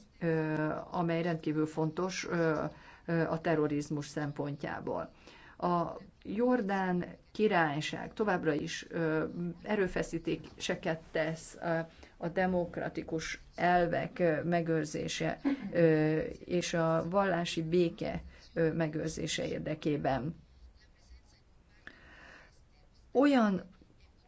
amely rendkívül fontos a terrorizmus szempontjából. A Jordán királyság továbbra is erőfeszítéseket tesz a demokratikus elvek megőrzése és a vallási béke megőrzése érdekében. Olyan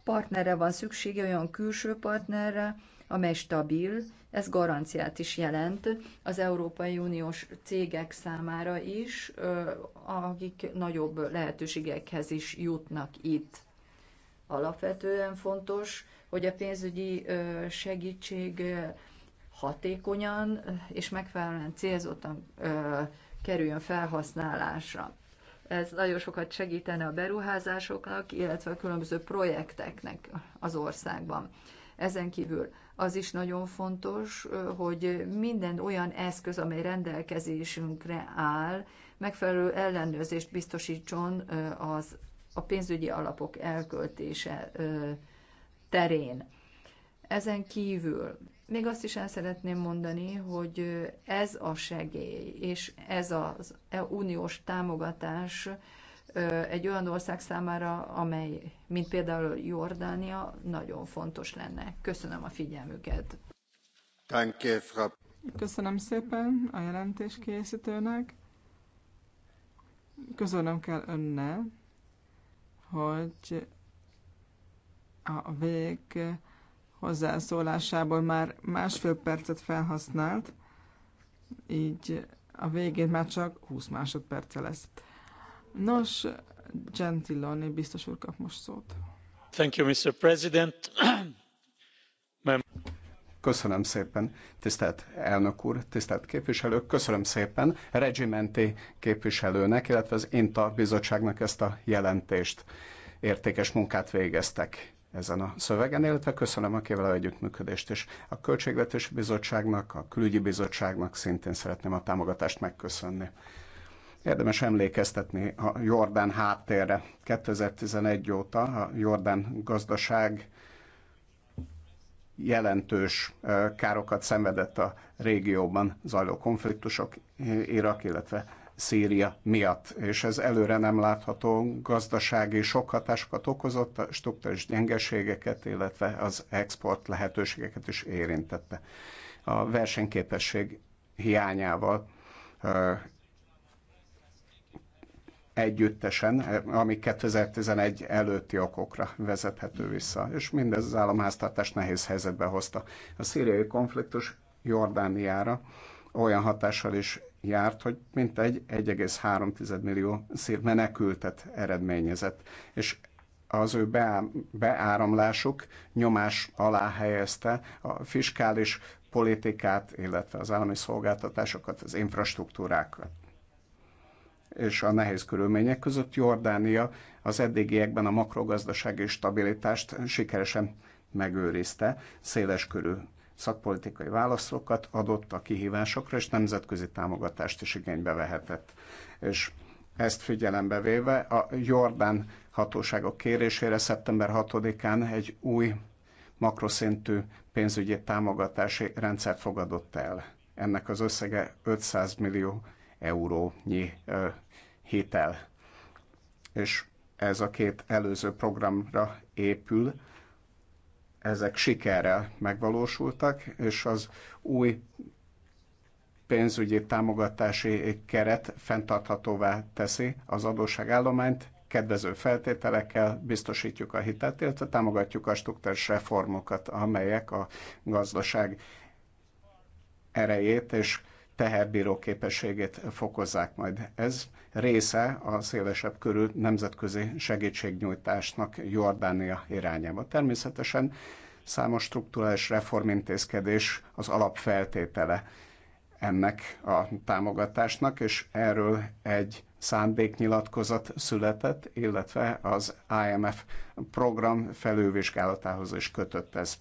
partnerre van szüksége, olyan külső partnerre, amely stabil, ez garanciát is jelent az Európai Uniós cégek számára is, akik nagyobb lehetőségekhez is jutnak itt. Alapvetően fontos, hogy a pénzügyi segítség hatékonyan és megfelelően célzottan kerüljön felhasználásra. Ez nagyon sokat segítene a beruházásoknak, illetve a különböző projekteknek az országban. Ezen kívül az is nagyon fontos, hogy minden olyan eszköz, amely rendelkezésünkre áll, megfelelő ellenőrzést biztosítson az a pénzügyi alapok elköltése terén. Ezen kívül még azt is el szeretném mondani, hogy ez a segély és ez az uniós támogatás egy olyan ország számára, amely, mint például Jordánia, nagyon fontos lenne. Köszönöm a figyelmüket. Köszönöm szépen a jelentés készítőnek. Közölnöm kell önnel, hogy a vég hozzászólásából már másfél percet felhasznált, így a végén már csak 20 másodperce lesz. Nos, Gentiloni biztos úr kap most szót. Thank you, Mr. President. Köszönöm szépen, tisztelt elnök úr, tisztelt képviselők, köszönöm szépen Regimenti képviselőnek, illetve az INTA bizottságnak ezt a jelentést. Értékes munkát végeztek ezen a szövegen, illetve köszönöm a kivel együttműködést, és a Költségvetési Bizottságnak, a Külügyi Bizottságnak szintén szeretném a támogatást megköszönni. Érdemes emlékeztetni a Jordán háttérre. 2011 óta a Jordán gazdaság jelentős károkat szenvedett a régióban zajló konfliktusok, Irak, illetve Szíria miatt, és ez előre nem látható gazdasági sok hatásokat okozott, a struktúrális gyengeségeket, illetve az export lehetőségeket is érintette. A versenyképesség hiányával együttesen, ami 2011 előtti okokra vezethető vissza. És mindez az államháztartás nehéz helyzetbe hozta. A szíriai konfliktus Jordániára olyan hatással is járt, hogy mintegy 1,3 millió szír menekültet eredményezett, és az ő beáramlásuk nyomás alá helyezte a fiskális politikát, illetve az állami szolgáltatásokat, az infrastruktúrákat. És a nehéz körülmények között Jordánia az eddigiekben a makrogazdasági stabilitást sikeresen megőrizte széles körű szakpolitikai válaszokat adott a kihívásokra, és nemzetközi támogatást is igénybe vehetett. És ezt figyelembe véve a Jordán hatóságok kérésére szeptember 6-án egy új makroszintű pénzügyi támogatási rendszer fogadott el. Ennek az összege 500 millió eurónyi hitel. És ez a két előző programra épül, ezek sikerrel megvalósultak, és az új pénzügyi támogatási keret fenntarthatóvá teszi az adósságállományt, kedvező feltételekkel biztosítjuk a hitet, illetve támogatjuk a struktúrás reformokat, amelyek a gazdaság erejét és teherbíró képességét fokozzák majd. Ez része a szélesebb körű nemzetközi segítségnyújtásnak Jordánia irányába. Természetesen számos struktúrális reformintézkedés az alapfeltétele ennek a támogatásnak, és erről egy szándéknyilatkozat született, illetve az IMF program felülvizsgálatához is kötött ez.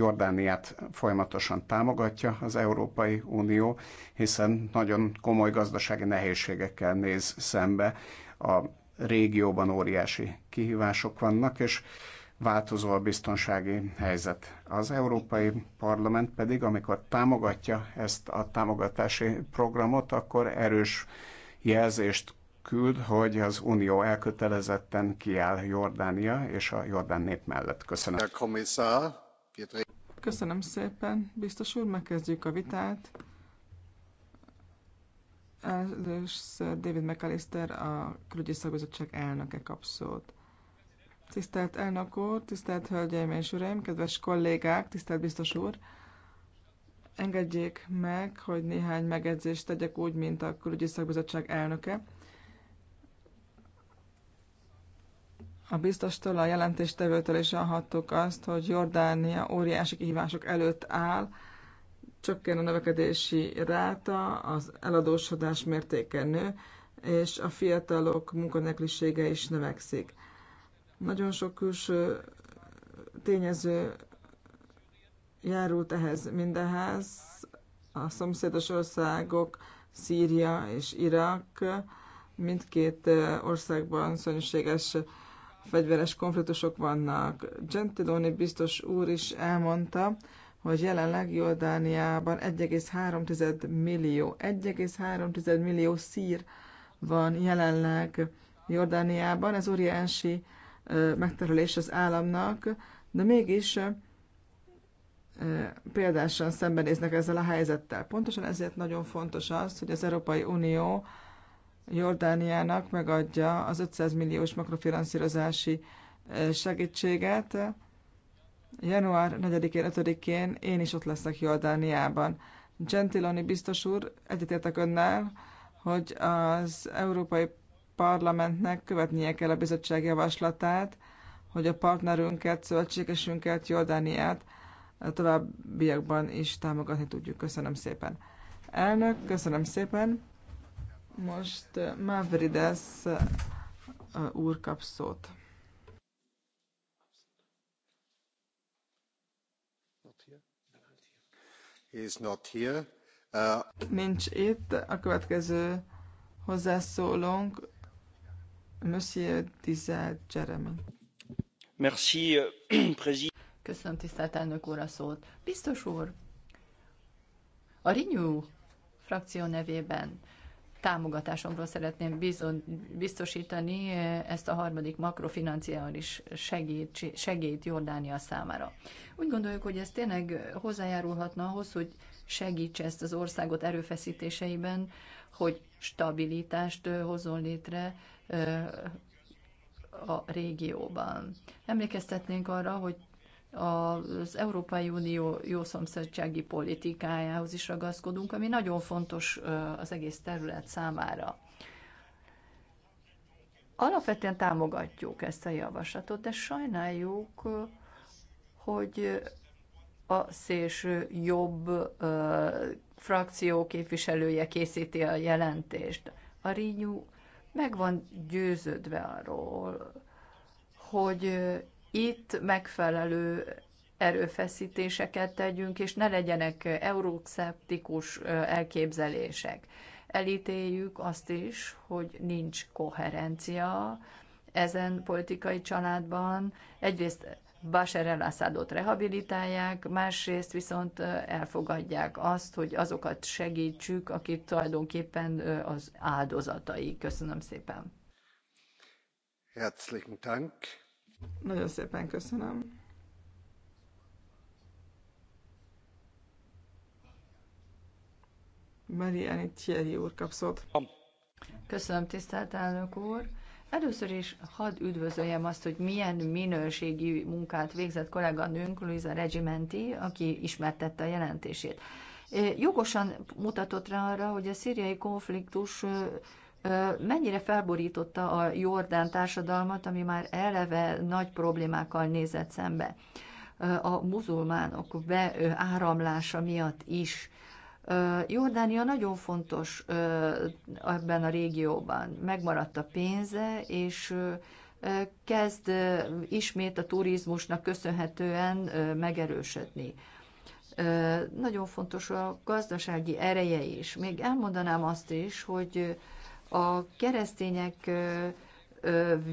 Jordániát folyamatosan támogatja az Európai Unió, hiszen nagyon komoly gazdasági nehézségekkel néz szembe. A régióban óriási kihívások vannak, és változó a biztonsági helyzet. Az Európai Parlament pedig, amikor támogatja ezt a támogatási programot, akkor erős jelzést küld, hogy az Unió elkötelezetten kiáll Jordánia és a jordán nép mellett. Köszönöm. Köszönöm szépen, biztos úr, megkezdjük a vitát. Először David McAllister, a külügyi szakbizottság elnöke kap szót. Tisztelt elnök úr, tisztelt hölgyeim és uraim, kedves kollégák, tisztelt biztos úr! Engedjék meg, hogy néhány megjegyzést tegyek úgy, mint a külügyi szakbizottság elnöke. A biztostól, a jelentéstevőtől is hallhattuk azt, hogy Jordánia óriási kihívások előtt áll, csökken a növekedési ráta, az eladósodás mértéke nő, és a fiatalok munkanélkülisége is növekszik. Nagyon sok külső tényező járult ehhez mindehez. A szomszédos országok, Szíria és Irak mindkét országban szörnyűséges fegyveres konfliktusok vannak. Gentiloni biztos úr is elmondta, hogy jelenleg Jordániában 1,3 millió, 1,3 millió szír van jelenleg Jordániában. Ez óriási megterhelés az államnak, de mégis példásan szembenéznek ezzel a helyzettel. Pontosan ezért nagyon fontos az, hogy az Európai Unió Jordániának megadja az 500 milliós makrofinanszírozási segítséget. Január 4-én, 5-én én is ott leszek Jordániában. Gentiloni biztos úr, egyetértek önnel, hogy az Európai Parlamentnek követnie kell a bizottság javaslatát, hogy a partnerünket, szövetségesünket, Jordániát a továbbiakban is támogatni tudjuk. Köszönöm szépen. Elnök, köszönöm szépen. Most eh, Mavrides eh, úr kap szót. Is not here. Uh... Nincs itt. A következő hozzászólónk Monsieur Dizet Jeremy. Merci, euh, président. Köszönöm, tisztelt elnök úr, a szót. Biztos úr, a Renew frakció nevében támogatásomról szeretném bizon, biztosítani eh, ezt a harmadik makrofinanciális segít, segít Jordánia számára. Úgy gondoljuk, hogy ez tényleg hozzájárulhatna ahhoz, hogy segítse ezt az országot erőfeszítéseiben, hogy stabilitást eh, hozzon létre eh, a régióban. Emlékeztetnénk arra, hogy az Európai Unió jószomszédsági politikájához is ragaszkodunk, ami nagyon fontos az egész terület számára. Alapvetően támogatjuk ezt a javaslatot, de sajnáljuk, hogy a szélső jobb frakció képviselője készíti a jelentést. A Rinyú meg van győződve arról, hogy itt megfelelő erőfeszítéseket tegyünk, és ne legyenek euroszeptikus elképzelések. Elítéljük azt is, hogy nincs koherencia ezen politikai családban. Egyrészt Bashar el rehabilitálják, másrészt viszont elfogadják azt, hogy azokat segítsük, akik tulajdonképpen az áldozatai. Köszönöm szépen. Herzlichen Dank. Nagyon szépen köszönöm. Mariani Thierry úr kapszott. Köszönöm, tisztelt elnök úr. Először is hadd üdvözöljem azt, hogy milyen minőségi munkát végzett kolléganőnk, Luisa Regimenti, aki ismertette a jelentését. Jogosan mutatott rá arra, hogy a szíriai konfliktus mennyire felborította a Jordán társadalmat, ami már eleve nagy problémákkal nézett szembe a muzulmánok beáramlása miatt is. Jordánia nagyon fontos ebben a régióban. Megmaradt a pénze, és kezd ismét a turizmusnak köszönhetően megerősödni. Nagyon fontos a gazdasági ereje is. Még elmondanám azt is, hogy a keresztények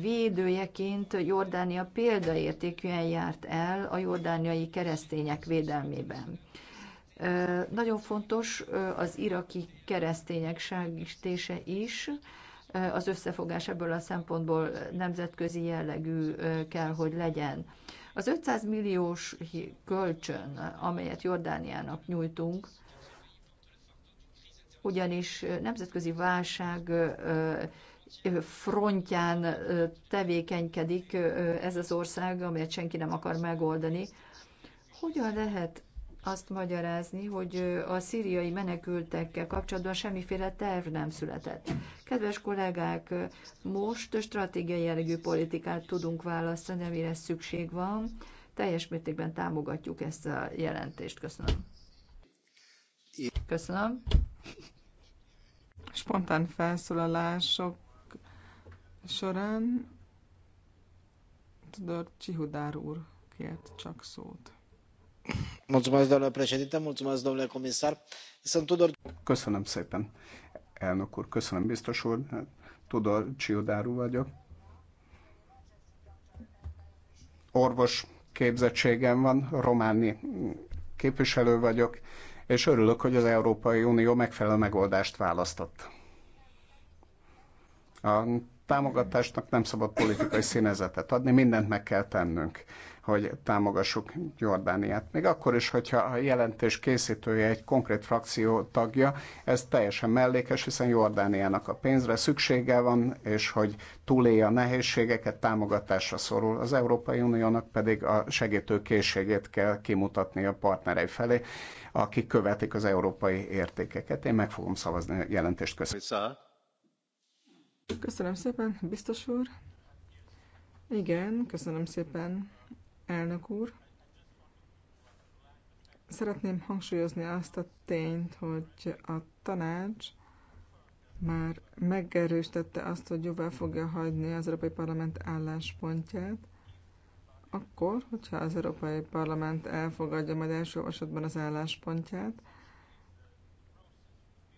védőjeként Jordánia példaértékűen járt el a jordániai keresztények védelmében. Nagyon fontos az iraki keresztények segítése is, az összefogás ebből a szempontból nemzetközi jellegű kell, hogy legyen. Az 500 milliós kölcsön, amelyet Jordániának nyújtunk, ugyanis nemzetközi válság frontján tevékenykedik ez az ország, amelyet senki nem akar megoldani. Hogyan lehet azt magyarázni, hogy a szíriai menekültekkel kapcsolatban semmiféle terv nem született. Kedves kollégák, most stratégiai jellegű politikát tudunk választani, amire szükség van. Teljes mértékben támogatjuk ezt a jelentést. Köszönöm. Köszönöm spontán felszólalások során Tudor Csihudár úr kért csak szót. Mulțumesc, domnule președinte, mulțumesc, domnule comisar. Sunt Tudor... Köszönöm szépen, elnök úr, köszönöm biztos úr. Tudor Csihudár úr vagyok. Orvos képzettségem van, románi képviselő vagyok, és örülök, hogy az Európai Unió megfelelő megoldást választott. A támogatásnak nem szabad politikai színezetet adni, mindent meg kell tennünk, hogy támogassuk Jordániát. Még akkor is, hogyha a jelentés készítője egy konkrét frakció tagja, ez teljesen mellékes, hiszen Jordániának a pénzre szüksége van, és hogy túlélje a nehézségeket, támogatásra szorul. Az Európai Uniónak pedig a segítő készségét kell kimutatni a partnerei felé, akik követik az európai értékeket. Én meg fogom szavazni a jelentést. Köszönöm. Köszönöm szépen, biztos úr. Igen, köszönöm szépen, elnök úr. Szeretném hangsúlyozni azt a tényt, hogy a tanács már megerősítette azt, hogy jóvá fogja hagyni az Európai Parlament álláspontját, akkor, hogyha az Európai Parlament elfogadja majd első olvasatban az álláspontját,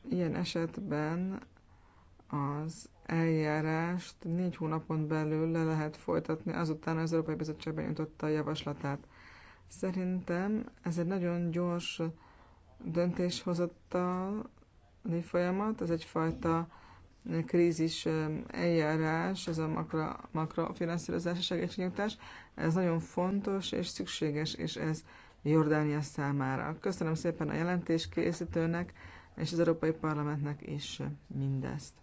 ilyen esetben az eljárást négy hónapon belül le lehet folytatni, azután az Európai Bizottság benyújtotta a javaslatát. Szerintem ez egy nagyon gyors döntéshozatali folyamat, ez egyfajta krízis eljárás, ez a makro, makrofinanszírozási segítségnyújtás, ez nagyon fontos és szükséges, és ez Jordánia számára. Köszönöm szépen a jelentés készítőnek és az Európai Parlamentnek is mindezt.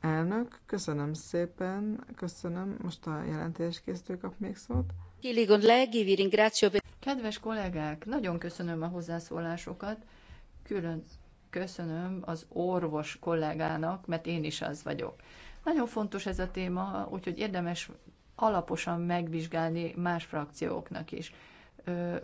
Elnök, köszönöm szépen, köszönöm. Most a jelentés készítő kap még szót. Kedves kollégák, nagyon köszönöm a hozzászólásokat, külön köszönöm az orvos kollégának, mert én is az vagyok. Nagyon fontos ez a téma, úgyhogy érdemes alaposan megvizsgálni más frakcióknak is.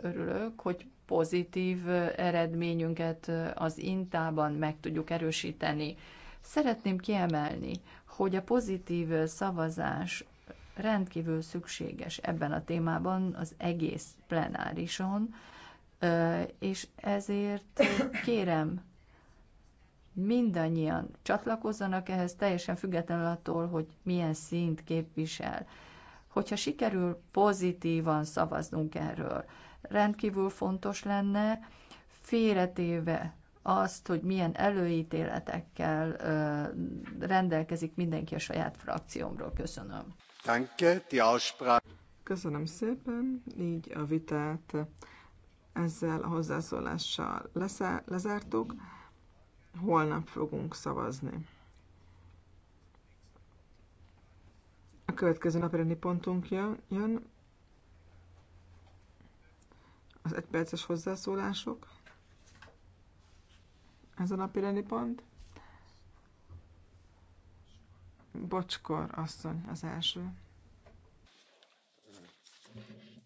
Örülök, hogy pozitív eredményünket az intában meg tudjuk erősíteni. Szeretném kiemelni, hogy a pozitív szavazás rendkívül szükséges ebben a témában az egész plenárison, és ezért kérem mindannyian csatlakozzanak ehhez, teljesen függetlenül attól, hogy milyen szint képvisel. Hogyha sikerül pozitívan szavaznunk erről, rendkívül fontos lenne, félretéve azt, hogy milyen előítéletekkel ö, rendelkezik mindenki a saját frakciómról. Köszönöm. Danke, die Aussprache. Köszönöm szépen, így a vitát ezzel a hozzászólással lezártuk holnap fogunk szavazni. A következő napi pontunk jön. Az egyperces hozzászólások. Ez a rendi pont. Bocskor asszony az első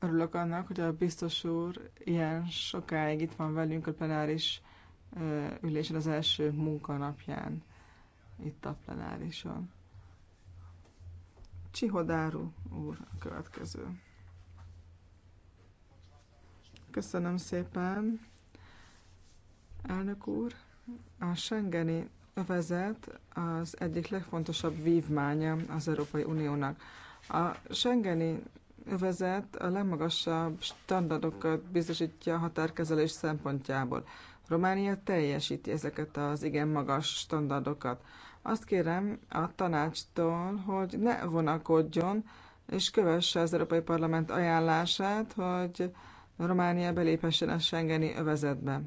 Örülök annak, hogy a biztos úr ilyen sokáig itt van velünk a plenáris ülésen az első munkanapján, itt a plenárison. Csihodáru úr a következő. Köszönöm szépen, elnök úr. A Schengeni övezet az egyik legfontosabb vívmánya az Európai Uniónak. A Schengeni övezet a legmagasabb standardokat biztosítja a határkezelés szempontjából. Románia teljesíti ezeket az igen magas standardokat. Azt kérem a tanácstól, hogy ne vonakodjon, és kövesse az Európai Parlament ajánlását, hogy Románia beléphessen a Schengeni övezetbe.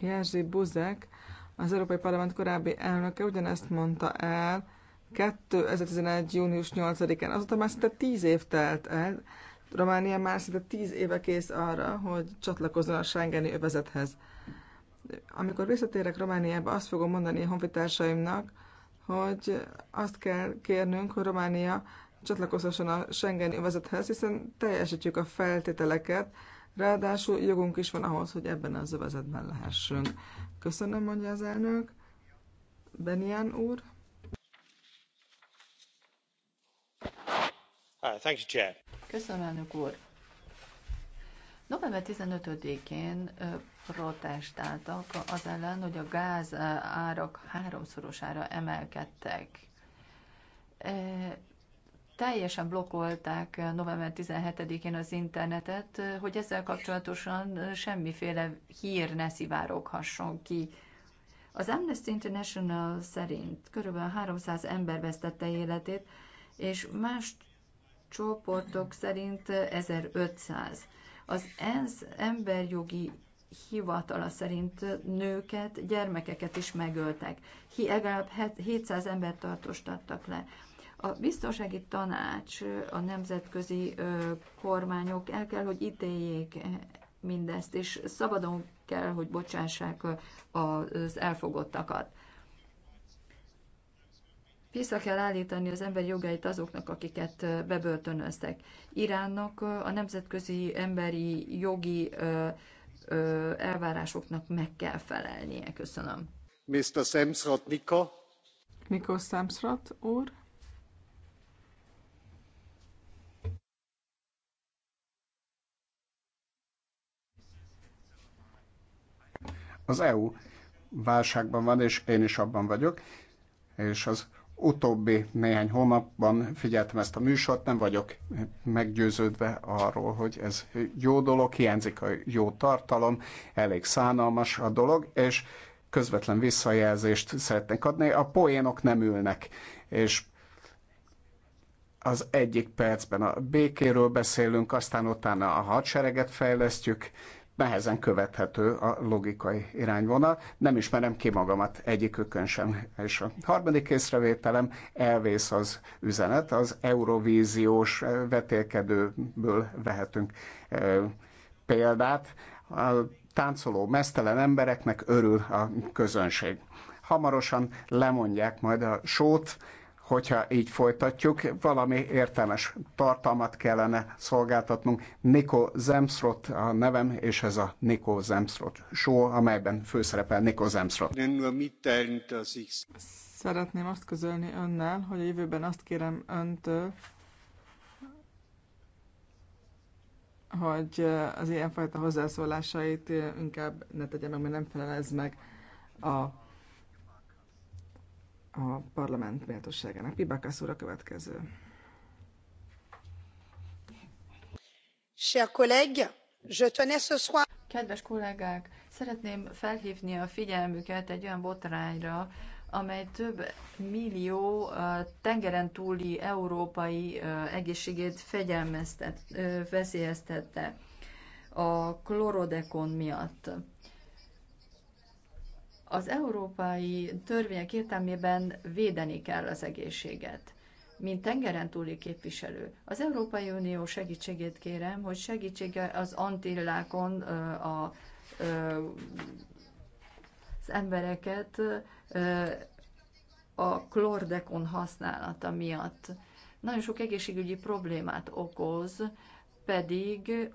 Jerzy Buzek, az Európai Parlament korábbi elnöke ugyanezt mondta el 2011. június 8-án. Azóta már szinte 10 év telt el. Románia már szinte 10 éve kész arra, hogy csatlakozzon a Schengeni övezethez. Amikor visszatérek Romániába, azt fogom mondani a honfitársaimnak, hogy azt kell kérnünk, hogy Románia csatlakozhasson a Schengeni övezethez, hiszen teljesítjük a feltételeket, ráadásul jogunk is van ahhoz, hogy ebben az övezetben lehessünk. Köszönöm, mondja az elnök. Benian úr. Köszönöm, elnök úr. November 15-én protestáltak az ellen, hogy a gáz árak háromszorosára emelkedtek. E, teljesen blokkolták november 17-én az internetet, hogy ezzel kapcsolatosan semmiféle hír ne szivároghasson ki. Az Amnesty International szerint kb. 300 ember vesztette életét, és más csoportok szerint 1500. Az ENSZ emberjogi hivatala szerint nőket, gyermekeket is megöltek. Hi, legalább 700 embert tartóztattak le. A biztonsági tanács, a nemzetközi kormányok el kell, hogy ítéljék mindezt, és szabadon kell, hogy bocsássák az elfogottakat. Vissza kell állítani az emberi jogait azoknak, akiket bebörtönöztek. Iránnak a nemzetközi emberi jogi elvárásoknak meg kell felelnie. Köszönöm. Mr. Samsrat Nika. Mikor Samsrat úr. Az EU válságban van, és én is abban vagyok, és az utóbbi néhány hónapban figyeltem ezt a műsort, nem vagyok meggyőződve arról, hogy ez jó dolog, hiányzik a jó tartalom, elég szánalmas a dolog, és közvetlen visszajelzést szeretnék adni. A poénok nem ülnek, és az egyik percben a békéről beszélünk, aztán utána a hadsereget fejlesztjük, nehezen követhető a logikai irányvonal. Nem ismerem ki magamat egyikükön sem. És a harmadik észrevételem elvész az üzenet, az eurovíziós eh, vetélkedőből vehetünk eh, példát. A táncoló mesztelen embereknek örül a közönség. Hamarosan lemondják majd a sót, hogyha így folytatjuk, valami értelmes tartalmat kellene szolgáltatnunk. Nico Zemsrot a nevem, és ez a Niko Zemsrot show, amelyben főszerepel Nico Zemsrot. Szeretném azt közölni önnel, hogy a jövőben azt kérem öntől, hogy az ilyenfajta hozzászólásait inkább ne tegye mert nem felelez meg a a parlament méltóságának. Pibakász úr a következő. Kedves kollégák, szeretném felhívni a figyelmüket egy olyan botrányra, amely több millió tengeren túli európai egészségét fegyelmeztet, veszélyeztette a klorodekon miatt. Az európai törvények értelmében védeni kell az egészséget. Mint tengeren túli képviselő, az Európai Unió segítségét kérem, hogy segítsége az antillákon a, a, az embereket a klordekon használata miatt. Nagyon sok egészségügyi problémát okoz, pedig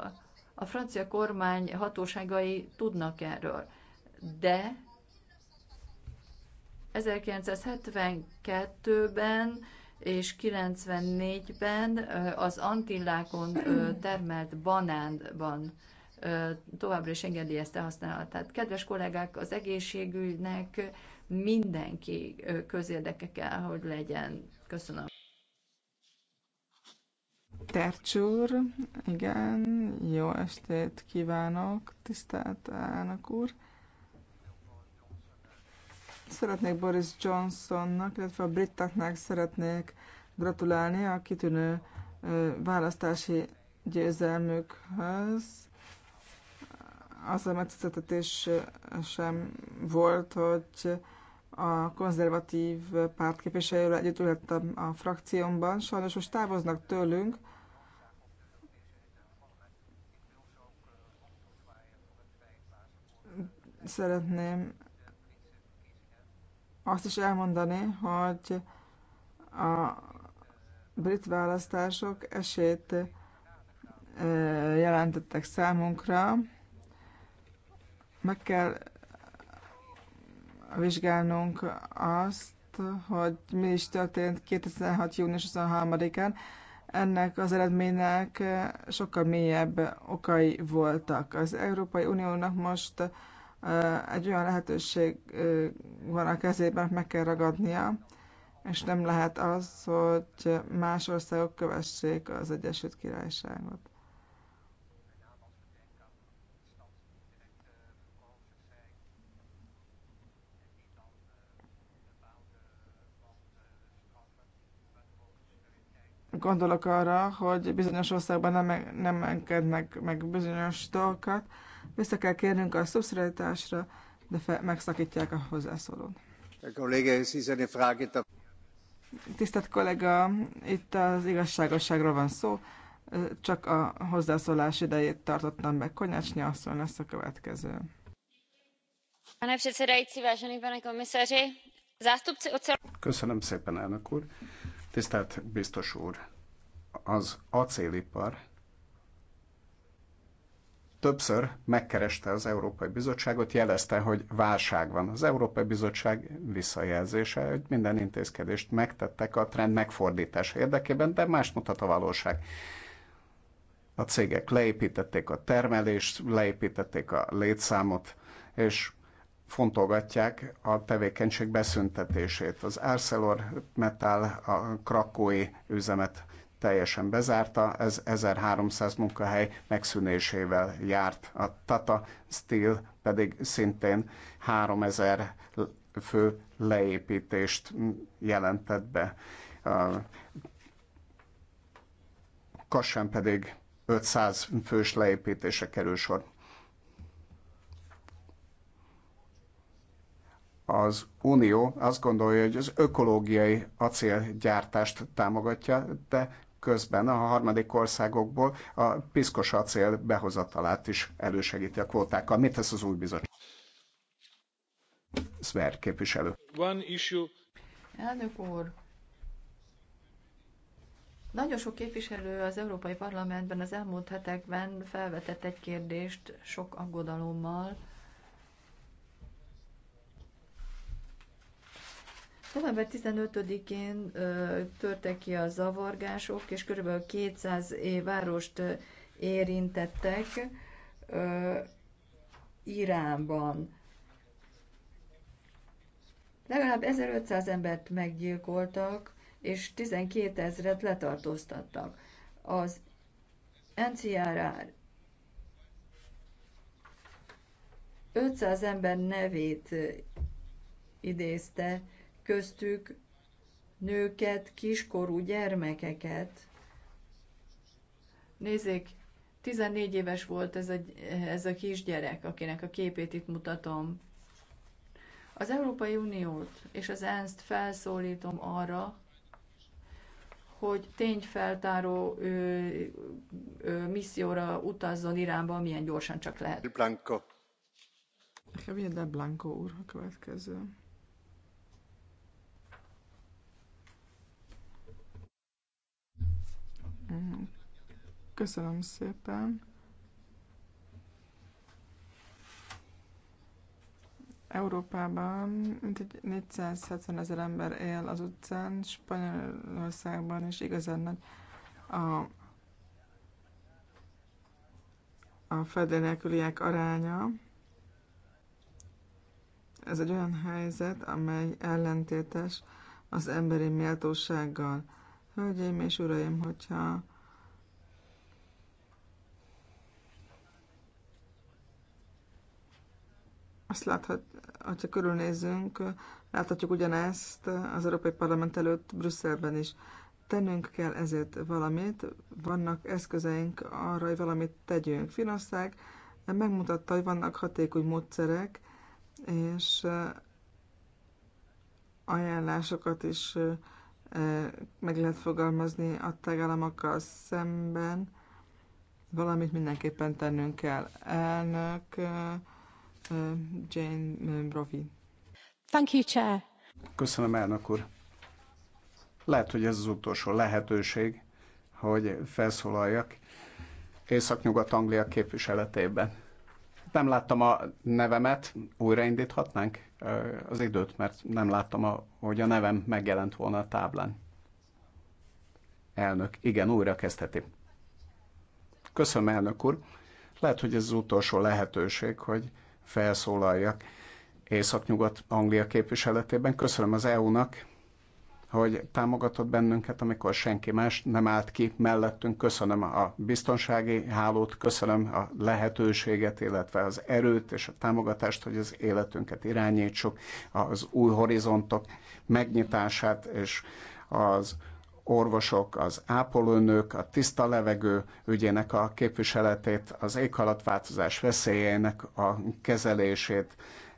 a francia kormány hatóságai tudnak erről. De 1972-ben és 94-ben az Antillákon termelt banánban továbbra is engedélyezte használatát. Kedves kollégák, az egészségügynek mindenki közérdeke kell, hogy legyen. Köszönöm. Tercsúr, igen, jó estét kívánok, tisztelt elnök úr. Szeretnék Boris Johnsonnak, illetve a britaknak szeretnék gratulálni a kitűnő választási győzelmükhöz. Az a megtiszteltetés sem volt, hogy a konzervatív párt képviselőjével együtt ülhettem a frakciómban. Sajnos most távoznak tőlünk. Szeretném azt is elmondani, hogy a brit választások esélyt jelentettek számunkra. Meg kell vizsgálnunk azt, hogy mi is történt 2006. június 23-án. Ennek az eredménynek sokkal mélyebb okai voltak. Az Európai Uniónak most egy olyan lehetőség van a kezében, meg kell ragadnia, és nem lehet az, hogy más országok kövessék az Egyesült Királyságot. Gondolok arra, hogy bizonyos országban nem, nem engednek meg bizonyos dolgokat, vissza kell kérnünk a szubszidiaritásra, de fe- megszakítják a hozzászólót. Tisztelt kollega, itt az igazságosságról van szó, csak a hozzászólás idejét tartottam be. Konyácsnyi asszony lesz a következő. zástupci ocel... Köszönöm szépen, elnök úr. Tisztelt biztos úr, az acélipar többször megkereste az Európai Bizottságot, jelezte, hogy válság van. Az Európai Bizottság visszajelzése, hogy minden intézkedést megtettek a trend megfordítása érdekében, de más mutat a valóság. A cégek leépítették a termelést, leépítették a létszámot, és fontolgatják a tevékenység beszüntetését. Az ArcelorMetal a krakói üzemet teljesen bezárta, ez 1300 munkahely megszűnésével járt. A Tata Steel pedig szintén 3000 fő leépítést jelentett be. Kassán pedig 500 fős leépítése kerül sor. az Unió azt gondolja, hogy az ökológiai acélgyártást támogatja, de közben a harmadik országokból a piszkos acél behozatalát is elősegíti a kvótákkal. Mit tesz az új bizottság? Szver képviselő. One issue. Elnök úr, nagyon sok képviselő az Európai Parlamentben az elmúlt hetekben felvetett egy kérdést sok aggodalommal, November 15-én törtek ki a zavargások, és kb. 200 várost érintettek Iránban. Legalább 1500 embert meggyilkoltak, és 12 ezret letartóztattak. Az NCRR 500 ember nevét idézte köztük nőket, kiskorú gyermekeket. Nézzék, 14 éves volt ez a, ez a kisgyerek, akinek a képét itt mutatom. Az Európai Uniót és az ENSZ-t felszólítom arra, hogy tényfeltáró ö, ö, misszióra utazzon Iránba, milyen gyorsan csak lehet. Blanco. Javier de Blanco úr a következő. Köszönöm szépen. Európában mintegy 470 ezer ember él az utcán, Spanyolországban is igazán nagy a, a fedél aránya. Ez egy olyan helyzet, amely ellentétes az emberi méltósággal. Hölgyeim és uraim, hogyha azt láthat, hogyha körülnézünk, láthatjuk ugyanezt az Európai Parlament előtt Brüsszelben is. Tennünk kell ezért valamit, vannak eszközeink arra, hogy valamit tegyünk. Finország megmutatta, hogy vannak hatékony módszerek, és ajánlásokat is meg lehet fogalmazni a tagállamokkal szemben, valamit mindenképpen tennünk kell. Elnök Jane Brophy. Thank you, Chair. Köszönöm, elnök úr. Lehet, hogy ez az utolsó lehetőség, hogy felszólaljak Észak-Nyugat-Anglia képviseletében nem láttam a nevemet, újraindíthatnánk az időt, mert nem láttam, a, hogy a nevem megjelent volna a táblán. Elnök, igen, újra kezdheti. Köszönöm, elnök úr. Lehet, hogy ez az utolsó lehetőség, hogy felszólaljak Északnyugat Anglia képviseletében. Köszönöm az EU-nak, hogy támogatott bennünket, amikor senki más nem állt ki mellettünk. Köszönöm a biztonsági hálót, köszönöm a lehetőséget, illetve az erőt és a támogatást, hogy az életünket irányítsuk, az új horizontok megnyitását és az orvosok, az ápolónők, a tiszta levegő ügyének a képviseletét, az éghalatváltozás veszélyeinek a kezelését,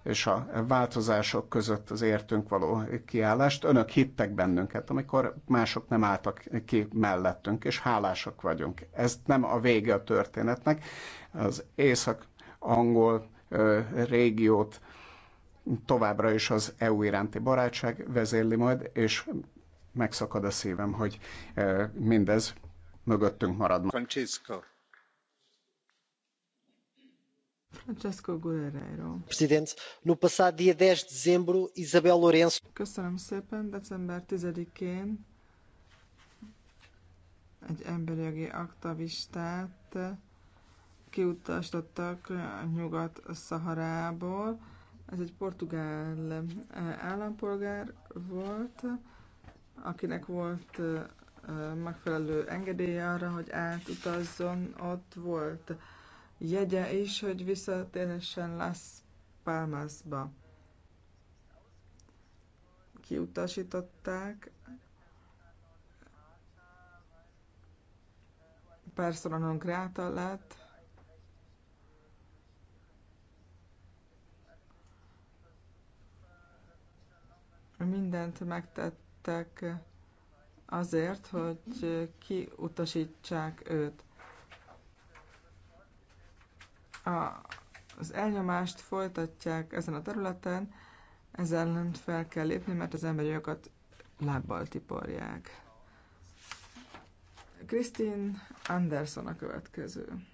és a változások között az értünk való kiállást. Önök hittek bennünket, amikor mások nem álltak ki mellettünk, és hálásak vagyunk. Ez nem a vége a történetnek. Az észak-angol régiót továbbra is az EU iránti barátság vezérli majd, és megszakad a szívem, hogy mindez mögöttünk marad. Francisco. Francesco Guerreiro. Presidente, no passado dia 10 de dezembro, Isabel Lourenço... Köszönöm szépen, december 10-én egy emberi jogi aktivistát kiutasítottak Nyugat-Szaharából. Ez egy portugál eh, állampolgár volt, akinek volt eh, megfelelő engedélye arra, hogy átutazzon, ott volt jegye is, hogy visszatérhessen Las Palmasba. Kiutasították. Personalon non grata lett. Mindent megtettek azért, hogy kiutasítsák őt a, az elnyomást folytatják ezen a területen, ez ellen fel kell lépni, mert az emberi jogokat lábbal tiporják. Kristin Anderson a következő.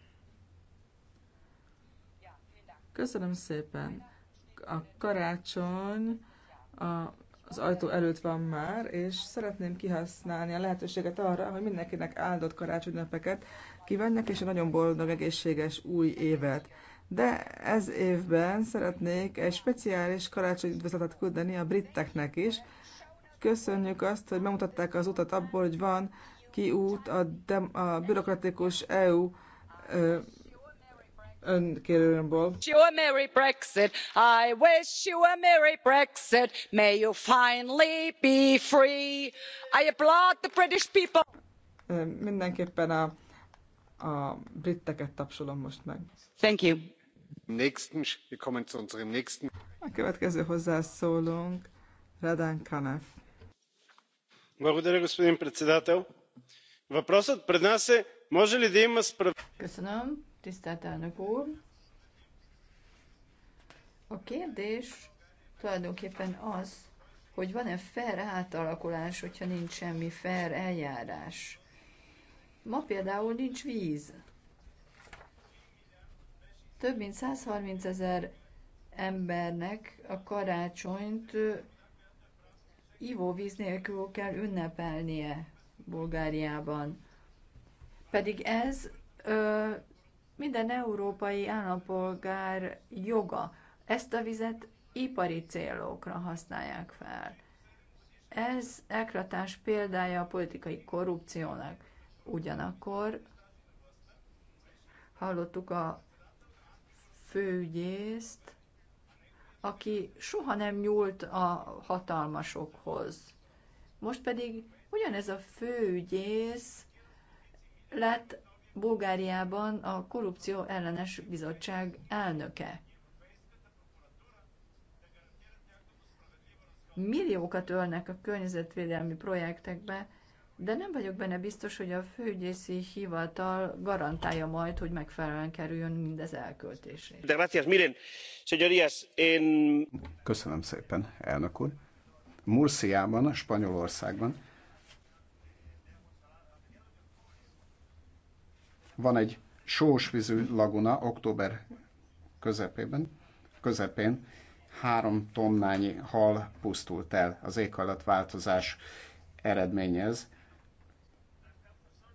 Köszönöm szépen. A karácsony a az ajtó előtt van már, és szeretném kihasználni a lehetőséget arra, hogy mindenkinek áldott karácsonynapeket kívánjak, és egy nagyon boldog, egészséges új évet. De ez évben szeretnék egy speciális karácsonyi üdvözletet küldeni a britteknek is. Köszönjük azt, hogy bemutatták az utat abból, hogy van kiút a, a bürokratikus EU önkérőmből. You a merry Brexit, I wish you a merry Brexit, may you finally be free. I applaud the British people. Mindenképpen a, a britteket tapsolom most meg. Thank you. A következő hozzászólónk Radán Kanev. Благодаря, господин председател. Въпросът пред нас е може ли да има справедливост? Tisztelt elnök úr! A kérdés tulajdonképpen az, hogy van-e fair átalakulás, hogyha nincs semmi fair eljárás. Ma például nincs víz. Több mint 130 ezer embernek a karácsonyt ivóvíz nélkül kell ünnepelnie Bulgáriában. Pedig ez ö, minden európai állampolgár joga. Ezt a vizet ipari célokra használják fel. Ez ekratás példája a politikai korrupciónak. Ugyanakkor hallottuk a főügyészt, aki soha nem nyúlt a hatalmasokhoz. Most pedig ugyanez a főügyész lett Bulgáriában a Korrupció ellenes bizottság elnöke. Milliókat ölnek a környezetvédelmi projektekbe, de nem vagyok benne biztos, hogy a főügyészi hivatal garantálja majd, hogy megfelelően kerüljön mindez elköltésre. Köszönöm szépen, elnök úr. Murciában, Spanyolországban Van egy sósvízű laguna október közepében, közepén három tonnányi hal pusztult el. Az éghajlatváltozás eredményez.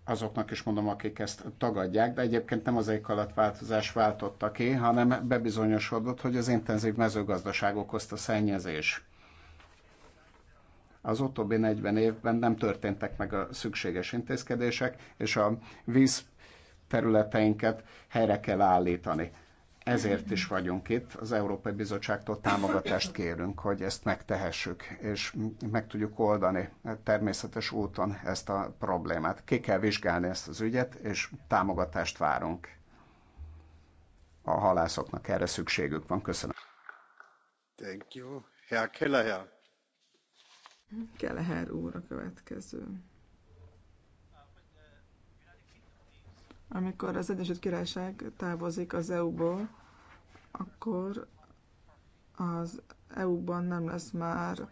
Azoknak is mondom, akik ezt tagadják, de egyébként nem az éghajlatváltozás váltotta ki, hanem bebizonyosodott, hogy az intenzív mezőgazdaság okozta szennyezés az utóbbi 40 évben nem történtek meg a szükséges intézkedések, és a víz területeinket helyre kell állítani. Ezért is vagyunk itt, az Európai Bizottságtól támogatást kérünk, hogy ezt megtehessük, és meg tudjuk oldani természetes úton ezt a problémát. Ki kell vizsgálni ezt az ügyet, és támogatást várunk. A halászoknak erre szükségük van. Köszönöm. Thank you. Herr Kelleher. Kelleher úr a következő. Amikor az Egyesült Királyság távozik az EU-ból, akkor az EU-ban nem lesz már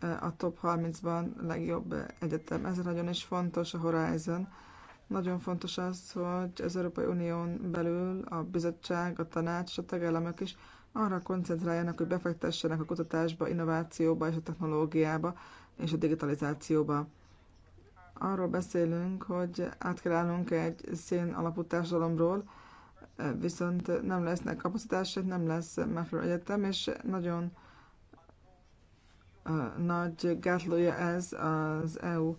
e, a top 30-ban legjobb egyetem. Ez nagyon is fontos a Horizon. Nagyon fontos az, hogy az Európai Unión belül a bizottság, a tanács és a tagállamok is arra koncentráljanak, hogy befektessenek a kutatásba, innovációba és a technológiába és a digitalizációba arról beszélünk, hogy át kell állnunk egy szén alapú társadalomról, viszont nem lesznek kapacitások, nem lesz megfelelő egyetem, és nagyon nagy gátlója ez az EU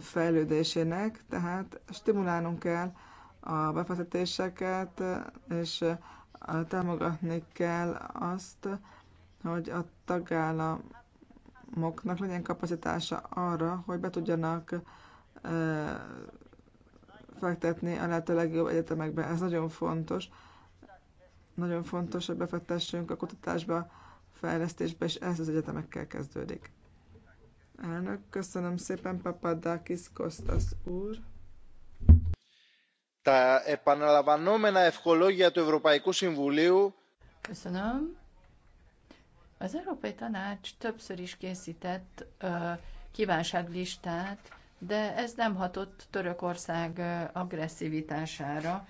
fejlődésének, tehát stimulálnunk kell a befektetéseket, és támogatni kell azt, hogy a tagállamoknak legyen kapacitása arra, hogy be tudjanak fektetni a lehető legjobb egyetemekbe. Ez nagyon fontos. Nagyon fontos, hogy befektessünk a kutatásba, fejlesztésbe, és ez az egyetemekkel kezdődik. Elnök, köszönöm szépen, Papadakis Kostas úr. Τα επαναλαμβανόμενα ευχολόγια του Ευρωπαϊκού Συμβουλίου Köszönöm. Az Európai Tanács többször is készített uh, kívánságlistát de ez nem hatott Törökország agresszivitására,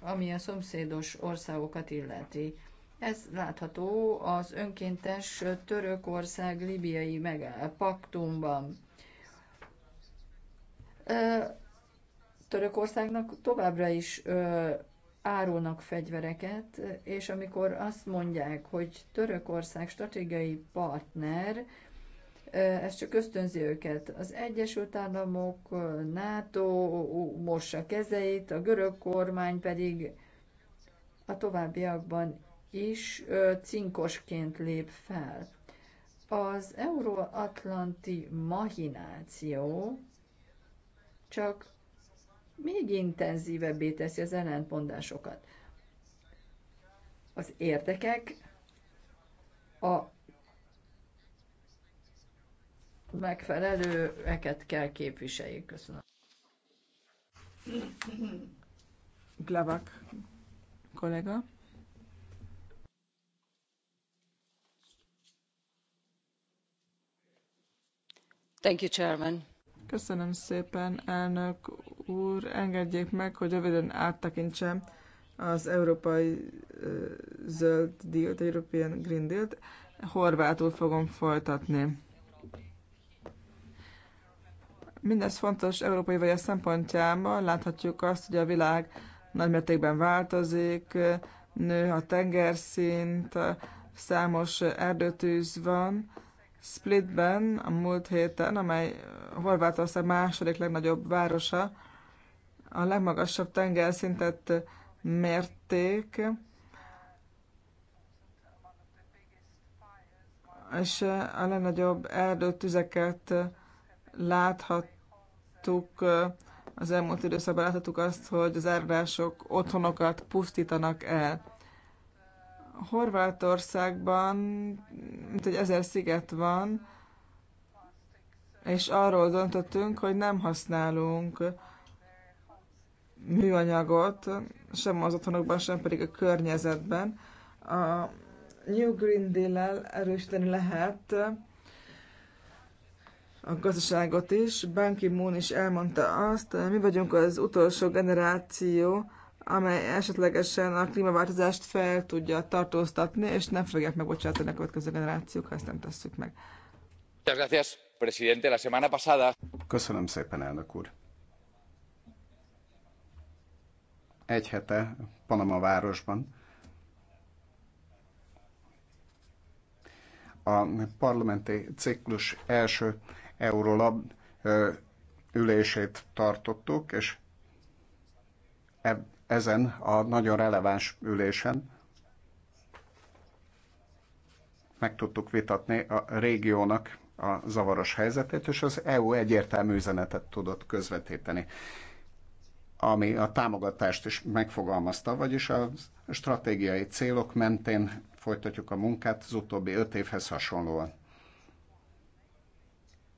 ami a szomszédos országokat illeti. Ez látható az önkéntes Törökország-Libiai paktumban. Törökországnak továbbra is árulnak fegyvereket, és amikor azt mondják, hogy Törökország stratégiai partner, ez csak ösztönzi őket. Az Egyesült Államok, NATO mossa kezeit, a görög kormány pedig a továbbiakban is cinkosként lép fel. Az euróatlanti mahináció csak még intenzívebbé teszi az ellentmondásokat. Az érdekek a megfelelőeket kell képviseljük Köszönöm. Glavak kollega. Thank you, Chairman. Köszönöm szépen, elnök úr. Engedjék meg, hogy röviden áttekintsem az európai zöld dílt, European Green deal Horvátul fogom folytatni. Mindez fontos európai vagy a szempontjából. Láthatjuk azt, hogy a világ nagymértékben változik, nő a tengerszint, számos erdőtűz van. Splitben a múlt héten, amely Horvátország második legnagyobb városa, a legmagasabb tengerszintet mérték, és a legnagyobb erdőtüzeket láthat láttuk, az elmúlt időszakban láthattuk azt, hogy az árvások otthonokat pusztítanak el. Horvátországban mint egy ezer sziget van, és arról döntöttünk, hogy nem használunk műanyagot, sem az otthonokban, sem pedig a környezetben. A New Green Deal-el erősíteni lehet a gazdaságot is. Ban Ki-moon is elmondta azt, mi vagyunk az utolsó generáció, amely esetlegesen a klímaváltozást fel tudja tartóztatni, és nem fogják megbocsátani a következő generációk, ha ezt nem tesszük meg. Köszönöm szépen, elnök úr. Egy hete Panama városban a parlamenti ciklus első Eurolab ülését tartottuk, és ezen a nagyon releváns ülésen meg tudtuk vitatni a régiónak a zavaros helyzetét, és az EU egyértelmű üzenetet tudott közvetíteni, ami a támogatást is megfogalmazta, vagyis a stratégiai célok mentén folytatjuk a munkát az utóbbi öt évhez hasonlóan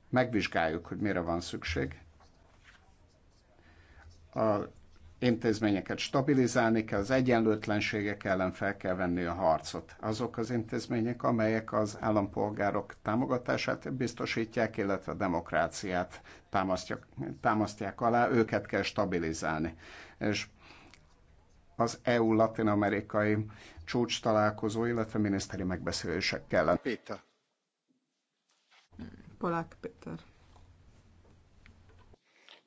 megvizsgáljuk, hogy mire van szükség. A intézményeket stabilizálni kell, az egyenlőtlenségek ellen fel kell venni a harcot. Azok az intézmények, amelyek az állampolgárok támogatását biztosítják, illetve a demokráciát támasztják, támasztják alá, őket kell stabilizálni. És az EU-latin-amerikai csúcs találkozó, illetve miniszteri megbeszélések kellene. Péter. Polák Péter.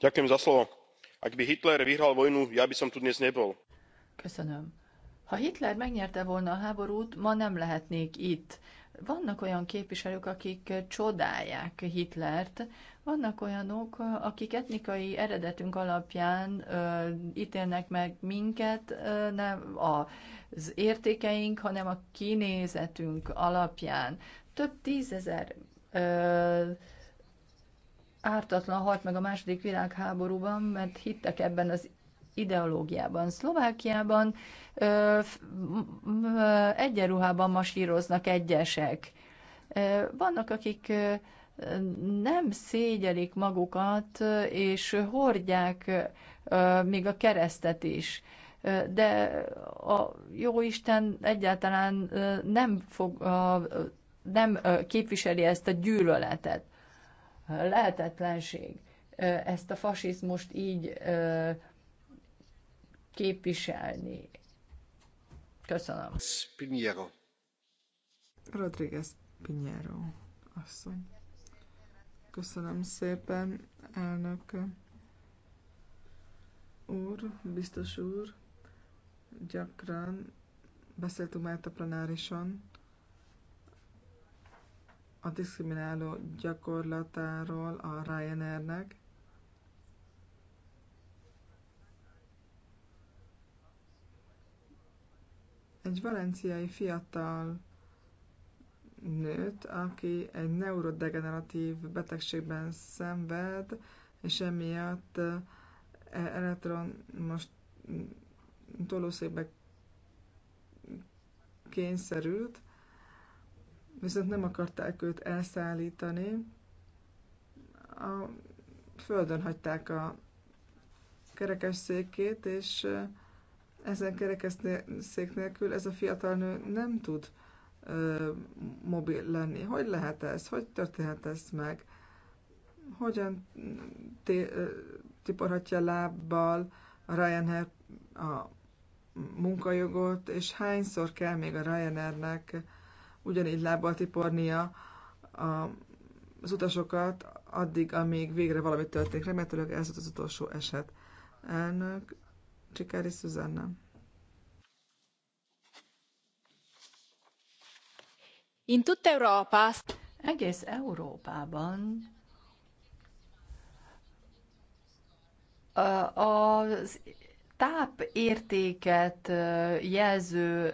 Ďakujem za slovo. Ak by Hitler vyhral vojnu, ja by som tu dnes nebol. Köszönöm. Ha Hitler megnyerte volna a háborút, ma nem lehetnék itt. Vannak olyan képviselők, akik csodálják Hitlert, vannak olyanok, akik etnikai eredetünk alapján ö, ítélnek meg minket, ö, nem az értékeink, hanem a kinézetünk alapján. Több tízezer ártatlan halt meg a második világháborúban, mert hittek ebben az ideológiában. Szlovákiában ö, egyenruhában masíroznak egyesek. vannak, akik nem szégyelik magukat, és hordják még a keresztet is. De a Jóisten egyáltalán nem fog a nem képviseli ezt a gyűlöletet. Lehetetlenség ezt a fasizmust így képviselni. Köszönöm. Pinheiro. Rodriguez Pinheiro asszony. Köszönöm szépen, elnök úr, biztos úr. Gyakran beszéltünk már a plenárison a diszkrimináló gyakorlatáról a Ryanairnek. Egy valenciai fiatal nőt, aki egy neurodegeneratív betegségben szenved, és emiatt elektron most tolószékbe kényszerült, viszont nem akarták őt elszállítani. A földön hagyták a székét, és ezen kerekesszék nélkül ez a fiatal nő nem tud ö, mobil lenni. Hogy lehet ez? Hogy történhet ez meg? Hogyan té, ö, tiporhatja lábbal a Ryanair a munkajogot, és hányszor kell még a Ryanairnek ugyanígy lábbal tipornia az utasokat addig, amíg végre valami történik. Remélhetőleg ez az utolsó eset. Elnök Csikári Szuzanna. In tutta Europa. Egész Európában az tápértéket jelző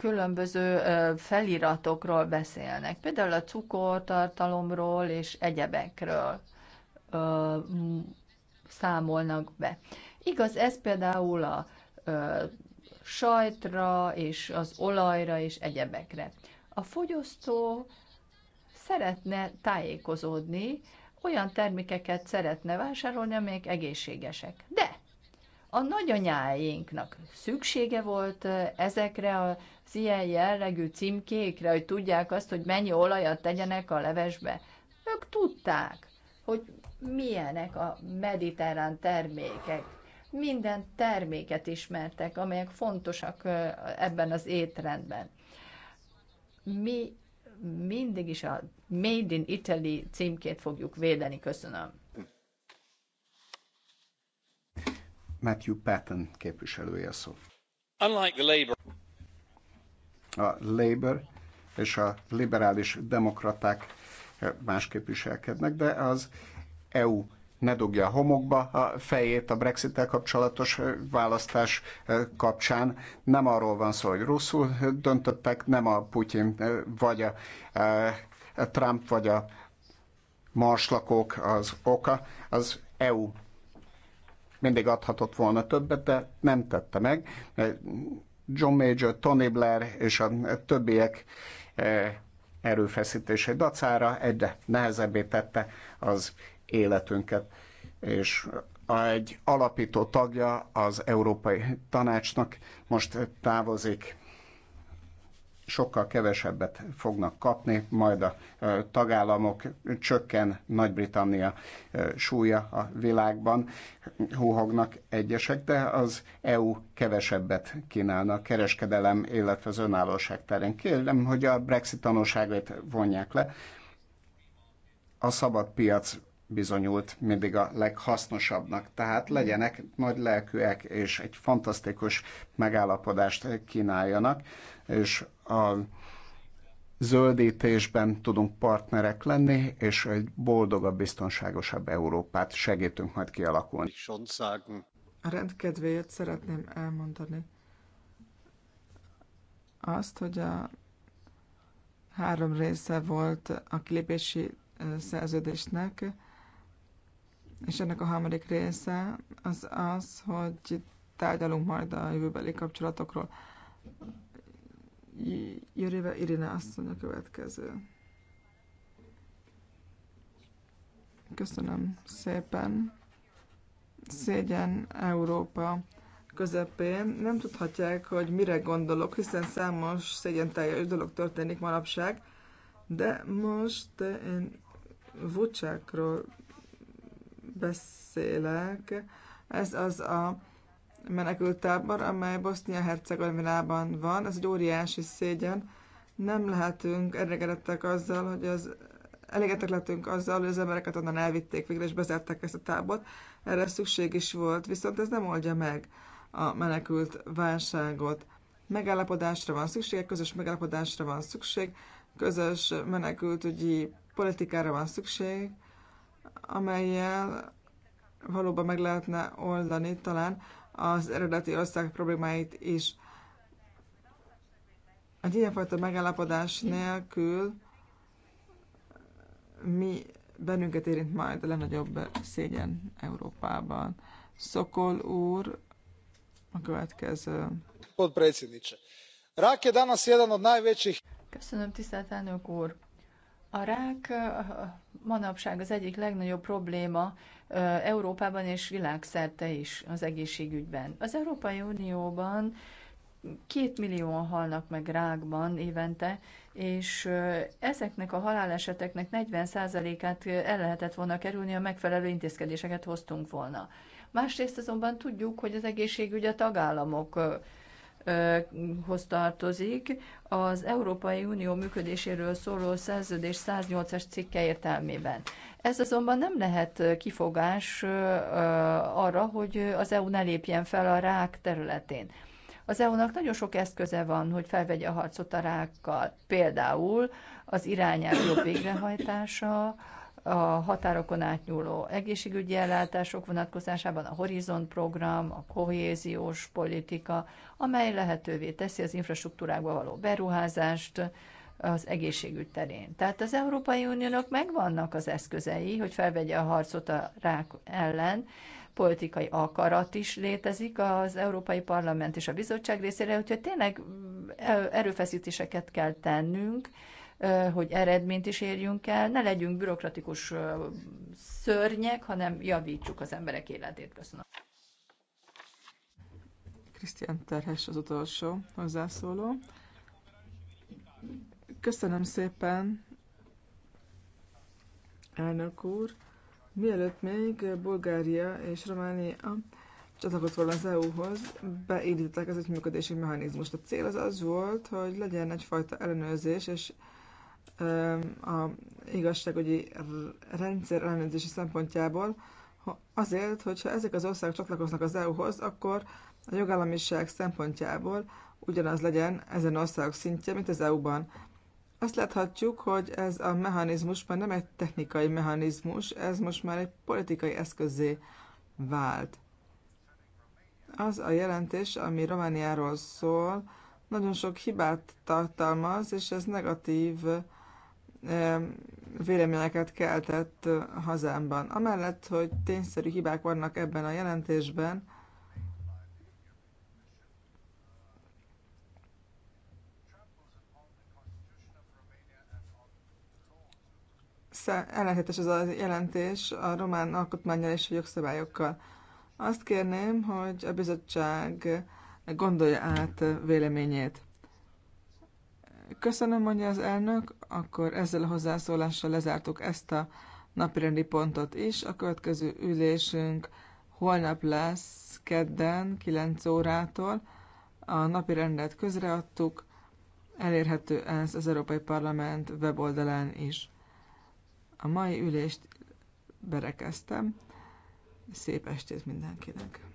különböző feliratokról beszélnek, például a cukortartalomról és egyebekről számolnak be. Igaz, ez például a sajtra és az olajra és egyebekre. A fogyasztó szeretne tájékozódni, olyan termékeket szeretne vásárolni, amelyek egészségesek. De a nagyanyáinknak szüksége volt ezekre a ilyen jellegű címkékre, hogy tudják azt, hogy mennyi olajat tegyenek a levesbe. Ők tudták, hogy milyenek a mediterrán termékek. Minden terméket ismertek, amelyek fontosak ebben az étrendben. Mi mindig is a Made in Italy címkét fogjuk védeni. Köszönöm. Matthew Patton képviselője szó. Unlike the a Labour és a liberális demokraták másképp viselkednek, de az EU ne dugja a homokba a fejét a brexit kapcsolatos választás kapcsán. Nem arról van szó, hogy rosszul döntöttek, nem a Putin vagy a, a Trump vagy a marslakók az oka, az EU mindig adhatott volna többet, de nem tette meg. John Major, Tony Blair és a többiek eh, erőfeszítése dacára egyre nehezebbé tette az életünket. És egy alapító tagja az Európai Tanácsnak most távozik sokkal kevesebbet fognak kapni, majd a tagállamok csökken Nagy-Britannia súlya a világban, húhognak egyesek, de az EU kevesebbet kínálna a kereskedelem, illetve az önállóság terén. Kérdem, hogy a Brexit tanulságait vonják le. A szabad piac bizonyult mindig a leghasznosabbnak. Tehát legyenek nagy lelkűek, és egy fantasztikus megállapodást kínáljanak, és a zöldítésben tudunk partnerek lenni, és egy boldogabb, biztonságosabb Európát segítünk majd kialakulni. A rendkedvéért szeretném elmondani azt, hogy a három része volt a kilépési szerződésnek, és ennek a harmadik része az az, hogy tárgyalunk majd a jövőbeli kapcsolatokról. Juriva Irina asszony a következő. Köszönöm szépen. Szégyen Európa közepén nem tudhatják, hogy mire gondolok, hiszen számos teljes dolog történik manapság, de most én Vucsákról beszélek. Ez az a menekültábor, amely Bosznia-Hercegovinában van. Ez egy óriási szégyen. Nem lehetünk elégedettek azzal, hogy az elégedettek lettünk azzal, hogy az embereket onnan elvitték végre, és bezárták ezt a tábort. Erre szükség is volt, viszont ez nem oldja meg a menekült válságot. Megállapodásra van szükség, közös megállapodásra van szükség, közös menekültügyi politikára van szükség, amelyel valóban meg lehetne oldani talán az eredeti ország problémáit is. Egy ilyenfajta megállapodás nélkül mi bennünket érint majd a legnagyobb szégyen Európában. Szokol úr, a következő. Podpredsedniče. je danas jedan od najvećih... Köszönöm, tisztelt elnök úr. A rák manapság az egyik legnagyobb probléma Európában és világszerte is az egészségügyben. Az Európai Unióban két millióan halnak meg rákban évente, és ezeknek a haláleseteknek 40%-át el lehetett volna kerülni, ha megfelelő intézkedéseket hoztunk volna. Másrészt azonban tudjuk, hogy az egészségügy a tagállamok hoz tartozik az Európai Unió működéséről szóló szerződés 108-as cikke értelmében. Ez azonban nem lehet kifogás arra, hogy az EU ne lépjen fel a rák területén. Az EU-nak nagyon sok eszköze van, hogy felvegye a harcot a rákkal. Például az irányelv jobb végrehajtása, a határokon átnyúló egészségügyi ellátások vonatkozásában a Horizon program, a kohéziós politika, amely lehetővé teszi az infrastruktúrákba való beruházást az egészségügy terén. Tehát az Európai Uniónak megvannak az eszközei, hogy felvegye a harcot a rák ellen, politikai akarat is létezik az Európai Parlament és a Bizottság részére, úgyhogy tényleg erőfeszítéseket kell tennünk, hogy eredményt is érjünk el, ne legyünk bürokratikus szörnyek, hanem javítsuk az emberek életét. Köszönöm. Krisztián Terhes az utolsó hozzászóló. Köszönöm szépen, elnök úr. Mielőtt még Bulgária és Románia csatlakozott volna az EU-hoz, beindították az egyműködési mechanizmust. A cél az az volt, hogy legyen egyfajta ellenőrzés és a igazságügyi rendszer ellenőrzési szempontjából, azért, hogyha ezek az országok csatlakoznak az EU-hoz, akkor a jogállamiság szempontjából ugyanaz legyen ezen országok szintje, mint az EU-ban. Azt láthatjuk, hogy ez a mechanizmus már nem egy technikai mechanizmus, ez most már egy politikai eszközé vált. Az a jelentés, ami Romániáról szól, nagyon sok hibát tartalmaz, és ez negatív véleményeket keltett hazámban. Amellett, hogy tényszerű hibák vannak ebben a jelentésben, ellentétes ez a jelentés a román alkotmányjal és a jogszabályokkal. Azt kérném, hogy a bizottság gondolja át véleményét. Köszönöm, mondja az elnök, akkor ezzel a hozzászólással lezártuk ezt a napirendi pontot is. A következő ülésünk holnap lesz, kedden, 9 órától. A napirendet közreadtuk, elérhető ez az Európai Parlament weboldalán is. A mai ülést berekeztem. Szép estét mindenkinek!